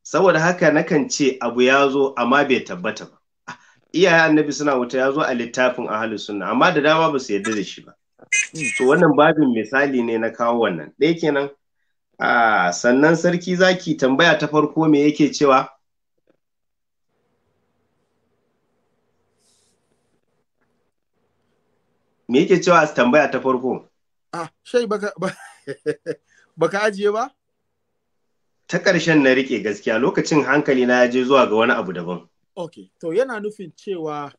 S3: saboda haka nakan ce abu ya zo amma bai tabbata ba iyaye annabi suna wuta ya zo a littafin ahalus sunna amma da dama ba su yarda da shi ba to wannan babin misali ne na kawo wannan ɗaya kenan a sannan sarki zaki tambaya ta farko me yake cewa me yake cewa tambaya ta farko
S1: ah shai baka baka ajiye ba
S3: ta ƙarshen na riƙe gaskiya lokacin hankali na ya je zuwa ga wani abu daban.
S1: Ok, to yana nufin cewa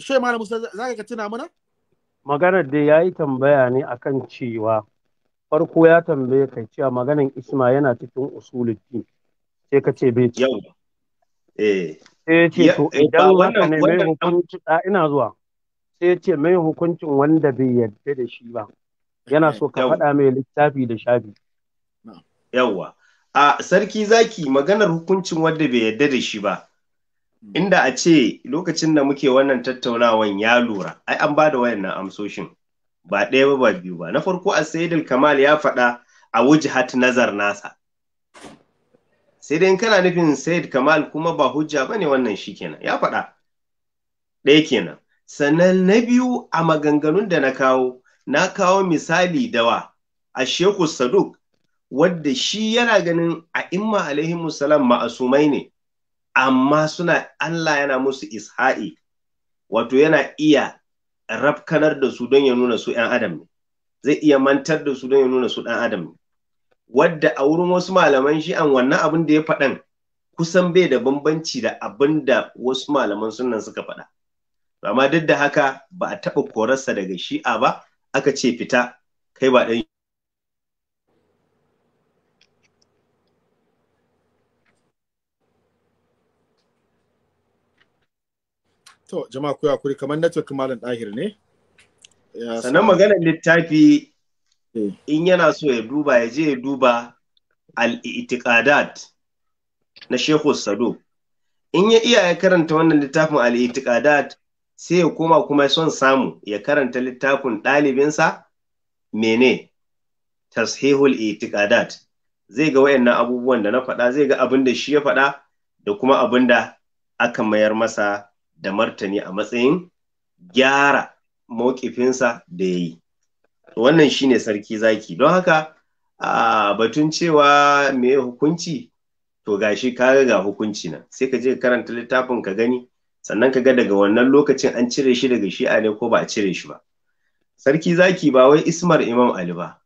S1: Shai na Musa za ka tuna mana?
S4: Maganar da ya yi tambaya ne akan cewa farko ya tambaye kai cewa maganar Isma yana cikin usuluddin sai ka ce bai ci. Yau. Eh. Sai ce to eh, idan wannan ne mai hukunci ina zuwa. Sai ce mai hukuncin wanda bai yarda da shi ba. Yana so ka faɗa mai littafi da shafi.
S3: Yawwa. a sarki zaki maganar hukuncin wanda bai yadda da shi ba hmm. inda a ce lokacin da muke wannan tattaunawan ya lura ai an ba da wayannan amsoshin ba ɗaya ba ba biyu ba na farko a sayidul kamal ya faɗa a wuji hat nazar nasa sai dai kana nufin sayid kamal kuma ba hujja bane wannan shi kenan ya faɗa ɗaya kenan sannan na biyu a maganganun da na kawo na kawo misali dawa a sheku saduk wadda shi yana ganin a imma alaihimu salam ma'asumai ne amma suna Allah yana musu isha'i wato yana iya rafkanar da su don ya nuna su ‘yan adam ne zai iya mantar da su don ya nuna su ɗan adam ne wadda a wurin wasu malaman shi an wannan abin da ya faɗan kusan bai da bambanci da abin da wasu malaman sunan suka faɗa amma duk da haka ba a taɓa korarsa daga shi'a ba aka ce fita kai ba ɗan
S1: To, jama'a kuya kuri kamar network malam ɗahir ne. Sannan maganar
S3: littafi eh. in yana so ya duba ya je ya duba al-itiqadat na Shehu Sado. In ya iya ya karanta wannan littafin al-itiqadat sai ya koma kuma son samu ya karanta littafin ɗalibinsa mene tashihul itiqadat zai ga wayannan abubuwan da na faɗa zai ga abin da shi ya faɗa da kuma abin da aka mayar masa da martani a matsayin gyara mokifinsa da ya yi wannan shine sarki zaki don haka a batun cewa me hukunci to gashi ka ga hukunci na sai ka je karanta littafin ka gani sannan ka ga daga wannan lokacin an cire shi daga shi'a ne ko ba a cire shi ba sarki zaki ba wai ismar imam ali ba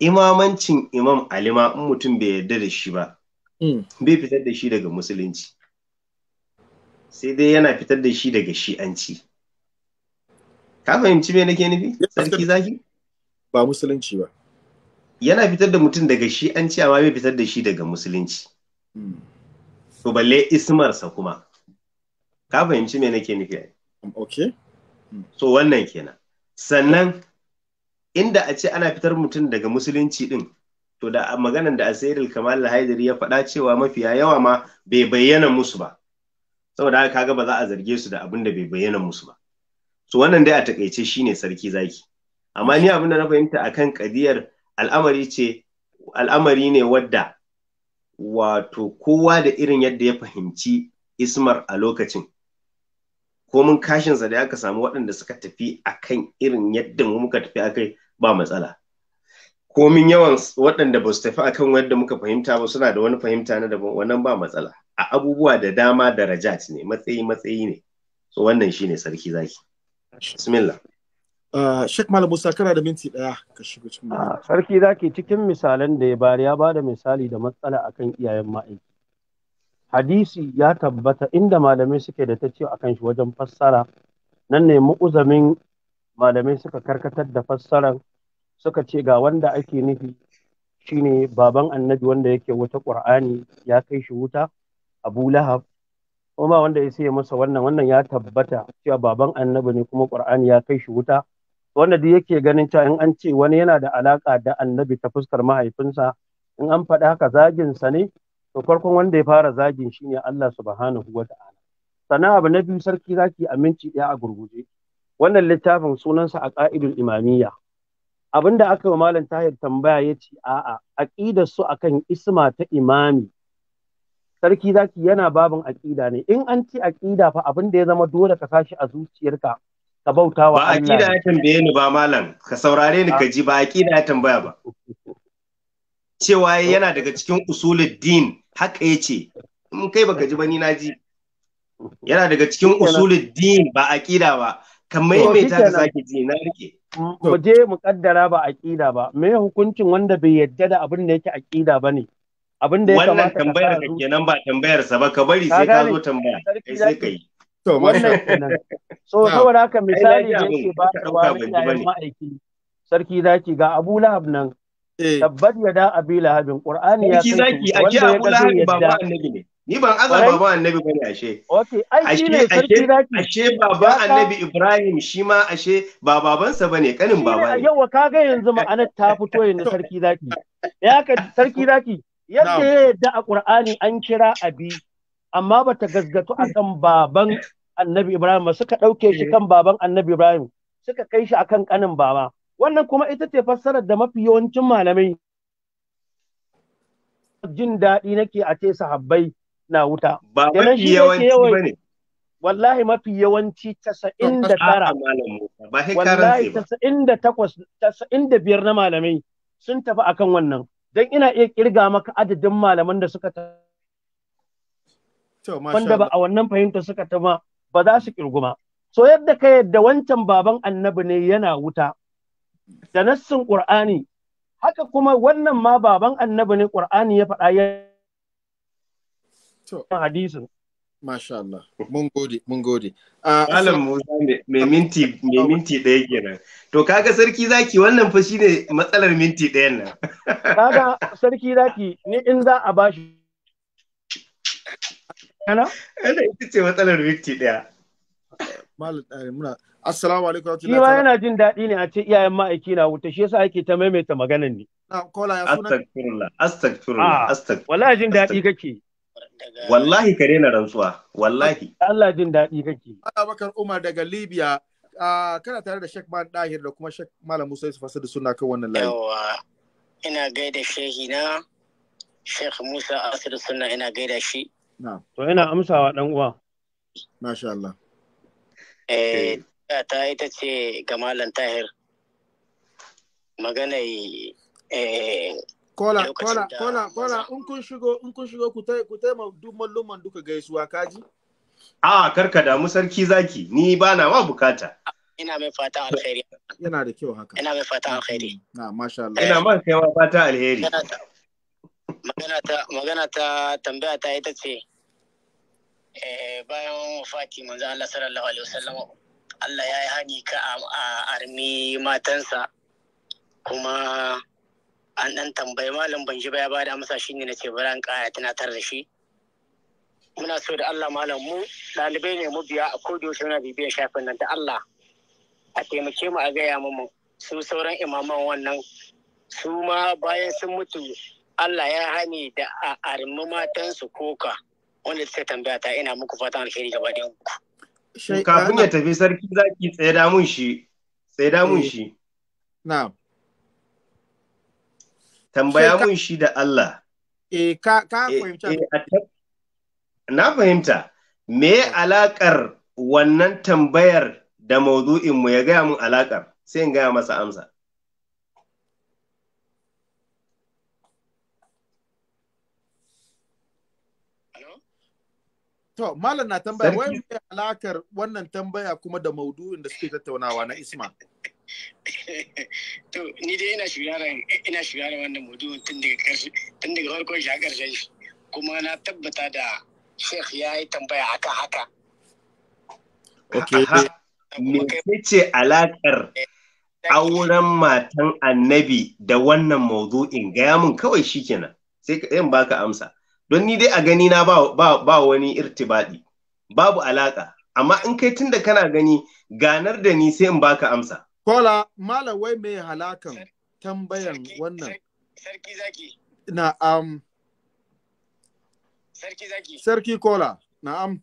S3: imamancin imam ali ma in mutum bai yarda da shi ba hmm. bai fitar da shi daga musulunci sai dai yana fitar da shi daga shi'anci ka fahimci me nake nufi sarki zaki ba musulunci ba yana fitar da mutum daga shi'anci amma bai fitar da shi daga musulunci hmm. to balle ismarsa kuma ka fahimci me nake nufi um, okay hmm. so wannan kenan sannan inda a ce ana fitar mutum daga musulunci din to da maganan da asirul kamal haidari ya faɗa cewa mafiya yawa ma bai bayyana musu ba saboda haka kaga ba za a zarge su da abin da bai bayyana musu ba to wannan dai a takaice shine sarki zaki amma ni abin da na fahimta akan kadiyar al'amari ce al'amari ne wadda wato kowa da irin yadda ya fahimci ismar a lokacin ko komin kashinsa da aka samu waɗanda suka tafi akan irin yadda mu muka tafi akai ba matsala komin yawan waɗanda ba su tafi akan da muka fahimta ba suna da wani fahimta na daban wannan ba matsala a abubuwa da dama darajat ne matsayi matsayi ne so wannan shine sarki zaki bismillah
S4: ah, Sheikh Malam Musa kana da minti ɗaya
S3: ka shigo cikin ah,
S4: Sarki zaki cikin misalan da ya bari ya bada misali da matsala akan iyayen ma'aiki. Hadisi ya tabbata inda malamai suke da ta ce akan shi wajen fassara nan ne mu'uzamin malamai suka karkatar da fassarar suka ce ga wanda ake nufi shine baban annabi wanda yake wata ƙur'ani ya kai shi wuta abu lahab kuma wanda ya sai masa wannan wannan ya tabbata cewa baban annabi ne kuma ƙur'ani ya kai shi wuta wanda duk yake ganin cewa in an ce wani yana da alaka da annabi ta fuskar mahaifinsa in an faɗi haka zagin sa ne to farkon wanda ya fara zagin shine Allah subhanahu wa ta'ala sannan abu na biyu sarki zaki aminci ɗaya a gurguje wannan littafin sunansa a ƙa'idul imamiyya abin da aka yi malam tahir tambaya ya ce a'a aƙidar su akan isma ta imami sarki zaki yana babin aƙida ne in an ci aƙida fa abin da ya zama dole ka sashi a zuciyarka ka bauta
S3: wa Allah ba aƙida ya tambaye ni ba malam ka saurare ni ka ji ba aƙida ya tambaya ba cewa yana daga cikin usulul din haka yace in kai baka ji ba ni na ji yana daga cikin usulul din ba aƙida ba kamar me ta ka sake ji na
S4: rike mu je mu kaddara ba aqida ba me hukuncin wanda bai yadda da abin da yake aqida bane
S3: abin da ya kamata wannan tambayar ka kenan ba tambayar sa ba ka bari sai ka zo tambaya kai sai kai
S4: to wannan so saboda haka misali da yake ba da wani ma'aiki sarki zaki ga Abu Lahab nan eh. tabbat yada Abi Lahabin Qur'ani ya sarki zaki a ji Abu Lahab ba annabi ne
S3: Ni ban aza baba annabi bane ashe.
S4: Okay, ai shi ne sarki zaki. Ashe baban annabi
S3: Ibrahim shi ma ashe ba babansa bane kanin baba ne.
S4: Yawa ga yanzu ma'anar ta fito yanzu sarki zaki. Ya ka sarki zaki yadda ya yadda a Qur'ani an kira abi amma bata gazgatu akan baban annabi Ibrahim ba suka ɗauke shi kan baban annabi Ibrahim suka kai shi akan kanin baba. Wannan kuma ita ce fassarar da mafi yawancin malamai jin daɗi nake a ce sahabbai na wuta. Ba mafi yawanci ba ne. Wallahi mafi yawanci tasa'in da tara.
S3: Wallahi
S4: tasa'in da takwas, tasa'in da biyar na malamai sun tafi akan wannan. Don ina iya kirga maka adadin malaman da suka ta. Wanda ba a wannan fahimta suka ta ma ba za su kirguma. So yadda ka yadda wancan baban annabi ne yana wuta. Da nassin Ƙur'ani haka kuma wannan ma baban annabi ne Ƙur'ani ya faɗa yana. hadisin
S3: Masha Allah. Mun gode, mun gode. Ah, Malam Musa mai minti mai minti ɗaya kenan. To kaga sarki zaki wannan fa shine matsalar minti ɗayan nan.
S4: Kaga sarki zaki ni in za a bashi. Kana? Ana ita ce matsalar minti
S1: ɗaya. Malam ɗari muna Assalamu alaikum. Shi ma yana
S4: jin daɗi ne a ce iyayen ma'aiki na wuta shi yasa ake ta maimaita maganan ne.
S1: Astagfirullah,
S3: astagfirullah, astagfirullah. Ah, wallahi jin daɗi kake. Wallahi ka daina rantsuwa, wallahi.
S4: Allah jin daɗi
S3: kake.
S1: Abubakar Umar daga Libya, ah, kana tare da Sheikh Man Dahir da kuma Sheikh Malam Musa Yusuf Asadu suna kan wannan layi. Yawwa,
S11: ina gaida shehi na Sheikh Musa Asadu suna ina gaida shi.
S4: To ina amsawa ɗan uwa. Masha Allah.
S11: Eh, eh. ta ita ce ga Malam Tahir. Magana eh,
S1: kola kola kola kola in kun shigo in kun shigo ku tai ku tai ma duk malluman duka
S11: gaisuwa kaji
S3: a karka damu sarki zaki ni ba na ma bukata
S11: ina mai fata alheri.
S3: yana da kyau haka
S11: ina mai fata alheri. na masha Allah ina
S3: ma kai ma fatan
S1: alheri
S11: magana ta magana ta tambaya ta ita ce eh bayan wafati manzo Allah sallallahu alaihi wasallam Allah ya yi hani ka a armi matansa kuma an ɗan tambayi malam ban ji ba ya ba da amsa ne na ce bari an ƙaya tunatar da shi muna so da Allah malam mu ɗalibai ne mu biya a kodiyoshi muna bibiyar shafin nan da Allah a taimake mu a gaya mu su sauran imaman wannan su ma bayan sun mutu Allah ya hani da a armi matansu koka wanda ta tambaya ta ina muku fatan alheri gaba da
S3: yanku. Kafin ya tafi sarki zaki tsaye damun shi. Tsaye damun eh, shi. Na'am. tambaya mun shi da Allah eh ka ka eh, fahimta eh, na fahimta me eh. alakar wannan tambayar da maudu'in mu ya gaya mun alakar sai in gaya masa amsa
S1: To, Malam na tambaya, wai alakar wannan tambaya kuma da maudu'in da suke tattaunawa na Isma?
S11: to ni dai ina shiga ran ina shiga ran wannan maudu'in tun daga karshe tun daga farkon shi har shi kuma na tabbata da Sheikh ya yi tambaya haka haka
S3: okay me ce alakar eh, auren matan annabi da wannan maudu'in gaya mun kawai shikenan sai in baka amsa don ni dai a gani na ba, ba, ba wani irtibadi babu alaka amma in kai tunda kana gani ganar da ni sai in baka amsa
S1: Kola, malam wai mai halakan tambayan wannan. Sarki zaki. Na'am. Um, sarki zaki. Sarki Kola, na'am. Um.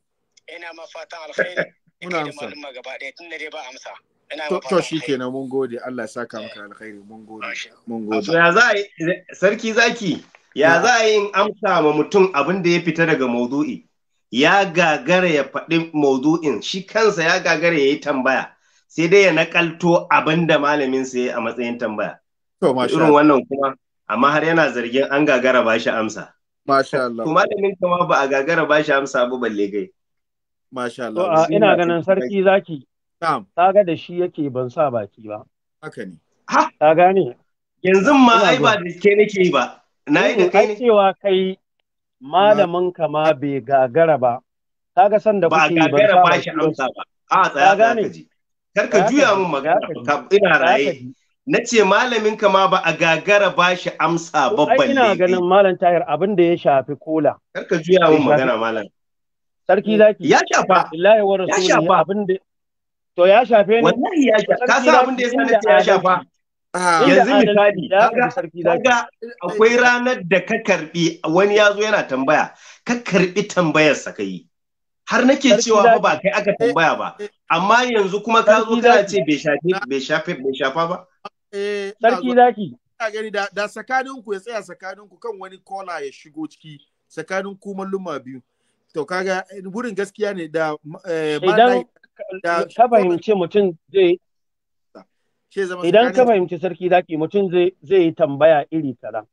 S1: Ina mafatan alkhairi. Muna amsa. Ina gaba ɗaya tun da dai ba amsa.
S3: To shi kenan mun gode Allah ya saka maka eh. alkhairi mun gode mun gode. Ya za sarki zaki ya za a yin amsa ma mutum abin da ya fita daga maudu'i ya gagara ya faɗi maudu'in shi kansa ya gagara ya yi tambaya sai dai ya nakalto abin da malamin sa ya a matsayin tambaya to masha irin wannan kuma amma har yana zargin an gagara ba shi amsa masha Allah to malamin kama ba a gagara ba shi amsa ba balle gai masha Allah to ina ganin sarki
S4: zaki na'am ga da shi yake ban sa baki ba haka ne ha ka gane yanzu ma ai ba da ke nake ba
S3: na yi da eh, kai
S4: cewa kai malamin kama bai gagara ba
S3: ga san da kuke ba gagara ba shi amsa ba a tsaya ka ji kar ka juya min magana ina raye na ce malamin ka ma ba a gagara ba shi amsa babban ina ganin malam
S4: Tahir abin da ya shafi kola kar ka juya min magana malam sarki zaki ya shafa billahi wa rasuluhu ya shafa abin da to ya shafe ni wallahi ya shafa ka san abin da ya sanar ya shafa ah. yanzu misali kaga
S1: akwai
S3: ranar da ka karbi wani yazo yana tambaya ka karbi tambayar sa kai har nake cewa ba kai aka tambaya ba amma yanzu kuma ka zo kana ce bai shafe bai shafe bai shafa ba
S1: eh sarki zaki a gani da da sakanin ku ya tsaya sakanin ku kan wani kola ya shigo ciki sakanin ku malluma biyu to kaga
S4: eh, gurin gaskiya ne da
S1: eh, idan ka fahimci
S4: mutum zai idan ka fahimci sarki zaki mutum zai yi tambaya iri kaza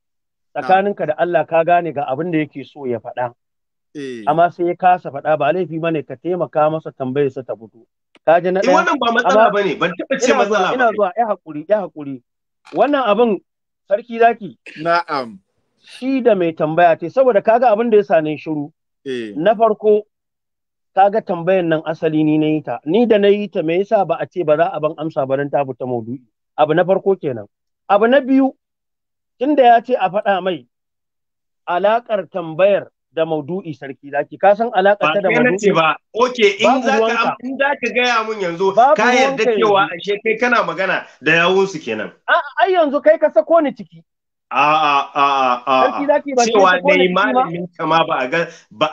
S4: tsakaninka da Allah ka gane ga abin da yake so ya faɗa Eh. amma sai ya kasa faɗa ba laifi bane ka taimaka masa tambayar sa ta fito ka na eh, ɗaya wannan ba matsala bane ban taɓa ce matsala ba ina zuwa ya hakuri ya hakuri wannan abin sarki zaki na'am shi da mai tambaya ce saboda kaga abin da ya sane shiru eh. na farko kaga tambayan nan asali ni na yi ta ni da nayi ta me yasa ba a ce ba za a ban amsa ba dan ta fita maudu'i abu na farko kenan abu na biyu tunda ya ce a faɗa mai alaƙar tambayar da maudu'i sarki zaki ka san alaka ta da maudu'i ba oke in zaka
S3: in zaka gaya mun yanzu ka yarda cewa ashe kai kana magana da yawun su kenan
S4: a ai yanzu kai ka sako ni ciki
S3: A'a, a'a, Cewa ne malamin kama ba a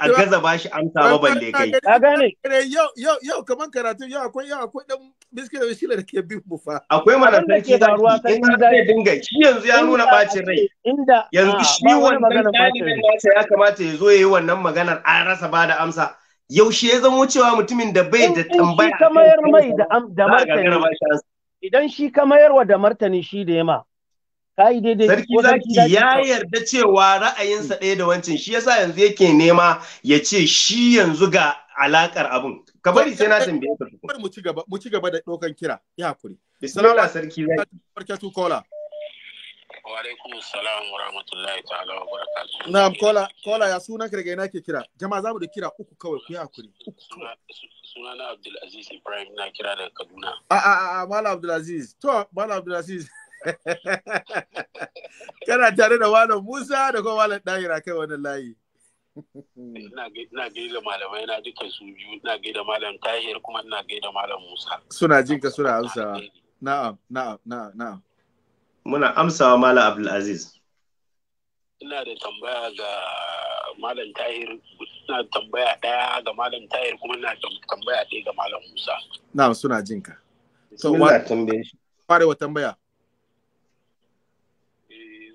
S3: gaza ba shi amsa ba balle kai. Ka
S1: gane? Yau, yau, yau, kamar karatu, yau akwai, yau akwai ɗan biskila biskila da ke
S3: bi mu fa. Akwai mana sarki da ruwa sarki zai dinga. Shi yanzu ya nuna bacin rai. Inda yanzu shi wannan ɗalibin nasa ya kamata ya zo ya yi wannan maganar an rasa ba da amsa. Yaushe ya zamo cewa mutumin da bai da tambaya. In shi ka mai
S4: da martani. Idan shi ka mayarwa da martani shi da yama. kai daidai sarki zaki ya yarda
S3: cewa ra'ayinsa ɗaya da wancan shi yasa yanzu yake nema ya ce shi yanzu ga alakar abin ka bari sai na tambaye ka bar mu ci gaba mu ci gaba da ɗaukan kira ya
S1: hakuri bismillah sarki zaki tu kola wa alaikum assalam wa rahmatullahi ta'ala wa barakatuh na'am kola kola ya sunan ka daga ina ke kira jama'a zamu da kira uku kawai ku ya hakuri
S7: sunana abdul aziz ibrahim na kira daga kaduna
S1: a a a malam abdul aziz to malam abdul aziz Kana tare da Malam Musa da kuma Malam Dahira kai wannan layi. Ina
S7: da malamai na duka su biyu, ina da Malam Tahir kuma ina da Malam Musa.
S1: Suna jin ka suna amsawa.
S3: Na'am, na'am, na'am, na'am. Muna amsawa Malam Abdulaziz. Ina da tambaya ga Malam Tahir, ina
S1: tambaya ɗaya ga Malam Tahir kuma ina tambaya ɗaya ga Malam Musa. Na'am, suna jin ka. So, wa wa tambaya.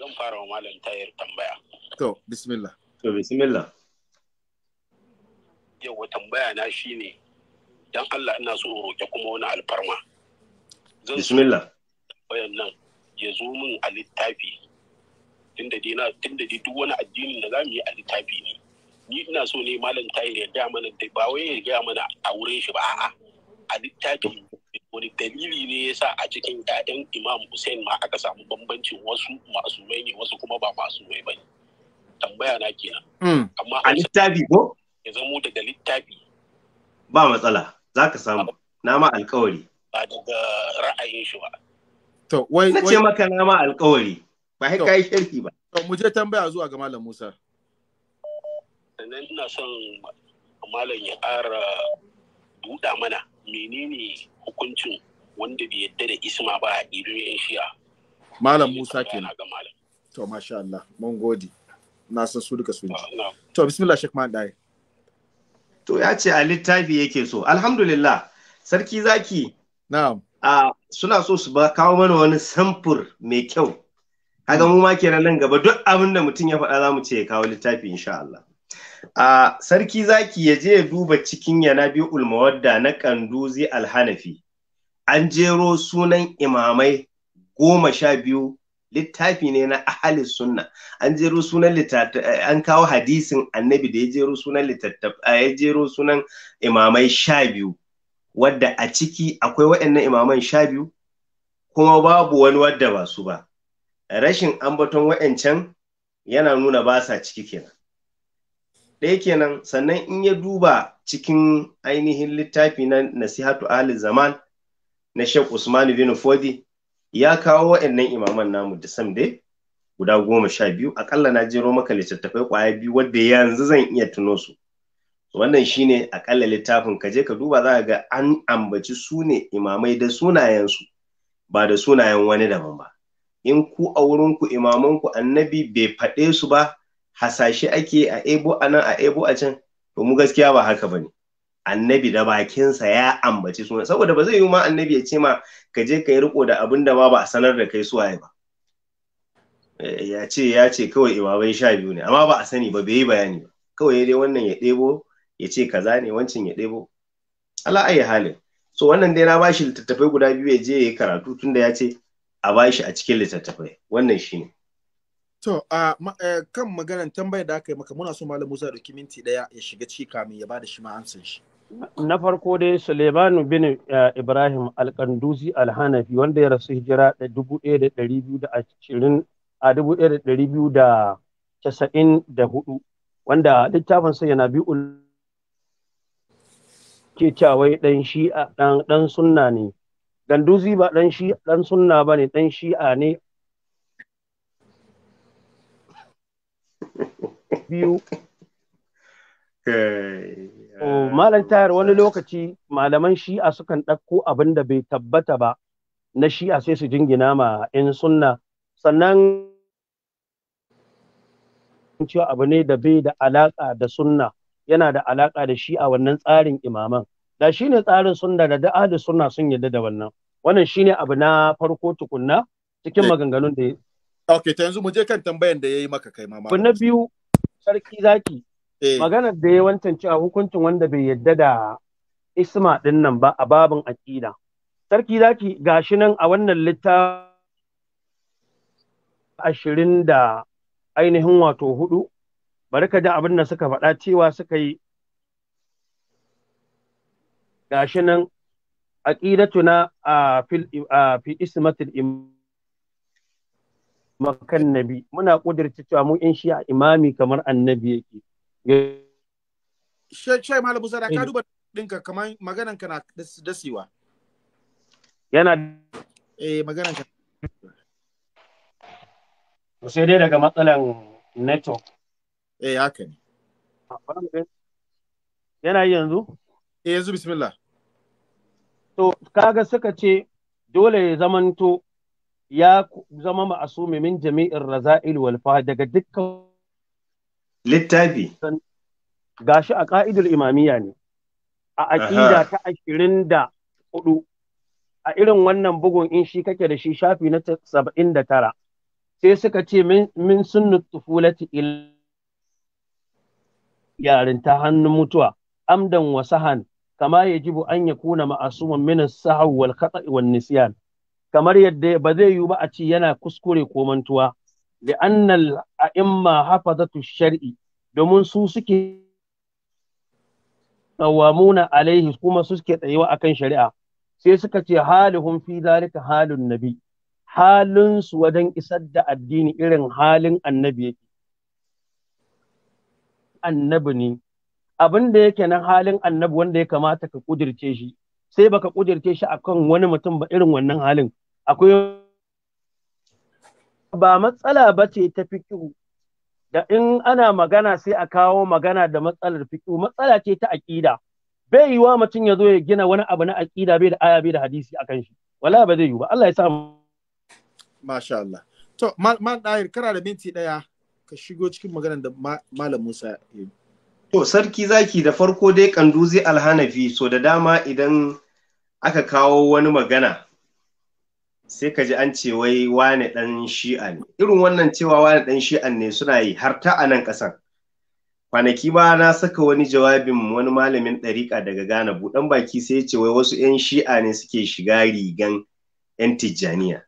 S7: zan fara wa malam tayar tambaya
S1: to bismillah to bismillah
S7: Yau, tambaya na ne, don Allah ina so roƙe kuma wani alfarma bismillah bayan nan ya zo min a littafi tun da duk wani addini da mu yi a littafi ne ni ina so ne malam tayar ya gaya mana da ba wai ya gaya mana a wurin shi ba a'a a littafin wani dalili ne ya sa a cikin 'ya'yan imam hussein ma aka samu bambancin wasu masu mai ne wasu kuma ba mai ba tambaya na kenan hmm. amma a littafi ko ya zamo daga littafi
S3: ba matsala za ka samu na ma alkawari ba
S7: daga ra'ayin shi ba to wai na ce maka
S3: na ma alkawari ba
S7: sai kai sharhi ba
S1: to mu je tambaya zuwa ga malam Musa
S7: sannan ina son malam ya ƙara buɗa mana menene hukuncin wanda bai yadda da isma
S1: ba a irin shiya malam musa ke na to masha Allah mun gode na san su duka sun ji ah, to bismillah shek man dai
S3: to ya ce a littafi yake so alhamdulillah sarki zaki na'am a suna so su ba kawo mana wani samfur mai kyau kaga mu ma kenan nan gaba duk abin da mutum ya faɗa za mu ce ya kawo littafi insha Allah a sarki zaki ya je ya duba cikin yanabi ulmawadda na kanduzi alhanafi an jero sunan imamai goma sha biyu littafi ne na ahali sunna an jero sunan an kawo hadisin annabi da ya jero sunan ya jero sunan imamai sha biyu wadda a ciki akwai waɗannan imaman sha biyu kuma babu wani wadda ba su ba rashin ambaton waɗancan yana nuna ba sa ciki kenan ɗaya kenan sannan in ya duba cikin ainihin littafi na nasihatu ahli zaman na shek Usman bin Fodi ya kawo wa'annan imaman namu da sam dai guda goma sha biyu akalla na jero maka littattafai kwaya biyu wadda yanzu zan iya tuno su wannan shine akalla littafin ka je ka duba za ga an ambaci su ne imamai da sunayensu ba da sunayen wani daban ba in ku a wurinku imamanku annabi bai faɗe su ba hasashe ake a ebo a nan a ebo a can to mu gaskiya ba haka bane annabi da bakinsa ya ambaci suna saboda ba zai yi ma annabi ya ce ma ka je ka yi riko da abin da ba ba a sanar da kai suwaye ba eh, ya ce ya ce kawai imabai sha biyu ne amma ba a sani ba bai yi bayani ba kawai dai wannan ya ɗebo ya ce kaza ne wancan ya ɗebo ala ayi halin so wannan dai na bashi littattafai guda biyu ya je ya yi karatu tunda ya ce a bashi a cikin littattafai wannan shine
S1: To, eh, kan maganar tambayar da aka yi maka muna so Malam Musa ɗauki minti ɗaya ya shiga ciki kamin ya bada shi ma'ansan shi.
S4: Na farko dai Suleimanu bin eh, Ibrahim Alkanduzi Alhanafi wanda ya rasu hijira da dubu ɗaya da ɗari wanda littafin sa yana biyu ke cawai ɗan shi'a ɗan sunna ne. Ganduzi ba ɗan sunna ba ne shi'a ne biyu oh, malam tayar wani lokaci malaman shi'a sukan ɗauko abin da bai tabbata ba na shi'a sai su jingina ma in sunna sannan cewa abu ne da bai da alaƙa da sunna yana da alaƙa da shi'a wannan tsarin imaman da shi ne tsarin sunna da da'a da sunna sun yadda da wannan wannan shine abu na farko tukunna cikin maganganun da
S1: Ok, ta yanzu mu je kan tambayan da ya yi maka kai mama. Na biyu,
S4: sarki zaki, eh. maganar da ya wancan a hukuncin wanda bai yadda da isma din nan ba a babin aƙida. Sarki zaki gashi nan a wannan littafin ashirin da ainihin wato hudu, bari ka ji abin da suka faɗa cewa suka yi gashi nan aƙidatuna a fi ismatil imam. makan nabi muna kudirce cewa mu in shi imami kamar annabi yake shai malam
S1: zara ka duba dinka kamar maganan ka na dasiwa yana eh maganan ka
S4: sai dai daga matsalan network eh haka
S1: ne
S4: yana yi yanzu eh yanzu bismillah to kaga suka ce dole ya zamanto ya zama ma'asumi min jami'in raza'il wal daga dukkan littafi gashi a ka'idul imamiyya ne a aƙida ta ashirin da hudu a irin wannan bugun in shi kake da shi shafi na saba'in da tara sai suka ce min sunnu tufulati il yarin ta hannun mutuwa amdan wasahan kama yajibu an yakuna ma'asuman min as-sahw wal khata' wan nisyan kamar yadda ba zai yiwu ba a ci yana kuskure ko mantuwa da annal a'imma hafazatu shar'i domin su suke tsawamuna alaihi kuma su suke tsayewa akan shari'a sai suka ce halihun fi zalika halun nabi halin su wajen isar da addini irin halin annabi yake annabi ne abin da yake nan halin annabi wanda ya kamata ka kudirce shi sai baka kudirce shi akan wani mutum ba irin wannan halin akwai ba matsala ba ce ta fikihu da in ana magana sai a kawo magana da matsalar fikihu matsala ce ta aƙida bai yiwa mutum ya zo ya gina wani abu na aƙida bai da aya bai da hadisi akan shi wala ba zai yi ba Allah ya sa
S1: masha Allah to man dair kara da minti daya ka shigo cikin maganar da malam Musa
S3: to sarki zaki da farko dai kanduzi alhanafi so da dama idan aka kawo wani magana sai ka ji an ce wai wane ɗan shi'a ne irin wannan cewa wane ɗan Shi'a ne suna yi har ta a nan ƙasan. kwanaki ba na saka wani jawabin wani malamin ɗariƙa daga ghana buɗan baki sai ce wai wasu 'yan shi'a ne suke shiga rigan 'yan tijjaniya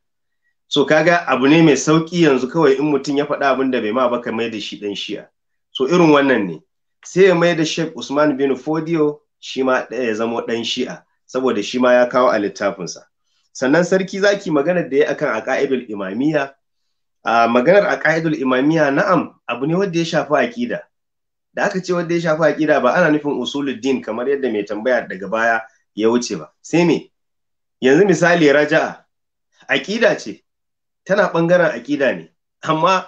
S3: so kaga abu ne mai sauƙi yanzu kawai in mutum ya faɗa abin da bai ma baka mai da shi ɗan shi'a so irin wannan ne sai ya mai da Sheikh Usman bin Fodio shi ma ya zama ɗan shi'a saboda shi ma ya kawo a littafinsa sannan sarki zaki maganar da ya akan aqaidul imamiya? a maganar aqaidul imamiyya na'am abu ne wanda ya shafi aqida da aka ce wanda ya shafi aqida ba ana nufin usuluddin kamar yadda mai tambaya daga baya ya wuce ba sai me yanzu misali raja'a aqida ce tana ɓangaren aqida ne amma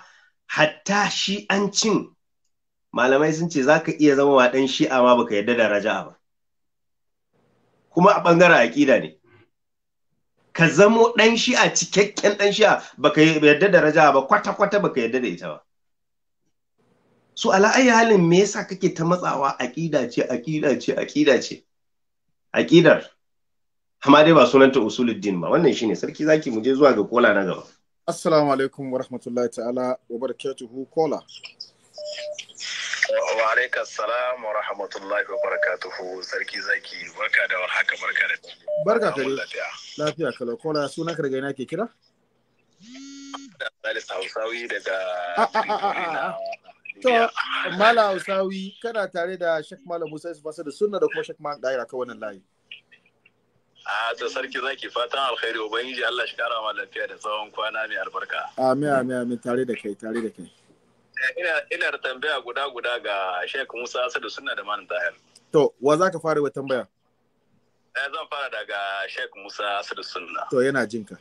S3: hatta shi an cin. malamai sun ce zaka iya zama wa dan shi'a ma baka yadda da raja'a ba kuma a ɓangaren aƙida ne ka zamo ɗan shi'a cikakken ɗan shi'a baka yarda da raja ba kwata-kwata baka yarda da ita ba so ala ayi halin me yasa kake ta matsawa aƙida ce aƙida ce aƙida ce aƙidar amma dai ba sunanta usuluddin ba wannan shine sarki zaki mu je zuwa ga kola na gaba
S1: assalamu alaikum wa rahmatullahi ta'ala wa barakatuhu kola
S8: Wa alaikar salam wa rahmatullahi wa barakatuhu sarki zaki barka da haka barka da
S1: Barka ka dai. Lafiya kalau kola sunan ka daga ina ke kira?
S8: Salis Hausawi daga
S1: ah, ah, ah, To, Mala Hausawi kana tare da Sheikh Malam Musa Yusuf da sunna da kuma Sheikh Mala. Daira ka wannan layi.
S8: A to sarki zaki fatan alkhairi ubangiji Allah shi kara ma lafiya da tsawon kwana mai albarka.
S1: Amin amin amin tare da kai tare da kai.
S8: ina da tambaya guda guda ga Sheikh Musa Asadu suna da Malam Tahir.
S1: To, wa za ka fara wa tambaya?
S8: Eh, zan fara daga Sheikh Musa Asadu suna
S1: To, yana
S4: jinka.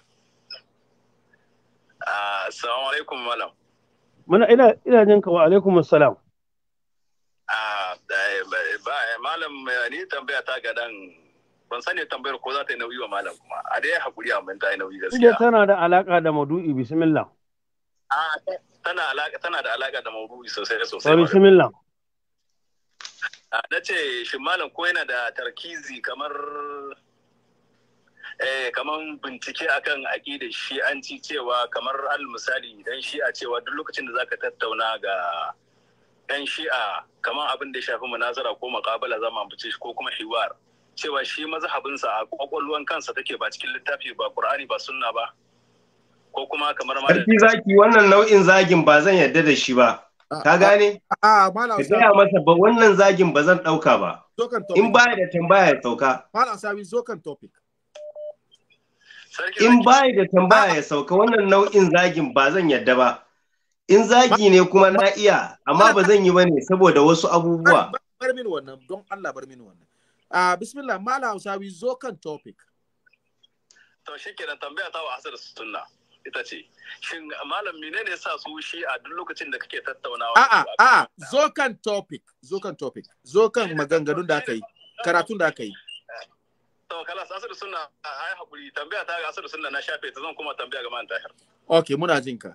S8: Ah, assalamu alaikum malam.
S4: Muna ina ina jinka wa alaikum assalam.
S8: Ah, ba malam ni tambaya ta ga dan ban sani tambayar ko za ta yi nauyi wa malam kuma a dai hakuri mun ta yi nauyi gaskiya. Ina tana
S4: da alaka da madu'i bismillah.
S8: tana da alaƙa da maudu'i sosai sosai bismillah na ce shi malam ko yana da tarkizi kamar eh kamar bincike akan an ci cewa kamar al misali dan shi'a cewa duk lokacin da zaka tattauna ga dan shi'a kamar abin da ya shafi munazara ko muqabala zama bice ko kuma hiwar cewa shi mazahabinsa a kwakwalwan kansa take ba cikin littafi ba qur'ani ba sunna ba
S1: ko kuma kamar
S3: ma da zaki wannan nau'in zagin ba zan yarda da shi ba ka gane
S1: a malam sai ya masa
S3: ba wannan zagin ba zan dauka ba in ba da tambaya ya sauka
S1: malam sabi zo kan topic
S3: in ba da tambaya ya sauka wannan nau'in zagin ba zan yarda ba in zagi ne kuma na iya amma ba zan yi bane saboda wasu abubuwa
S1: bar min wannan don Allah bar min wannan a bismillah malam sabi zo kan topic
S8: to shikenan tambaya ta wa asar sunna ita ce shin malam menene sa su shi a duk lokacin da kake tattaunawa
S1: a'a a'a zo kan topic zo kan topic zo kan maganganun da aka yi karatun da aka yi
S8: to kala asar sunna ai hakuri tambaya ta ga asiru sunna na shafe ta zan kuma tambaya ga man tahir
S1: okay muna jin ka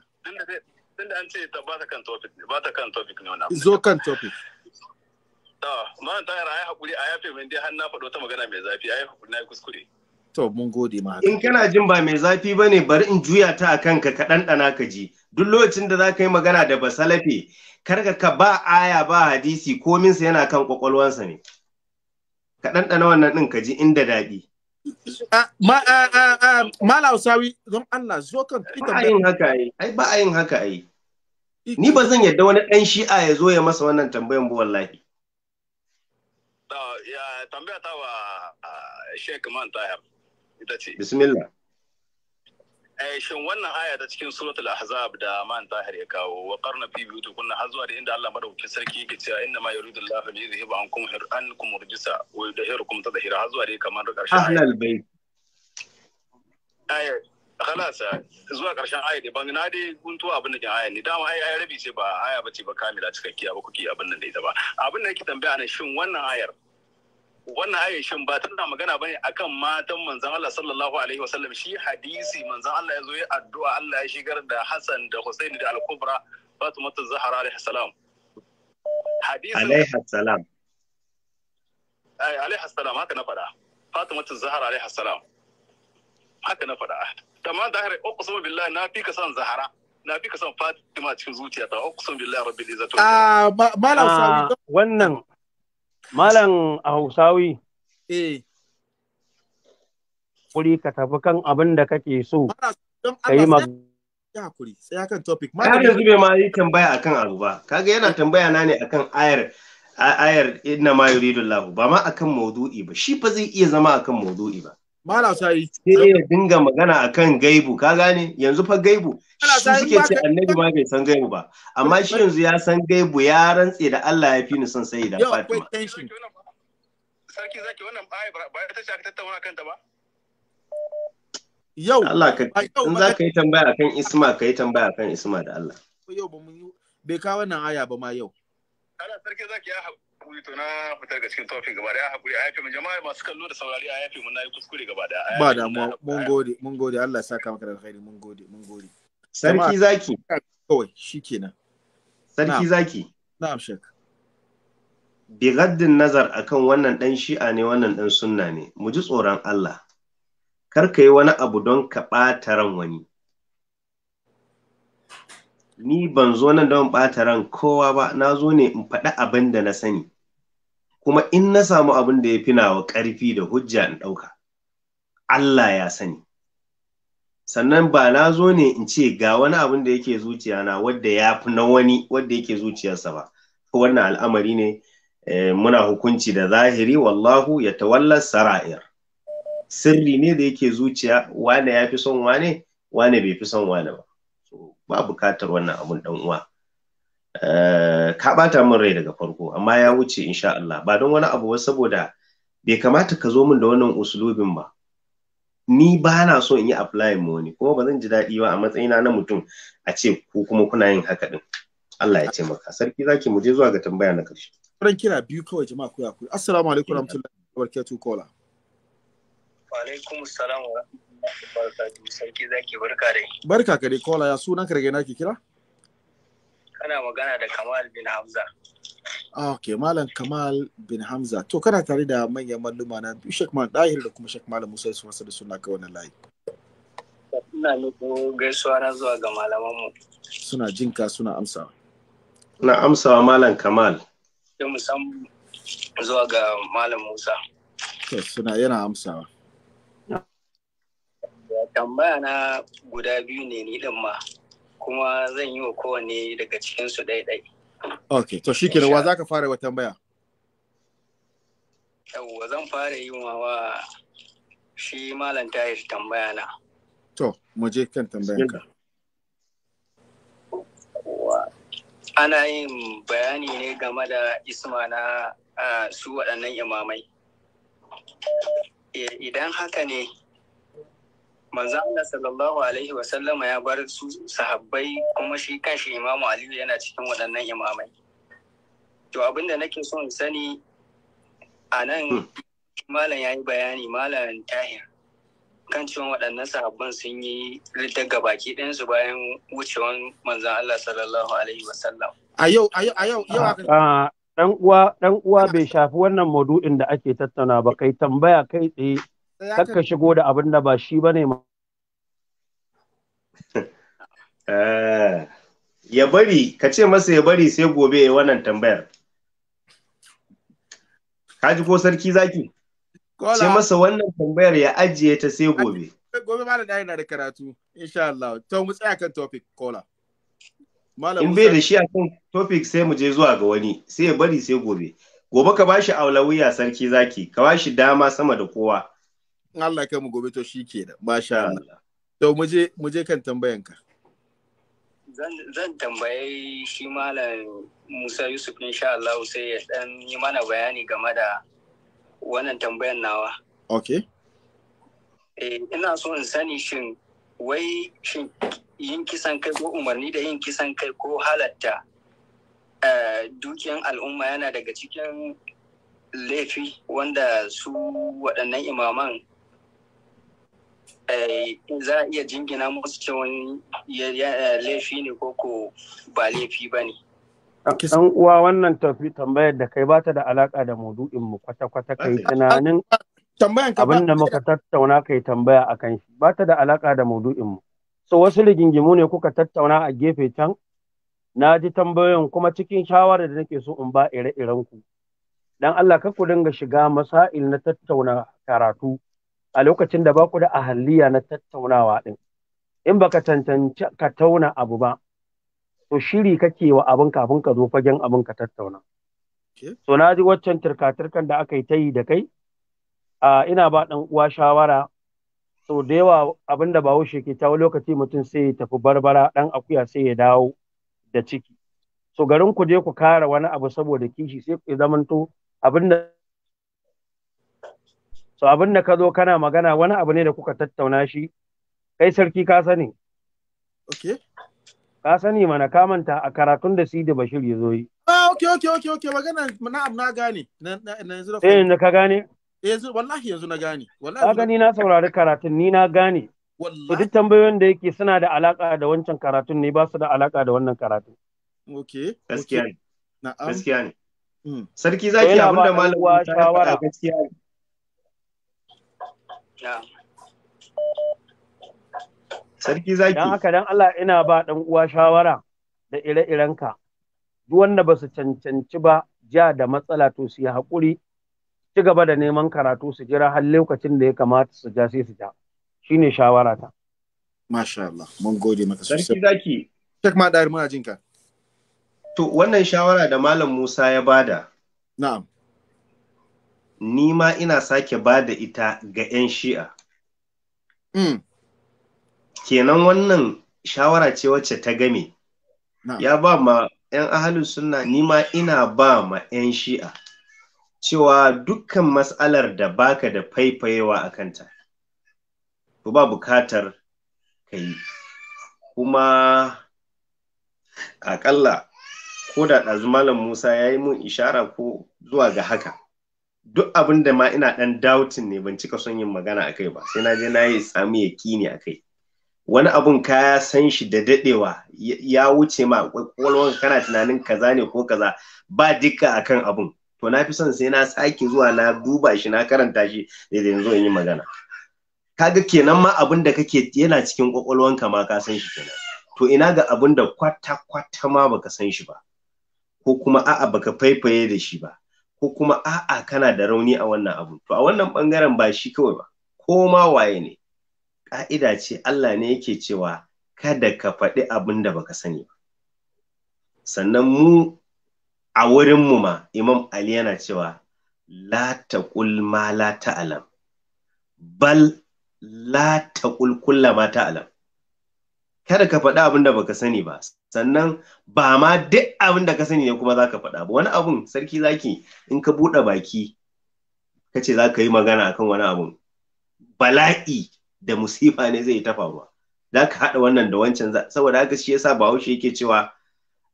S8: tunda an ce ta bata kan topic ba ta
S1: kan topic ne wannan zo kan topic
S8: to man tahir ai hakuri a yafe min dai har na faɗo ta magana mai zafi ai hakuri na kuskure
S3: To mun gode ma. In kana jin ba mai zafi ba ne bari in juya ta a kanka ka ɗanɗana ka ji. Duk lokacin da za ka yi magana da basalafe karka ka ba aya ba hadisi kominsa yana kan kwakwalwansa ne. Ka ɗanɗana wannan ɗin ka ji inda daɗi.
S1: Ah, ah, ah, Mala
S3: Hausawi don Allah zo kan fita ba. yin haka yi, ai ba a yin haka yi. Ni ba zan yadda wani ɗan shi'a ya zo ya masa wannan tambayan ba wallahi. Tambaya ta wa Sheikh Man Tahir. ita ce
S8: bismillah eh shin wannan aya ta cikin suratul ahzab da man tahir ya kawo wa qarna fi buyuti kunna har zuwa da inda Allah madaukakin sarki yake cewa inna ma yuridu Allah bi yuzhibu ankum ankum rijsa wa yudahhirukum tadhira har zuwa da kamar karshen aya.
S6: ahlal bayt. aya خلاص zuwa karshen aya dai ban na dai guntu abin da ke aya ne dama ai ai rabi ce
S8: ba aya bace ba kamila cikakkiya ba kuke abin nan da ita ba abin da yake tambaya ne shin wannan ayar wannan ayyashin ba tana magana bane akan matan manzon Allah sallallahu alaihi wasallam shi hadisi manzon Allah ya zo ya addu'a Allah ya shigar da Hassan da Husaini da
S6: Al-Kubra Fatima Zahra alaihi salam hadisi alaihi salam
S8: alaihi salam haka na faɗa Fatima ta Zahra alaihi salam haka na faɗa tamam da hare uqsimu billahi na fi ka san Zahra na fi ka san Fatima cikin zuciyata uqsimu billahi rabbil izzati
S4: ah malam sawi ah, wannan Malam a Hausawi. Eh. Kuri ka tafi kan abin da kake so. Ka yi
S1: hakuri sai akan topic. Ka ga
S4: zube
S3: ma yi tambaya akan abu ba. Kaga yana eh. tambaya na ne akan ayar ayar inna ma yuridullahu ba ma akan maudu'i ba. Shi fa zai iya zama akan maudu'i ba. Mala sai ya dinga magana akan gaibu ka gane yanzu fa gaibu shi suke ce annabi ba bai san gaibu ba amma shi yanzu ya san gaibu ya rantse da Allah ya fi ni son sai da Fatima
S1: sarki zaki wannan ba ba ta
S3: tattauna kanta ba yau Allah ka in za ka yi tambaya kan Isma ka yi tambaya kan Isma da Allah
S1: yau ba mun bai kawo wannan aya ba ma yau Allah sarki zaki ya haƙuri to na fitar ga cikin gaba
S8: daya haƙuri a yafe jama'a masu kallo da saurari a yafe mu na kuskure gaba daya ba damuwa
S1: mun gode mun gode Allah ya saka maka da alkhairi mun gode mun gode
S3: Sarki zaki.
S1: Kawai shi kenan. Sarki zaki. Na'am shek.
S3: Bigaddin nazar akan wannan ɗan shi'a ne wannan ɗan sunna ne, mu ji tsoron Allah. Kar ka yi wani abu don ka ɓata ran wani. Ni ban zo nan don ɓata ran kowa ba, na zo ne in faɗi abin da na sani. Kuma in na samu abin da ya fi wa ƙarfi da hujja in ɗauka. Allah ya sani. sannan ba na zo ne in ce ga wani abin da yake zuciya na wadda ya fi na wani wadda yake zuciyarsa ba wannan al'amari ne eh, muna hukunci da zahiri wallahu ya tawalla sara'ir sirri ne da yake zuciya wane ya fi son wane wane bai fi son wane ba ba bukatar wannan abun dan uwa eh, ka bata min rai daga farko amma ya wuce insha Allah ba don wani abu ba saboda bai kamata ka zo min da wannan usulubin ba ni ba na so in yi apply ma wani kuma ba zan ji daɗi ba a matsayina na mutum a ce ko kuma kuna yin haka din Allah ya ce maka sarki zaki mu je zuwa ga tambaya na ƙarshe
S1: ran kira biyu kawai jama'a ku ku assalamu alaikum warahmatullahi wabarakatuh kola
S9: wa alaikum assalam wa rahmatullahi sarki zaki barka dai
S1: barka ka dai kola ya sunan ka rage ina kira
S9: kana magana da Kamal bin Hamza
S1: Ah, ok malam kamal bin hamza to kana tare da manyan malluma na biyu shek malam dahir da kuma shek malam musa yusuf da suna kai wannan layi
S9: Suna muku gaisuwa na zuwa ga malamanmu.
S1: suna jinka suna amsawa na amsawa malam kamal
S9: da musamman zuwa ga malam musa
S1: to suna yana amsawa
S9: tambaya na guda biyu ne ni din ma kuma zan yi wa kowanne daga cikinsu su ɗaiɗai
S1: ok to shi kenan wa za ka fara wa tambaya
S9: yawwa zan fara yi ma wa shi malam tayish tambaya na
S1: to mu je kan tambayanka
S9: ana yin bayani ne game da isma na ah, su waɗannan imamai eh, idan haka ne manzo Allah sallallahu alaihi wasallama ya bar su sahabbai kuma shi kanshi imamu aliyu yana cikin waɗannan imamai to abin da nake son sani a nan hmm. malam ya yi bayani malam tahir kan cewa waɗannan sahabban sun yi daga baki su bayan wucewan manzan Allah sallallahu alaihi wasallam
S4: a yau a yau a yau yau ah, Ɗan uwa bai shafi wannan maudu'in da ake tattauna ba kai tambaya kai tsaye Kakka shigo da abin da ba shi ba ne ma.
S3: Eh, ya bari, ka ce masa ya bari sai gobe ya wannan tambayar. Ka ji ko sarki zaki? Ce masa wannan tambayar ya ajiye ta sai gobe.
S1: Gobe ma da na da karatu, insha Allah. To mu tsaya kan topic kola. In bai da
S3: shi a kan topic sai mu je zuwa ga wani, sai ya bari sai gobe. Gobe ka bashi aulawiya sarki zaki, ka bashi dama sama da kowa. in Allah kai
S1: mu gobe to shi
S3: ke da masha Allah
S1: to mu je kan tambayanka
S9: zan tambaye shi malam Musa Yusuf insha Allah sai ya dan yi mana bayani game da wannan tambayan nawa okay eh ina so in sani shin wai shin yin kisan kai ko umarni da yin kisan kai ko halatta eh, dukiyan al'umma yana daga cikin laifi wanda su waɗannan imaman Eh, za a iya jingina musu cewa eh, laifi ne ko ko ba laifi ba ne. Ɗan
S4: uwa wannan tafi tambayar da kai bata da alaƙa da maudu'in mu kwata-kwata kai tunanin abin da muka tattauna kai tambaya a kan shi bata da alaƙa da maudu'in mu. So wasu rigingimu ne kuka tattauna a gefe can na ji tambayoyin kuma cikin shawarar da nake so in ba ire-iren Dan Allah ka ku dinga shiga masail na tattauna karatu a lokacin da ba ku da ahalliya na tattaunawa ɗin in baka tantance ka tauna abu ba to shiri kake wa abin kafin ka zo fagen abin ka tattauna so na ji waccan turka-turkan da aka yi ta yi da kai a ina ba ɗan uwa shawara sau da yawa abin da bahaushe ke ta lokaci mutum sai ya tafi barbara ɗan akuya sai ya dawo da ciki so garin ku je ku kara wani abu saboda kishi sai ku zamanto abin da so abin da ka zo kana magana wani abu ne da kuka tattauna shi kai sarki ka sani okay ka sani mana ka manta a karatun da Sidi Bashir ya zo yi
S1: ah okay okay okay okay magana na abu na gane na yanzu da eh yanzu ka gane eh, yanzu wallahi yanzu na gane wallahi ka gani na
S4: saurari karatun ni na gane wallahi duk tambayoyin da yake suna da alaka da wancan karatun ne ba su da alaka da wannan karatun
S3: okay gaskiya ne gaskiya ne hmm. sarki zaki abinda malamin ta shawara gaskiya
S4: ne Sarki zaki. Dan haka dan Allah ina ba dan uwa shawara da ire-irenka. Duk wanda ba su cancanci ba ja da matsala to su yi haƙuri ci gaba da neman karatu su jira har lokacin da ya kamata su ja sai su ja. Shine shawara ta.
S3: Masha
S1: Allah, mun gode maka
S4: sosai. Sarki
S3: zaki. Shek ma dair muna jinka. To wannan shawara da Malam Musa ya bada. Na'am. ni ma ina sake ba da ita ga 'yan shi'a. Mm. Kenan wannan shawara ce wacce ta game, no. ya ba ma 'yan ahalu suna. ni ma ina ba ma 'yan shi'a cewa dukkan matsalar da baka da faifayewa a kanta, ku ba bukatar ka yi. Kuma akalla ko da ɗazu Malam Musa ya yi mun ishara ko zuwa ga haka. duk abin da ma ina dan doubting ne ban cika son yin magana akai ba sai na je na yi samu yakini akai wani abun ka san shi da dadewa ya wuce ma kwakwalwar kana tunanin kaza ne ko kaza ba dukka akan abun to na fi son sai na sake zuwa na duba shi na karanta shi da yanzu in yi magana kaga kenan ma abun da kake yana cikin ka ma ka san shi kenan to ina ga abun da kwata kwata ma baka san shi ba ko kuma a'a baka faifaye da shi ba ko kuma a'a kana da rauni a wannan abu to a wannan bangaren ba shi kawai ba ko ma waye ne ka'ida ce Allah ne yake cewa kada ka faɗi abin da baka sani ba sannan mu a wurin mu ma imam ali yana cewa la taqul ma la ta'lam bal la taqul kulla ma ta'lam kada ka faɗi abin da baka sani ba sannan ba ma duk abin da ka sani ne kuma za ka faɗa ba wani abun sarki zaki in ka buɗe baki ka ce za ka yi magana akan wani abun bala'i da musifa ne zai tafa ba za ka haɗa wannan da wancan saboda haka shi yasa bahaushe yake cewa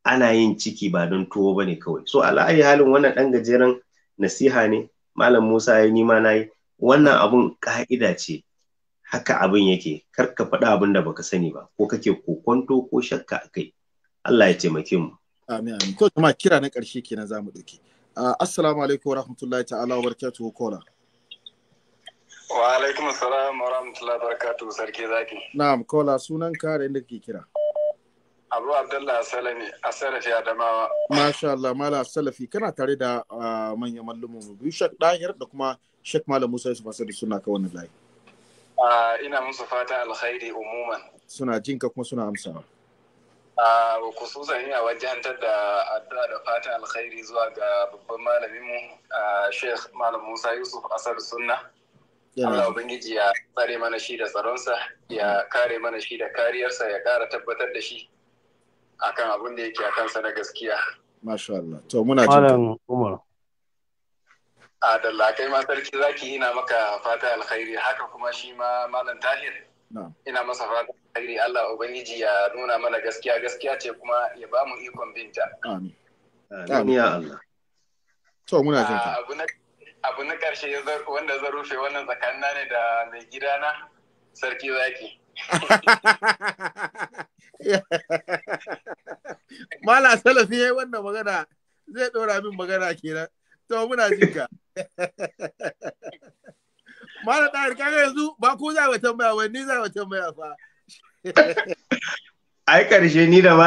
S3: ana yin ciki ba don tuwo ba ne kawai so ala'ayi halin wannan ɗan gajeren nasiha ne malam musa ya yi nima na yi wannan abun ƙa'ida ce haka abin yake kar ka faɗa abin da baka sani ba ko kake kokonto ko shakka a kai Allah ya taimake mu amin
S1: amin to kuma kira na ƙarshe kenan zamu dauke ah, assalamu alaikum wa rahmatullahi ta'ala wa barakatuhu kola
S8: wa alaikum assalam wa rahmatullahi wa barakatuhu sarki zaki
S1: na'am kola sunan ka da inda kake kira
S8: Abu Abdullah Salami a Salafi Adamawa.
S1: Masha Allah, Mala Salafi, kana tare da ah, manyan mallumin mu biyu shak Dahir da kuma Shak Malam Musa Yusuf Asadu suna ka wannan layi.
S9: Ah, ina musu fata alkhairi umuman.
S1: Suna jinka kuma suna amsawa. kususan wajen wajentar da addu'a da fatan alkhairi zuwa ga babban malamin mu sheikh malam musa yusuf asar sunna Allah Ubangiji ya tsare mana shi
S9: da tsaronsa ya kare mana shi da kariyarsa ya kara tabbatar da shi akan abin da yake a kansa na gaskiya. Masha Allah. To muna jin Malam Umar. Adalla kai ma sarki zaki ina maka fata alkhairi haka kuma shi ma Malam Tahir. ina masa fata alheri Allah ubangiji ya nuna mana gaskiya gaskiya ce kuma ya ba mu ikon binta amin amin ya Allah to muna jin ka ah, abu na abu na karshe wanda zan rufe wannan tsakanina ne da mai gidana sarki zaki
S1: Mala Salafi ya yi wannan magana zai ɗora min magana kenan. To muna jinka. Mara ɗari kaga yanzu ba ku za wa tambaya ba ni za wa tambaya fa.
S3: Ai ƙarshe ni da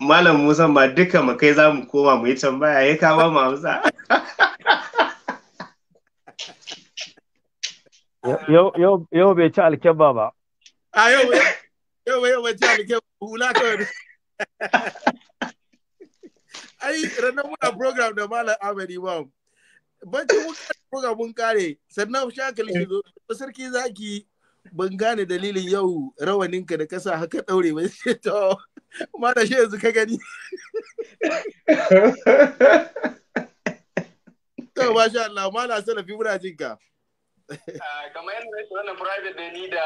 S3: Malam Musa ba duka mu kai za mu koma mu yi tambaya ya kawo mu amsa.
S4: Yau bai ci alkebba ba.
S3: A yau
S1: yau bai ci alkebba hula kawai. Ai ranar muna program da Malam Ahmed Imam. bacci buga mun kare sannan shakali shi zo sarki zaki ban gane dalilin yau rawaninka da kasa haka daure ba sai to da shi yanzu ka gani to masha Allah mala salafi muna jin ka ah, kamar yadda nake wannan private da ni da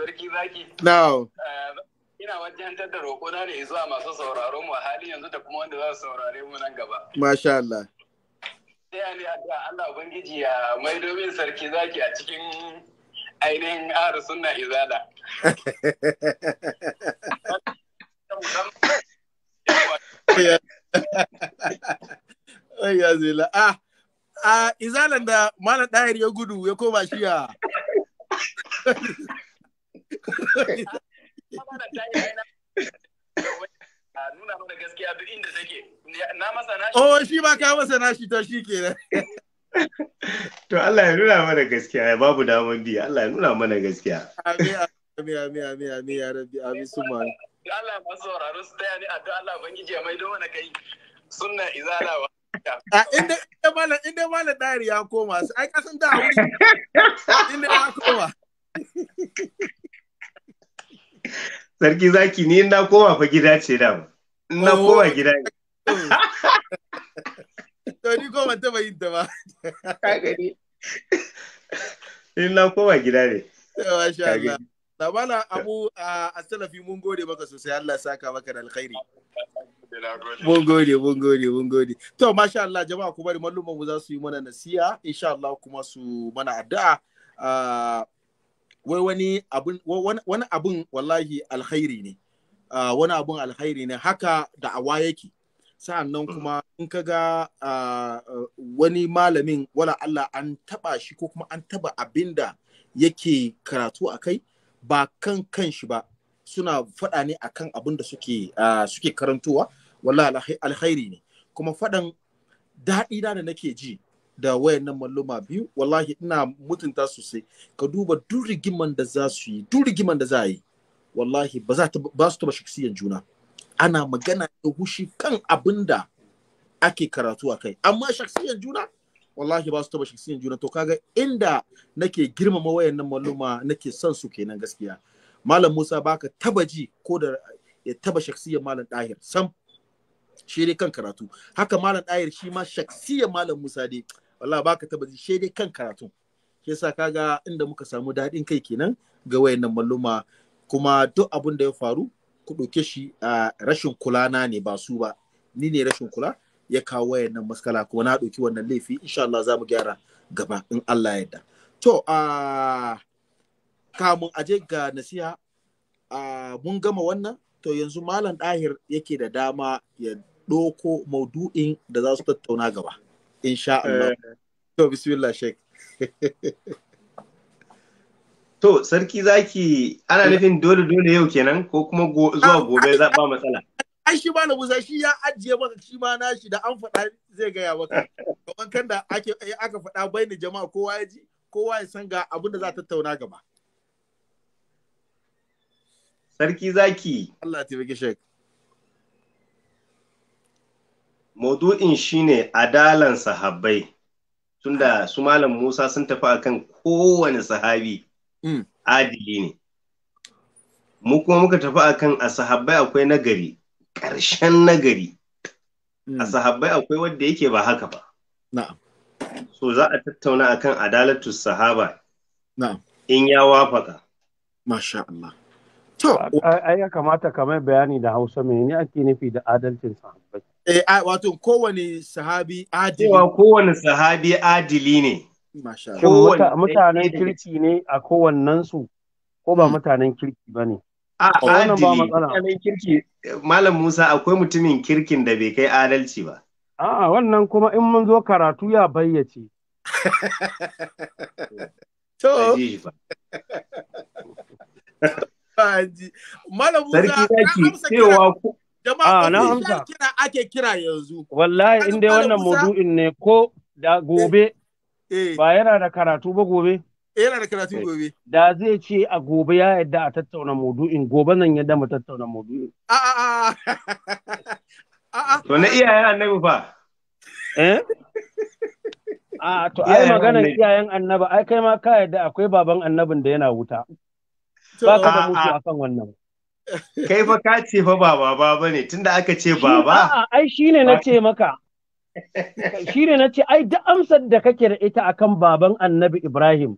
S1: sarki zaki now ah, ina wajen da roƙona da zuwa masu sauraron mu a halin yanzu da kuma wanda za su saurare mu nan gaba masha Allah sai a da addu'a
S9: Allah ubangiji ya maido min sarki zaki a cikin ainihin ahar suna izada.
S1: ya zila ah a izalan da mana ɗayar ya gudu ya koma shi a nuna mana gaskiya duk inda take na masa nashi oh shi ba ka masa nashi to shi kenan
S3: to Allah ya nuna mana gaskiya ya babu daman biya Allah ya nuna mana gaskiya
S1: amin amin amin amin ya rabbi amin suma Allah masu sauraro su taya ni addu'a Allah ubangiji ya maido mana kai sunna izala wa a inda inda malam inda malam dari ya koma su ai kasan da wuri inda ya koma
S3: sarki zaki ni na koma fa gida ce da na koma gida ne
S1: to ni ko ban ta ba ka gani
S3: in na koma gida ne
S1: sha Allah Labana Abu a Salafi mun gode maka sosai Allah saka maka da alkhairi.
S3: Mun gode, mun
S1: gode, mun gode. To, masha Allah, jama'a ku bari malluman mu za su yi mana nasiya, insha Allah kuma su mana addu'a. Wai wani abun, wani abun wallahi alkhairi ne. Wani abun alkhairi ne, haka da'awa yake. sa'annan mm. kuma in ka ga wani malamin wala Allah an taba shi ko kuma an taba abin da yake karatu a kai ba kan kan shi ba suna faɗa ne akan abin da suke suke karantowa wala alkhairi ne kuma faɗan daɗi na da nake ji da wayannan malluma biyu wallahi ina mutunta sosai ka duba duk rigiman da za su yi duk rigiman da za a yi wallahi ba su taba shaksiyan juna ana magana da hushi kan abin da ake karatu a kai amma shaksiyan juna wallahi ba su taba shaksiyan juna to kaga inda nake girmama wayannan malluma nake son su kenan gaskiya malam Musa baka taba ji ko da ya taba shaksiyan malam Dahir sam shi dai kan karatu haka malam Dahir shi ma shaksiyan malam Musa dai wallahi baka taba ji shi dai kan karatu shi yasa kaga inda muka samu daɗin kai kenan ga wayannan malluma kuma duk abin da ya faru ku ɗauke shi a rashin kula na ne ba su ba ni ne rashin kula ya kawo wayannan maskala kuma na ɗauki wannan laifi insha Allah za mu gyara gaba in Allah ya yarda to a kamun aje ga nasiha mun gama wannan to yanzu malam ɗahir yake da dama ya ɗoko maudu'in da za su tattauna gaba insha Allah eh. to bismillah sheikh
S3: To, sarki zaki ana nufin dole dole yau kenan ko kuma zuwa ah, gobe za ba matsala.
S1: Ai shi ba na busa shi ya ajiye maka shi ma na shi da an faɗa zai gaya maka. Kaman kan da ake eh, aka faɗa bai ni jama'a kowa ya ji kowa ya san ga abin da za ta tattauna gaba.
S3: Sarki zaki. Allah ta bige shek. Maudu'in shine adalan sahabbai. Tunda su Malam Musa sun tafi akan kowane sahabi. Mm. adili ne mu kuma muka tafi akan a sahabbai akwai nagari ƙarshen nagari mm. a sahabbai akwai wanda yake ba haka ba so za a tattauna akan adalatu sahaba in ya wafaka
S7: masha Allah to
S4: ai ya kamata kamar bayani da Hausa menene ake nufi da adalcin sahabbai
S3: eh wato kowane sahabi adili
S4: kowane
S3: sahabi adili ne
S4: mutanen kirki ne a su, ko ba hmm. mutanen kirki ba ne?
S3: A mutanen kirki Malam Musa akwai mutumin kirkin da bai kai adalci ba.
S4: A'a wannan kuma in mun zo karatu ya bayyace. To.
S1: Malam Musa cewa jama'a na amsa kira ake kira yanzu.
S4: Wallahi in dai wannan maudu'in ne ko da gobe Eh. Ba yana da karatu ba gobe? Eh, yana da karatu eh. gobe. Da zai ce a gobe ya yadda a tattauna maudu'in gobe nan yadda mu tattauna maudu'in. A'a a To na iyayen annabi fa. Eh? A to ai maganar iyayen annabi ai kai ma ka yadda akwai baban annabin da yana wuta. Ba ka da mutu akan wannan.
S3: Kai fa ka ce fa ba baba bane tunda aka ce baba.
S4: A'a ai shine na ce maka. Shi ne na ce, ai, duk amsar da kake da ita akan baban annabi Ibrahim,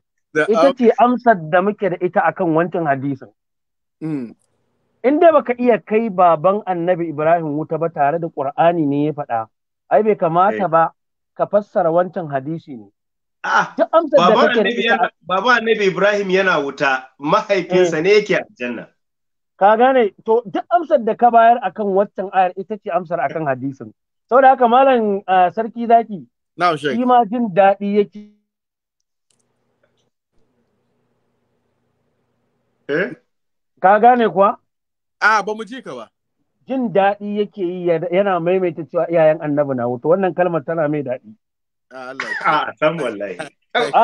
S4: ita ce amsar da muke da ita akan wancan hadisin. Mm. In baka iya kai baban annabi Ibrahim wuta ba tare da Ƙur'ani ne ya faɗa, ai bai kamata eh. ba ka fassara wancan hadisi ne. Ah,
S3: baban annabi Ibrahim yana wuta, mahaifinsa eh. ne yake aljanna.
S4: Ka gane, to duk amsar da ka bayar akan wancan ayar ita ce amsar akan hadisin. sau da haka malam sarki zaki shi ma jin daɗi yake eh? ka gane kuwa
S1: a ba mu ji ka ba
S4: jin daɗi yake yi yana maimaita cewa iyayen annabi na wuta wannan kalmar tana mai daɗi a ah, san wallahi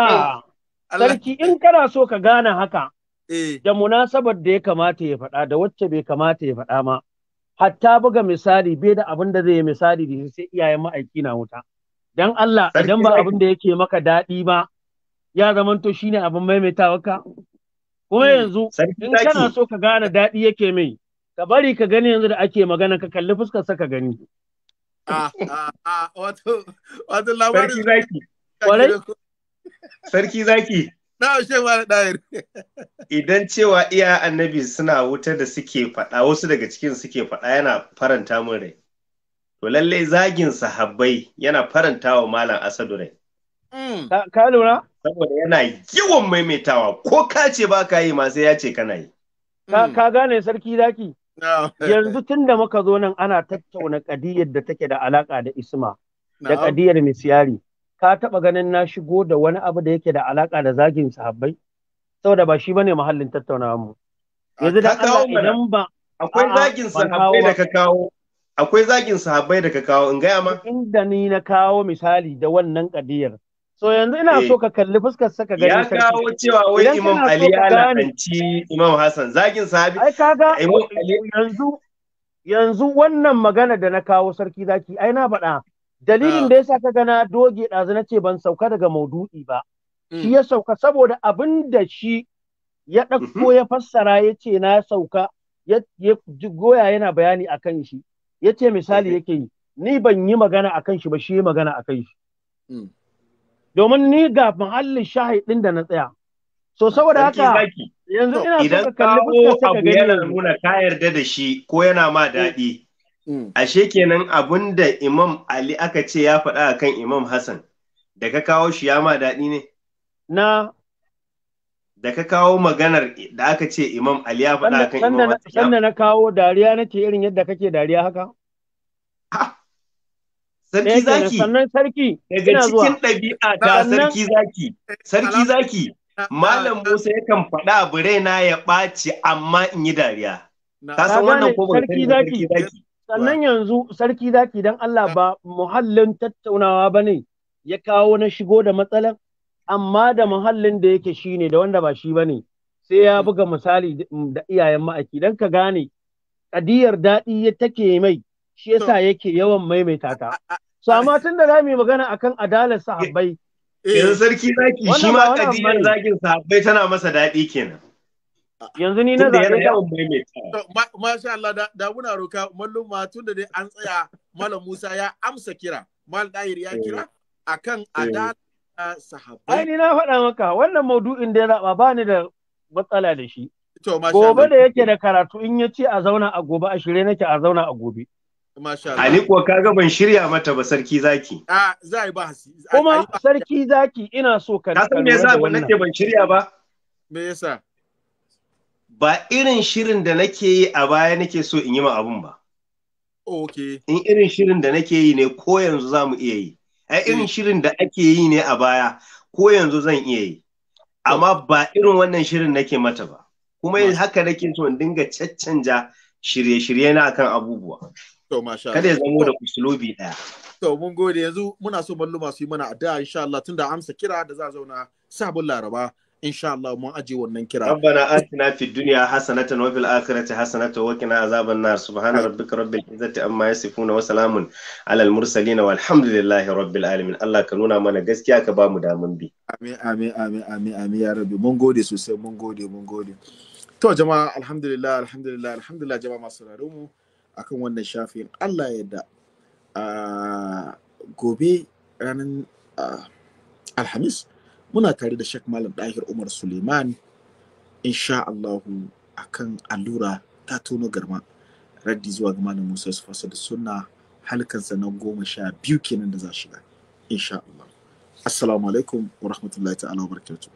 S4: ah, sarki in kana so ka gane haka eh. da munasabar da ya kamata ya faɗa da wacce bai kamata ya faɗa ma hatta buga misali bai da abin da zai yi misali da sai iyayen ma'aiki na wuta dan Allah idan ba abin da yake maka daɗi ba ya zamanto ne abin maimaitawa ka kuma hmm, yanzu in kana so ka gane daɗi yake mai ka bari ka gani yanzu da ake magana ka kalli fuskar sa ka gani ah, ah,
S1: ah, wato wato labarin sarki zaki
S3: sarki zaki na ba da ɗayar. Idan cewa iya annabi suna wuta da suke faɗa wasu daga cikin suke faɗa yana faranta min rai. To lallai zagin sahabbai yana faranta wa Malam Asadu rai.
S4: Mm. Ka lura? Saboda yana
S3: yawan maimaitawa ko ka ce ba ka yi ma ya ce kana yi. Ka mm. gane
S4: sarki zaki? Yanzu tun da muka zo nan ana tattauna kadiyar da take da alaka da Isma da kadiyar Misiyari. ka taɓa ganin na shigo da wani abu da yake da alaƙa da zagin sahabbai saboda ba shi bane muhallin tattaunawa mu yanzu da Allah idan
S3: ba akwai zagin sahabbai da ka kawo akwai zagin sahabbai da ka kawo in gaya ma
S4: inda ni na kawo misali da wannan kadiyar so yanzu ina eh. so ka kalli fuskar saka gani ya kawo cewa wai imam ali ya lakanci
S3: imam hasan zagin sahabi ai
S4: kaga yanzu yanzu wannan magana da na kawo sarki zaki ai na faɗa dalilin ah. da yasa ka gana doge ɗazu na ce ban sauka daga maudu'i ba mm. shi ya sauka saboda abin da shi ya ɗauko mm-hmm. ya fassara ya ce na sauka ya goya yana bayani a kan shi ya ce misali yake yi ni ban yi magana a kan shi ba shi ya magana a kan shi mm. domin ni ga mahallin shahidin da na tsaya so saboda haka yanzu ina so ka kalli fuskar ka gani idan kawo abu yana nuna
S3: ka yarda da shi ko yana ma daɗi Mm. Ashe kenan abun da Imam Ali aka ce ya faɗa akan Imam Hassan, da ka kawo shi ya ma daɗi ne? Na. Da ka kawo maganar da aka ce Imam Ali ya faɗa akan Imam Hassan. Sanda
S4: na kawo dariya na ce irin yadda kake dariya haka?
S3: Sarki eh, zaki. Sannan sarki. Daga cikin ɗabi'a ta sarki zaki. Sarki zaki. Malam Musa yakan faɗa bure na ya ɓaci amma in yi dariya. Ka san wannan ko sarki zaki.
S4: sannan yanzu sarki zaki dan Allah ba muhallin tattaunawa ba ne ya kawo na shigo da matsalan amma da muhallin da yake shi ne da wanda ba shi ba ne sai ya buga misali da iyayen ma'aiki don ka gane kadiyar daɗi ya take mai shi yasa yake yawan maimaita ta so amma tun da za mu yi magana akan adalar sahabbai eh,
S3: eh, yanzu sarki zaki shi ma kadiyar zakin sahabbai tana masa daɗi kenan yanzu ni na zaɓe
S1: da masha Allah da muna roka mallum ma da dai an tsaya malam Musa ya amsa kira mal dair ya eh. kira kan eh. adal sahabbai ai
S2: ni na faɗa
S4: maka wannan maudu'in da ya zaɓa ba ni da matsala da shi gobe da yake da karatu in ya ce a zauna a gobe a shirye nake a zauna a gobe
S3: Ali kuwa kaga ban shirya mata ba sarki zaki.
S4: A za ba Kuma sarki zaki ina so ka. Ka san me yasa
S3: ban nake ban shirya ba? Me yasa? ba irin shirin da nake yi a baya nake so in yi ma abun ba. Okay. In irin shirin da nake yi ne ko yanzu za mu iya yi. Ai irin shirin da ake yi ne a baya ko yanzu zan iya yi. Amma ba irin wannan shirin nake mata ba. Kuma yin haka nake so in dinga caccanja shirye-shirye na kan abubuwa. To masha Kada ya zamo da usulubi ɗaya.
S1: To mun gode yanzu muna so malluma su yi mana addu'a insha Allah tunda amsa kira da za zauna sabon Laraba. insha Allah mun aje wannan kira rabbana
S3: atina fid dunya hasanatan wa fil akhirati hasanatan wa qina azaban nar subhana rabbika rabbil izzati amma yasifuna wa salamun alal mursalin walhamdulillahi rabbil alamin Allah ka nuna mana gaskiya ka bamu damun bi
S1: amin amin amin amin amin ya rabbi mun gode sosai mun gode mun gode to jama'a alhamdulillah alhamdulillah alhamdulillah jama'a masu sauraro mu akan wannan shafin Allah yadda ah, gobe ranar ah, alhamis muna tare da Sheikh Malam Dahir Umar Suleiman insha Allahu akan allura ta tono garma raddi zuwa ga Malam Musa Fasa da Sunna halkansa na goma sha biyu kenan da za shiga insha Allah assalamu alaikum wa rahmatullahi ta'ala wa barakatuh